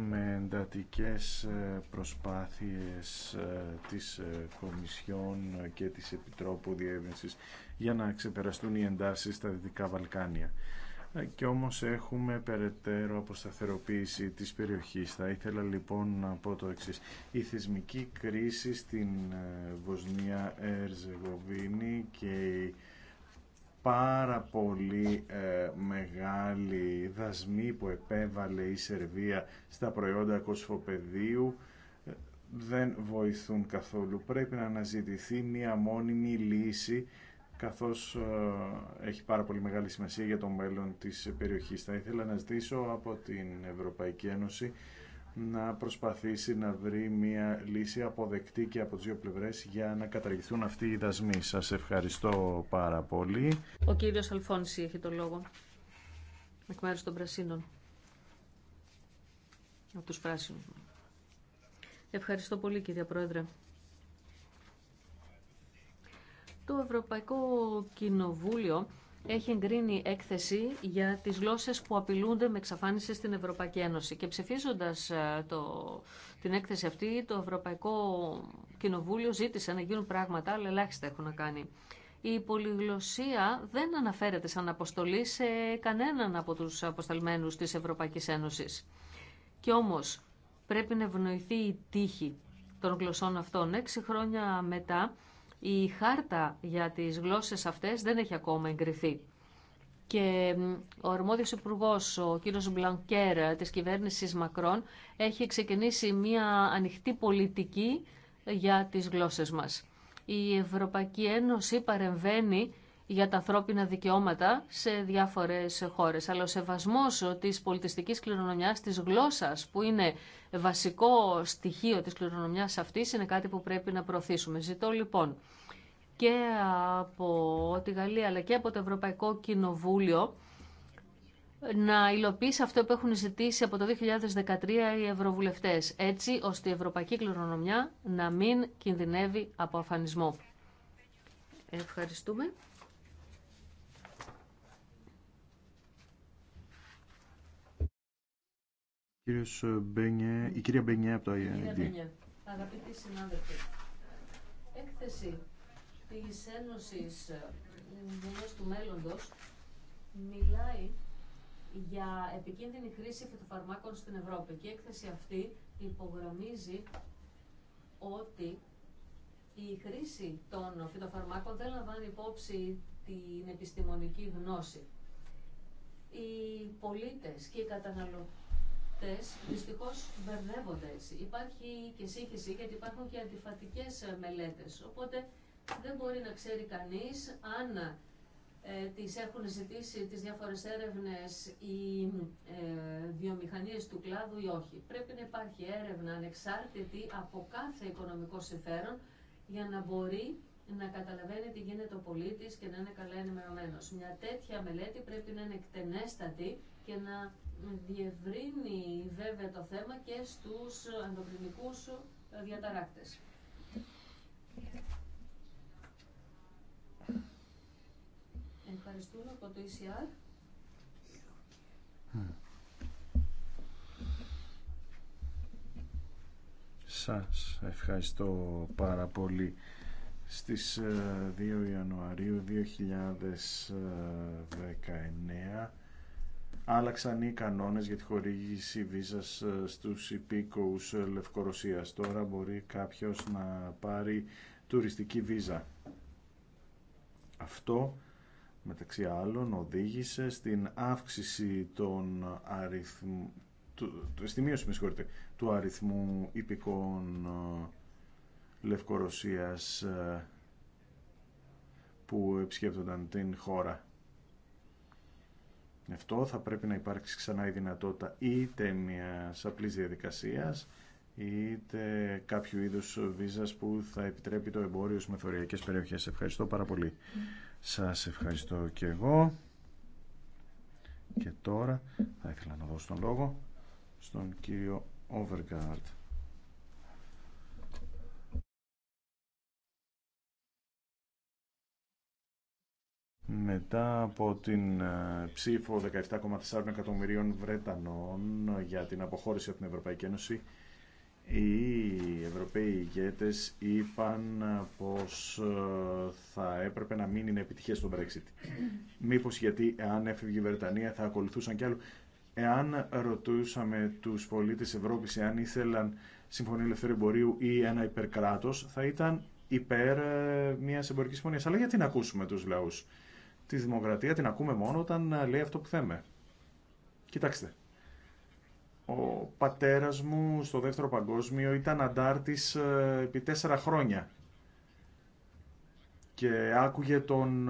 με εντατικές ε, προσπάθειες ε, της ε, Κομισιόν και της Επιτρόπου Διεύνησης για να ξεπεραστούν οι εντάσεις στα Δυτικά Βαλκάνια. Και όμως έχουμε περαιτέρω αποσταθεροποίηση της περιοχής. Θα ήθελα λοιπόν να πω το εξής. Η θεσμική κρίση στην Βοσνία Ερζεγοβίνη και η πάρα πολύ ε, μεγάλη δασμή που επέβαλε η Σερβία στα προϊόντα κοσφοπεδίου ε, δεν βοηθούν καθόλου. Πρέπει να αναζητηθεί μία μόνιμη λύση καθώς ε, έχει πάρα πολύ μεγάλη σημασία για το μέλλον της περιοχής. Θα ήθελα να ζητήσω από την Ευρωπαϊκή Ένωση να προσπαθήσει να βρει μια λύση αποδεκτή και από τις δύο πλευρές για να καταργηθούν αυτοί οι δασμοί. Σας ευχαριστώ πάρα πολύ. Ο κύριος Αλφόνση έχει το λόγο. Εκ μέρους των Πρασίνων. Από τους Πράσινους. Ευχαριστώ πολύ κύριε Πρόεδρε. Το Ευρωπαϊκό Κοινοβούλιο έχει εγκρίνει έκθεση για τις γλώσσες που απειλούνται με εξαφάνιση στην Ευρωπαϊκή Ένωση. Και ψηφίζοντας ε, το, την έκθεση αυτή, το Ευρωπαϊκό Κοινοβούλιο ζήτησε να γίνουν πράγματα, αλλά ελάχιστα έχουν να κάνει. Η πολυγλωσία δεν αναφέρεται σαν αποστολή σε κανέναν από τους αποσταλμένους της Ευρωπαϊκής Ένωσης. Και όμως πρέπει να ευνοηθεί η τύχη των γλωσσών αυτών. Έξι χρόνια μετά η χάρτα για τις γλώσσες αυτές δεν έχει ακόμα εγκριθεί. Και ο αρμόδιος υπουργό, ο κύριος Μπλανκέρ της κυβέρνησης Μακρόν, έχει ξεκινήσει μια ανοιχτή πολιτική για τις γλώσσες μας. Η Ευρωπαϊκή Ένωση παρεμβαίνει για τα ανθρώπινα δικαιώματα σε διάφορες χώρες. Αλλά ο σεβασμός της πολιτιστικής κληρονομιάς, της γλώσσας που είναι βασικό στοιχείο της κληρονομιάς αυτής είναι κάτι που πρέπει να προωθήσουμε. Ζητώ λοιπόν και από τη Γαλλία αλλά και από το Ευρωπαϊκό Κοινοβούλιο να υλοποιήσει αυτό που έχουν ζητήσει από το 2013 οι ευρωβουλευτές, έτσι ώστε η ευρωπαϊκή κληρονομιά να μην κινδυνεύει από αφανισμό. Ευχαριστούμε. Κύριος Μπένιε, η κυρία Μπένιε από το Μπενιέ, Αγαπητοί συνάδελφοι, έκθεση της Ένωσης Γενιές του Μέλλοντος μιλάει για επικίνδυνη χρήση φυτοφαρμάκων στην Ευρώπη και η έκθεση αυτή υπογραμμίζει ότι η χρήση των φυτοφαρμάκων δεν λαμβάνει υπόψη την επιστημονική γνώση. Οι πολίτες και οι καταναλωτές αυτέ δυστυχώς μπερδεύονται Υπάρχει και σύγχυση γιατί υπάρχουν και αντιφατικές ε, μελέτες. Οπότε δεν μπορεί να ξέρει κανείς αν ε, τις έχουν ζητήσει τις διάφορε έρευνε, οι ε, του κλάδου ή όχι. Πρέπει να υπάρχει έρευνα ανεξάρτητη από κάθε οικονομικό συμφέρον για να μπορεί να καταλαβαίνει τι γίνεται ο και να είναι καλά ενημερωμένο. Μια τέτοια μελέτη πρέπει να είναι εκτενέστατη και να διευρύνει βέβαια το θέμα και στους ανδροκρινικούς διαταράκτες. Ευχαριστούμε από το ECR. Σας ευχαριστώ πάρα πολύ. Στις 2 ε, Ιανουαρίου 2019 άλλαξαν οι κανόνες για τη χορήγηση βίζας ε, στους υπήκοους ε, Λευκορωσίας. Τώρα μπορεί κάποιος να πάρει τουριστική βίζα. Αυτό μεταξύ άλλων οδήγησε στην αύξηση των αριθμ... του... στη μείωση, του αριθμού υπηκών ε, Λευκορωσίας που επισκέπτονταν την χώρα. Γι' αυτό θα πρέπει να υπάρξει ξανά η δυνατότητα είτε μια απλής διαδικασίας είτε κάποιο είδους βίζας που θα επιτρέπει το εμπόριο στις μεθοριακές περιοχές. Ευχαριστώ πάρα πολύ. Σας ευχαριστώ και εγώ. Και τώρα θα ήθελα να δώσω τον λόγο στον κύριο Overgaard. μετά από την ε, ψήφο 17,4 εκατομμυρίων Βρετανών για την αποχώρηση από την Ευρωπαϊκή Ένωση, οι Ευρωπαίοι ηγέτες είπαν πως ε, θα έπρεπε να μην είναι επιτυχές στο Brexit. Μήπως γιατί εάν έφευγε η Βρετανία θα ακολουθούσαν κι άλλο. Εάν ρωτούσαμε τους πολίτες Ευρώπης εάν ήθελαν συμφωνία ελευθερία εμπορίου ή ένα υπερκράτος θα ήταν υπέρ ε, μιας εμπορικής συμφωνίας. Αλλά γιατί να ακούσουμε τους λαούς τη δημοκρατία την ακούμε μόνο όταν ε, λέει αυτό που θέμε. Κοιτάξτε, ο πατέρας μου στο δεύτερο παγκόσμιο ήταν αντάρτης ε, επί τέσσερα χρόνια και άκουγε τον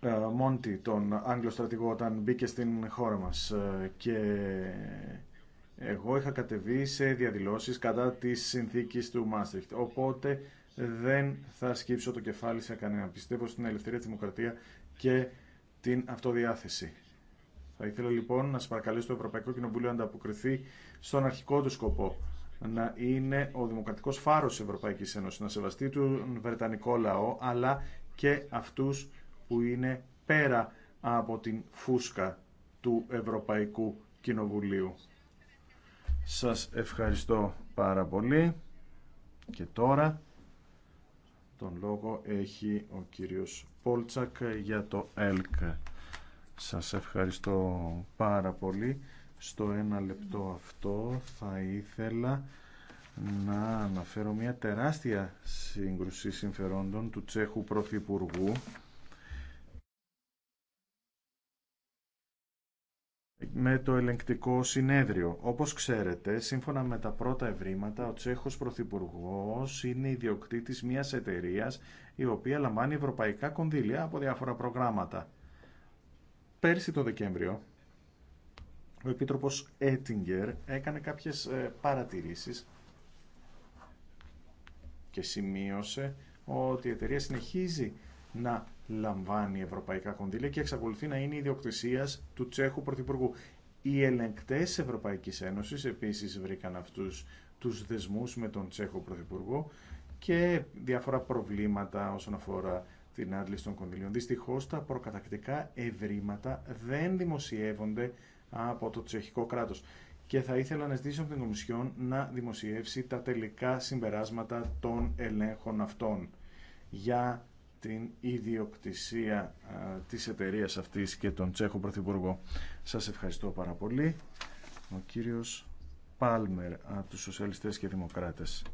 ε, Μόντι, τον Άγγλο στρατηγό, όταν μπήκε στην χώρα μας και εγώ είχα κατεβεί σε διαδηλώσεις κατά της συνθήκης του Μάστριχτ. Οπότε δεν θα σκύψω το κεφάλι σε κανέναν. Πιστεύω στην ελευθερία, τη δημοκρατία και την αυτοδιάθεση. Θα ήθελα λοιπόν να σα παρακαλέσω το Ευρωπαϊκό Κοινοβούλιο να ανταποκριθεί στον αρχικό του σκοπό να είναι ο δημοκρατικός φάρος τη Ευρωπαϊκή Ένωση να σεβαστεί τον Βρετανικό λαό, αλλά και αυτού που είναι πέρα από την φούσκα του Ευρωπαϊκού Κοινοβουλίου. Σας ευχαριστώ πάρα πολύ και τώρα... Τον λόγο έχει ο κύριος Πόλτσακ για το ΕΛΚ. Σας ευχαριστώ πάρα πολύ. Στο ένα λεπτό αυτό θα ήθελα να αναφέρω μια τεράστια σύγκρουση συμφερόντων του Τσέχου Πρωθυπουργού με το ελεγκτικό συνέδριο. Όπως ξέρετε, σύμφωνα με τα πρώτα ευρήματα, ο Τσέχος Πρωθυπουργό είναι ιδιοκτήτης μιας εταιρείας η οποία λαμβάνει ευρωπαϊκά κονδύλια από διάφορα προγράμματα. Πέρσι το Δεκέμβριο, ο Επίτροπος Έτιγκερ έκανε κάποιες ε, παρατηρήσεις και σημείωσε ότι η εταιρεία συνεχίζει να λαμβάνει ευρωπαϊκά κονδύλια και εξακολουθεί να είναι ιδιοκτησία του Τσέχου Πρωθυπουργού. Οι ελεγκτέ Ευρωπαϊκή Ένωση Ένωσης βρήκαν αυτού τους δεσμούς με τον Τσέχο Πρωθυπουργό και διάφορα προβλήματα όσον αφορά την άντληση των κονδυλίων. Δυστυχώ, τα προκατακτικά ευρήματα δεν δημοσιεύονται από το τσεχικό κράτο. και θα ήθελα να ζητήσω από την Κομισιόν να δημοσιεύσει τα τελικά συμπεράσματα των ελέγχων αυτών για την ιδιοκτησία της εταιρείας αυτής και τον Τσέχο Πρωθυπουργό. Σας ευχαριστώ πάρα πολύ. Ο κύριος Πάλμερ από τους Σοσιαλιστές και Δημοκράτες.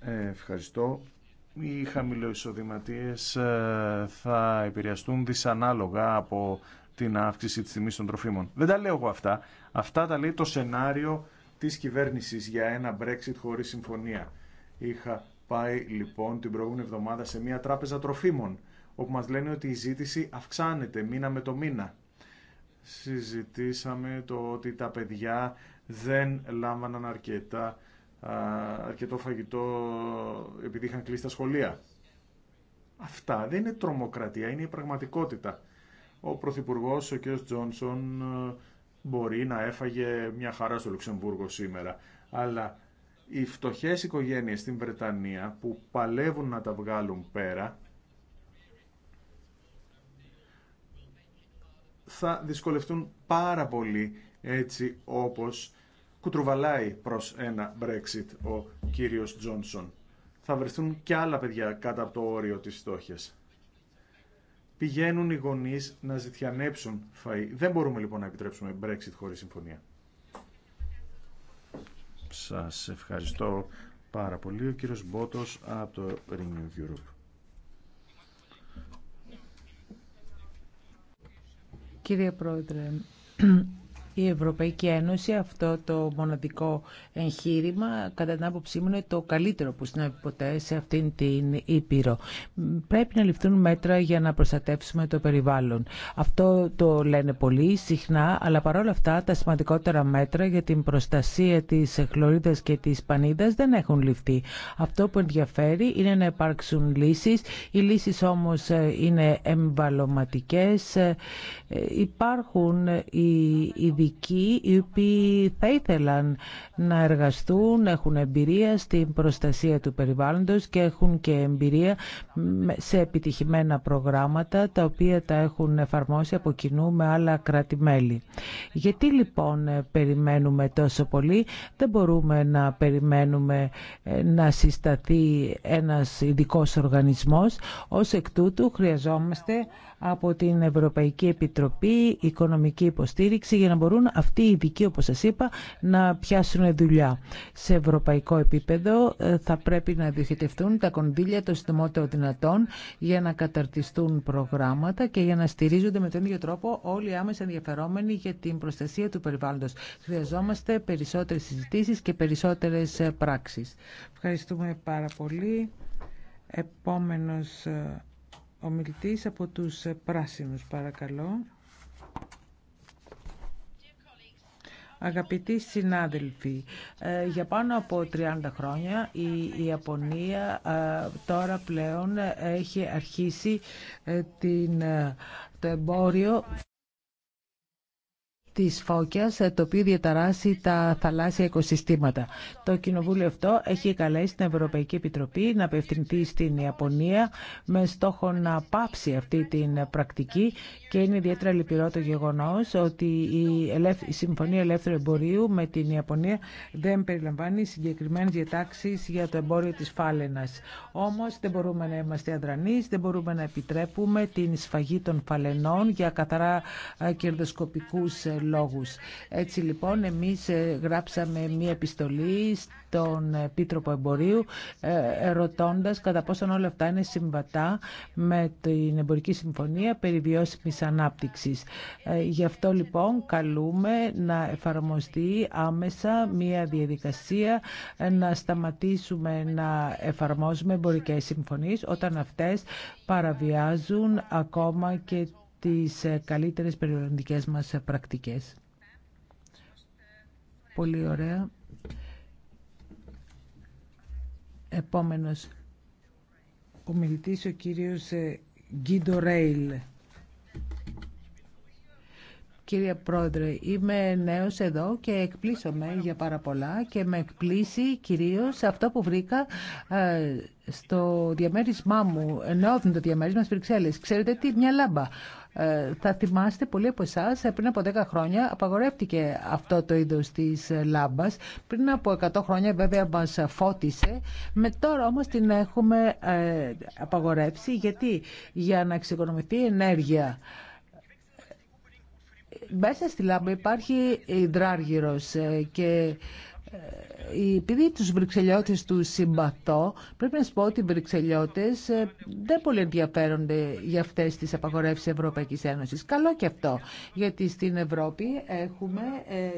Ε, ευχαριστώ. Οι χαμηλοεισοδηματίες ε, θα επηρεαστούν δυσανάλογα από την αύξηση της τιμής των τροφίμων. Δεν τα λέω εγώ αυτά. Αυτά τα λέει το σενάριο της κυβέρνησης για ένα Brexit χωρίς συμφωνία. Είχα πάει λοιπόν την προηγούμενη εβδομάδα σε μια τράπεζα τροφίμων, όπου μας λένε ότι η ζήτηση αυξάνεται μήνα με το μήνα. Συζητήσαμε το ότι τα παιδιά δεν λάμβαναν αρκετά, αρκετό φαγητό επειδή είχαν κλείσει τα σχολεία. Αυτά δεν είναι τρομοκρατία, είναι η πραγματικότητα. Ο Πρωθυπουργό, ο κ. Τζόνσον, μπορεί να έφαγε μια χαρά στο Λουξεμβούργο σήμερα, αλλά οι φτωχές οικογένειες στην Βρετανία που παλεύουν να τα βγάλουν πέρα θα δυσκολευτούν πάρα πολύ έτσι όπως κουτρουβαλάει προς ένα Brexit ο κύριος Τζόνσον. Θα βρεθούν και άλλα παιδιά κάτω από το όριο της φτώχειας. Πηγαίνουν οι γονείς να ζητιανέψουν φαΐ. Δεν μπορούμε λοιπόν να επιτρέψουμε Brexit χωρίς συμφωνία. Σας ευχαριστώ πάρα πολύ. Ο κύριος Μπότος από το Renew Europe. Κύριε Πρόεδρε, η Ευρωπαϊκή Ένωση αυτό το μοναδικό εγχείρημα κατά την άποψή μου είναι το καλύτερο που συνέβη ποτέ σε αυτήν την Ήπειρο. Πρέπει να ληφθούν μέτρα για να προστατεύσουμε το περιβάλλον. Αυτό το λένε πολύ συχνά, αλλά παρόλα αυτά τα σημαντικότερα μέτρα για την προστασία της χλωρίδας και της πανίδας δεν έχουν ληφθεί. Αυτό που ενδιαφέρει είναι να υπάρξουν λύσεις. Οι λύσεις όμως ε, είναι εμβαλωματικές. Ε, ε, υπάρχουν οι ειδικοί οι οποίοι θα ήθελαν να εργαστούν, έχουν εμπειρία στην προστασία του περιβάλλοντος και έχουν και εμπειρία σε επιτυχημένα προγράμματα τα οποία τα έχουν εφαρμόσει από κοινού με άλλα κράτη-μέλη. Γιατί λοιπόν ε, περιμένουμε τόσο πολύ, δεν μπορούμε να περιμένουμε ε, να συσταθεί ένας ειδικό οργανισμός, ως εκ τούτου χρειαζόμαστε από την Ευρωπαϊκή Επιτροπή Οικονομική Υποστήριξη για να μπορούν αυτοί οι ειδικοί, όπως σας είπα, να πιάσουν δουλειά. Σε ευρωπαϊκό επίπεδο ε, θα πρέπει να διοχετευτούν τα κονδύλια το συντομότερο δυνατόν για να καταρτιστούν προγράμματα και για να στηρίζονται με τον ίδιο τρόπο όλοι οι άμεσα ενδιαφερόμενοι για την προστασία του περιβάλλοντος. Χρειαζόμαστε περισσότερες συζητήσεις και περισσότερες ε, πράξεις. Ευχαριστούμε πάρα πολύ. Επόμενος ε, ομιλητής από τους πράσινους παρακαλώ. Αγαπητοί συνάδελφοι, ε, για πάνω από 30 χρόνια η Ιαπωνία ε, τώρα πλέον έχει αρχίσει ε, την, το εμπόριο της φώκιας ε, το οποίο διαταράσει τα θαλάσσια οικοσυστήματα. Το κοινοβούλιο αυτό έχει καλέσει την Ευρωπαϊκή Επιτροπή να απευθυνθεί στην Ιαπωνία με στόχο να πάψει αυτή την πρακτική και είναι ιδιαίτερα λυπηρό το γεγονός ότι η Συμφωνία Ελεύθερου Εμπορίου με την Ιαπωνία δεν περιλαμβάνει συγκεκριμένες διατάξεις για το εμπόριο της φάλαινας. Όμως δεν μπορούμε να είμαστε αδρανείς, δεν μπορούμε να επιτρέπουμε την σφαγή των φαλενών για καθαρά ε, κερδοσκοπικούς ε, λόγους. Έτσι λοιπόν εμείς ε, γράψαμε μία επιστολή στον Επίτροπο Εμπορίου ε, ερωτώντας κατά πόσον όλα αυτά είναι συμβατά με την Εμπορική Συμφωνία περί βιώσιμης ανάπτυξης. Ε, γι' αυτό λοιπόν καλούμε να εφαρμοστεί άμεσα μία διαδικασία να σταματήσουμε να εφαρμόζουμε εμπορικές συμφωνίες όταν αυτές παραβιάζουν ακόμα και τις ε, καλύτερες περιοριστικές μας ε, πρακτικές. Πολύ ωραία. Επόμενος ο ο κύριος Γκίντο ε, Ρέιλ. Κύριε Πρόεδρε, είμαι νέος εδώ και εκπλήσωμαι για πάρα πολλά και με εκπλήσει κυρίως αυτό που βρήκα στο διαμέρισμά μου, ενώ το διαμέρισμα στις Ξέρετε τι, μια λάμπα. Ε, θα θυμάστε πολλοί από εσά, ε, πριν από 10 χρόνια απαγορεύτηκε αυτό το είδο τη ε, λάμπα. Πριν από 100 χρόνια βέβαια μα φώτισε. Με τώρα όμω την έχουμε απαγορεύσει. Γιατί? Για να εξοικονομηθεί ενέργεια. Μέσα στη λάμπα υπάρχει υδράργυρος και επειδή τους Βρυξελιώτες του συμπαθώ, πρέπει να σου πω ότι οι Βρυξελιώτες ε, δεν πολύ ενδιαφέρονται για αυτές τις απαγορεύσεις Ευρωπαϊκής Ένωσης. Καλό και αυτό, γιατί στην Ευρώπη έχουμε ε,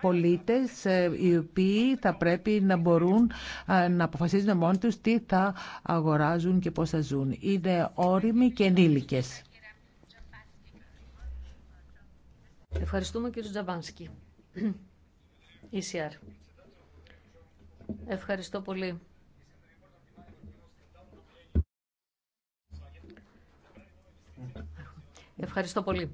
πολίτες ε, οι οποίοι θα πρέπει να μπορούν να αποφασίζουν μόνοι τους τι θα αγοράζουν και πώς θα ζουν. Είναι όριμοι και ενήλικες. Ευχαριστούμε κύριο Τζαμπάνσκι. ECR. Ευχαριστώ πολύ. Ευχαριστώ πολύ.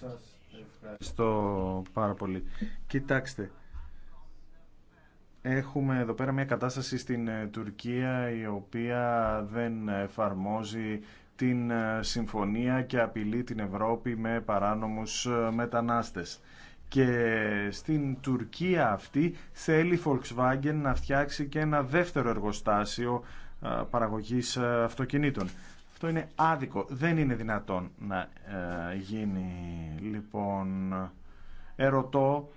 Σας ευχαριστώ πάρα πολύ. Κοιτάξτε, Έχουμε εδώ πέρα μια κατάσταση στην ε, Τουρκία η οποία δεν εφαρμόζει την ε, συμφωνία και απειλεί την Ευρώπη με παράνομους ε, μετανάστες. Και στην Τουρκία αυτή θέλει η Volkswagen να φτιάξει και ένα δεύτερο εργοστάσιο παραγωγής αυτοκινήτων. Αυτό είναι άδικο. Δεν είναι δυνατόν να γίνει. Λοιπόν, ερωτώ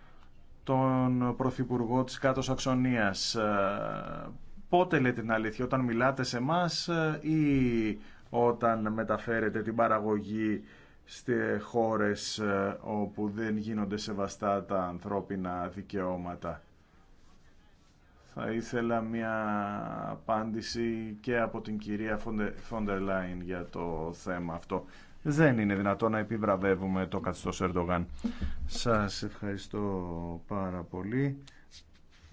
τον Πρωθυπουργό της Κάτω Σαξονίας. Ε, πότε λέτε την αλήθεια, όταν μιλάτε σε εμά ε, ή όταν μεταφέρετε την παραγωγή σε χώρες ε, όπου δεν γίνονται σεβαστά τα ανθρώπινα δικαιώματα. Θα ήθελα μια απάντηση και από την κυρία Φόντερ για το θέμα αυτό δεν είναι δυνατόν να επιβραβεύουμε το καθεστώς Ερντογάν. Σας ευχαριστώ πάρα πολύ.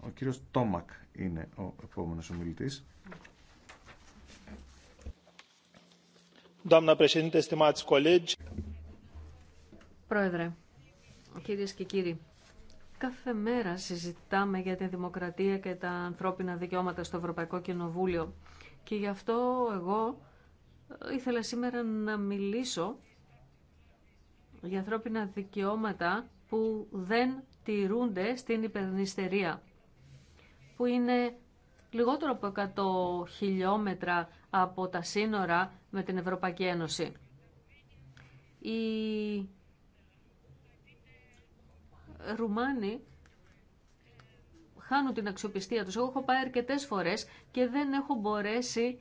Ο κύριος Τόμακ είναι ο επόμενος ομιλητής. Πρόεδρε, κυρίες και κύριοι, κάθε μέρα συζητάμε για τη δημοκρατία και τα ανθρώπινα δικαιώματα στο Ευρωπαϊκό Κοινοβούλιο και γι' αυτό εγώ ήθελα σήμερα να μιλήσω για ανθρώπινα δικαιώματα που δεν τηρούνται στην υπερνηστερία, που είναι λιγότερο από 100 χιλιόμετρα από τα σύνορα με την Ευρωπαϊκή Ένωση. Οι Ρουμάνοι χάνουν την αξιοπιστία τους. Εγώ έχω πάει αρκετές φορές και δεν έχω μπορέσει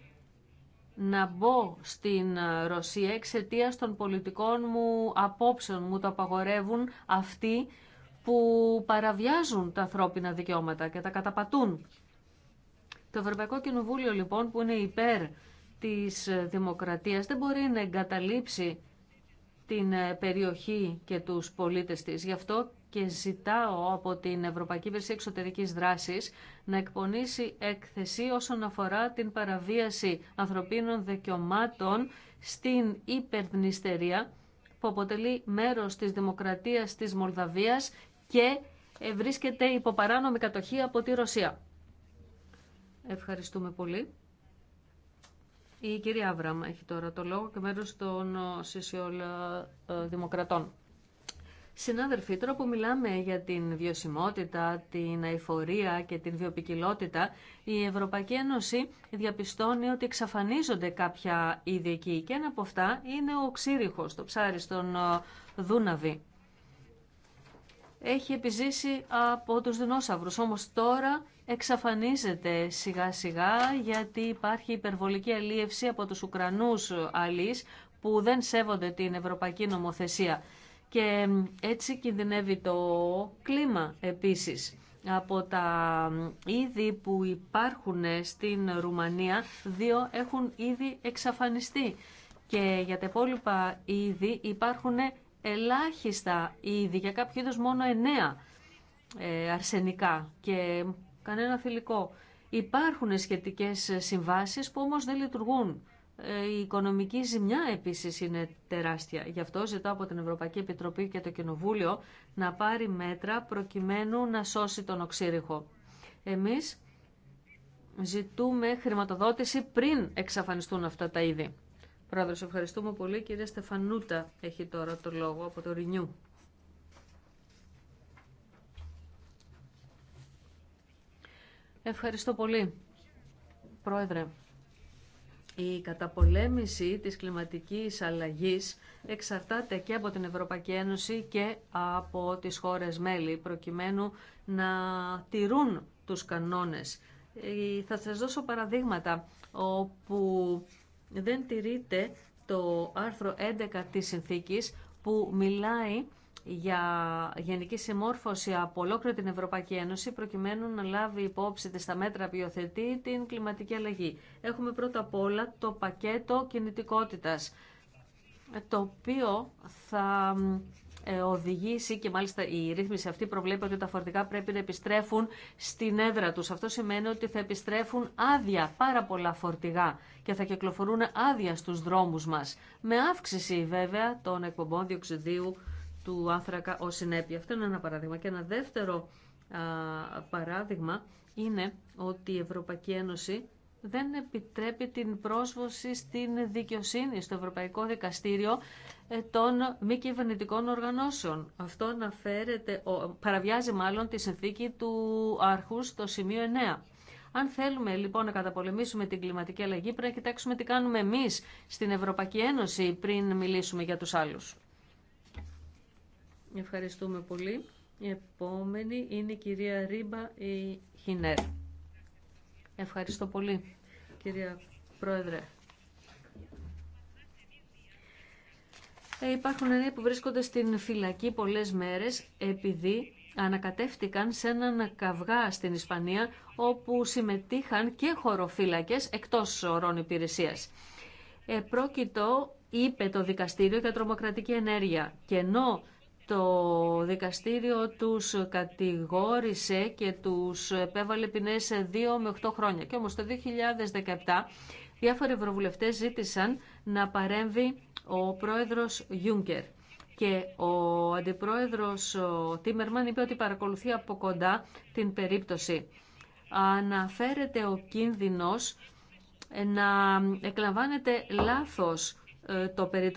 να μπω στην ε, Ρωσία εξαιτία των πολιτικών μου απόψεων. Μου το απαγορεύουν αυτοί που παραβιάζουν τα ανθρώπινα δικαιώματα και τα καταπατούν. Το Ευρωπαϊκό Κοινοβούλιο λοιπόν που είναι υπέρ της ε, δημοκρατίας δεν μπορεί να εγκαταλείψει την ε, περιοχή και τους πολίτες της. Γι' αυτό και ζητάω από την Ευρωπαϊκή Υπηρεσία Εξωτερικής Δράσης να εκπονήσει έκθεση όσον αφορά την παραβίαση ανθρωπίνων δικαιωμάτων στην υπερδνηστερία που αποτελεί μέρος της δημοκρατίας της Μολδαβίας και ε, βρίσκεται υπό παράνομη κατοχή από τη Ρωσία. Ευχαριστούμε πολύ. Η κυρία Άβραμα έχει τώρα το λόγο και μέρος των ε, ε, Δημοκρατών. Συνάδελφοι, τώρα που μιλάμε για την βιωσιμότητα, την αηφορία και την βιοπικιλότητα, η Ευρωπαϊκή Ένωση διαπιστώνει ότι εξαφανίζονται κάποια είδη και ένα από αυτά είναι ο ξύριχος, το ψάρι στον ε, Δούναβη. Έχει επιζήσει από τους δεινόσαυρους, όμως τώρα εξαφανίζεται σιγά σιγά γιατί υπάρχει υπερβολική αλίευση από τους Ουκρανούς ε, αλείς που δεν σέβονται την Ευρωπαϊκή Νομοθεσία και έτσι κινδυνεύει το κλίμα επίσης. Από τα είδη που υπάρχουν στην Ρουμανία, δύο έχουν ήδη εξαφανιστεί και για τα υπόλοιπα είδη υπάρχουν ελάχιστα είδη, για κάποιο είδος μόνο εννέα ε, αρσενικά και κανένα θηλυκό. Υπάρχουν σχετικές συμβάσεις που όμως δεν λειτουργούν ε, η οικονομική ζημιά επίσης είναι τεράστια. Γι' αυτό ζητώ από την Ευρωπαϊκή Επιτροπή και το Κοινοβούλιο να πάρει μέτρα προκειμένου να σώσει τον οξύριχο. Εμείς ζητούμε χρηματοδότηση πριν εξαφανιστούν αυτά τα είδη. Πρόεδρος, ευχαριστούμε πολύ. Κυρία Στεφανούτα έχει τώρα το λόγο από το Ρινιού. Ευχαριστώ πολύ, Πρόεδρε. Η καταπολέμηση της κλιματικής αλλαγής εξαρτάται και από την Ευρωπαϊκή Ένωση και από τις χώρες μέλη, προκειμένου να τηρούν τους κανόνες. Ε, θα σας δώσω παραδείγματα όπου δεν τηρείται το άρθρο 11 της συνθήκης που μιλάει για γενική συμμόρφωση από ολόκληρη την Ευρωπαϊκή Ένωση προκειμένου να λάβει υπόψη της στα μέτρα που υιοθετεί την κλιματική αλλαγή. Έχουμε πρώτα απ' όλα το πακέτο κινητικότητας το οποίο θα ε, οδηγήσει και μάλιστα η ρύθμιση αυτή προβλέπει ότι τα φορτικά πρέπει να επιστρέφουν στην έδρα τους. Αυτό σημαίνει ότι θα επιστρέφουν άδεια πάρα πολλά φορτηγά και θα κυκλοφορούν άδεια στους δρόμους μας. Με αύξηση βέβαια των εκπομπών διοξιδίου του άνθρακα ως συνέπεια. Αυτό είναι ένα παράδειγμα. Και ένα δεύτερο παράδειγμα είναι ότι η Ευρωπαϊκή Ένωση δεν επιτρέπει την πρόσβαση στην δικαιοσύνη στο Ευρωπαϊκό Δικαστήριο ε, των μη κυβερνητικών οργανώσεων. Αυτό παραβιάζει μάλλον τη συνθήκη του αρχού στο σημείο 9. Αν θέλουμε λοιπόν να καταπολεμήσουμε την κλιματική αλλαγή, πρέπει να κοιτάξουμε τι κάνουμε εμείς στην Ευρωπαϊκή Ένωση πριν μιλήσουμε για τους άλλους. Ευχαριστούμε πολύ. Η επόμενη είναι η κυρία Ρίμπα η Χινέρ. Ευχαριστώ πολύ, κυρία Πρόεδρε. Ε, υπάρχουν νέοι που βρίσκονται στην φυλακή πολλές μέρες επειδή ανακατεύτηκαν σε έναν καυγά στην Ισπανία όπου συμμετείχαν και χωροφύλακες εκτός ορών υπηρεσίας. Ε, πρόκειτο, είπε το δικαστήριο, για τρομοκρατική ενέργεια και ενώ το δικαστήριο τους κατηγόρησε και τους επέβαλε ποινές 2 με 8 χρόνια. Και όμως το 2017 διάφοροι ευρωβουλευτές ζήτησαν να παρέμβει ο πρόεδρος Γιούγκερ. Και ο αντιπρόεδρος Τίμερμαν είπε ότι παρακολουθεί από κοντά την περίπτωση. Αναφέρεται ο κίνδυνος να εκλαμβάνεται λάθος ε, το περί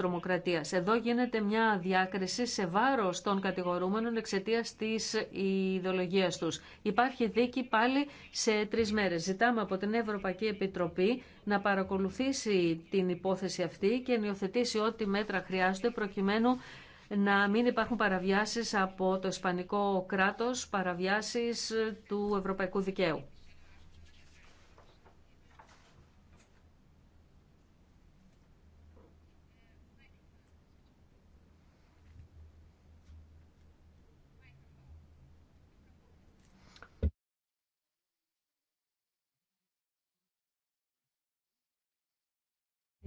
Εδώ γίνεται μια διάκριση σε βάρος των κατηγορούμενων εξαιτία της ιδεολογίας τους. Υπάρχει δίκη πάλι σε τρεις μέρες. Ζητάμε από την Ευρωπαϊκή Επιτροπή να παρακολουθήσει την υπόθεση αυτή και να υιοθετήσει ό,τι μέτρα χρειάζονται προκειμένου να μην υπάρχουν παραβιάσεις από το Ισπανικό κράτος, παραβιάσεις του Ευρωπαϊκού Δικαίου.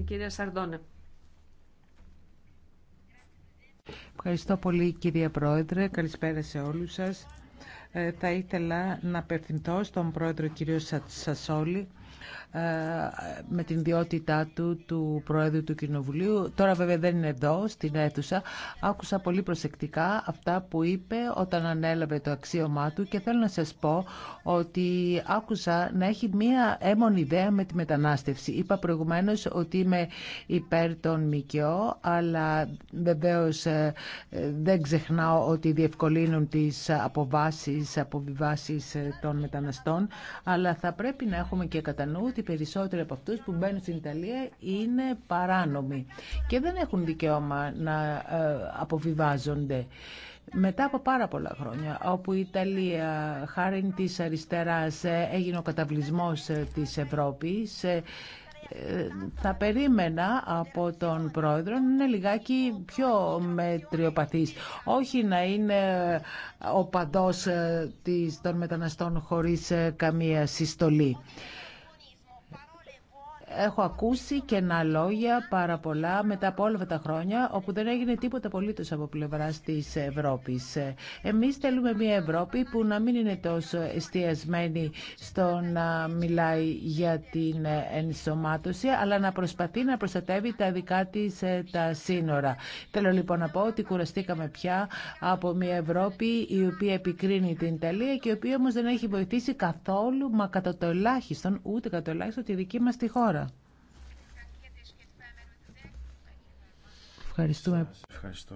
Η κυρία Σαρδόνε. Ευχαριστώ πολύ κυρία Πρόεδρε. Καλησπέρα σε όλους σας. Ε, θα ήθελα να απευθυνθώ στον Πρόεδρο κύριο Σασόλη ε, με την ιδιότητά του του Προέδρου του Κοινοβουλίου. Τώρα βέβαια δεν είναι εδώ στην αίθουσα. Άκουσα πολύ προσεκτικά αυτά που είπε όταν ανέλαβε το αξίωμά του και θέλω να σας πω ότι άκουσα να έχει μία έμονη ιδέα με τη μετανάστευση. Είπα προηγουμένως ότι είμαι υπέρ των ΜΚΟ, αλλά βεβαίω ε, δεν ξεχνάω ότι διευκολύνουν τις αποβάσεις, αποβιβάσεις ε, των μεταναστών, αλλά θα πρέπει να έχουμε και κατά ότι περισσότεροι από αυτούς που μπαίνουν στην Ιταλία είναι παράνομοι και δεν έχουν δικαίωμα να ε, αποβιβάζονται. Μετά από πάρα πολλά χρόνια, όπου η Ιταλία χάρη της αριστεράς ε, έγινε ο καταβλισμός ε, της Ευρώπης, θα περίμενα από τον πρόεδρο να είναι λιγάκι πιο μετριοπαθής. Όχι να είναι ο παντός των μεταναστών χωρίς καμία συστολή. Έχω ακούσει κενά λόγια πάρα πολλά μετά από όλα αυτά τα χρόνια, όπου δεν έγινε τίποτα απολύτως από πλευρά τη Ευρώπη. Εμεί θέλουμε μια Ευρώπη που να μην είναι τόσο εστιασμένη στο να μιλάει για την ενσωμάτωση, αλλά να προσπαθεί να προστατεύει τα δικά τη ε, τα σύνορα. Θέλω λοιπόν να πω ότι κουραστήκαμε πια από μια Ευρώπη η οποία επικρίνει την Ιταλία και η οποία όμω δεν έχει βοηθήσει καθόλου, μα κατά το ελάχιστον, ούτε κατά το ελάχιστον, τη δική μα τη χώρα. Ευχαριστούμε. ευχαριστώ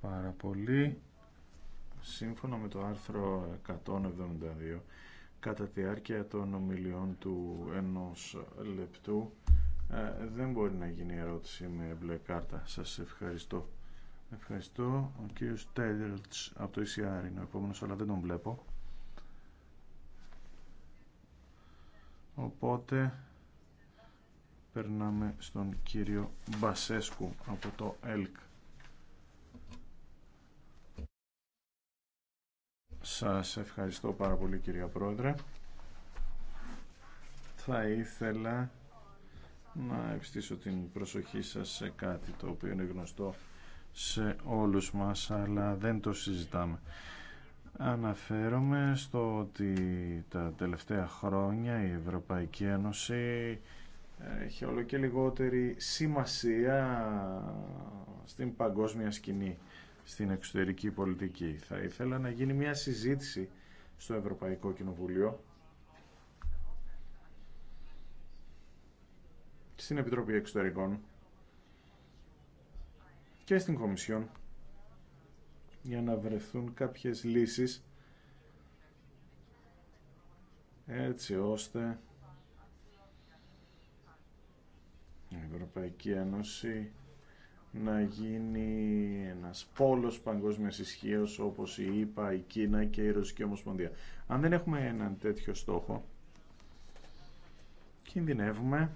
πάρα πολύ. Σύμφωνα με το άρθρο 172, κατά τη διάρκεια των ομιλιών του ενός λεπτού, ε, δεν μπορεί να γίνει ερώτηση με μπλε κάρτα. Σας ευχαριστώ. Ευχαριστώ. Ο κύριος Τέλτς από το ECR είναι ο επόμενος, αλλά δεν τον βλέπω. Οπότε περνάμε στον κύριο Μπασέσκου από το ΕΛΚ. Σας ευχαριστώ πάρα πολύ κυρία Πρόεδρε. Θα ήθελα να ευστήσω την προσοχή σας σε κάτι το οποίο είναι γνωστό σε όλους μας αλλά δεν το συζητάμε. Αναφέρομαι στο ότι τα τελευταία χρόνια η Ευρωπαϊκή Ένωση έχει όλο και λιγότερη σημασία στην παγκόσμια σκηνή, στην εξωτερική πολιτική. Θα ήθελα να γίνει μια συζήτηση στο Ευρωπαϊκό Κοινοβουλίο στην Επιτροπή Εξωτερικών και στην Κομισιόν για να βρεθούν κάποιες λύσεις έτσι ώστε Ευρωπαϊκή Ένωση να γίνει ένας πόλος παγκόσμιας ισχύω όπως η ΕΠΑ, η Κίνα και η Ρωσική Ομοσπονδία. Αν δεν έχουμε έναν τέτοιο στόχο, κινδυνεύουμε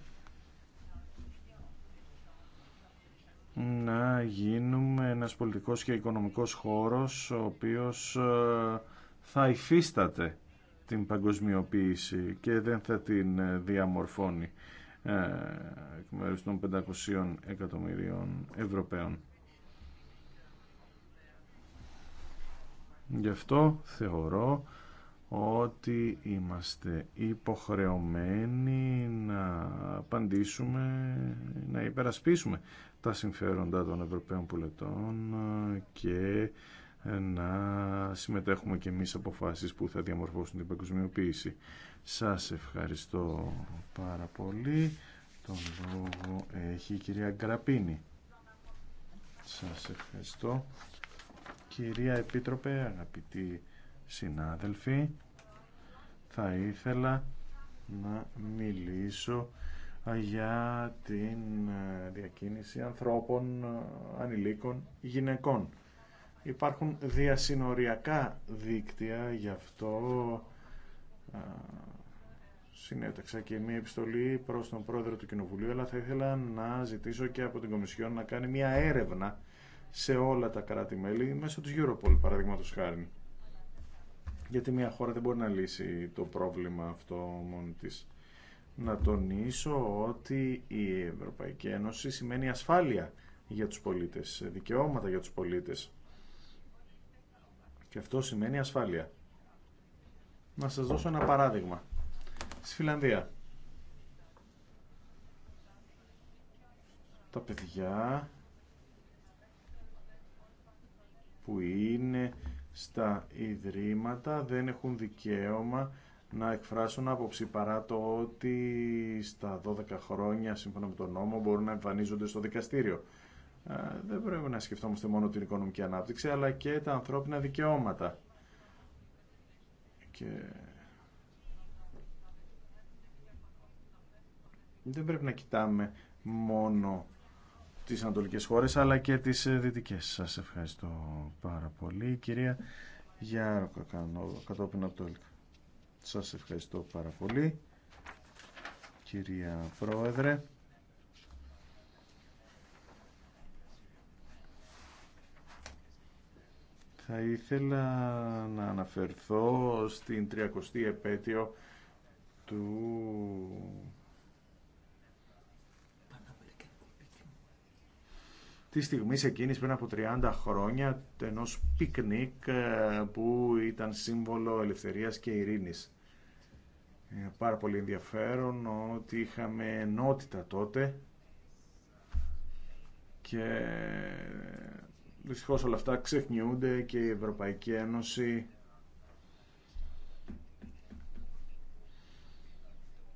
να γίνουμε ένας πολιτικός και οικονομικός χώρος ο οποίος ε, θα υφίσταται την παγκοσμιοποίηση και δεν θα την ε, διαμορφώνει. Ε, εκ μέρους των 500 εκατομμυρίων Ευρωπαίων. Γι' αυτό θεωρώ ότι είμαστε υποχρεωμένοι να απαντήσουμε, να υπερασπίσουμε τα συμφέροντα των Ευρωπαίων πολιτών και να συμμετέχουμε και εμείς αποφάσεις που θα διαμορφώσουν την παγκοσμιοποίηση. Σας ευχαριστώ πάρα πολύ. Τον λόγο έχει η κυρία Γκραπίνη. Σας ευχαριστώ. Κυρία Επίτροπε, αγαπητοί συνάδελφοι, θα ήθελα να μιλήσω για την διακίνηση ανθρώπων, ανηλίκων, γυναικών. Υπάρχουν διασυνοριακά δίκτυα, γι' αυτό συνέταξα και μια επιστολή προς τον πρόεδρο του Κοινοβουλίου, αλλά θα ήθελα να ζητήσω και από την Κομισιόν να κάνει μια έρευνα σε όλα τα κράτη-μέλη, μέσω της Europol, παραδείγματος χάρη. Γιατί μια χώρα δεν μπορεί να λύσει το πρόβλημα αυτό μόνη της. Να τονίσω ότι η Ευρωπαϊκή Ένωση σημαίνει ασφάλεια για τους πολίτες, δικαιώματα για τους πολίτες. Και αυτό σημαίνει ασφάλεια. Να σας δώσω ένα παράδειγμα στη Φιλανδία. Τα παιδιά που είναι στα ιδρύματα δεν έχουν δικαίωμα να εκφράσουν άποψη παρά το ότι στα 12 χρόνια σύμφωνα με τον νόμο μπορούν να εμφανίζονται στο δικαστήριο. Ε, δεν πρέπει να σκεφτόμαστε μόνο την οικονομική ανάπτυξη αλλά και τα ανθρώπινα δικαιώματα. Και Δεν πρέπει να κοιτάμε μόνο τις ανατολικές χώρες αλλά και τις ε, δυτικές. Σας ευχαριστώ πάρα πολύ. κυρία Γιάρο Κακάνο, κατόπιν από το ΕΛΚΑ. Σας ευχαριστώ πάρα πολύ. Κυρία Πρόεδρε. Θα ήθελα να αναφερθώ στην 30η επέτειο του τη στιγμή εκείνη πριν από 30 χρόνια ενό πικνίκ ε, που ήταν σύμβολο ελευθερίας και ειρήνης. Ε, πάρα πολύ ενδιαφέρον ότι είχαμε ενότητα τότε και ε, δυστυχώς όλα αυτά ξεχνιούνται και η Ευρωπαϊκή Ένωση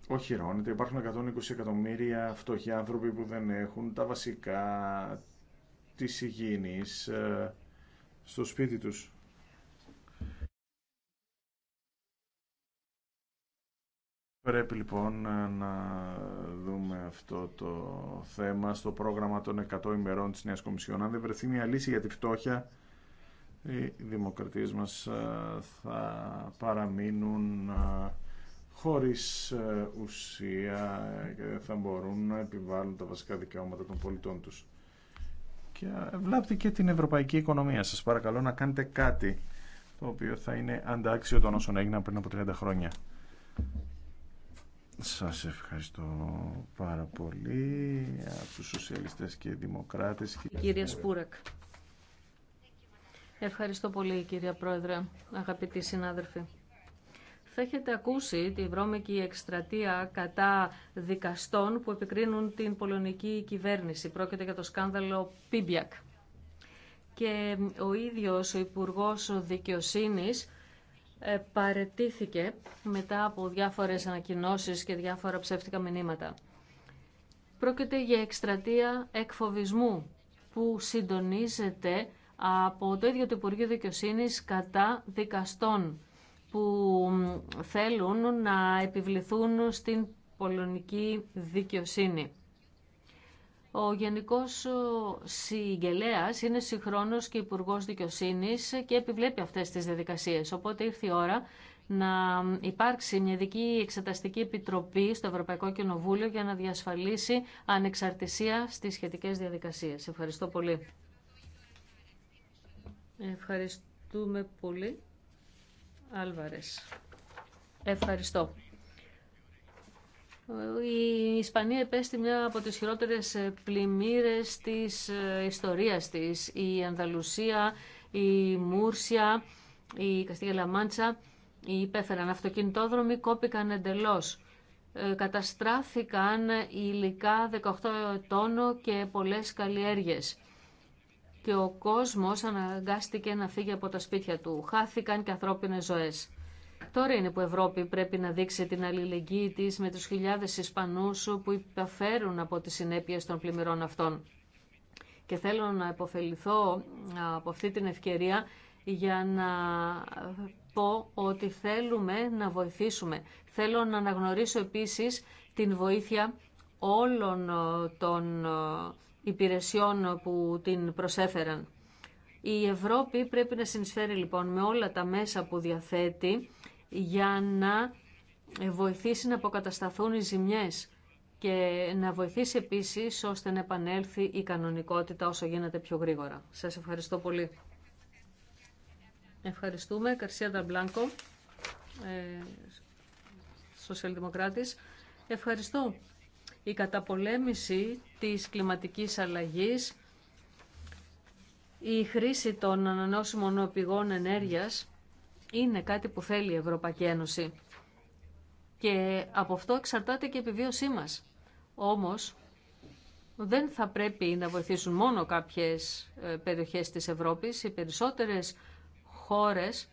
Όχι, Υπάρχουν 120 εκατομμύρια φτωχοί άνθρωποι που δεν έχουν τα βασικά της υγιεινής ε, στο σπίτι τους. Πρέπει λοιπόν ε, να δούμε αυτό το θέμα στο πρόγραμμα των 100 ημερών της Νέας Κομισιόν. Αν δεν βρεθεί μια λύση για τη φτώχεια, οι δημοκρατίες μας ε, θα παραμείνουν χωρίς ουσία και δεν θα μπορούν να επιβάλλουν τα βασικά δικαιώματα των πολιτών τους και βλάπτει και την ευρωπαϊκή οικονομία. Σας παρακαλώ να κάνετε κάτι το οποίο θα είναι αντάξιο των όσων έγιναν πριν από 30 χρόνια. Σας ευχαριστώ πάρα πολύ από τους σοσιαλιστές και δημοκράτες. Κυρία Σπουρακ. Ευχαριστώ πολύ κυρία Πρόεδρε, αγαπητοί συνάδελφοι. Θα έχετε ακούσει τη βρώμικη εκστρατεία κατά δικαστών που επικρίνουν την πολωνική κυβέρνηση. Πρόκειται για το σκάνδαλο Πίμπιακ. Και ο ίδιος ο Υπουργός Δικαιοσύνης ε, παρετήθηκε μετά από διάφορες ανακοινώσεις και διάφορα ψεύτικα μηνύματα. Πρόκειται για εκστρατεία εκφοβισμού που συντονίζεται από το ίδιο το Υπουργείο Δικαιοσύνης κατά δικαστών που θέλουν να επιβληθούν στην πολωνική δικαιοσύνη. Ο Γενικός Συγγελέας είναι συγχρόνος και Υπουργός Δικαιοσύνης και επιβλέπει αυτές τις διαδικασίες. Οπότε ήρθε η ώρα να υπάρξει μια δική εξεταστική επιτροπή στο Ευρωπαϊκό Κοινοβούλιο για να διασφαλίσει ανεξαρτησία στις σχετικές διαδικασίες. Ευχαριστώ πολύ. Ευχαριστούμε πολύ. Άλβαρες. Ευχαριστώ. Η Ισπανία επέστη μια από τις χειρότερες πλημμύρες της ε, ιστορίας της. Η Ανδαλουσία, η Μούρσια, η Καστίγια Λαμάντσα υπέφεραν αυτοκινητόδρομοι, κόπηκαν εντελώς. Ε, καταστράφηκαν υλικά 18 ετών και πολλές καλλιέργειες και ο κόσμος αναγκάστηκε να φύγει από τα σπίτια του. Χάθηκαν και ανθρώπινες ζωές. Τώρα είναι που η Ευρώπη πρέπει να δείξει την αλληλεγγύη της με τους χιλιάδες Ισπανούς που υπεφέρουν από τις συνέπειες των πλημμυρών αυτών. Και θέλω να υποφεληθώ από αυτή την ευκαιρία για να πω ότι θέλουμε να βοηθήσουμε. Θέλω να αναγνωρίσω επίσης την βοήθεια όλων των υπηρεσιών που την προσέφεραν. Η Ευρώπη πρέπει να συνεισφέρει λοιπόν με όλα τα μέσα που διαθέτει για να βοηθήσει να αποκατασταθούν οι ζημιές και να βοηθήσει επίσης ώστε να επανέλθει η κανονικότητα όσο γίνεται πιο γρήγορα. Σας ευχαριστώ πολύ. Ευχαριστούμε. Καρσία Νταμπλάνκο, ε, Σοσιαλδημοκράτης. Ευχαριστώ η καταπολέμηση της κλιματικής αλλαγής, η χρήση των ανανεώσιμων πηγών ενέργειας είναι κάτι που θέλει η Ευρωπαϊκή Ένωση. Και από αυτό εξαρτάται και η επιβίωσή μας. Όμως, δεν θα πρέπει να βοηθήσουν μόνο κάποιες ε, περιοχές της Ευρώπης. Οι περισσότερες χώρες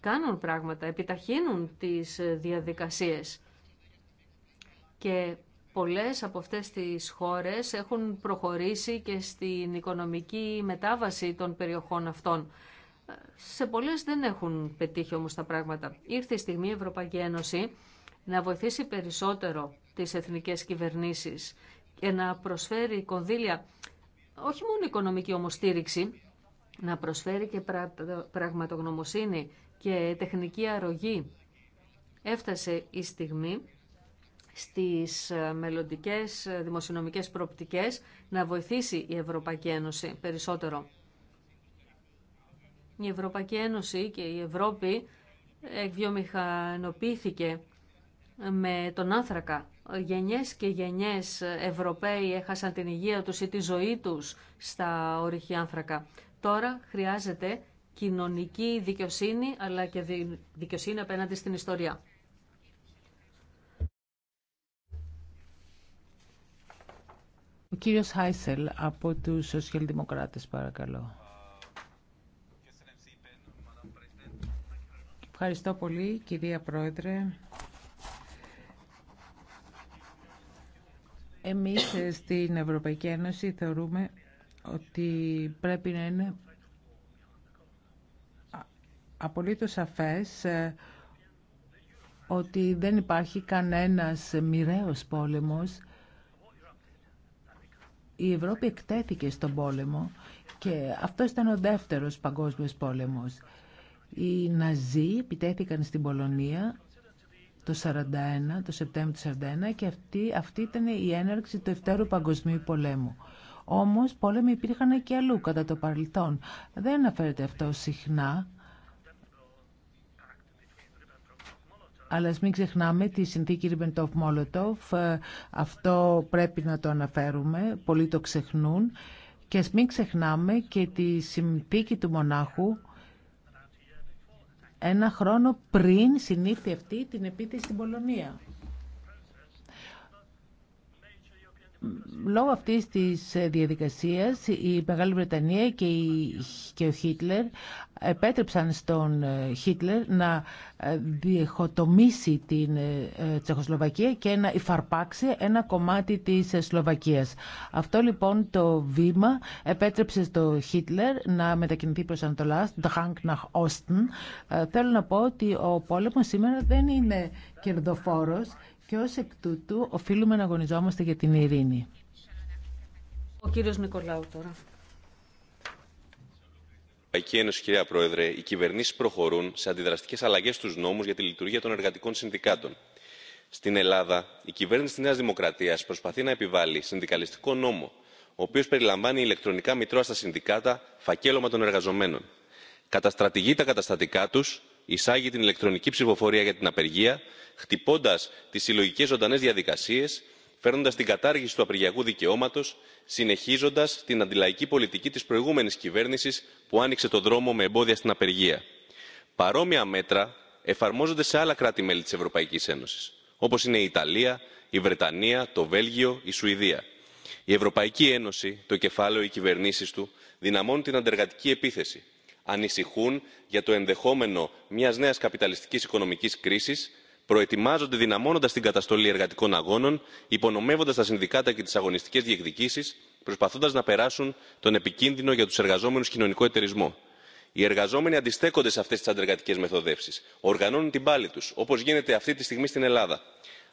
κάνουν πράγματα, επιταχύνουν τις ε, διαδικασίες και πολλές από αυτές τις χώρες έχουν προχωρήσει και στην οικονομική μετάβαση των περιοχών αυτών. Σε πολλές δεν έχουν πετύχει όμως τα πράγματα. Ήρθε η στιγμή η Ευρωπαϊκή Ένωση να βοηθήσει περισσότερο τις εθνικές κυβερνήσεις και να προσφέρει κονδύλια, όχι μόνο οικονομική όμως στήριξη, να προσφέρει και πραγματογνωμοσύνη και τεχνική αρρωγή. Έφτασε η στιγμή στις ε, μελλοντικές ε, δημοσιονομικές προοπτικές να βοηθήσει η Ευρωπαϊκή Ένωση περισσότερο. Η Ευρωπαϊκή Ένωση και η Ευρώπη εκβιομηχανοποιήθηκε με τον άνθρακα. Γενιές και γενιές Ευρωπαίοι έχασαν την υγεία τους ή τη ζωή τους στα ορυχή άνθρακα. Τώρα χρειάζεται κοινωνική δικαιοσύνη αλλά και δικαιοσύνη απέναντι στην ιστορία. Ο κύριος Χάισελ από τους Σοσιαλδημοκράτες, παρακαλώ. Ευχαριστώ πολύ, κυρία Πρόεδρε. Εμείς στην Ευρωπαϊκή Ένωση θεωρούμε ότι πρέπει να είναι απολύτως σαφές ε, ότι δεν υπάρχει κανένας μοιραίος πόλεμος η Ευρώπη εκτέθηκε στον πόλεμο και αυτό ήταν ο δεύτερος παγκόσμιος πόλεμος. Οι Ναζί επιτέθηκαν στην Πολωνία το 41, το Σεπτέμβριο του 41 και αυτή, αυτή ήταν η έναρξη του Δευτέρου Παγκοσμίου Πολέμου. Όμως πόλεμοι υπήρχαν και αλλού κατά το παρελθόν. Δεν αναφέρεται αυτό συχνά Αλλά ας μην ξεχνάμε τη συνθήκη Ριμπεντόφ Μόλοτοφ. Αυτό πρέπει να το αναφέρουμε. Πολλοί το ξεχνούν. Και ας μην ξεχνάμε και τη συνθήκη του μονάχου ένα χρόνο πριν συνήθει αυτή την επίθεση στην Πολωνία. λόγω αυτής της ε, διαδικασίας η Μεγάλη Βρετανία και, και ο Χίτλερ επέτρεψαν στον ε, Χίτλερ να ε, διεχοτομήσει την Τσεχοσλοβακία και να υφαρπάξει ένα κομμάτι της Σλοβακίας. Αυτό λοιπόν το βήμα επέτρεψε στο Χίτλερ να μετακινηθεί προς Ανατολάς, Drang nach Osten. Θέλω να πω ότι ο πόλεμος σήμερα δεν είναι κερδοφόρος και ως εκ τούτου οφείλουμε να αγωνιζόμαστε για την ειρήνη. Ο κύριος Νικολάου τώρα. Ευρωπαϊκή Ένωση, κυρία Πρόεδρε, οι κυβερνήσει προχωρούν σε αντιδραστικέ αλλαγέ στου νόμου για τη λειτουργία των εργατικών συνδικάτων. Στην Ελλάδα, η κυβέρνηση τη Νέα Δημοκρατία προσπαθεί να επιβάλλει συνδικαλιστικό νόμο, ο οποίο περιλαμβάνει ηλεκτρονικά μητρώα στα συνδικάτα, φακέλωμα των εργαζομένων. Καταστρατηγεί τα καταστατικά του εισάγει την ηλεκτρονική ψηφοφορία για την απεργία χτυπώντα τι συλλογικέ ζωντανέ διαδικασίε φέρνοντα την κατάργηση του απεργιακού δικαιώματο συνεχίζοντα την αντιλαϊκή πολιτική τη προηγούμενη κυβέρνηση που άνοιξε το δρόμο με εμπόδια στην απεργία. παρόμοια μέτρα εφαρμόζονται σε άλλα κράτη μέλη τη ευρωπαϊκή ένωση όπω είναι η ιταλία η βρετανία το βέλγιο η σουηδία. η ευρωπαϊκή ένωση το κεφάλαιο οι κυβερνήσει του δυναμώνουν την αντεργατική επίθεση ανησυχούν για το ενδεχόμενο μια νέα καπιταλιστική οικονομική κρίση προετοιμάζονται δυναμώνοντα την καταστολή εργατικών αγώνων υπονομεύοντα τα συνδικάτα και τι αγωνιστικέ διεκδικήσει προσπαθώντα να περάσουν τον επικίνδυνο για του εργαζόμενου κοινωνικό εταιρισμό. Οι εργαζόμενοι αντιστέκονται σε αυτέ τι αντεργατικέ μεθοδεύσει, οργανώνουν την πάλη του, όπω γίνεται αυτή τη στιγμή στην Ελλάδα.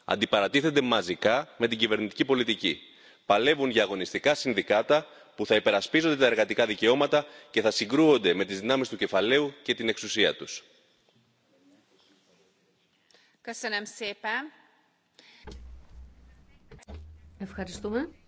Αντιπαρατίθενται μαζικά με την κυβερνητική πολιτική. Παλεύουν για αγωνιστικά συνδικάτα που θα υπερασπίζονται τα εργατικά δικαιώματα και θα συγκρούονται με τις δυνάμεις του κεφαλαίου και την εξουσία τους. Ευχαριστούμε.